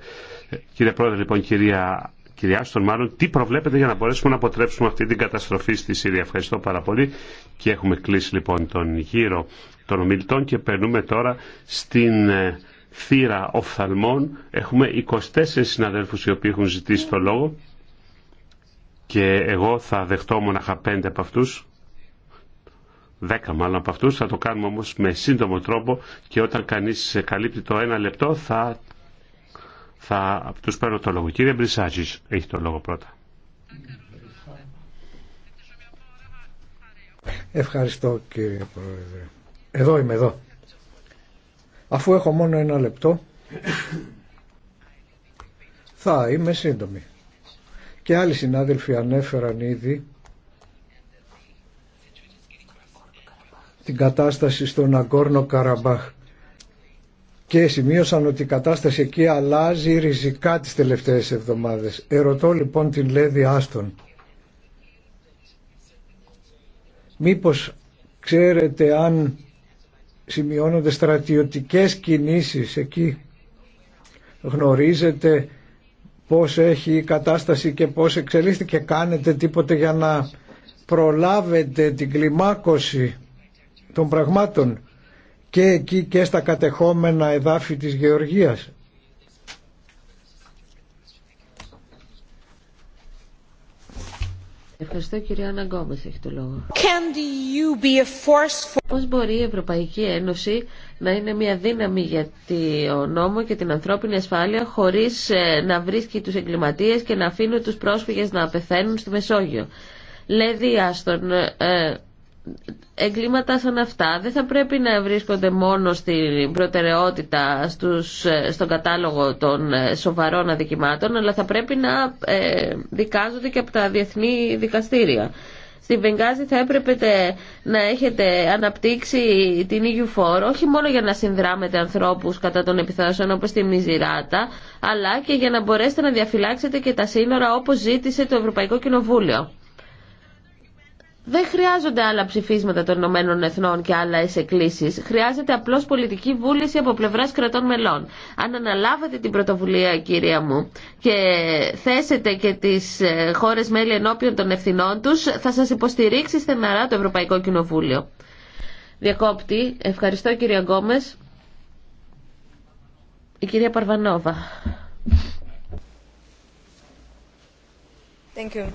[SPEAKER 8] κύριε Πρόεδρε λοιπόν, κυρία κυρία Άστον μάλλον, τι προβλέπετε για να μπορέσουμε να αποτρέψουμε αυτή την καταστροφή στη Συρία. Ευχαριστώ πάρα πολύ και έχουμε κλείσει λοιπόν τον γύρο των ομιλητών και περνούμε τώρα στην ε, θύρα οφθαλμών. Έχουμε 24 συναδέλφους οι οποίοι έχουν ζητήσει το λόγο και εγώ θα δεχτώ μοναχα πέντε από αυτούς, δέκα μάλλον από αυτούς, θα το κάνουμε όμως με σύντομο τρόπο και όταν κανείς καλύπτει το ένα λεπτό θα, θα τους παίρνω το λόγο. Κύριε Μπρισάζης έχει το λόγο πρώτα.
[SPEAKER 5] Ευχαριστώ κύριε Πρόεδρε. Εδώ είμαι εδώ. Αφού έχω μόνο ένα λεπτό, θα είμαι σύντομη και άλλοι συνάδελφοι ανέφεραν ήδη την κατάσταση στον Αγκόρνο Καραμπάχ και σημείωσαν ότι η κατάσταση εκεί αλλάζει ριζικά τις τελευταίες εβδομάδες. Ερωτώ λοιπόν την Λέδη Άστον. Μήπως ξέρετε αν σημειώνονται στρατιωτικές κινήσεις εκεί. Γνωρίζετε πώς έχει η κατάσταση και πώς εξελίσθηκε. Κάνετε τίποτε για να προλάβετε την κλιμάκωση των πραγμάτων και εκεί και στα κατεχόμενα εδάφη της Γεωργίας.
[SPEAKER 7] Ευχαριστώ κυρία Αναγκόμες έχει το λόγο. Can Πώς μπορεί η Ευρωπαϊκή Ένωση να είναι μια δύναμη για το νόμο και την ανθρώπινη ασφάλεια χωρίς ε, να βρίσκει τους εγκληματίες και να αφήνει τους πρόσφυγες να πεθαίνουν στη Μεσόγειο. Λέει Άστον, ε, εγκλήματα σαν αυτά δεν θα πρέπει να βρίσκονται μόνο στην προτεραιότητα στους, ε, στον κατάλογο των σοβαρών αδικημάτων αλλά θα πρέπει να δικάζονται και από τα διεθνή δικαστήρια. Στη Βενγάζη θα έπρεπε να έχετε αναπτύξει την EU4 όχι μόνο για να συνδράμετε ανθρώπους κατά των επιθέσεων όπως τη Μιζηράτα αλλά και για να μπορέσετε να διαφυλάξετε και τα σύνορα όπως ζήτησε το Ευρωπαϊκό Κοινοβούλιο. Δεν χρειάζονται άλλα ψηφίσματα των Ηνωμένων Εθνών και άλλα εκκλήσει. Χρειάζεται απλώς πολιτική βούληση από πλευρά κρατών μελών. Αν αναλάβετε την πρωτοβουλία, κυρία μου, και θέσετε και τις ε, χώρες μέλη ενώπιον των ευθυνών τους, θα σας υποστηρίξει στεναρά το Ευρωπαϊκό Κοινοβούλιο. Διακόπτη. Ευχαριστώ, κυρία Γκόμε. Η κυρία Παρβανόβα. Thank you.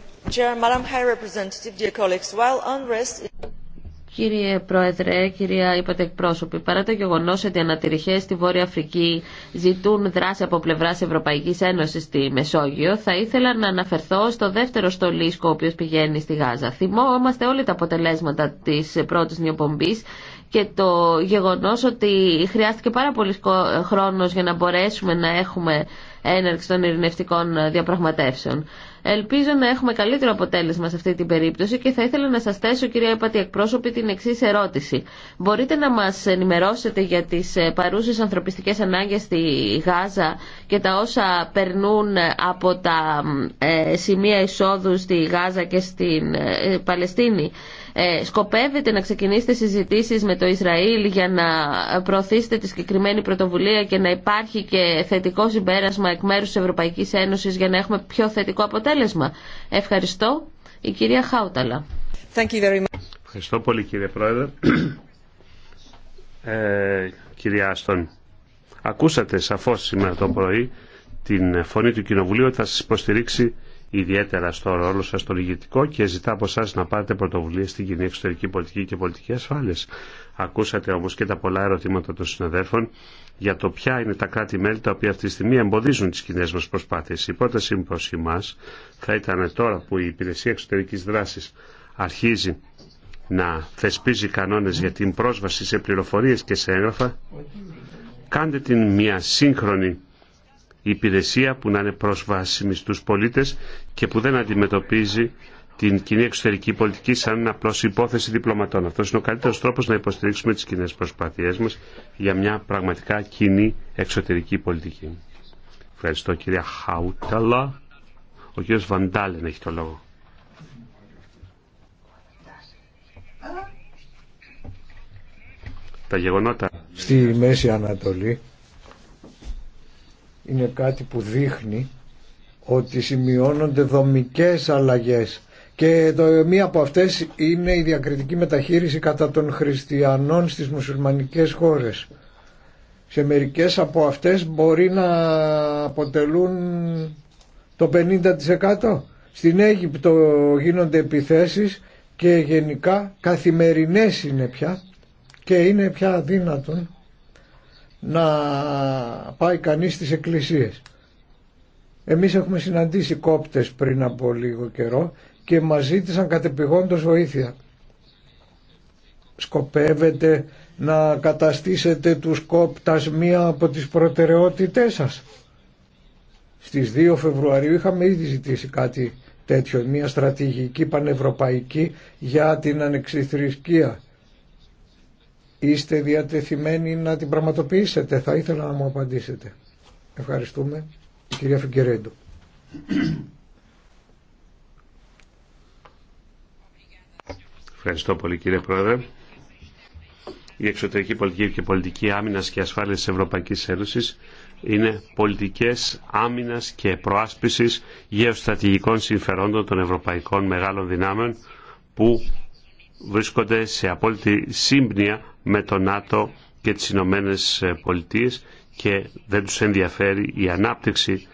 [SPEAKER 7] Κύριε Πρόεδρε, κυρία είπατε εκπρόσωποι, παρά το γεγονό ότι ανατηρηχέ στη Βόρεια Αφρική ζητούν δράση από πλευρά Ευρωπαϊκή Ένωση στη Μεσόγειο, θα ήθελα να αναφερθώ στο δεύτερο στολίσκο ο οποίο πηγαίνει στη Γάζα. Θυμόμαστε όλοι τα αποτελέσματα τη πρώτη νιοπομπή και το γεγονό ότι χρειάστηκε πάρα πολύ χρόνο για να μπορέσουμε να έχουμε έναρξη των ειρηνευτικών διαπραγματεύσεων. Ελπίζω να έχουμε καλύτερο αποτέλεσμα σε αυτή την περίπτωση και θα ήθελα να σας θέσω, κυρία Επατή Εκπρόσωπη, την εξή ερώτηση. Μπορείτε να μας ενημερώσετε για τις ε, παρούσες ανθρωπιστικές ανάγκες στη Γάζα και τα όσα περνούν ε, από τα ε, σημεία εισόδου στη Γάζα και στην Παλαιστίνη. Ε, σκοπεύετε να ξεκινήσετε συζητήσεις με το Ισραήλ για να προωθήσετε τη συγκεκριμένη πρωτοβουλία και να υπάρχει και θετικό συμπέρασμα εκ μέρους της Ευρωπαϊκής Ένωσης για να έχουμε πιο θετικό αποτέλεσμα. Ευχαριστώ. Η κυρία Χάουταλα.
[SPEAKER 4] very much.
[SPEAKER 8] Ευχαριστώ πολύ κύριε Πρόεδρε. Ε, κυρία Άστον, ακούσατε σαφώς σήμερα το πρωί την φωνή του Κοινοβουλίου ότι θα σας υποστηρίξει ιδιαίτερα στο ρόλο σας στο ηγετικό και ζητά από εσά να πάρετε πρωτοβουλία στην κοινή εξωτερική πολιτική και πολιτική ασφάλεια. Ακούσατε όμω και τα πολλά ερωτήματα των συναδέλφων για το ποια είναι τα κράτη-μέλη τα οποία αυτή τη στιγμή εμποδίζουν τι κοινέ μα προσπάθειε. Η πρόταση προ εμά θα ήταν τώρα που η Υπηρεσία εξωτερική δράση αρχίζει να θεσπίζει κανόνε για την πρόσβαση σε πληροφορίε και σε έγγραφα, κάντε την μια σύγχρονη υπηρεσία που να είναι προσβάσιμη στους πολίτες και που δεν αντιμετωπίζει την κοινή εξωτερική πολιτική σαν απλώς υπόθεση διπλωματών. Αυτό είναι ο καλύτερος τρόπος να υποστηρίξουμε τις κοινές προσπάθειές μας για μια πραγματικά κοινή εξωτερική πολιτική. Ευχαριστώ κυρία Χάουταλα. Ο κύριος Βαντάλεν έχει το λόγο. Τα γεγονότα.
[SPEAKER 5] Στη Μέση Ανατολή είναι κάτι που δείχνει ότι σημειώνονται δομικές αλλαγές και το, μία από αυτές είναι η διακριτική μεταχείριση κατά των χριστιανών στις μουσουλμανικές χώρες. Σε μερικές από αυτές μπορεί να αποτελούν το 50%. Στην Αίγυπτο γίνονται επιθέσεις και γενικά καθημερινές είναι πια και είναι πια δύνατον να πάει κανείς στις εκκλησίες. Εμείς έχουμε συναντήσει κόπτες πριν από λίγο καιρό και μας ζήτησαν κατεπηγόντως βοήθεια. Σκοπεύετε να καταστήσετε τους κόπτας μία από τις προτεραιότητές σας. Στις 2 Φεβρουαρίου είχαμε ήδη ζητήσει κάτι τέτοιο, μία στρατηγική πανευρωπαϊκή για την ανεξιθρησκεία Είστε διατεθειμένοι να την πραγματοποιήσετε. Θα ήθελα να μου απαντήσετε. Ευχαριστούμε. Η κυρία Φιγκερέντου.
[SPEAKER 8] Ευχαριστώ πολύ κύριε Πρόεδρε. Η εξωτερική πολιτική και πολιτική άμυνας και ασφάλειας της Ευρωπαϊκής Ένωσης είναι πολιτικές άμυνας και προάσπισης γεωστρατηγικών συμφερόντων των ευρωπαϊκών μεγάλων δυνάμεων που βρίσκονται σε απόλυτη σύμπνοια με το ΝΑΤΟ και τις Ηνωμένε Πολιτείε και δεν τους ενδιαφέρει η ανάπτυξη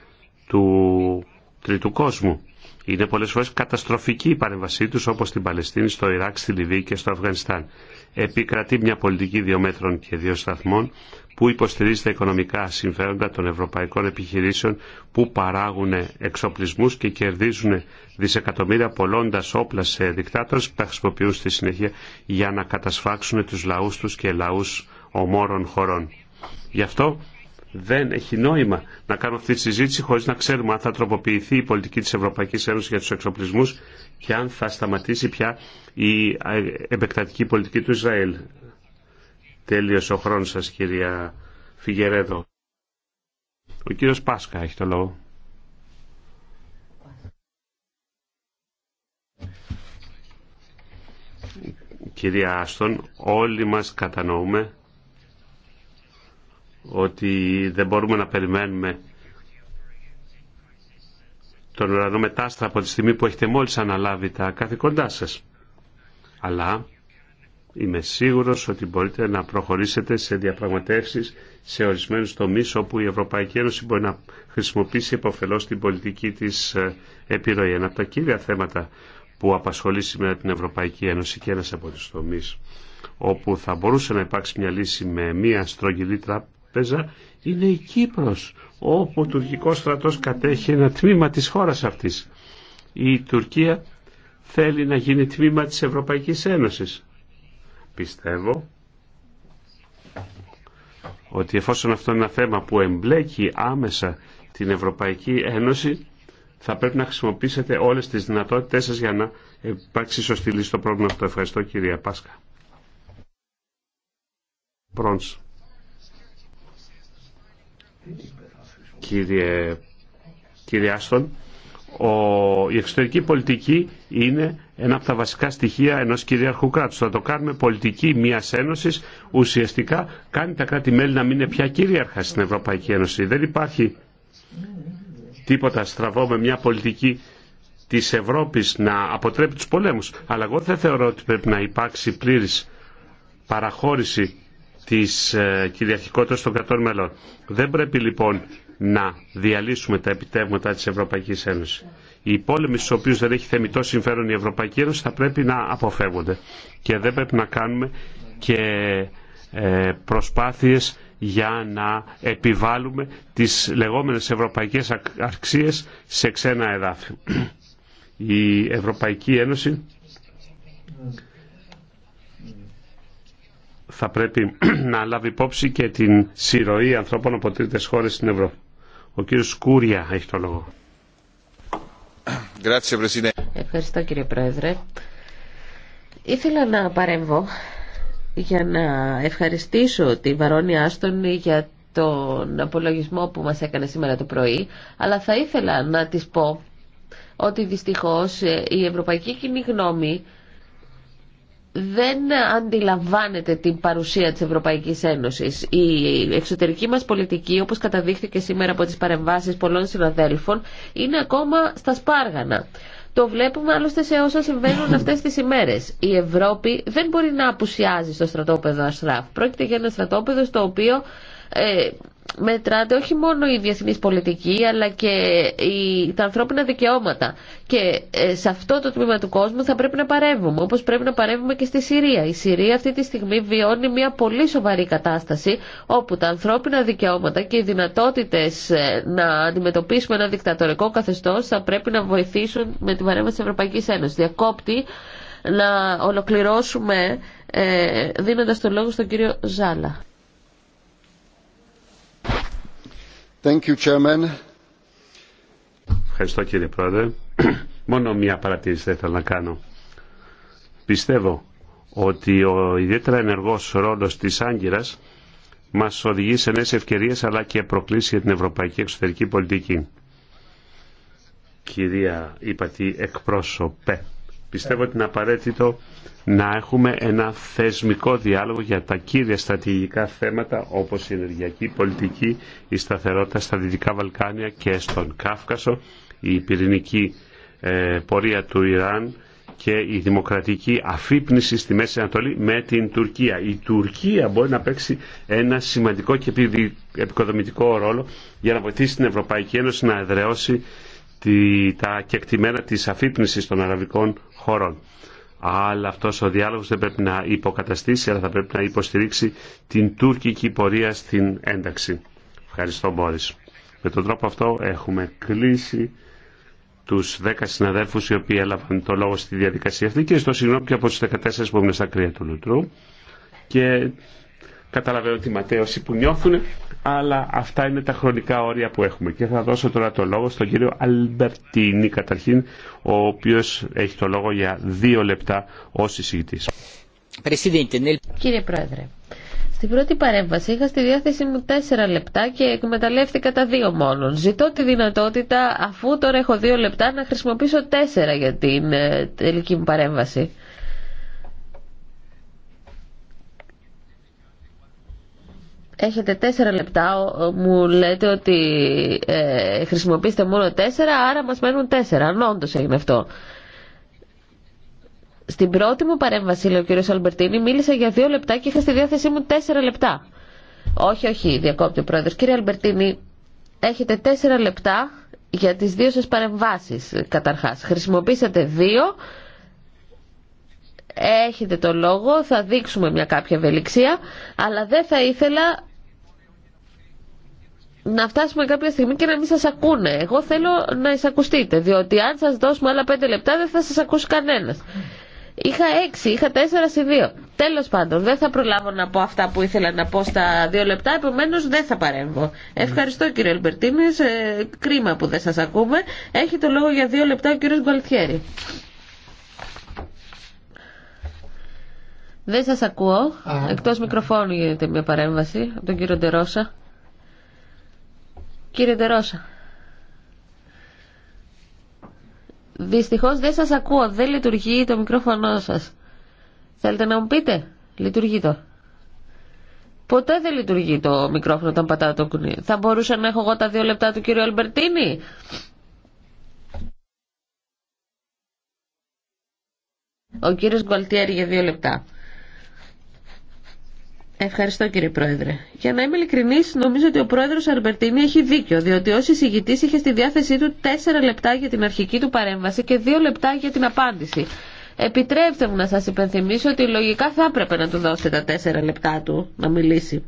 [SPEAKER 8] του τρίτου κόσμου. Είναι πολλές φορές καταστροφική η παρεμβασή τους όπως στην Παλαιστίνη, στο Ιράκ, στη Λιβύη και στο Αφγανιστάν. Επικρατεί μια πολιτική δύο μέτρων και δύο σταθμών που υποστηρίζει τα οικονομικά συμφέροντα των ευρωπαϊκών επιχειρήσεων που παράγουν εξοπλισμούς και κερδίζουν δισεκατομμύρια πολλώντας όπλα σε δικτάτορες που τα χρησιμοποιούν στη συνέχεια για να κατασφάξουν τους λαούς τους και λαούς ομόρων χωρών. Γι' αυτό δεν έχει νόημα να κάνουμε αυτή τη συζήτηση χωρίς να ξέρουμε αν θα τροποποιηθεί η πολιτική της Ευρωπαϊκής Ένωσης για τους εξοπλισμούς και αν θα σταματήσει πια η ε, επεκτατική πολιτική του Ισραήλ. Τέλειωσε ο χρόνος σας κυρία Φιγερέδο. Ο κύριος Πάσκα έχει το λόγο. Κυρία Άστον, όλοι μας κατανοούμε ότι δεν μπορούμε να περιμένουμε τον ουρανό μετάστρα από τη στιγμή που έχετε μόλις αναλάβει τα καθηκοντά σας. Αλλά Είμαι σίγουρος ότι μπορείτε να προχωρήσετε σε διαπραγματεύσεις σε ορισμένους τομείς όπου η Ευρωπαϊκή Ένωση μπορεί να χρησιμοποιήσει επωφελώς την πολιτική της ε, επιρροή. Ένα από τα κύρια θέματα που απασχολεί σήμερα την Ευρωπαϊκή Ένωση και ένας από τους τομείς όπου θα μπορούσε να υπάρξει μια λύση με μια στρογγυλή τράπεζα είναι η Κύπρος όπου ο τουρκικός στρατός κατέχει ένα τμήμα της χώρας αυτής. Η Τουρκία θέλει να γίνει τμήμα της Ευρωπαϊκής Ένωσης. Πιστεύω ότι εφόσον αυτό είναι ένα θέμα που εμπλέκει άμεσα την Ευρωπαϊκή Ένωση, θα πρέπει να χρησιμοποιήσετε όλες τις δυνατότητές σας για να υπάρξει σωστή λύση στο πρόβλημα αυτό. Ευχαριστώ κυρία Πάσκα. Πρόνς. Κύριε, κύριε Άστον, ο, η εξωτερική πολιτική είναι ένα από τα βασικά στοιχεία ενός κυριαρχού κράτους. Θα το κάνουμε πολιτική μιας ένωσης, ουσιαστικά κάνει τα κράτη-μέλη να μην είναι πια κυρίαρχα στην Ευρωπαϊκή Ένωση. Δεν υπάρχει τίποτα στραβό με μια πολιτική της Ευρώπης να αποτρέπει τους πολέμους. Αλλά εγώ δεν θεωρώ ότι πρέπει να υπάρξει πλήρης παραχώρηση της ε, κυριαρχικότητας των κρατών μελών. Δεν πρέπει λοιπόν να διαλύσουμε τα επιτεύγματα της Ευρωπαϊκής Ένωσης. Οι πόλεμοι στους οποίους δεν έχει θεμητό συμφέρον η Ευρωπαϊκή Ένωση θα πρέπει να αποφεύγονται και δεν πρέπει να κάνουμε και ε, προσπάθειες για να επιβάλλουμε τις λεγόμενες ευρωπαϊκές αξίες σε ξένα εδάφη. Η Ευρωπαϊκή Ένωση θα πρέπει να λάβει υπόψη και την συρροή ανθρώπων από τρίτες χώρες στην Ευρώπη. Ο κύριος Σκούρια έχει το λόγο.
[SPEAKER 7] Ευχαριστώ κύριε Πρόεδρε. Ήθελα να παρέμβω για να ευχαριστήσω τη Βαρόνια Άστον για τον απολογισμό που μας έκανε σήμερα το πρωί, αλλά θα ήθελα να της πω ότι δυστυχώς η ευρωπαϊκή κοινή γνώμη δεν αντιλαμβάνεται την παρουσία της Ευρωπαϊκής Ένωσης. Η εξωτερική μας πολιτική, όπως καταδείχθηκε σήμερα από τις παρεμβάσεις πολλών συναδέλφων, είναι ακόμα στα σπάργανα. Το βλέπουμε άλλωστε σε όσα συμβαίνουν αυτέ τι ημέρε. Η Ευρώπη δεν μπορεί να απουσιάζει στο στρατόπεδο Ασράφ. Πρόκειται για ένα στρατόπεδο στο οποίο ε, μετράται όχι μόνο η διεθνής πολιτική αλλά και η, τα ανθρώπινα δικαιώματα και ε, σε αυτό το τμήμα του κόσμου θα πρέπει να παρεύουμε όπως πρέπει να παρεύουμε και στη Συρία η Συρία αυτή τη στιγμή βιώνει μια πολύ σοβαρή κατάσταση όπου τα ανθρώπινα δικαιώματα και οι δυνατότητες ε, να αντιμετωπίσουμε ένα δικτατορικό καθεστώς θα πρέπει να βοηθήσουν με την παρέμβαση της Ευρωπαϊκής Ένωσης διακόπτη να ολοκληρώσουμε ε, δίνοντας το λόγο στον κύριο Ζάλα
[SPEAKER 8] Ευχαριστώ κύριε Πρόεδρε. Μόνο μία παρατήρηση θα ήθελα να κάνω. Πιστεύω ότι ο ιδιαίτερα ενεργός ρόλος της Άγκυρας μας οδηγεί σε νέες ευκαιρίες αλλά και προκλήσει για την ευρωπαϊκή εξωτερική πολιτική. Κυρία Υπατή, εκπρόσωπε, πιστεύω ότι είναι απαραίτητο να έχουμε ένα θεσμικό διάλογο για τα κύρια στρατηγικά θέματα όπως η ενεργειακή πολιτική, η σταθερότητα στα Δυτικά Βαλκάνια και στον Κάφκασο, η πυρηνική ε, πορεία του Ιράν και η δημοκρατική αφύπνιση στη Μέση Ανατολή με την Τουρκία. Η Τουρκία μπορεί να παίξει ένα σημαντικό και επικοδομητικό ρόλο για να βοηθήσει την Ευρωπαϊκή Ένωση να εδραιώσει τα κεκτημένα της αφύπνισης των αραβικών χωρών. Αλλά αυτός ο διάλογος δεν πρέπει να υποκαταστήσει, αλλά θα πρέπει να υποστηρίξει την τουρκική πορεία στην ένταξη. Ευχαριστώ Μπόρις. Με τον τρόπο αυτό έχουμε κλείσει τους 10 συναδέλφους οι οποίοι έλαβαν το λόγο στη διαδικασία αυτή και στο συγγνώμη και από τους 14 που ήμουν στα κρύα του Λουτρού και καταλαβαίνω τη ματέωση που νιώθουν αλλά αυτά είναι τα χρονικά όρια που έχουμε. Και θα δώσω τώρα το λόγο στον κύριο Αλμπερτίνη, καταρχήν, ο οποίος έχει το λόγο για δύο λεπτά ως εισηγητής.
[SPEAKER 7] Κύριε Πρόεδρε, στην πρώτη παρέμβαση είχα στη διάθεση μου τέσσερα λεπτά και εκμεταλλεύτηκα τα δύο μόνον. Ζητώ τη δυνατότητα, αφού τώρα έχω δύο λεπτά, να χρησιμοποιήσω τέσσερα για την ε, τελική μου παρέμβαση. έχετε τέσσερα λεπτά, μου λέτε ότι ε, χρησιμοποιήσετε μόνο τέσσερα, άρα μας μένουν τέσσερα, αν ναι, όντω έγινε αυτό. Στην πρώτη μου παρέμβαση, λέει ο κύριος Αλμπερτίνη, μίλησα για δύο λεπτά και είχα στη διάθεσή μου τέσσερα λεπτά. Όχι, όχι, διακόπτει ο πρόεδρος. Κύριε Αλμπερτίνη, έχετε τέσσερα λεπτά για τις δύο σας παρεμβάσεις, καταρχάς. Χρησιμοποίησατε δύο, έχετε το λόγο, θα δείξουμε μια κάποια ευελιξία, αλλά δεν θα ήθελα να φτάσουμε κάποια στιγμή και να μην σας ακούνε. Εγώ θέλω να εισακουστείτε, διότι αν σας δώσουμε άλλα πέντε λεπτά δεν θα σας ακούσει κανένας. Είχα έξι, είχα τέσσερα σε δύο. Τέλος πάντων, δεν θα προλάβω να πω αυτά που ήθελα να πω στα δύο λεπτά, επομένω δεν θα παρέμβω. Ευχαριστώ κύριε Αλμπερτίνη, ε, κρίμα που δεν σας ακούμε. Έχει το λόγο για δύο λεπτά ο κύριος Γκουαλτιέρη. Δεν σας ακούω, εκτός μικροφώνου γίνεται μια παρέμβαση από τον κύριο Ντερόσα. Κύριε Ντερόσα. Δυστυχώς δεν σας ακούω, δεν λειτουργεί το μικρόφωνο σας. Θέλετε να μου πείτε, λειτουργεί το. Ποτέ δεν λειτουργεί το μικρόφωνο όταν πατάω το κουνί. Θα μπορούσα να έχω εγώ τα δύο λεπτά του κύριου Αλμπερτίνη. Ο κύριος Γκουαλτιέρη για δύο λεπτά. Ευχαριστώ κύριε Πρόεδρε. Για να είμαι ειλικρινή, νομίζω ότι ο πρόεδρο Αρμπερτίνη έχει δίκιο, διότι ω εισηγητή είχε στη διάθεσή του 4 λεπτά για την αρχική του παρέμβαση και 2 λεπτά για την απάντηση. Επιτρέψτε μου να σα υπενθυμίσω ότι λογικά θα έπρεπε να του δώσετε τα 4 λεπτά του να μιλήσει.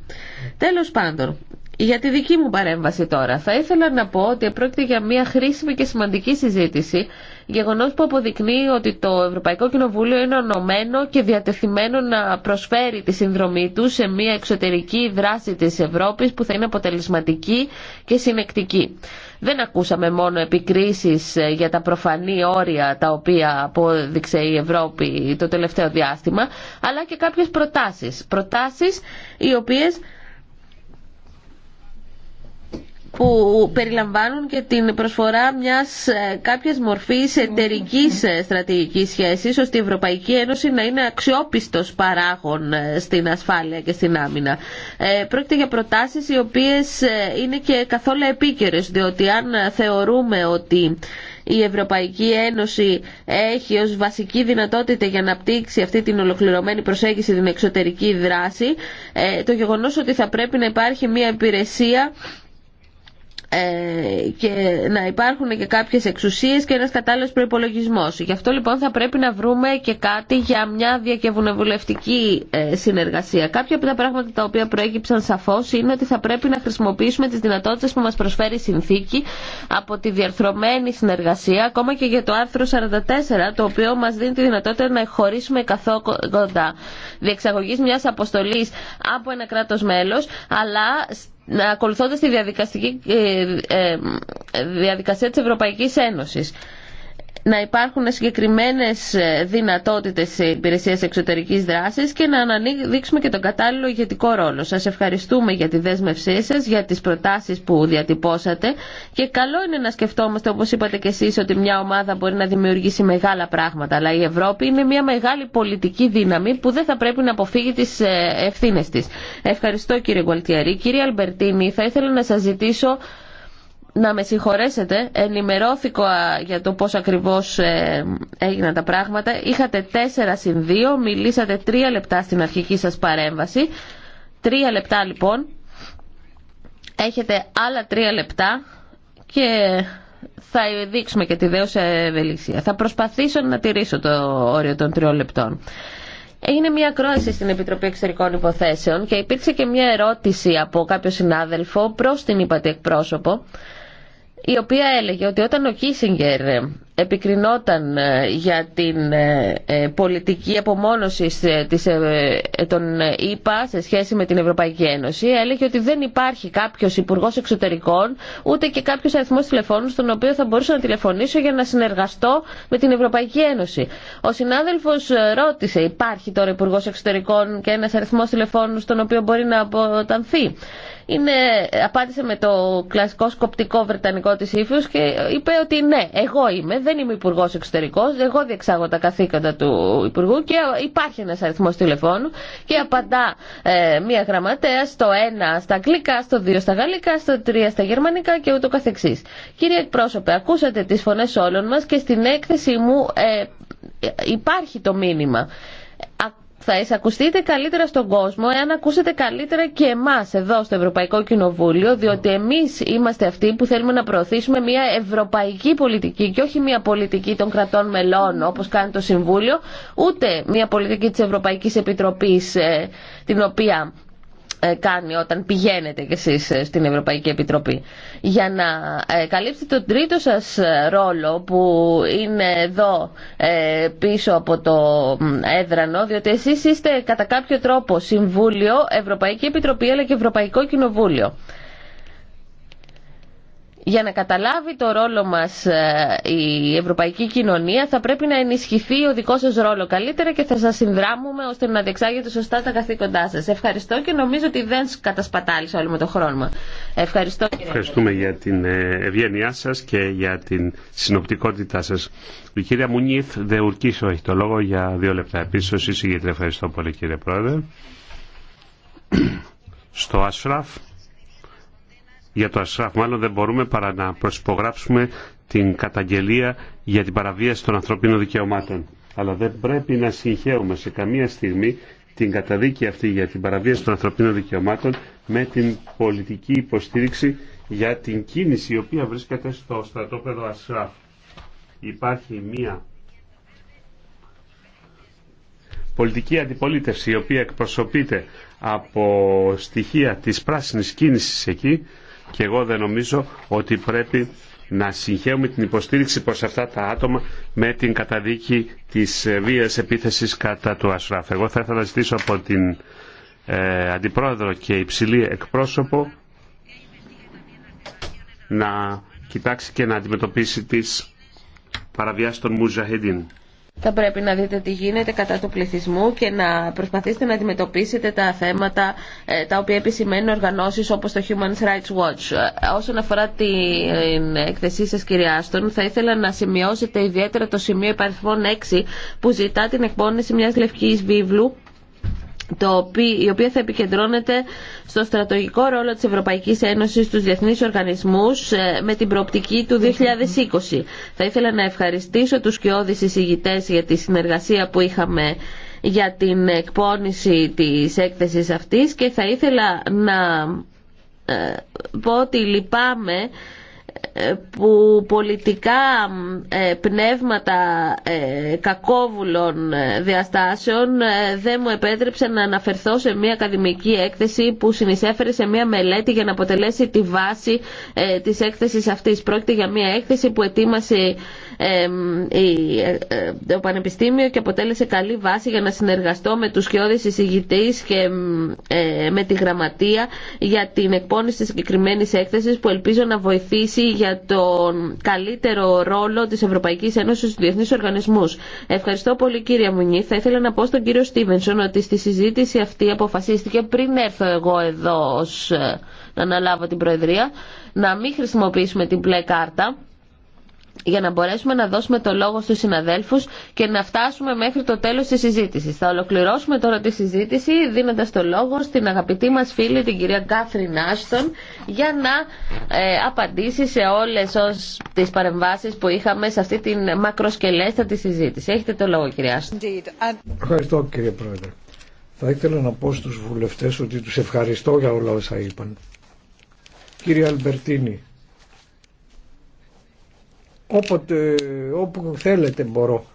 [SPEAKER 7] Τέλο πάντων, για τη δική μου παρέμβαση τώρα, θα ήθελα να πω ότι πρόκειται για μια χρήσιμη και σημαντική συζήτηση γεγονό που αποδεικνύει ότι το Ευρωπαϊκό Κοινοβούλιο είναι ονομένο και διατεθειμένο να προσφέρει τη συνδρομή του σε μια εξωτερική δράση της Ευρώπης που θα είναι αποτελεσματική και συνεκτική. Δεν ακούσαμε μόνο επικρίσεις ε, για τα προφανή όρια τα οποία απόδειξε η Ευρώπη το τελευταίο διάστημα, αλλά και κάποιε προτάσεις. Προτάσεις οι οποίε που περιλαμβάνουν και την προσφορά μιας ε, κάποιας μορφής εταιρικής ε, στρατηγικής σχέσης ώστε η Ευρωπαϊκή Ένωση να είναι αξιόπιστος παράγων ε, στην ασφάλεια και στην άμυνα. Πρόκειται για προτάσεις οι οποίες είναι και καθόλου επίκαιρες διότι αν θεωρούμε ότι η Ευρωπαϊκή Ένωση έχει ως βασική δυνατότητα για να πτύξει αυτή την ολοκληρωμένη προσέγγιση την εξωτερική δράση το γεγονός ότι θα πρέπει να υπάρχει μια υπηρεσία ε, και να υπάρχουν και κάποιες εξουσίες και ένας κατάλληλος προϋπολογισμός. Γι' αυτό λοιπόν θα πρέπει να βρούμε και κάτι για μια διακευουνευουλευτική ε, συνεργασία. Κάποια από τα πράγματα τα οποία προέκυψαν σαφώς είναι ότι θα πρέπει να χρησιμοποιήσουμε τις δυνατότητες που μας προσφέρει η συνθήκη από τη διαρθρωμένη συνεργασία, ακόμα και για το άρθρο 44, το οποίο μας δίνει τη δυνατότητα να χωρίσουμε καθόκοντα διεξαγωγής μιας αποστολής από ένα κράτος μέλος, αλλά να ακολουθώντας τη ε, ε, ε, διαδικασία της Ευρωπαϊκής Ένωσης να υπάρχουν συγκεκριμένε ε, δυνατότητε σε υπηρεσίες εξωτερικής δράσης και να αναδείξουμε και τον κατάλληλο ηγετικό ρόλο. Σα ευχαριστούμε για τη δέσμευσή σα για τι προτάσει που διατυπώσατε και καλό είναι να σκεφτόμαστε, όπω είπατε και εσεί ότι μια ομάδα μπορεί να δημιουργήσει μεγάλα πράγματα, αλλά η Ευρώπη είναι μια μεγάλη πολιτική δύναμη που δεν θα πρέπει να αποφύγει τι ε, ευθύνε τη. Ευχαριστώ κύριε Γουαλτιαρή. Κύριε Αλμπερτίνη, θα ήθελα να σα ζητήσω να με συγχωρέσετε, ενημερώθηκα για το πώς ακριβώς ε, έγιναν τα πράγματα. Είχατε τέσσερα συν δύο, μιλήσατε 3 λεπτά στην αρχική σας παρέμβαση. 3 λεπτά λοιπόν, έχετε άλλα 3 λεπτά και θα δείξουμε και τη δέωση ευελιξία. Θα προσπαθήσω να τηρήσω το όριο των 3 λεπτών. Έγινε μια κρόαση στην Επιτροπή Εξωτερικών Υποθέσεων και υπήρξε και μια ερώτηση από κάποιο συνάδελφο προς την υπατή εκπρόσωπο η οποία έλεγε ότι όταν ο Κίσιγκερ επικρινόταν ε, για την ε, ε, πολιτική απομόνωση των ΗΠΑ σε σχέση με την Ευρωπαϊκή Ένωση, έλεγε ότι δεν υπάρχει κάποιο υπουργό εξωτερικών, ούτε και κάποιο αριθμό τηλεφώνου, στον οποίο θα μπορούσα να τηλεφωνήσω για να συνεργαστώ με την Ευρωπαϊκή Ένωση. Ο συνάδελφο ρώτησε, υπάρχει τώρα υπουργό εξωτερικών και ένα αριθμό τηλεφώνου, στον οποίο μπορεί να αποτανθεί είναι, απάντησε με το κλασικό σκοπτικό βρετανικό τη ύφου και είπε ότι ναι, εγώ είμαι, δεν είμαι υπουργό εξωτερικό, εγώ διεξάγω τα καθήκοντα του υπουργού και υπάρχει ένα αριθμό τηλεφώνου και απαντά ε, μία γραμματέα στο 1 στα αγγλικά, στο 2 στα γαλλικά, στο 3 στα γερμανικά και ούτω καθεξής. Κύριε εκπρόσωπε, ακούσατε τι φωνέ όλων μα και στην έκθεση μου ε, υπάρχει το μήνυμα θα εισακουστείτε καλύτερα στον κόσμο εάν ακούσετε καλύτερα και εμάς εδώ στο Ευρωπαϊκό Κοινοβούλιο διότι εμείς είμαστε αυτοί που θέλουμε να προωθήσουμε μια ευρωπαϊκή πολιτική και όχι μια πολιτική των κρατών μελών όπως κάνει το Συμβούλιο ούτε μια πολιτική της Ευρωπαϊκής Επιτροπής ε, την οποία ε, κάνει όταν πηγαίνετε κι εσείς ε, στην Ευρωπαϊκή Επιτροπή. Για να ε, καλύψετε τον τρίτο σας ρόλο που είναι εδώ πίσω από το έδρανο, διότι εσείς είστε κατά κάποιο τρόπο Συμβούλιο, Ευρωπαϊκή Επιτροπή αλλά και Ευρωπαϊκό Κοινοβούλιο για να καταλάβει το ρόλο μας ε, η ευρωπαϊκή κοινωνία θα πρέπει να ενισχυθεί ο δικός σας ρόλο καλύτερα και θα σας συνδράμουμε ώστε να διεξάγετε σωστά τα καθήκοντά σας. Ευχαριστώ και νομίζω ότι δεν κατασπατάλησα όλο με το χρόνο. Ευχαριστώ
[SPEAKER 8] Ευχαριστούμε για την ε, ευγένειά σας και για την συνοπτικότητά σας. Η κυρία Μουνίθ Δεουρκίσο έχει το λόγο για δύο λεπτά. Επίσης, ευχαριστώ πολύ κύριε Πρόεδρε. Στο ΑΣΦΡΑΦ για το Ασράφ μάλλον δεν μπορούμε παρά να προσυπογράψουμε την καταγγελία για την παραβίαση των ανθρωπίνων δικαιωμάτων. Αλλά δεν πρέπει να συγχαίουμε σε καμία στιγμή την καταδίκη αυτή για την παραβίαση των ανθρωπίνων δικαιωμάτων με την πολιτική υποστήριξη για την κίνηση η οποία βρίσκεται στο στρατόπεδο Ασράφ. Υπάρχει μία πολιτική αντιπολίτευση η οποία εκπροσωπείται από στοιχεία της πράσινης κίνησης εκεί και εγώ δεν νομίζω ότι πρέπει να συγχαίουμε την υποστήριξη προς αυτά τα άτομα με την καταδίκη της ε, βίας επίθεσης κατά του Ασράφ. Εγώ θα ήθελα να ζητήσω από την ε, Αντιπρόεδρο και υψηλή εκπρόσωπο να κοιτάξει και να αντιμετωπίσει τις παραβιάσεις των Μουζαχεντίν.
[SPEAKER 7] Θα πρέπει να δείτε τι γίνεται κατά του πληθυσμού και να προσπαθήσετε να αντιμετωπίσετε τα θέματα ε, τα οποία επισημαίνουν οργανώσεις όπως το Human Rights Watch. Ε, όσον αφορά την εκθεσή σας κυρία Άστον, θα ήθελα να σημειώσετε ιδιαίτερα το σημείο υπαριθμών 6 που ζητά την εκπόνηση μιας λευκής βίβλου το η οποία θα επικεντρώνεται στο στρατογικό ρόλο της Ευρωπαϊκής Ένωσης στους διεθνείς οργανισμούς ε, με την προοπτική του 2020. Θα ήθελα να ευχαριστήσω τους κοιόδης εισηγητές για τη συνεργασία που είχαμε για την εκπόνηση της έκθεσης αυτής και θα ήθελα να ε, πω ότι λυπάμαι που πολιτικά ε, πνεύματα ε, κακόβουλων ε, διαστάσεων δεν μου επέτρεψαν να αναφερθώ σε μια ακαδημική έκθεση που συνεισέφερε σε μια μελέτη για να αποτελέσει τη βάση της έκθεσης αυτής. Πρόκειται για μια έκθεση που ετοίμασε το ε, ε, Πανεπιστήμιο και αποτέλεσε καλή βάση για να συνεργαστώ με τους χειώδεις εισηγητές και ε, με τη Γραμματεία για την εκπόνηση της συγκεκριμένη έκθεσης που ελπίζω να βοηθήσει για τον καλύτερο ρόλο της Ευρωπαϊκής Ένωσης στους διεθνείς οργανισμούς. Ευχαριστώ πολύ κύριε Μουνή. Θα ήθελα να πω στον κύριο Στίβενσον ότι στη συζήτηση αυτή αποφασίστηκε πριν έρθω εγώ εδώ να αναλάβω την Προεδρία να μην χρησιμοποιήσουμε την μπλε κάρτα για να μπορέσουμε να δώσουμε το λόγο στους συναδέλφους και να φτάσουμε μέχρι το τέλος της συζήτησης. Θα ολοκληρώσουμε τώρα τη συζήτηση δίνοντας το λόγο στην αγαπητή μας φίλη την κυρία Κάθριν Άστον για να ε, απαντήσει σε όλες ως, τις παρεμβάσεις που είχαμε σε αυτή την μακροσκελέστατη συζήτηση. Έχετε το λόγο κυρία Άστον.
[SPEAKER 5] Ευχαριστώ κύριε Πρόεδρε. Θα ήθελα να πω στους βουλευτές ότι τους ευχαριστώ για όλα όσα είπαν. Κύριε Αλμπερτίνη, Όποτε, όπου θέλετε μπορώ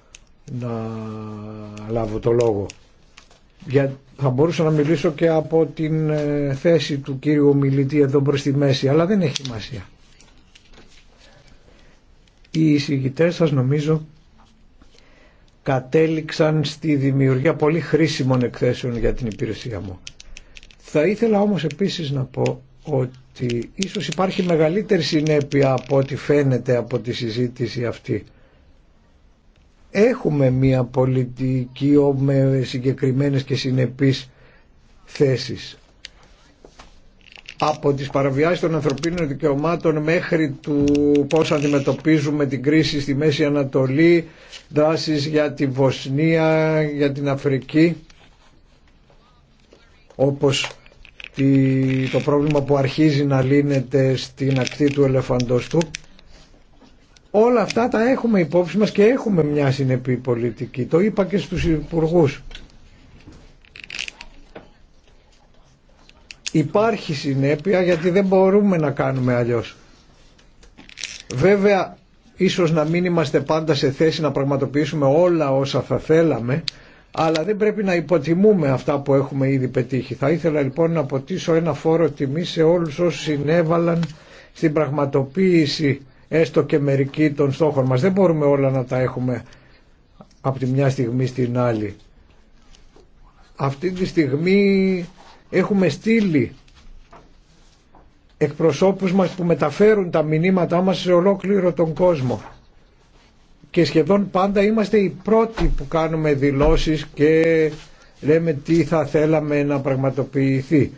[SPEAKER 5] να λάβω το λόγο. Για, θα μπορούσα να μιλήσω και από την ε, θέση του κύριου μιλητή εδώ προς τη μέση, αλλά δεν έχει σημασία. Οι εισηγητές σας νομίζω κατέληξαν στη δημιουργία πολύ χρήσιμων εκθέσεων για την υπηρεσία μου. Θα ήθελα όμως επίσης να πω ότι ότι ίσως υπάρχει μεγαλύτερη συνέπεια από ό,τι φαίνεται από τη συζήτηση αυτή. Έχουμε μια πολιτική με συγκεκριμένες και συνεπείς θέσεις. Από τις παραβιάσεις των ανθρωπίνων δικαιωμάτων μέχρι του πώς αντιμετωπίζουμε την κρίση στη Μέση Ανατολή, δράσεις για τη Βοσνία, για την Αφρική, όπως το πρόβλημα που αρχίζει να λύνεται στην ακτή του ελεφαντοστού. Όλα αυτά τα έχουμε υπόψη μας και έχουμε μια συνεπή πολιτική. Το είπα και στους υπουργούς. Υπάρχει συνέπεια γιατί δεν μπορούμε να κάνουμε αλλιώς. Βέβαια, ίσως να μην είμαστε πάντα σε θέση να πραγματοποιήσουμε όλα όσα θα θέλαμε, αλλά δεν πρέπει να υποτιμούμε αυτά που έχουμε ήδη πετύχει. Θα ήθελα λοιπόν να αποτίσω ένα φόρο τιμή σε όλους όσους συνέβαλαν στην πραγματοποίηση έστω και μερικοί των στόχων μας. Δεν μπορούμε όλα να τα έχουμε από τη μια στιγμή στην άλλη. Αυτή τη στιγμή έχουμε στείλει εκπροσώπους μας που μεταφέρουν τα μηνύματά μας σε ολόκληρο τον κόσμο και σχεδόν πάντα είμαστε οι πρώτοι που κάνουμε δηλώσεις και λέμε τι θα θέλαμε να πραγματοποιηθεί.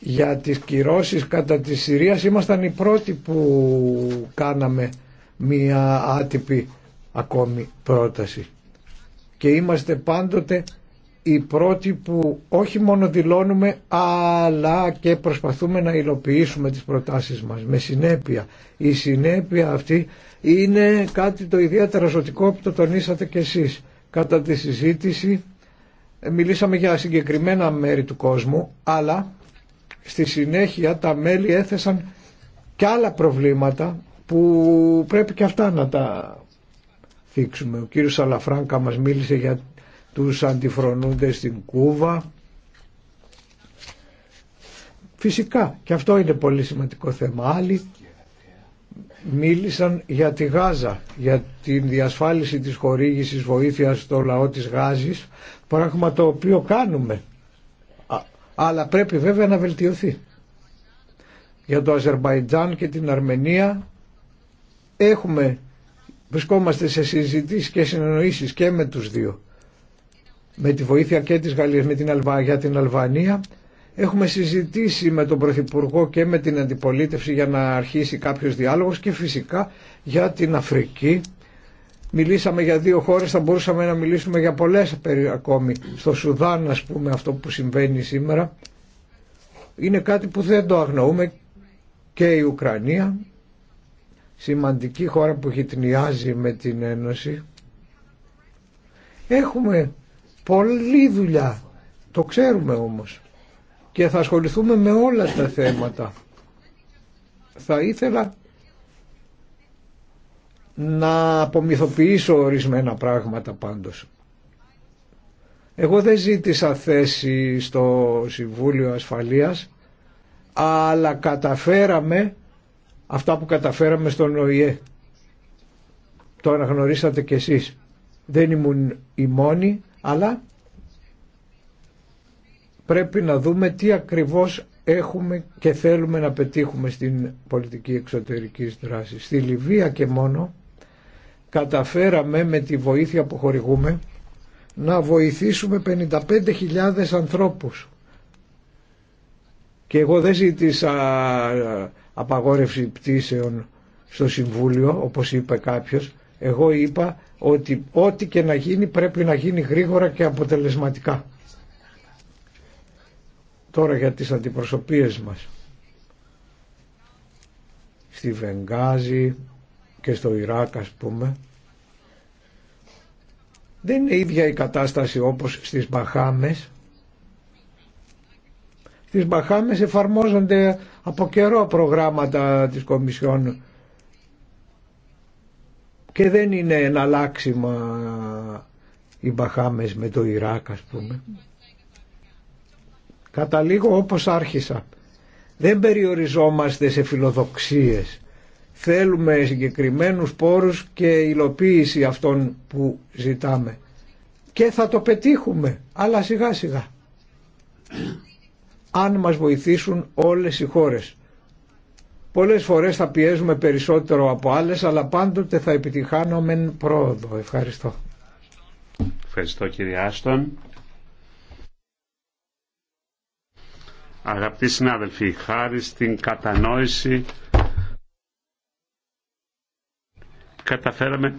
[SPEAKER 5] Για τις κυρώσεις κατά της Συρίας ήμασταν οι πρώτοι που κάναμε μία άτυπη ακόμη πρόταση. Και είμαστε πάντοτε οι πρώτοι που όχι μόνο δηλώνουμε αλλά και προσπαθούμε να υλοποιήσουμε τις προτάσεις μας με συνέπεια. Η συνέπεια αυτή είναι κάτι το ιδιαίτερα ζωτικό που το τονίσατε κι εσείς. Κατά τη συζήτηση μιλήσαμε για συγκεκριμένα μέρη του κόσμου αλλά στη συνέχεια τα μέλη έθεσαν και άλλα προβλήματα που πρέπει και αυτά να τα θίξουμε. Ο κύριος Αλαφράνκα μας μίλησε για τους αντιφρονούντες στην Κούβα. Φυσικά και αυτό είναι πολύ σημαντικό θέμα. Άλλοι μίλησαν για τη Γάζα, για την διασφάλιση της χορήγησης βοήθειας στο λαό της Γάζης, πράγμα το οποίο κάνουμε, αλλά πρέπει βέβαια να βελτιωθεί. Για το Αζερμπαϊτζάν και την Αρμενία έχουμε, βρισκόμαστε σε συζητήσεις και συνεννοήσεις και με τους δύο με τη βοήθεια και της Γαλλίας με την για την Αλβανία έχουμε συζητήσει με τον Πρωθυπουργό και με την αντιπολίτευση για να αρχίσει κάποιος διάλογος και φυσικά για την Αφρική μιλήσαμε για δύο χώρες θα μπορούσαμε να μιλήσουμε για πολλές ακόμη στο Σουδάν ας πούμε αυτό που συμβαίνει σήμερα είναι κάτι που δεν το αγνοούμε και η Ουκρανία σημαντική χώρα που γυτνιάζει με την Ένωση έχουμε Πολλή δουλειά. Το ξέρουμε όμως. Και θα ασχοληθούμε με όλα τα θέματα. Θα ήθελα να απομυθοποιήσω ορισμένα πράγματα πάντως. Εγώ δεν ζήτησα θέση στο Συμβούλιο Ασφαλείας, αλλά καταφέραμε αυτά που καταφέραμε στον ΟΗΕ. Το αναγνωρίσατε κι εσείς. Δεν ήμουν η μόνη, αλλά πρέπει να δούμε τι ακριβώς έχουμε και θέλουμε να πετύχουμε στην πολιτική εξωτερικής δράσης. Στη Λιβύα και μόνο καταφέραμε με τη βοήθεια που χορηγούμε να βοηθήσουμε 55.000 ανθρώπους. Και εγώ δεν ζήτησα απαγόρευση πτήσεων στο Συμβούλιο, όπως είπε κάποιος, εγώ είπα ότι ό,τι και να γίνει πρέπει να γίνει γρήγορα και αποτελεσματικά. Τώρα για τις αντιπροσωπείες μας. Στη Βενγάζη και στο Ιράκ ας πούμε. Δεν είναι ίδια η κατάσταση όπως στις Μπαχάμες. Στις Μπαχάμες εφαρμόζονται από καιρό προγράμματα της Κομισιόν και δεν είναι εναλλάξιμα οι Μπαχάμες με το Ιράκ ας πούμε. Καταλήγω όπως άρχισα. Δεν περιοριζόμαστε σε φιλοδοξίες. Θέλουμε συγκεκριμένους πόρους και υλοποίηση αυτών που ζητάμε. Και θα το πετύχουμε, αλλά σιγά σιγά. Αν μας βοηθήσουν όλες οι χώρες. Πολλές φορές θα πιέζουμε περισσότερο από άλλες, αλλά πάντοτε θα επιτυχάνομεν πρόοδο. Ευχαριστώ.
[SPEAKER 8] Ευχαριστώ κύριε Άστον. Αγαπητοί συνάδελφοι, χάρη στην κατανόηση καταφέραμε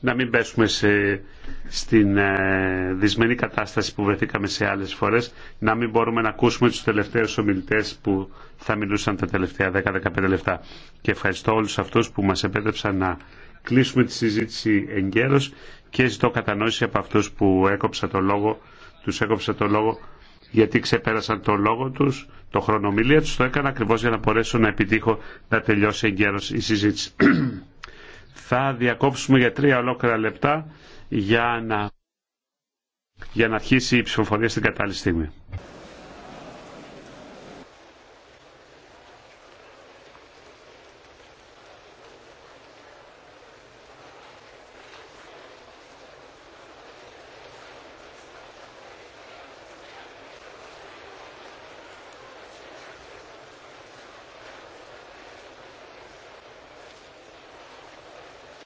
[SPEAKER 8] να μην πέσουμε σε, στην ε, δυσμενή κατάσταση που βρεθήκαμε σε άλλες φορές, να μην μπορούμε να ακούσουμε τους τελευταίους ομιλητές που θα μιλούσαν τα τελευταία 10-15 λεπτά. Και ευχαριστώ όλους αυτούς που μας επέτρεψαν να κλείσουμε τη συζήτηση εγκαίρως και ζητώ κατανόηση από αυτούς που έκοψα το λόγο, τους έκοψα το λόγο γιατί ξεπέρασαν το λόγο τους, το χρονομιλία τους, το έκανα ακριβώς για να μπορέσω να επιτύχω να τελειώσει εγκαίρως η συζήτηση. Θα διακόψουμε για τρία ολόκληρα λεπτά για να, για να αρχίσει η ψηφοφορία στην κατάλληλη στιγμή.